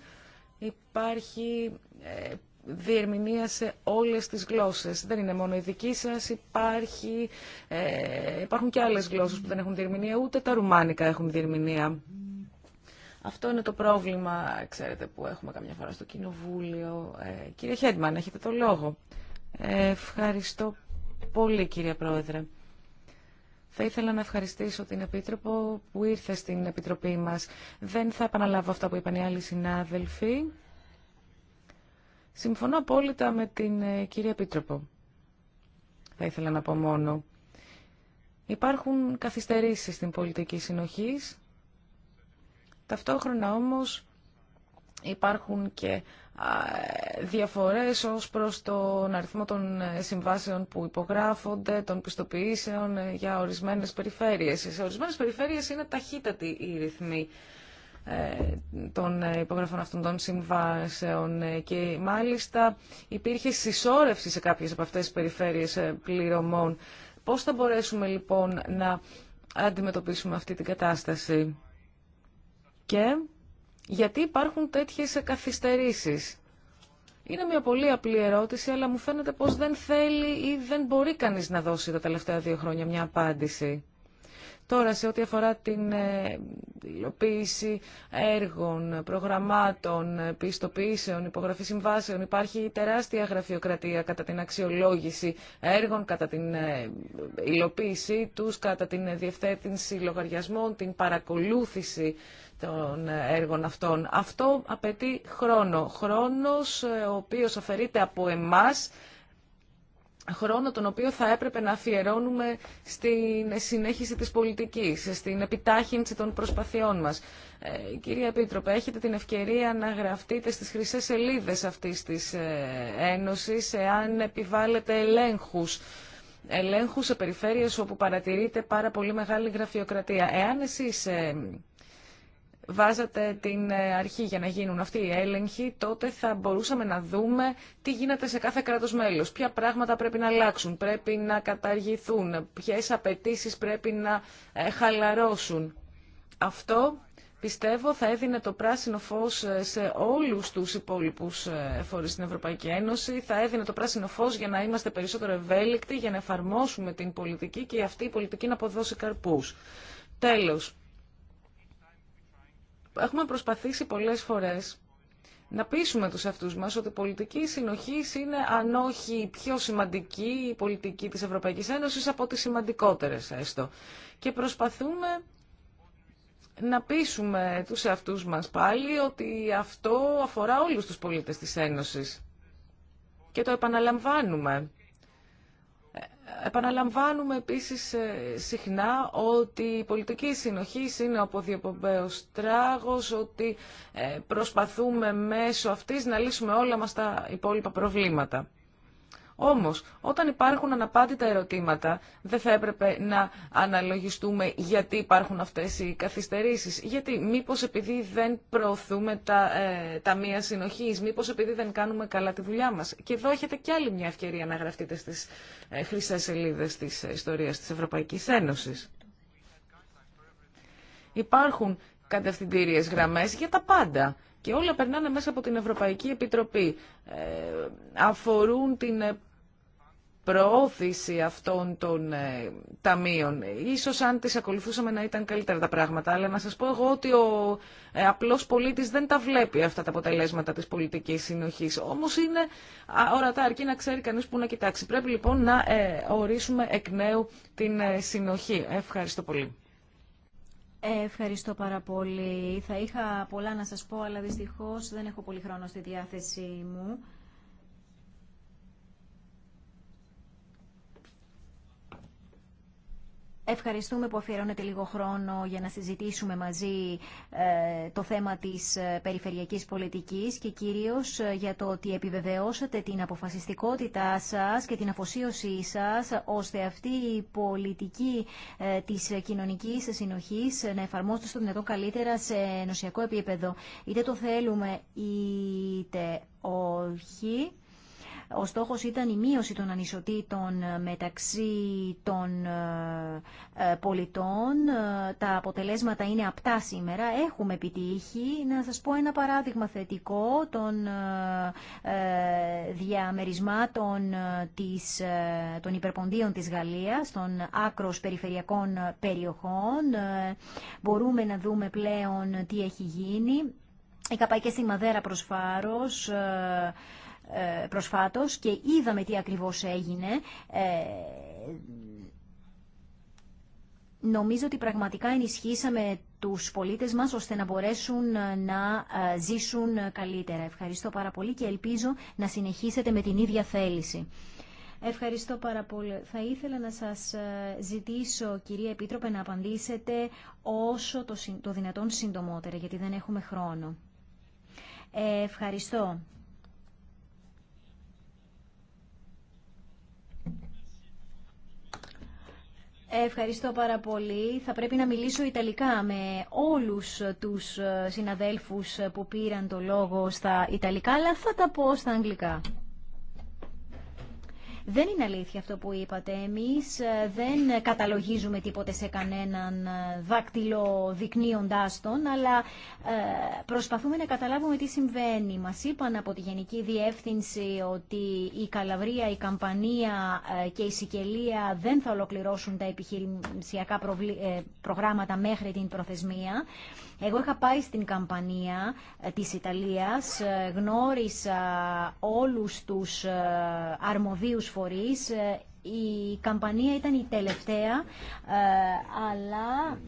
υπάρχει ε, διερμηνία σε όλες τις γλώσσες. Δεν είναι μόνο η δική σας, υπάρχει, ε, υπάρχουν και άλλες γλώσσες που δεν έχουν διερμηνία, ούτε τα ρουμάνικα έχουν διερμηνία. Αυτό είναι το πρόβλημα, ξέρετε, που έχουμε καμιά φορά στο Κοινοβούλιο. Ε, κύριε Χέντμαν, έχετε το λόγο. Ε, ευχαριστώ πολύ, κύριε Πρόεδρε. Θα ήθελα να ευχαριστήσω την Επίτροπο που ήρθε στην Επιτροπή μας. Δεν θα επαναλάβω αυτά που είπαν οι άλλοι συνάδελφοι. Συμφωνώ απόλυτα με την ε, κυρία Επίτροπο. Θα ήθελα να πω μόνο. Υπάρχουν καθυστερήσεις στην πολιτική συνοχής. Ταυτόχρονα όμως υπάρχουν και διαφορές ως προς τον αριθμό των ε, συμβάσεων που υπογράφονται, των πιστοποιήσεων ε, για ορισμένες περιφέρειες. Σε ορισμένες περιφέρειες είναι ταχύτατη η ρυθμή ε, των υπογραφών αυτών των συμβάσεων και μάλιστα υπήρχε συσσόρευση σε κάποιες από αυτές τις περιφέρειες πληρωμών. Πώς θα μπορέσουμε λοιπόν να αντιμετωπίσουμε αυτή την κατάσταση και γιατί υπάρχουν τέτοιες καθυστερήσεις. Είναι μια πολύ απλή ερώτηση, αλλά μου φαίνεται πως δεν θέλει ή δεν μπορεί κανείς να δώσει τα τελευταία δύο χρόνια μια απάντηση. Τώρα, σε ό,τι αφορά την ε, υλοποίηση έργων, προγραμμάτων, πιστοποιήσεων, υπογραφή συμβάσεων, υπάρχει τεράστια γραφειοκρατία κατά την αξιολόγηση έργων, κατά την ε, υλοποίησή τους, κατά την διευθέτηση λογαριασμών, την παρακολούθηση των έργων αυτών. Αυτό απαιτεί χρόνο. Χρόνος ε, ο οποίος αφαιρείται από εμάς, χρόνο τον οποίο θα έπρεπε να αφιερώνουμε στην συνέχιση της πολιτικής, στην επιτάχυνση των προσπαθειών μας. Ε, κυρία Επίτροπε, έχετε την ευκαιρία να γραφτείτε στις χρυσές σελίδες αυτής της ε, Ένωσης, εάν επιβάλλετε ελέγχους ελέγχου σε περιφέρειες όπου παρατηρείται πάρα πολύ μεγάλη γραφειοκρατία. Εάν εσείς ε, βάζατε την ε, αρχή για να γίνουν αυτοί οι έλεγχοι, τότε θα μπορούσαμε να δούμε τι γίνεται σε κάθε κράτος μέλος, ποια πράγματα πρέπει να αλλάξουν, πρέπει να καταργηθούν, ποιες απαιτήσει πρέπει να ε, χαλαρώσουν. Αυτό πιστεύω θα έδινε το πράσινο φως ε, σε όλους τους υπόλοιπους φορείς στην Ευρωπαϊκή Ένωση, θα έδινε το πράσινο φως για να είμαστε περισσότερο ευέλικτοι, για να εφαρμόσουμε την πολιτική και αυτή η πολιτική να αποδώσει καρπούς. Τέλος, έχουμε προσπαθήσει πολλές φορές να πείσουμε τους αυτούς μας ότι η πολιτική συνοχή είναι αν όχι η πιο σημαντική η πολιτική της Ευρωπαϊκής Ένωσης από τις σημαντικότερες έστω. Και προσπαθούμε να πείσουμε τους αυτούς μας πάλι ότι αυτό αφορά όλους τους πολίτες της Ένωσης. Και το επαναλαμβάνουμε. Επαναλαμβάνουμε επίσης ε, συχνά ότι η πολιτική συνοχή είναι ο τράγος, ότι ε, προσπαθούμε μέσω αυτής να λύσουμε όλα μας τα υπόλοιπα προβλήματα. Όμως, όταν υπάρχουν αναπάντητα ερωτήματα, δεν θα έπρεπε να αναλογιστούμε γιατί υπάρχουν αυτές οι καθυστερήσεις. Γιατί μήπως επειδή δεν προωθούμε τα ε, ταμεία συνοχής, μήπως επειδή δεν κάνουμε καλά τη δουλειά μας. Και εδώ έχετε κι άλλη μια ευκαιρία να γραφτείτε στις ε, χρυσές σελίδες της ιστορίας της Ευρωπαϊκής Ένωσης. Υπάρχουν κατευθυντήριες γραμμές για τα πάντα. Και όλα περνάνε μέσα από την Ευρωπαϊκή Επιτροπή. Ε, αφορούν την προώθηση αυτών των ε, ταμείων. Ίσως αν τις ακολουθούσαμε να ήταν καλύτερα τα πράγματα, αλλά να σας πω εγώ ότι ο ε, απλός πολίτης δεν τα βλέπει αυτά τα αποτελέσματα της πολιτικής συνοχής. Όμως είναι ορατά αρκεί να ξέρει κανείς που να κοιτάξει. Πρέπει λοιπόν να ε, ορίσουμε εκ νέου την ε, συνοχή. Ευχαριστώ πολύ. Ευχαριστώ πάρα πολύ. Θα είχα πολλά να σας πω, αλλά δυστυχώς δεν έχω πολύ χρόνο στη διάθεσή μου. Ευχαριστούμε που αφιερώνετε λίγο χρόνο για να συζητήσουμε μαζί ε, το θέμα της ε, περιφερειακής πολιτικής και κυρίως ε, για το ότι επιβεβαιώσατε την αποφασιστικότητά σας και την αφοσίωσή σας ώστε αυτή η πολιτική της κοινωνικής συνοχής να εφαρμόζεται στο δυνατό καλύτερα σε ενωσιακό επίπεδο. Είτε το θέλουμε είτε όχι ο στόχος ήταν η μείωση των ανισοτήτων μεταξύ των ε, ε, πολιτών. Ε, τα αποτελέσματα είναι απτά σήμερα. Έχουμε επιτύχει. Να σας πω ένα παράδειγμα θετικό των διαμερισμάτων της, των υπερποντίων της Γαλλίας, των άκρος περιφερειακών περιοχών. Μπορούμε να δούμε πλέον τι έχει γίνει. Είχα πάει και στη Μαδέρα προς ε, προσφάτως και είδαμε τι ακριβώς έγινε. Ε, νομίζω ότι πραγματικά ενισχύσαμε τους πολίτες μας ώστε να μπορέσουν ε, να ζήσουν καλύτερα. Ευχαριστώ πάρα πολύ και ελπίζω να συνεχίσετε με την ίδια θέληση. Ευχαριστώ πάρα πολύ. Θα ήθελα να σας ζητήσω, κυρία Επίτροπε, να απαντήσετε όσο το δυνατόν συντομότερα, γιατί δεν έχουμε χρόνο. Ευχαριστώ. Ευχαριστώ πάρα πολύ. Θα πρέπει να μιλήσω Ιταλικά με όλους τους ε, συναδέλφους που πήραν το λόγο στα Ιταλικά, αλλά θα τα πω στα Αγγλικά. Δεν είναι αλήθεια αυτό που είπατε. Εμείς ε, δεν καταλογίζουμε τίποτε σε κανέναν ε, δάκτυλο δεικνύοντάς τον, αλλά ε, προσπαθούμε να καταλάβουμε τι συμβαίνει. Μας είπαν από τη Γενική Διεύθυνση ότι η Καλαβρία, η Καμπανία και η Σικελία δεν θα ολοκληρώσουν τα επιχειρησιακά προγράμματα μέχρι την προθεσμία. Εγώ είχα πάει στην καμπανία ε, της Ιταλίας, ε, γνώρισα όλους τους ε, αρμοδίους φορείς, η καμπανία ήταν η τελευταία, αλλά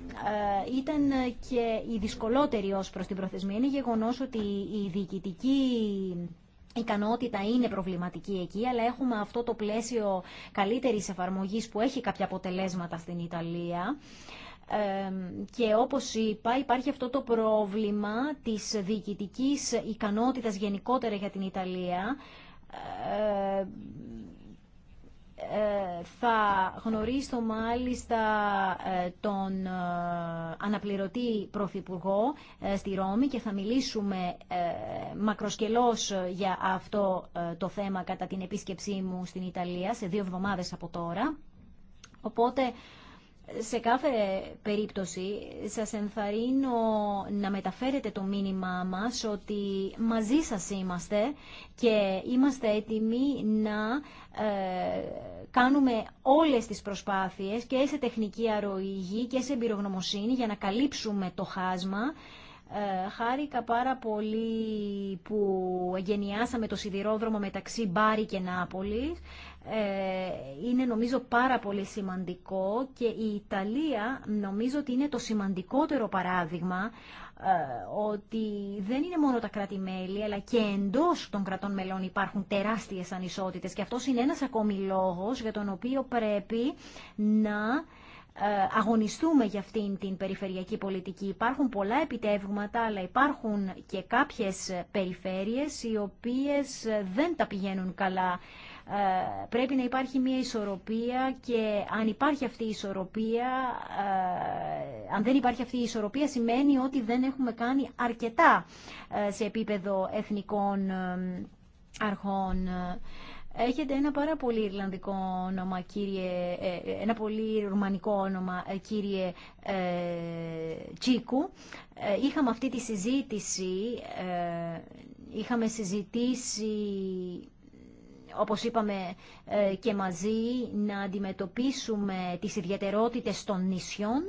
ήταν και η δυσκολότερη ως προς την προθεσμία. Είναι γεγονός ότι η διοικητική ικανότητα είναι προβληματική εκεί, αλλά έχουμε αυτό το πλαίσιο καλύτερης εφαρμογής που έχει κάποια αποτελέσματα στην Ιταλία και όπως είπα υπάρχει αυτό το πρόβλημα της διοικητικής ικανότητας γενικότερα για την Ιταλία. Ε, ε, θα γνωρίσω μάλιστα ε, τον αναπληρωτή πρωθυπουργό στη Ρώμη και θα μιλήσουμε μακροσκελώς για αυτό το θέμα κατά την επίσκεψή μου στην Ιταλία σε δύο εβδομάδες από τώρα. Οπότε σε κάθε περίπτωση σας ενθαρρύνω να μεταφέρετε το μήνυμά μας ότι μαζί σας είμαστε και είμαστε έτοιμοι να ε, κάνουμε όλες τις προσπάθειες και σε τεχνική αρρωγή και σε εμπειρογνωμοσύνη για να καλύψουμε το χάσμα. Ε, χάρηκα πάρα πολύ που εγγενιάσαμε το σιδηρόδρομο μεταξύ Μπάρι και Νάπολης. Ε, είναι νομίζω πάρα πολύ σημαντικό και η Ιταλία νομίζω ότι είναι το σημαντικότερο παράδειγμα ε, ότι δεν είναι μόνο τα κράτη-μέλη, αλλά και εντός των κρατών μελών υπάρχουν τεράστιες ανισότητες και αυτός είναι ένας ακόμη λόγος για τον οποίο πρέπει να ε, αγωνιστούμε για αυτήν την περιφερειακή πολιτική. Υπάρχουν πολλά επιτεύγματα, αλλά υπάρχουν και κάποιες περιφέρειες οι οποίες δεν τα πηγαίνουν καλά. Ε, πρέπει να υπάρχει μια ισορροπία και αν υπάρχει αυτή η ισορροπία, ε, αν δεν υπάρχει αυτή η ισορροπία σημαίνει ότι δεν έχουμε κάνει αρκετά ε, σε επίπεδο εθνικών αρχών. Έχετε ένα πάρα πολύ Ιρλανδικό όνομα, ένα πολύ Ρουμανικό όνομα, κύριε ε, Τσίκου. Είχαμε αυτή τη συζήτηση, είχαμε συζητήσει όπως είπαμε ε, και μαζί, να αντιμετωπίσουμε τις ιδιαιτερότητες των νησιών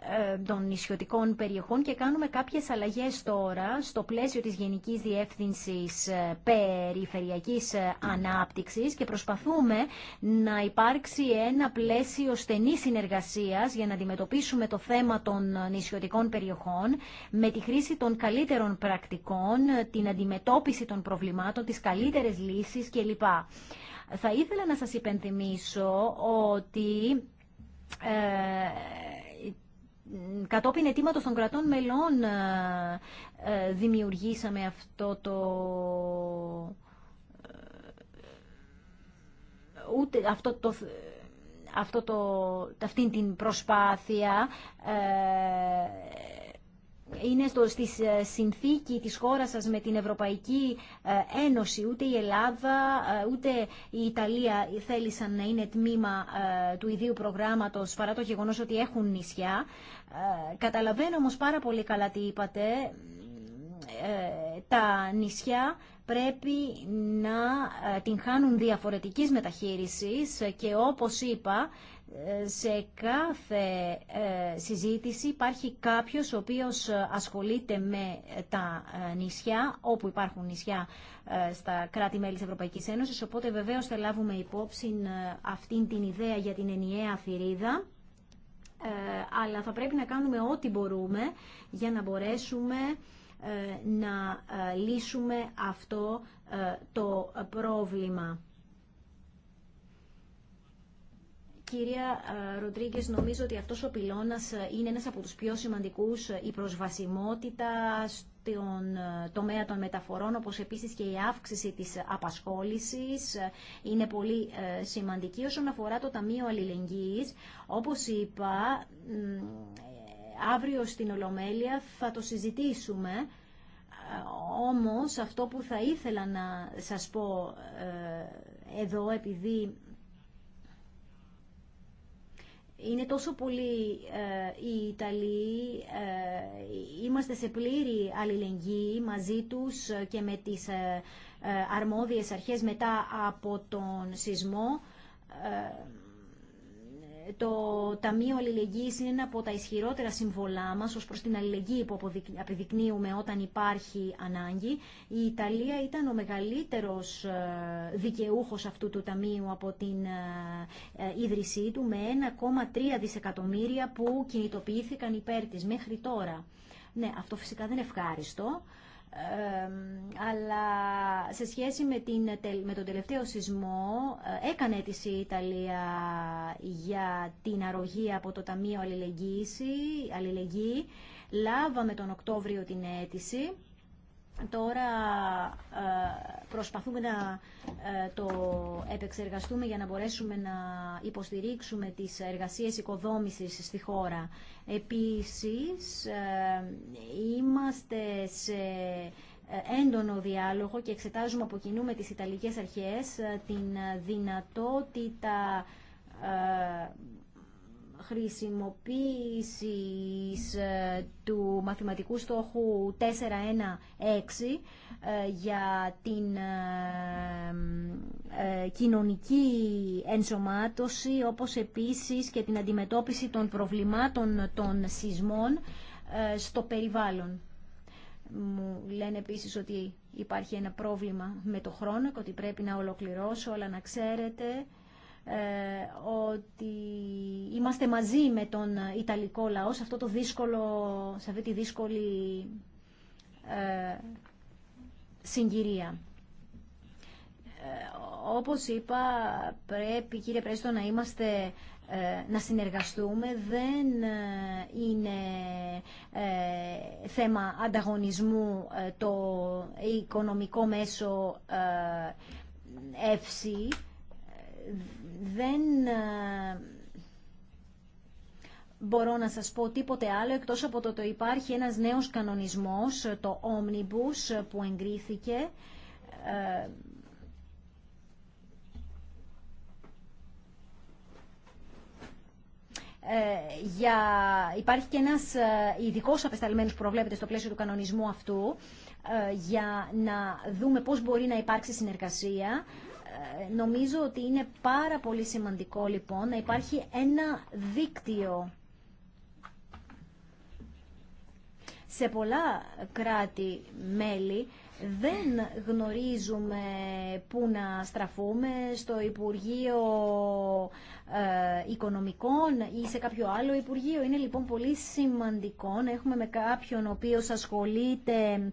ε, των νησιωτικών περιοχών και κάνουμε κάποιες αλλαγές τώρα στο πλαίσιο της Γενικής Διεύθυνσης ε, Περιφερειακής ε, Ανάπτυξης και προσπαθούμε να υπάρξει ένα πλαίσιο στενή συνεργασίας για να αντιμετωπίσουμε το θέμα των νησιωτικών περιοχών με τη χρήση των καλύτερων πρακτικών, την αντιμετώπιση των προβλημάτων, τις καλύτερες λύσεις κλπ. Θα ήθελα να σας υπενθυμίσω ότι κατόπιν αιτήματος των κρατών μελών ε, ε, δημιουργήσαμε αυτό το... Ε, ούτε αυτό το, αυτό το, αυτήν την προσπάθεια είναι στο, στη ε, συνθήκη της χώρας σας με την Ευρωπαϊκή ε, Ένωση. Ούτε η Ελλάδα, ε, ούτε η Ιταλία θέλησαν να είναι τμήμα του ιδίου προγράμματος, παρά το γεγονός ότι έχουν νησιά. Καταλαβαίνω όμως πάρα πολύ καλά τι είπατε. Τα νησιά πρέπει να την χάνουν διαφορετικής μεταχείρισης και όπως είπα σε κάθε ε, συζήτηση υπάρχει κάποιος ο οποίος ασχολείται με τα ε, νησιά, όπου υπάρχουν νησιά ε, στα κράτη-μέλη της Ευρωπαϊκής Ένωσης, οπότε βεβαίως θα λάβουμε υπόψη αυτήν την ιδέα για την ενιαία θηρίδα. αλλά θα πρέπει να κάνουμε ό,τι μπορούμε για να μπορέσουμε να λύσουμε αυτό το πρόβλημα. Κυρία ε, Ροντρίγκε, νομίζω ότι αυτός ο πυλώνας ε, είναι ένας από του πιο σημαντικού ε, η προσβασιμότητα στον τομέα των μεταφορών, όπως επίσης και η αύξηση της απασχόλησης είναι πολύ σημαντική. Όσον αφορά το Ταμείο Αλληλεγγύης, όπως είπα, αύριο στην Ολομέλεια θα το συζητήσουμε όμως αυτό που θα ήθελα να σας πω εδώ επειδή είναι τόσο πολύ ε, οι Ιταλοί, ε, είμαστε σε πλήρη αλληλεγγύη μαζί τους ε, και με τις ε, ε, αρμόδιες αρχές μετά από τον σεισμό το Ταμείο Αλληλεγγύης είναι ένα από τα ισχυρότερα συμβολά μας ως προς την αλληλεγγύη που επιδεικνύουμε όταν υπάρχει ανάγκη. Η Ιταλία ήταν ο μεγαλύτερος ε, δικαιούχος αυτού του Ταμείου από την ε, ε, ίδρυσή του με 1,3 δισεκατομμύρια που κινητοποιήθηκαν υπέρ της μέχρι τώρα. Ναι, αυτό φυσικά δεν είναι ευχάριστο αλλά σε σχέση με, την, τον τελευταίο σεισμό ε, έκανε αίτηση η Ιταλία για την αρρωγή από το Ταμείο Αλληλεγγύη. Λάβαμε τον Οκτώβριο την αίτηση Τώρα ε, προσπαθούμε να ε, το επεξεργαστούμε για να μπορέσουμε να υποστηρίξουμε τις εργασίες οικοδόμησης στη χώρα. Επίσης, ε, είμαστε σε έντονο διάλογο και εξετάζουμε από κοινού με τις Ιταλικές Αρχές την δυνατότητα χρησιμοποίησης ε, του μαθηματικού στόχου 416 ε, για την ε, κοινωνική ενσωμάτωση όπως επίσης και την αντιμετώπιση των προβλημάτων των σεισμών στο περιβάλλον. Μου λένε επίσης ότι υπάρχει ένα πρόβλημα με το χρόνο και ότι πρέπει να ολοκληρώσω, αλλά να ξέρετε ε, ότι είμαστε μαζί με τον Ιταλικό λαό σε, αυτό το δύσκολο, σε αυτή τη δύσκολη ε, συγκυρία. Ε, όπως είπα, πρέπει κύριε Πρέστο να είμαστε να συνεργαστούμε δεν είναι θέμα ανταγωνισμού το οικονομικό μέσο ε, δεν ε, μπορώ να σας πω τίποτε άλλο εκτός από το ότι υπάρχει ένας νέος κανονισμός, το Omnibus που εγκρίθηκε ε, για... υπάρχει και ένας ε, ειδικό απεσταλμένος που προβλέπεται στο πλαίσιο του κανονισμού αυτού για να δούμε πώς μπορεί να υπάρξει συνεργασία ε, νομίζω ότι είναι πάρα πολύ σημαντικό λοιπόν να υπάρχει ένα δίκτυο σε πολλά κράτη-μέλη δεν γνωρίζουμε πού να στραφούμε στο Υπουργείο ε, Οικονομικών ή σε κάποιο άλλο Υπουργείο. Είναι λοιπόν πολύ σημαντικό να έχουμε με κάποιον ο οποίος ασχολείται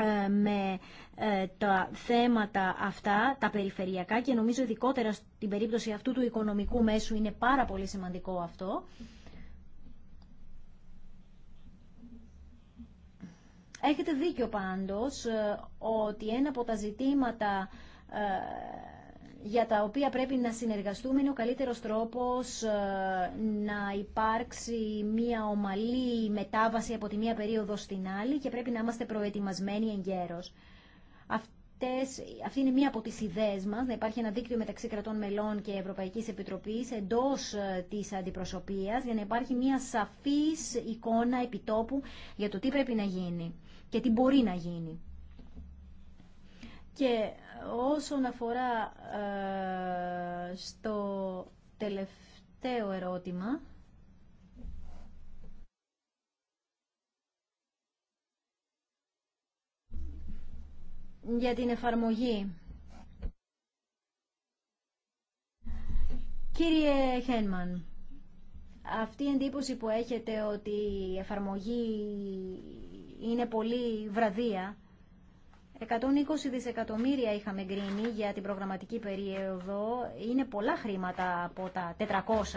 ε, με ε, τα θέματα αυτά, τα περιφερειακά και νομίζω ειδικότερα στην περίπτωση αυτού του οικονομικού μέσου είναι πάρα πολύ σημαντικό αυτό. Έχετε δίκιο πάντως ε, ότι ένα από τα ζητήματα για τα οποία πρέπει να συνεργαστούμε είναι ο καλύτερος τρόπος ε, να υπάρξει μια ομαλή μετάβαση από τη μία περίοδο στην άλλη και πρέπει να είμαστε προετοιμασμένοι εν Αυτές Αυτή είναι μία από τις ιδέες μας, να υπάρχει ένα δίκτυο μεταξύ κρατών μελών και Ευρωπαϊκής Επιτροπής εντός ε, της αντιπροσωπείας για να υπάρχει μία σαφής εικόνα επιτόπου για το τι πρέπει να γίνει και τι μπορεί να γίνει. Και Όσον αφορά ε, στο τελευταίο ερώτημα, για την εφαρμογή. Κύριε Χένμαν, αυτή η εντύπωση που έχετε ότι η εφαρμογή είναι πολύ βραδία, 120 δισεκατομμύρια είχαμε γκρίνει για την προγραμματική περίοδο. Είναι πολλά χρήματα από τα 400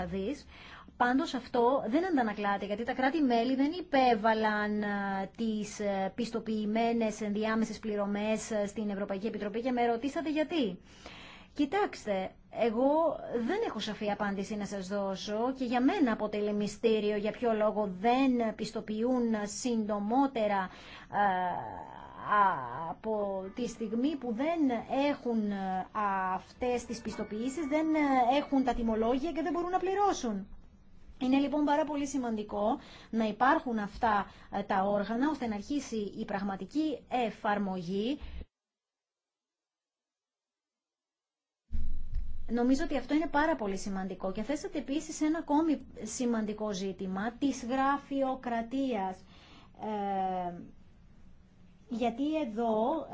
δις. Πάντως αυτό δεν αντανακλάται γιατί τα κράτη-μέλη δεν υπέβαλαν ε, τις ε, πιστοποιημένες ενδιάμεσες πληρωμές ε, στην Ευρωπαϊκή Επιτροπή και με ρωτήσατε γιατί. Κοιτάξτε, εγώ δεν έχω σαφή απάντηση να σας δώσω και για μένα αποτελεί μυστήριο για ποιο λόγο δεν πιστοποιούν συντομότερα από τη στιγμή που δεν έχουν ε, αυτές τις πιστοποιήσεις, δεν ε, έχουν τα τιμολόγια και δεν μπορούν να πληρώσουν. Είναι λοιπόν πάρα πολύ σημαντικό να υπάρχουν αυτά ε, τα όργανα ώστε να αρχίσει η πραγματική εφαρμογή. Νομίζω ότι αυτό είναι πάρα πολύ σημαντικό και θέσατε επίσης ένα ακόμη σημαντικό ζήτημα της γραφειοκρατίας γιατί εδώ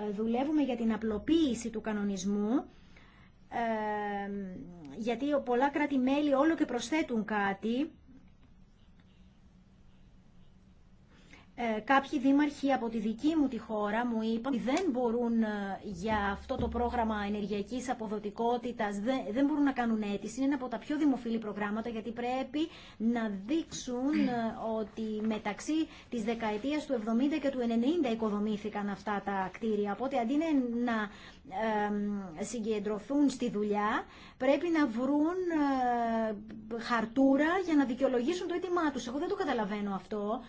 ε, δουλεύουμε για την απλοποίηση του κανονισμού, ε, γιατί πολλά κράτη-μέλη όλο και προσθέτουν κάτι Ε, κάποιοι δήμαρχοι από τη δική μου τη χώρα μου είπαν ότι δεν μπορούν ε, για αυτό το πρόγραμμα ενεργειακής αποδοτικότητας, δεν, μπορούν να κάνουν αίτηση. Είναι ένα από τα πιο δημοφιλή προγράμματα γιατί πρέπει να δείξουν ε, ότι μεταξύ της δεκαετίας του 70 και του 90 οικοδομήθηκαν αυτά τα κτίρια. Οπότε αντί να ε, συγκεντρωθούν στη δουλειά, πρέπει να βρουν ε, χαρτούρα για να δικαιολογήσουν το αίτημά τους. Εγώ δεν το καταλαβαίνω αυτό.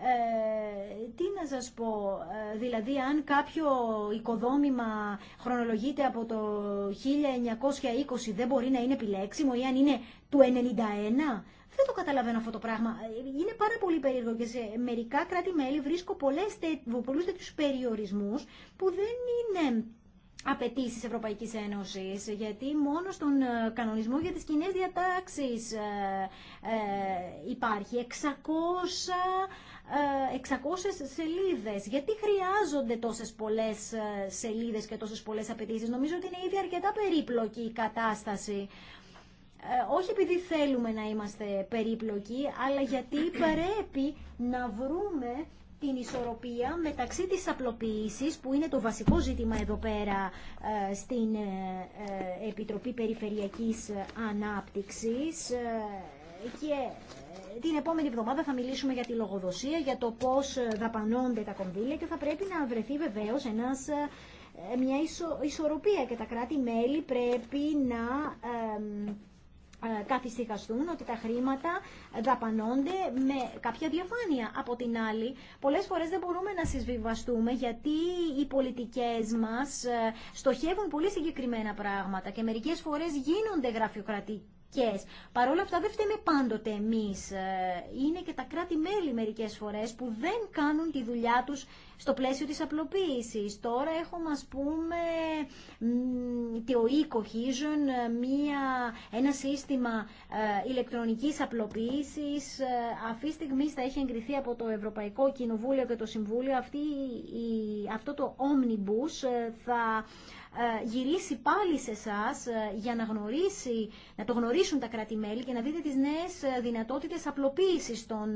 Ε, τι να σας πω, ε, δηλαδή αν κάποιο οικοδόμημα χρονολογείται από το 1920 δεν μπορεί να είναι επιλέξιμο ή αν είναι του 91, δεν το καταλαβαίνω αυτό το πράγμα. Ε, είναι πάρα πολύ περίεργο και σε μερικά κράτη-μέλη βρίσκω πολλούς τέτοιους περιορισμούς που δεν είναι απαιτήσει Ευρωπαϊκή Ένωση, γιατί μόνο στον κανονισμό για τι κοινέ διατάξει υπάρχει 600 600 σελίδες. Γιατί χρειάζονται τόσες πολλές ε, σελίδες και τόσες πολλές απαιτήσει. Νομίζω ότι είναι ήδη αρκετά περίπλοκη η κατάσταση. Ε, όχι επειδή θέλουμε να είμαστε περίπλοκοι, αλλά γιατί πρέπει να βρούμε την ισορροπία μεταξύ της απλοποίησης, που είναι το βασικό ζήτημα εδώ πέρα ε, στην Επιτροπή Περιφερειακής Ανάπτυξης, και την επόμενη εβδομάδα θα μιλήσουμε για τη λογοδοσία, για το πώς ε, δαπανώνται τα κονδύλια και θα πρέπει να βρεθεί βεβαίω ένας, ε, ε, μια ισορροπία και τα κράτη-μέλη πρέπει να καθυσυχαστούν ότι τα χρήματα δαπανώνται με κάποια διαφάνεια. Από την άλλη, πολλές φορές δεν μπορούμε να συσβιβαστούμε γιατί οι πολιτικές μας στοχεύουν πολύ συγκεκριμένα πράγματα και μερικές φορές γίνονται γραφειοκρατικοί. Παρ' όλα αυτά δεν φταίμε πάντοτε εμείς. Ε, είναι και τα κράτη-μέλη μερικές φορές που δεν κάνουν τη δουλειά τους στο πλαίσιο της απλοποίησης. Τώρα έχουμε ας πούμε τη e-cohesion, ε, ένα σύστημα ε, ηλεκτρονικής απλοποίησης. Αυτή τη στιγμή θα έχει εγκριθεί από το Ευρωπαϊκό Κοινοβούλιο και το Συμβούλιο. Αυτή, αυτό το Omnibus θα ε, γυρίσει πάλι σε εσά ε, για να, γνωρίσει, να το γνωρίσουν τα κράτη-μέλη και να δείτε τις νέες ε, δυνατότητες απλοποίησης των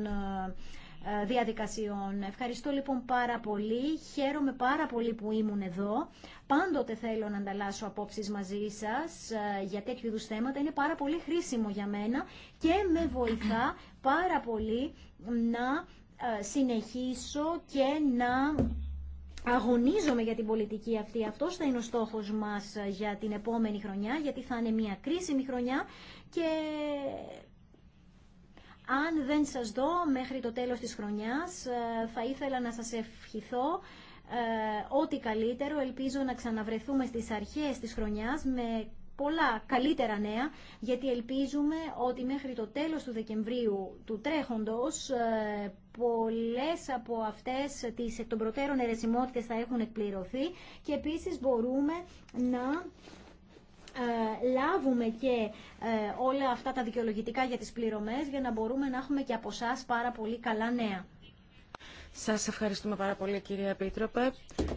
διαδικασιών. Ευχαριστώ λοιπόν πάρα πολύ. Χαίρομαι πάρα πολύ που ήμουν εδώ. Πάντοτε θέλω να ανταλλάσσω απόψεις μαζί σας για τέτοιου είδους θέματα. Είναι πάρα πολύ χρήσιμο για μένα και με βοηθά πάρα πολύ να συνεχίσω και να αγωνίζομαι για την πολιτική αυτή. Αυτός θα είναι ο στόχος μας ε, για την επόμενη χρονιά, γιατί θα είναι μια κρίσιμη χρονιά και αν δεν σας δω μέχρι το τέλος της χρονιάς, ε, θα ήθελα να σας ευχηθώ ε, ό,τι καλύτερο. Ελπίζω να ξαναβρεθούμε στις αρχές της χρονιάς με πολλά καλύτερα νέα, γιατί ελπίζουμε ότι μέχρι το τέλος του Δεκεμβρίου του τρέχοντος ε, πολλές από αυτές τις εκ των προτέρων ερεσιμότητες θα έχουν εκπληρωθεί και επίσης μπορούμε να ε, λάβουμε και ε, όλα αυτά τα δικαιολογητικά για τις πληρωμές για να μπορούμε να έχουμε και από εσά πάρα πολύ καλά νέα. Σας ευχαριστούμε πάρα πολύ κυρία Επίτροπε.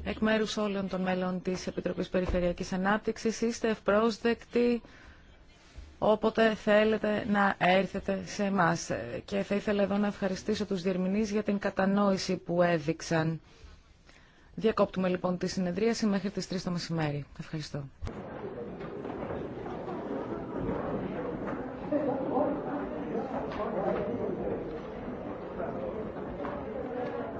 Εκ μέρους όλων των μέλων της Επιτροπής Περιφερειακής Ανάπτυξης είστε ευπρόσδεκτοι όποτε θέλετε να έρθετε σε εμά. Και θα ήθελα εδώ να ευχαριστήσω τους διερμηνείς για την κατανόηση που έδειξαν. Διακόπτουμε λοιπόν τη συνεδρίαση μέχρι τις 3 το μεσημέρι. Ευχαριστώ.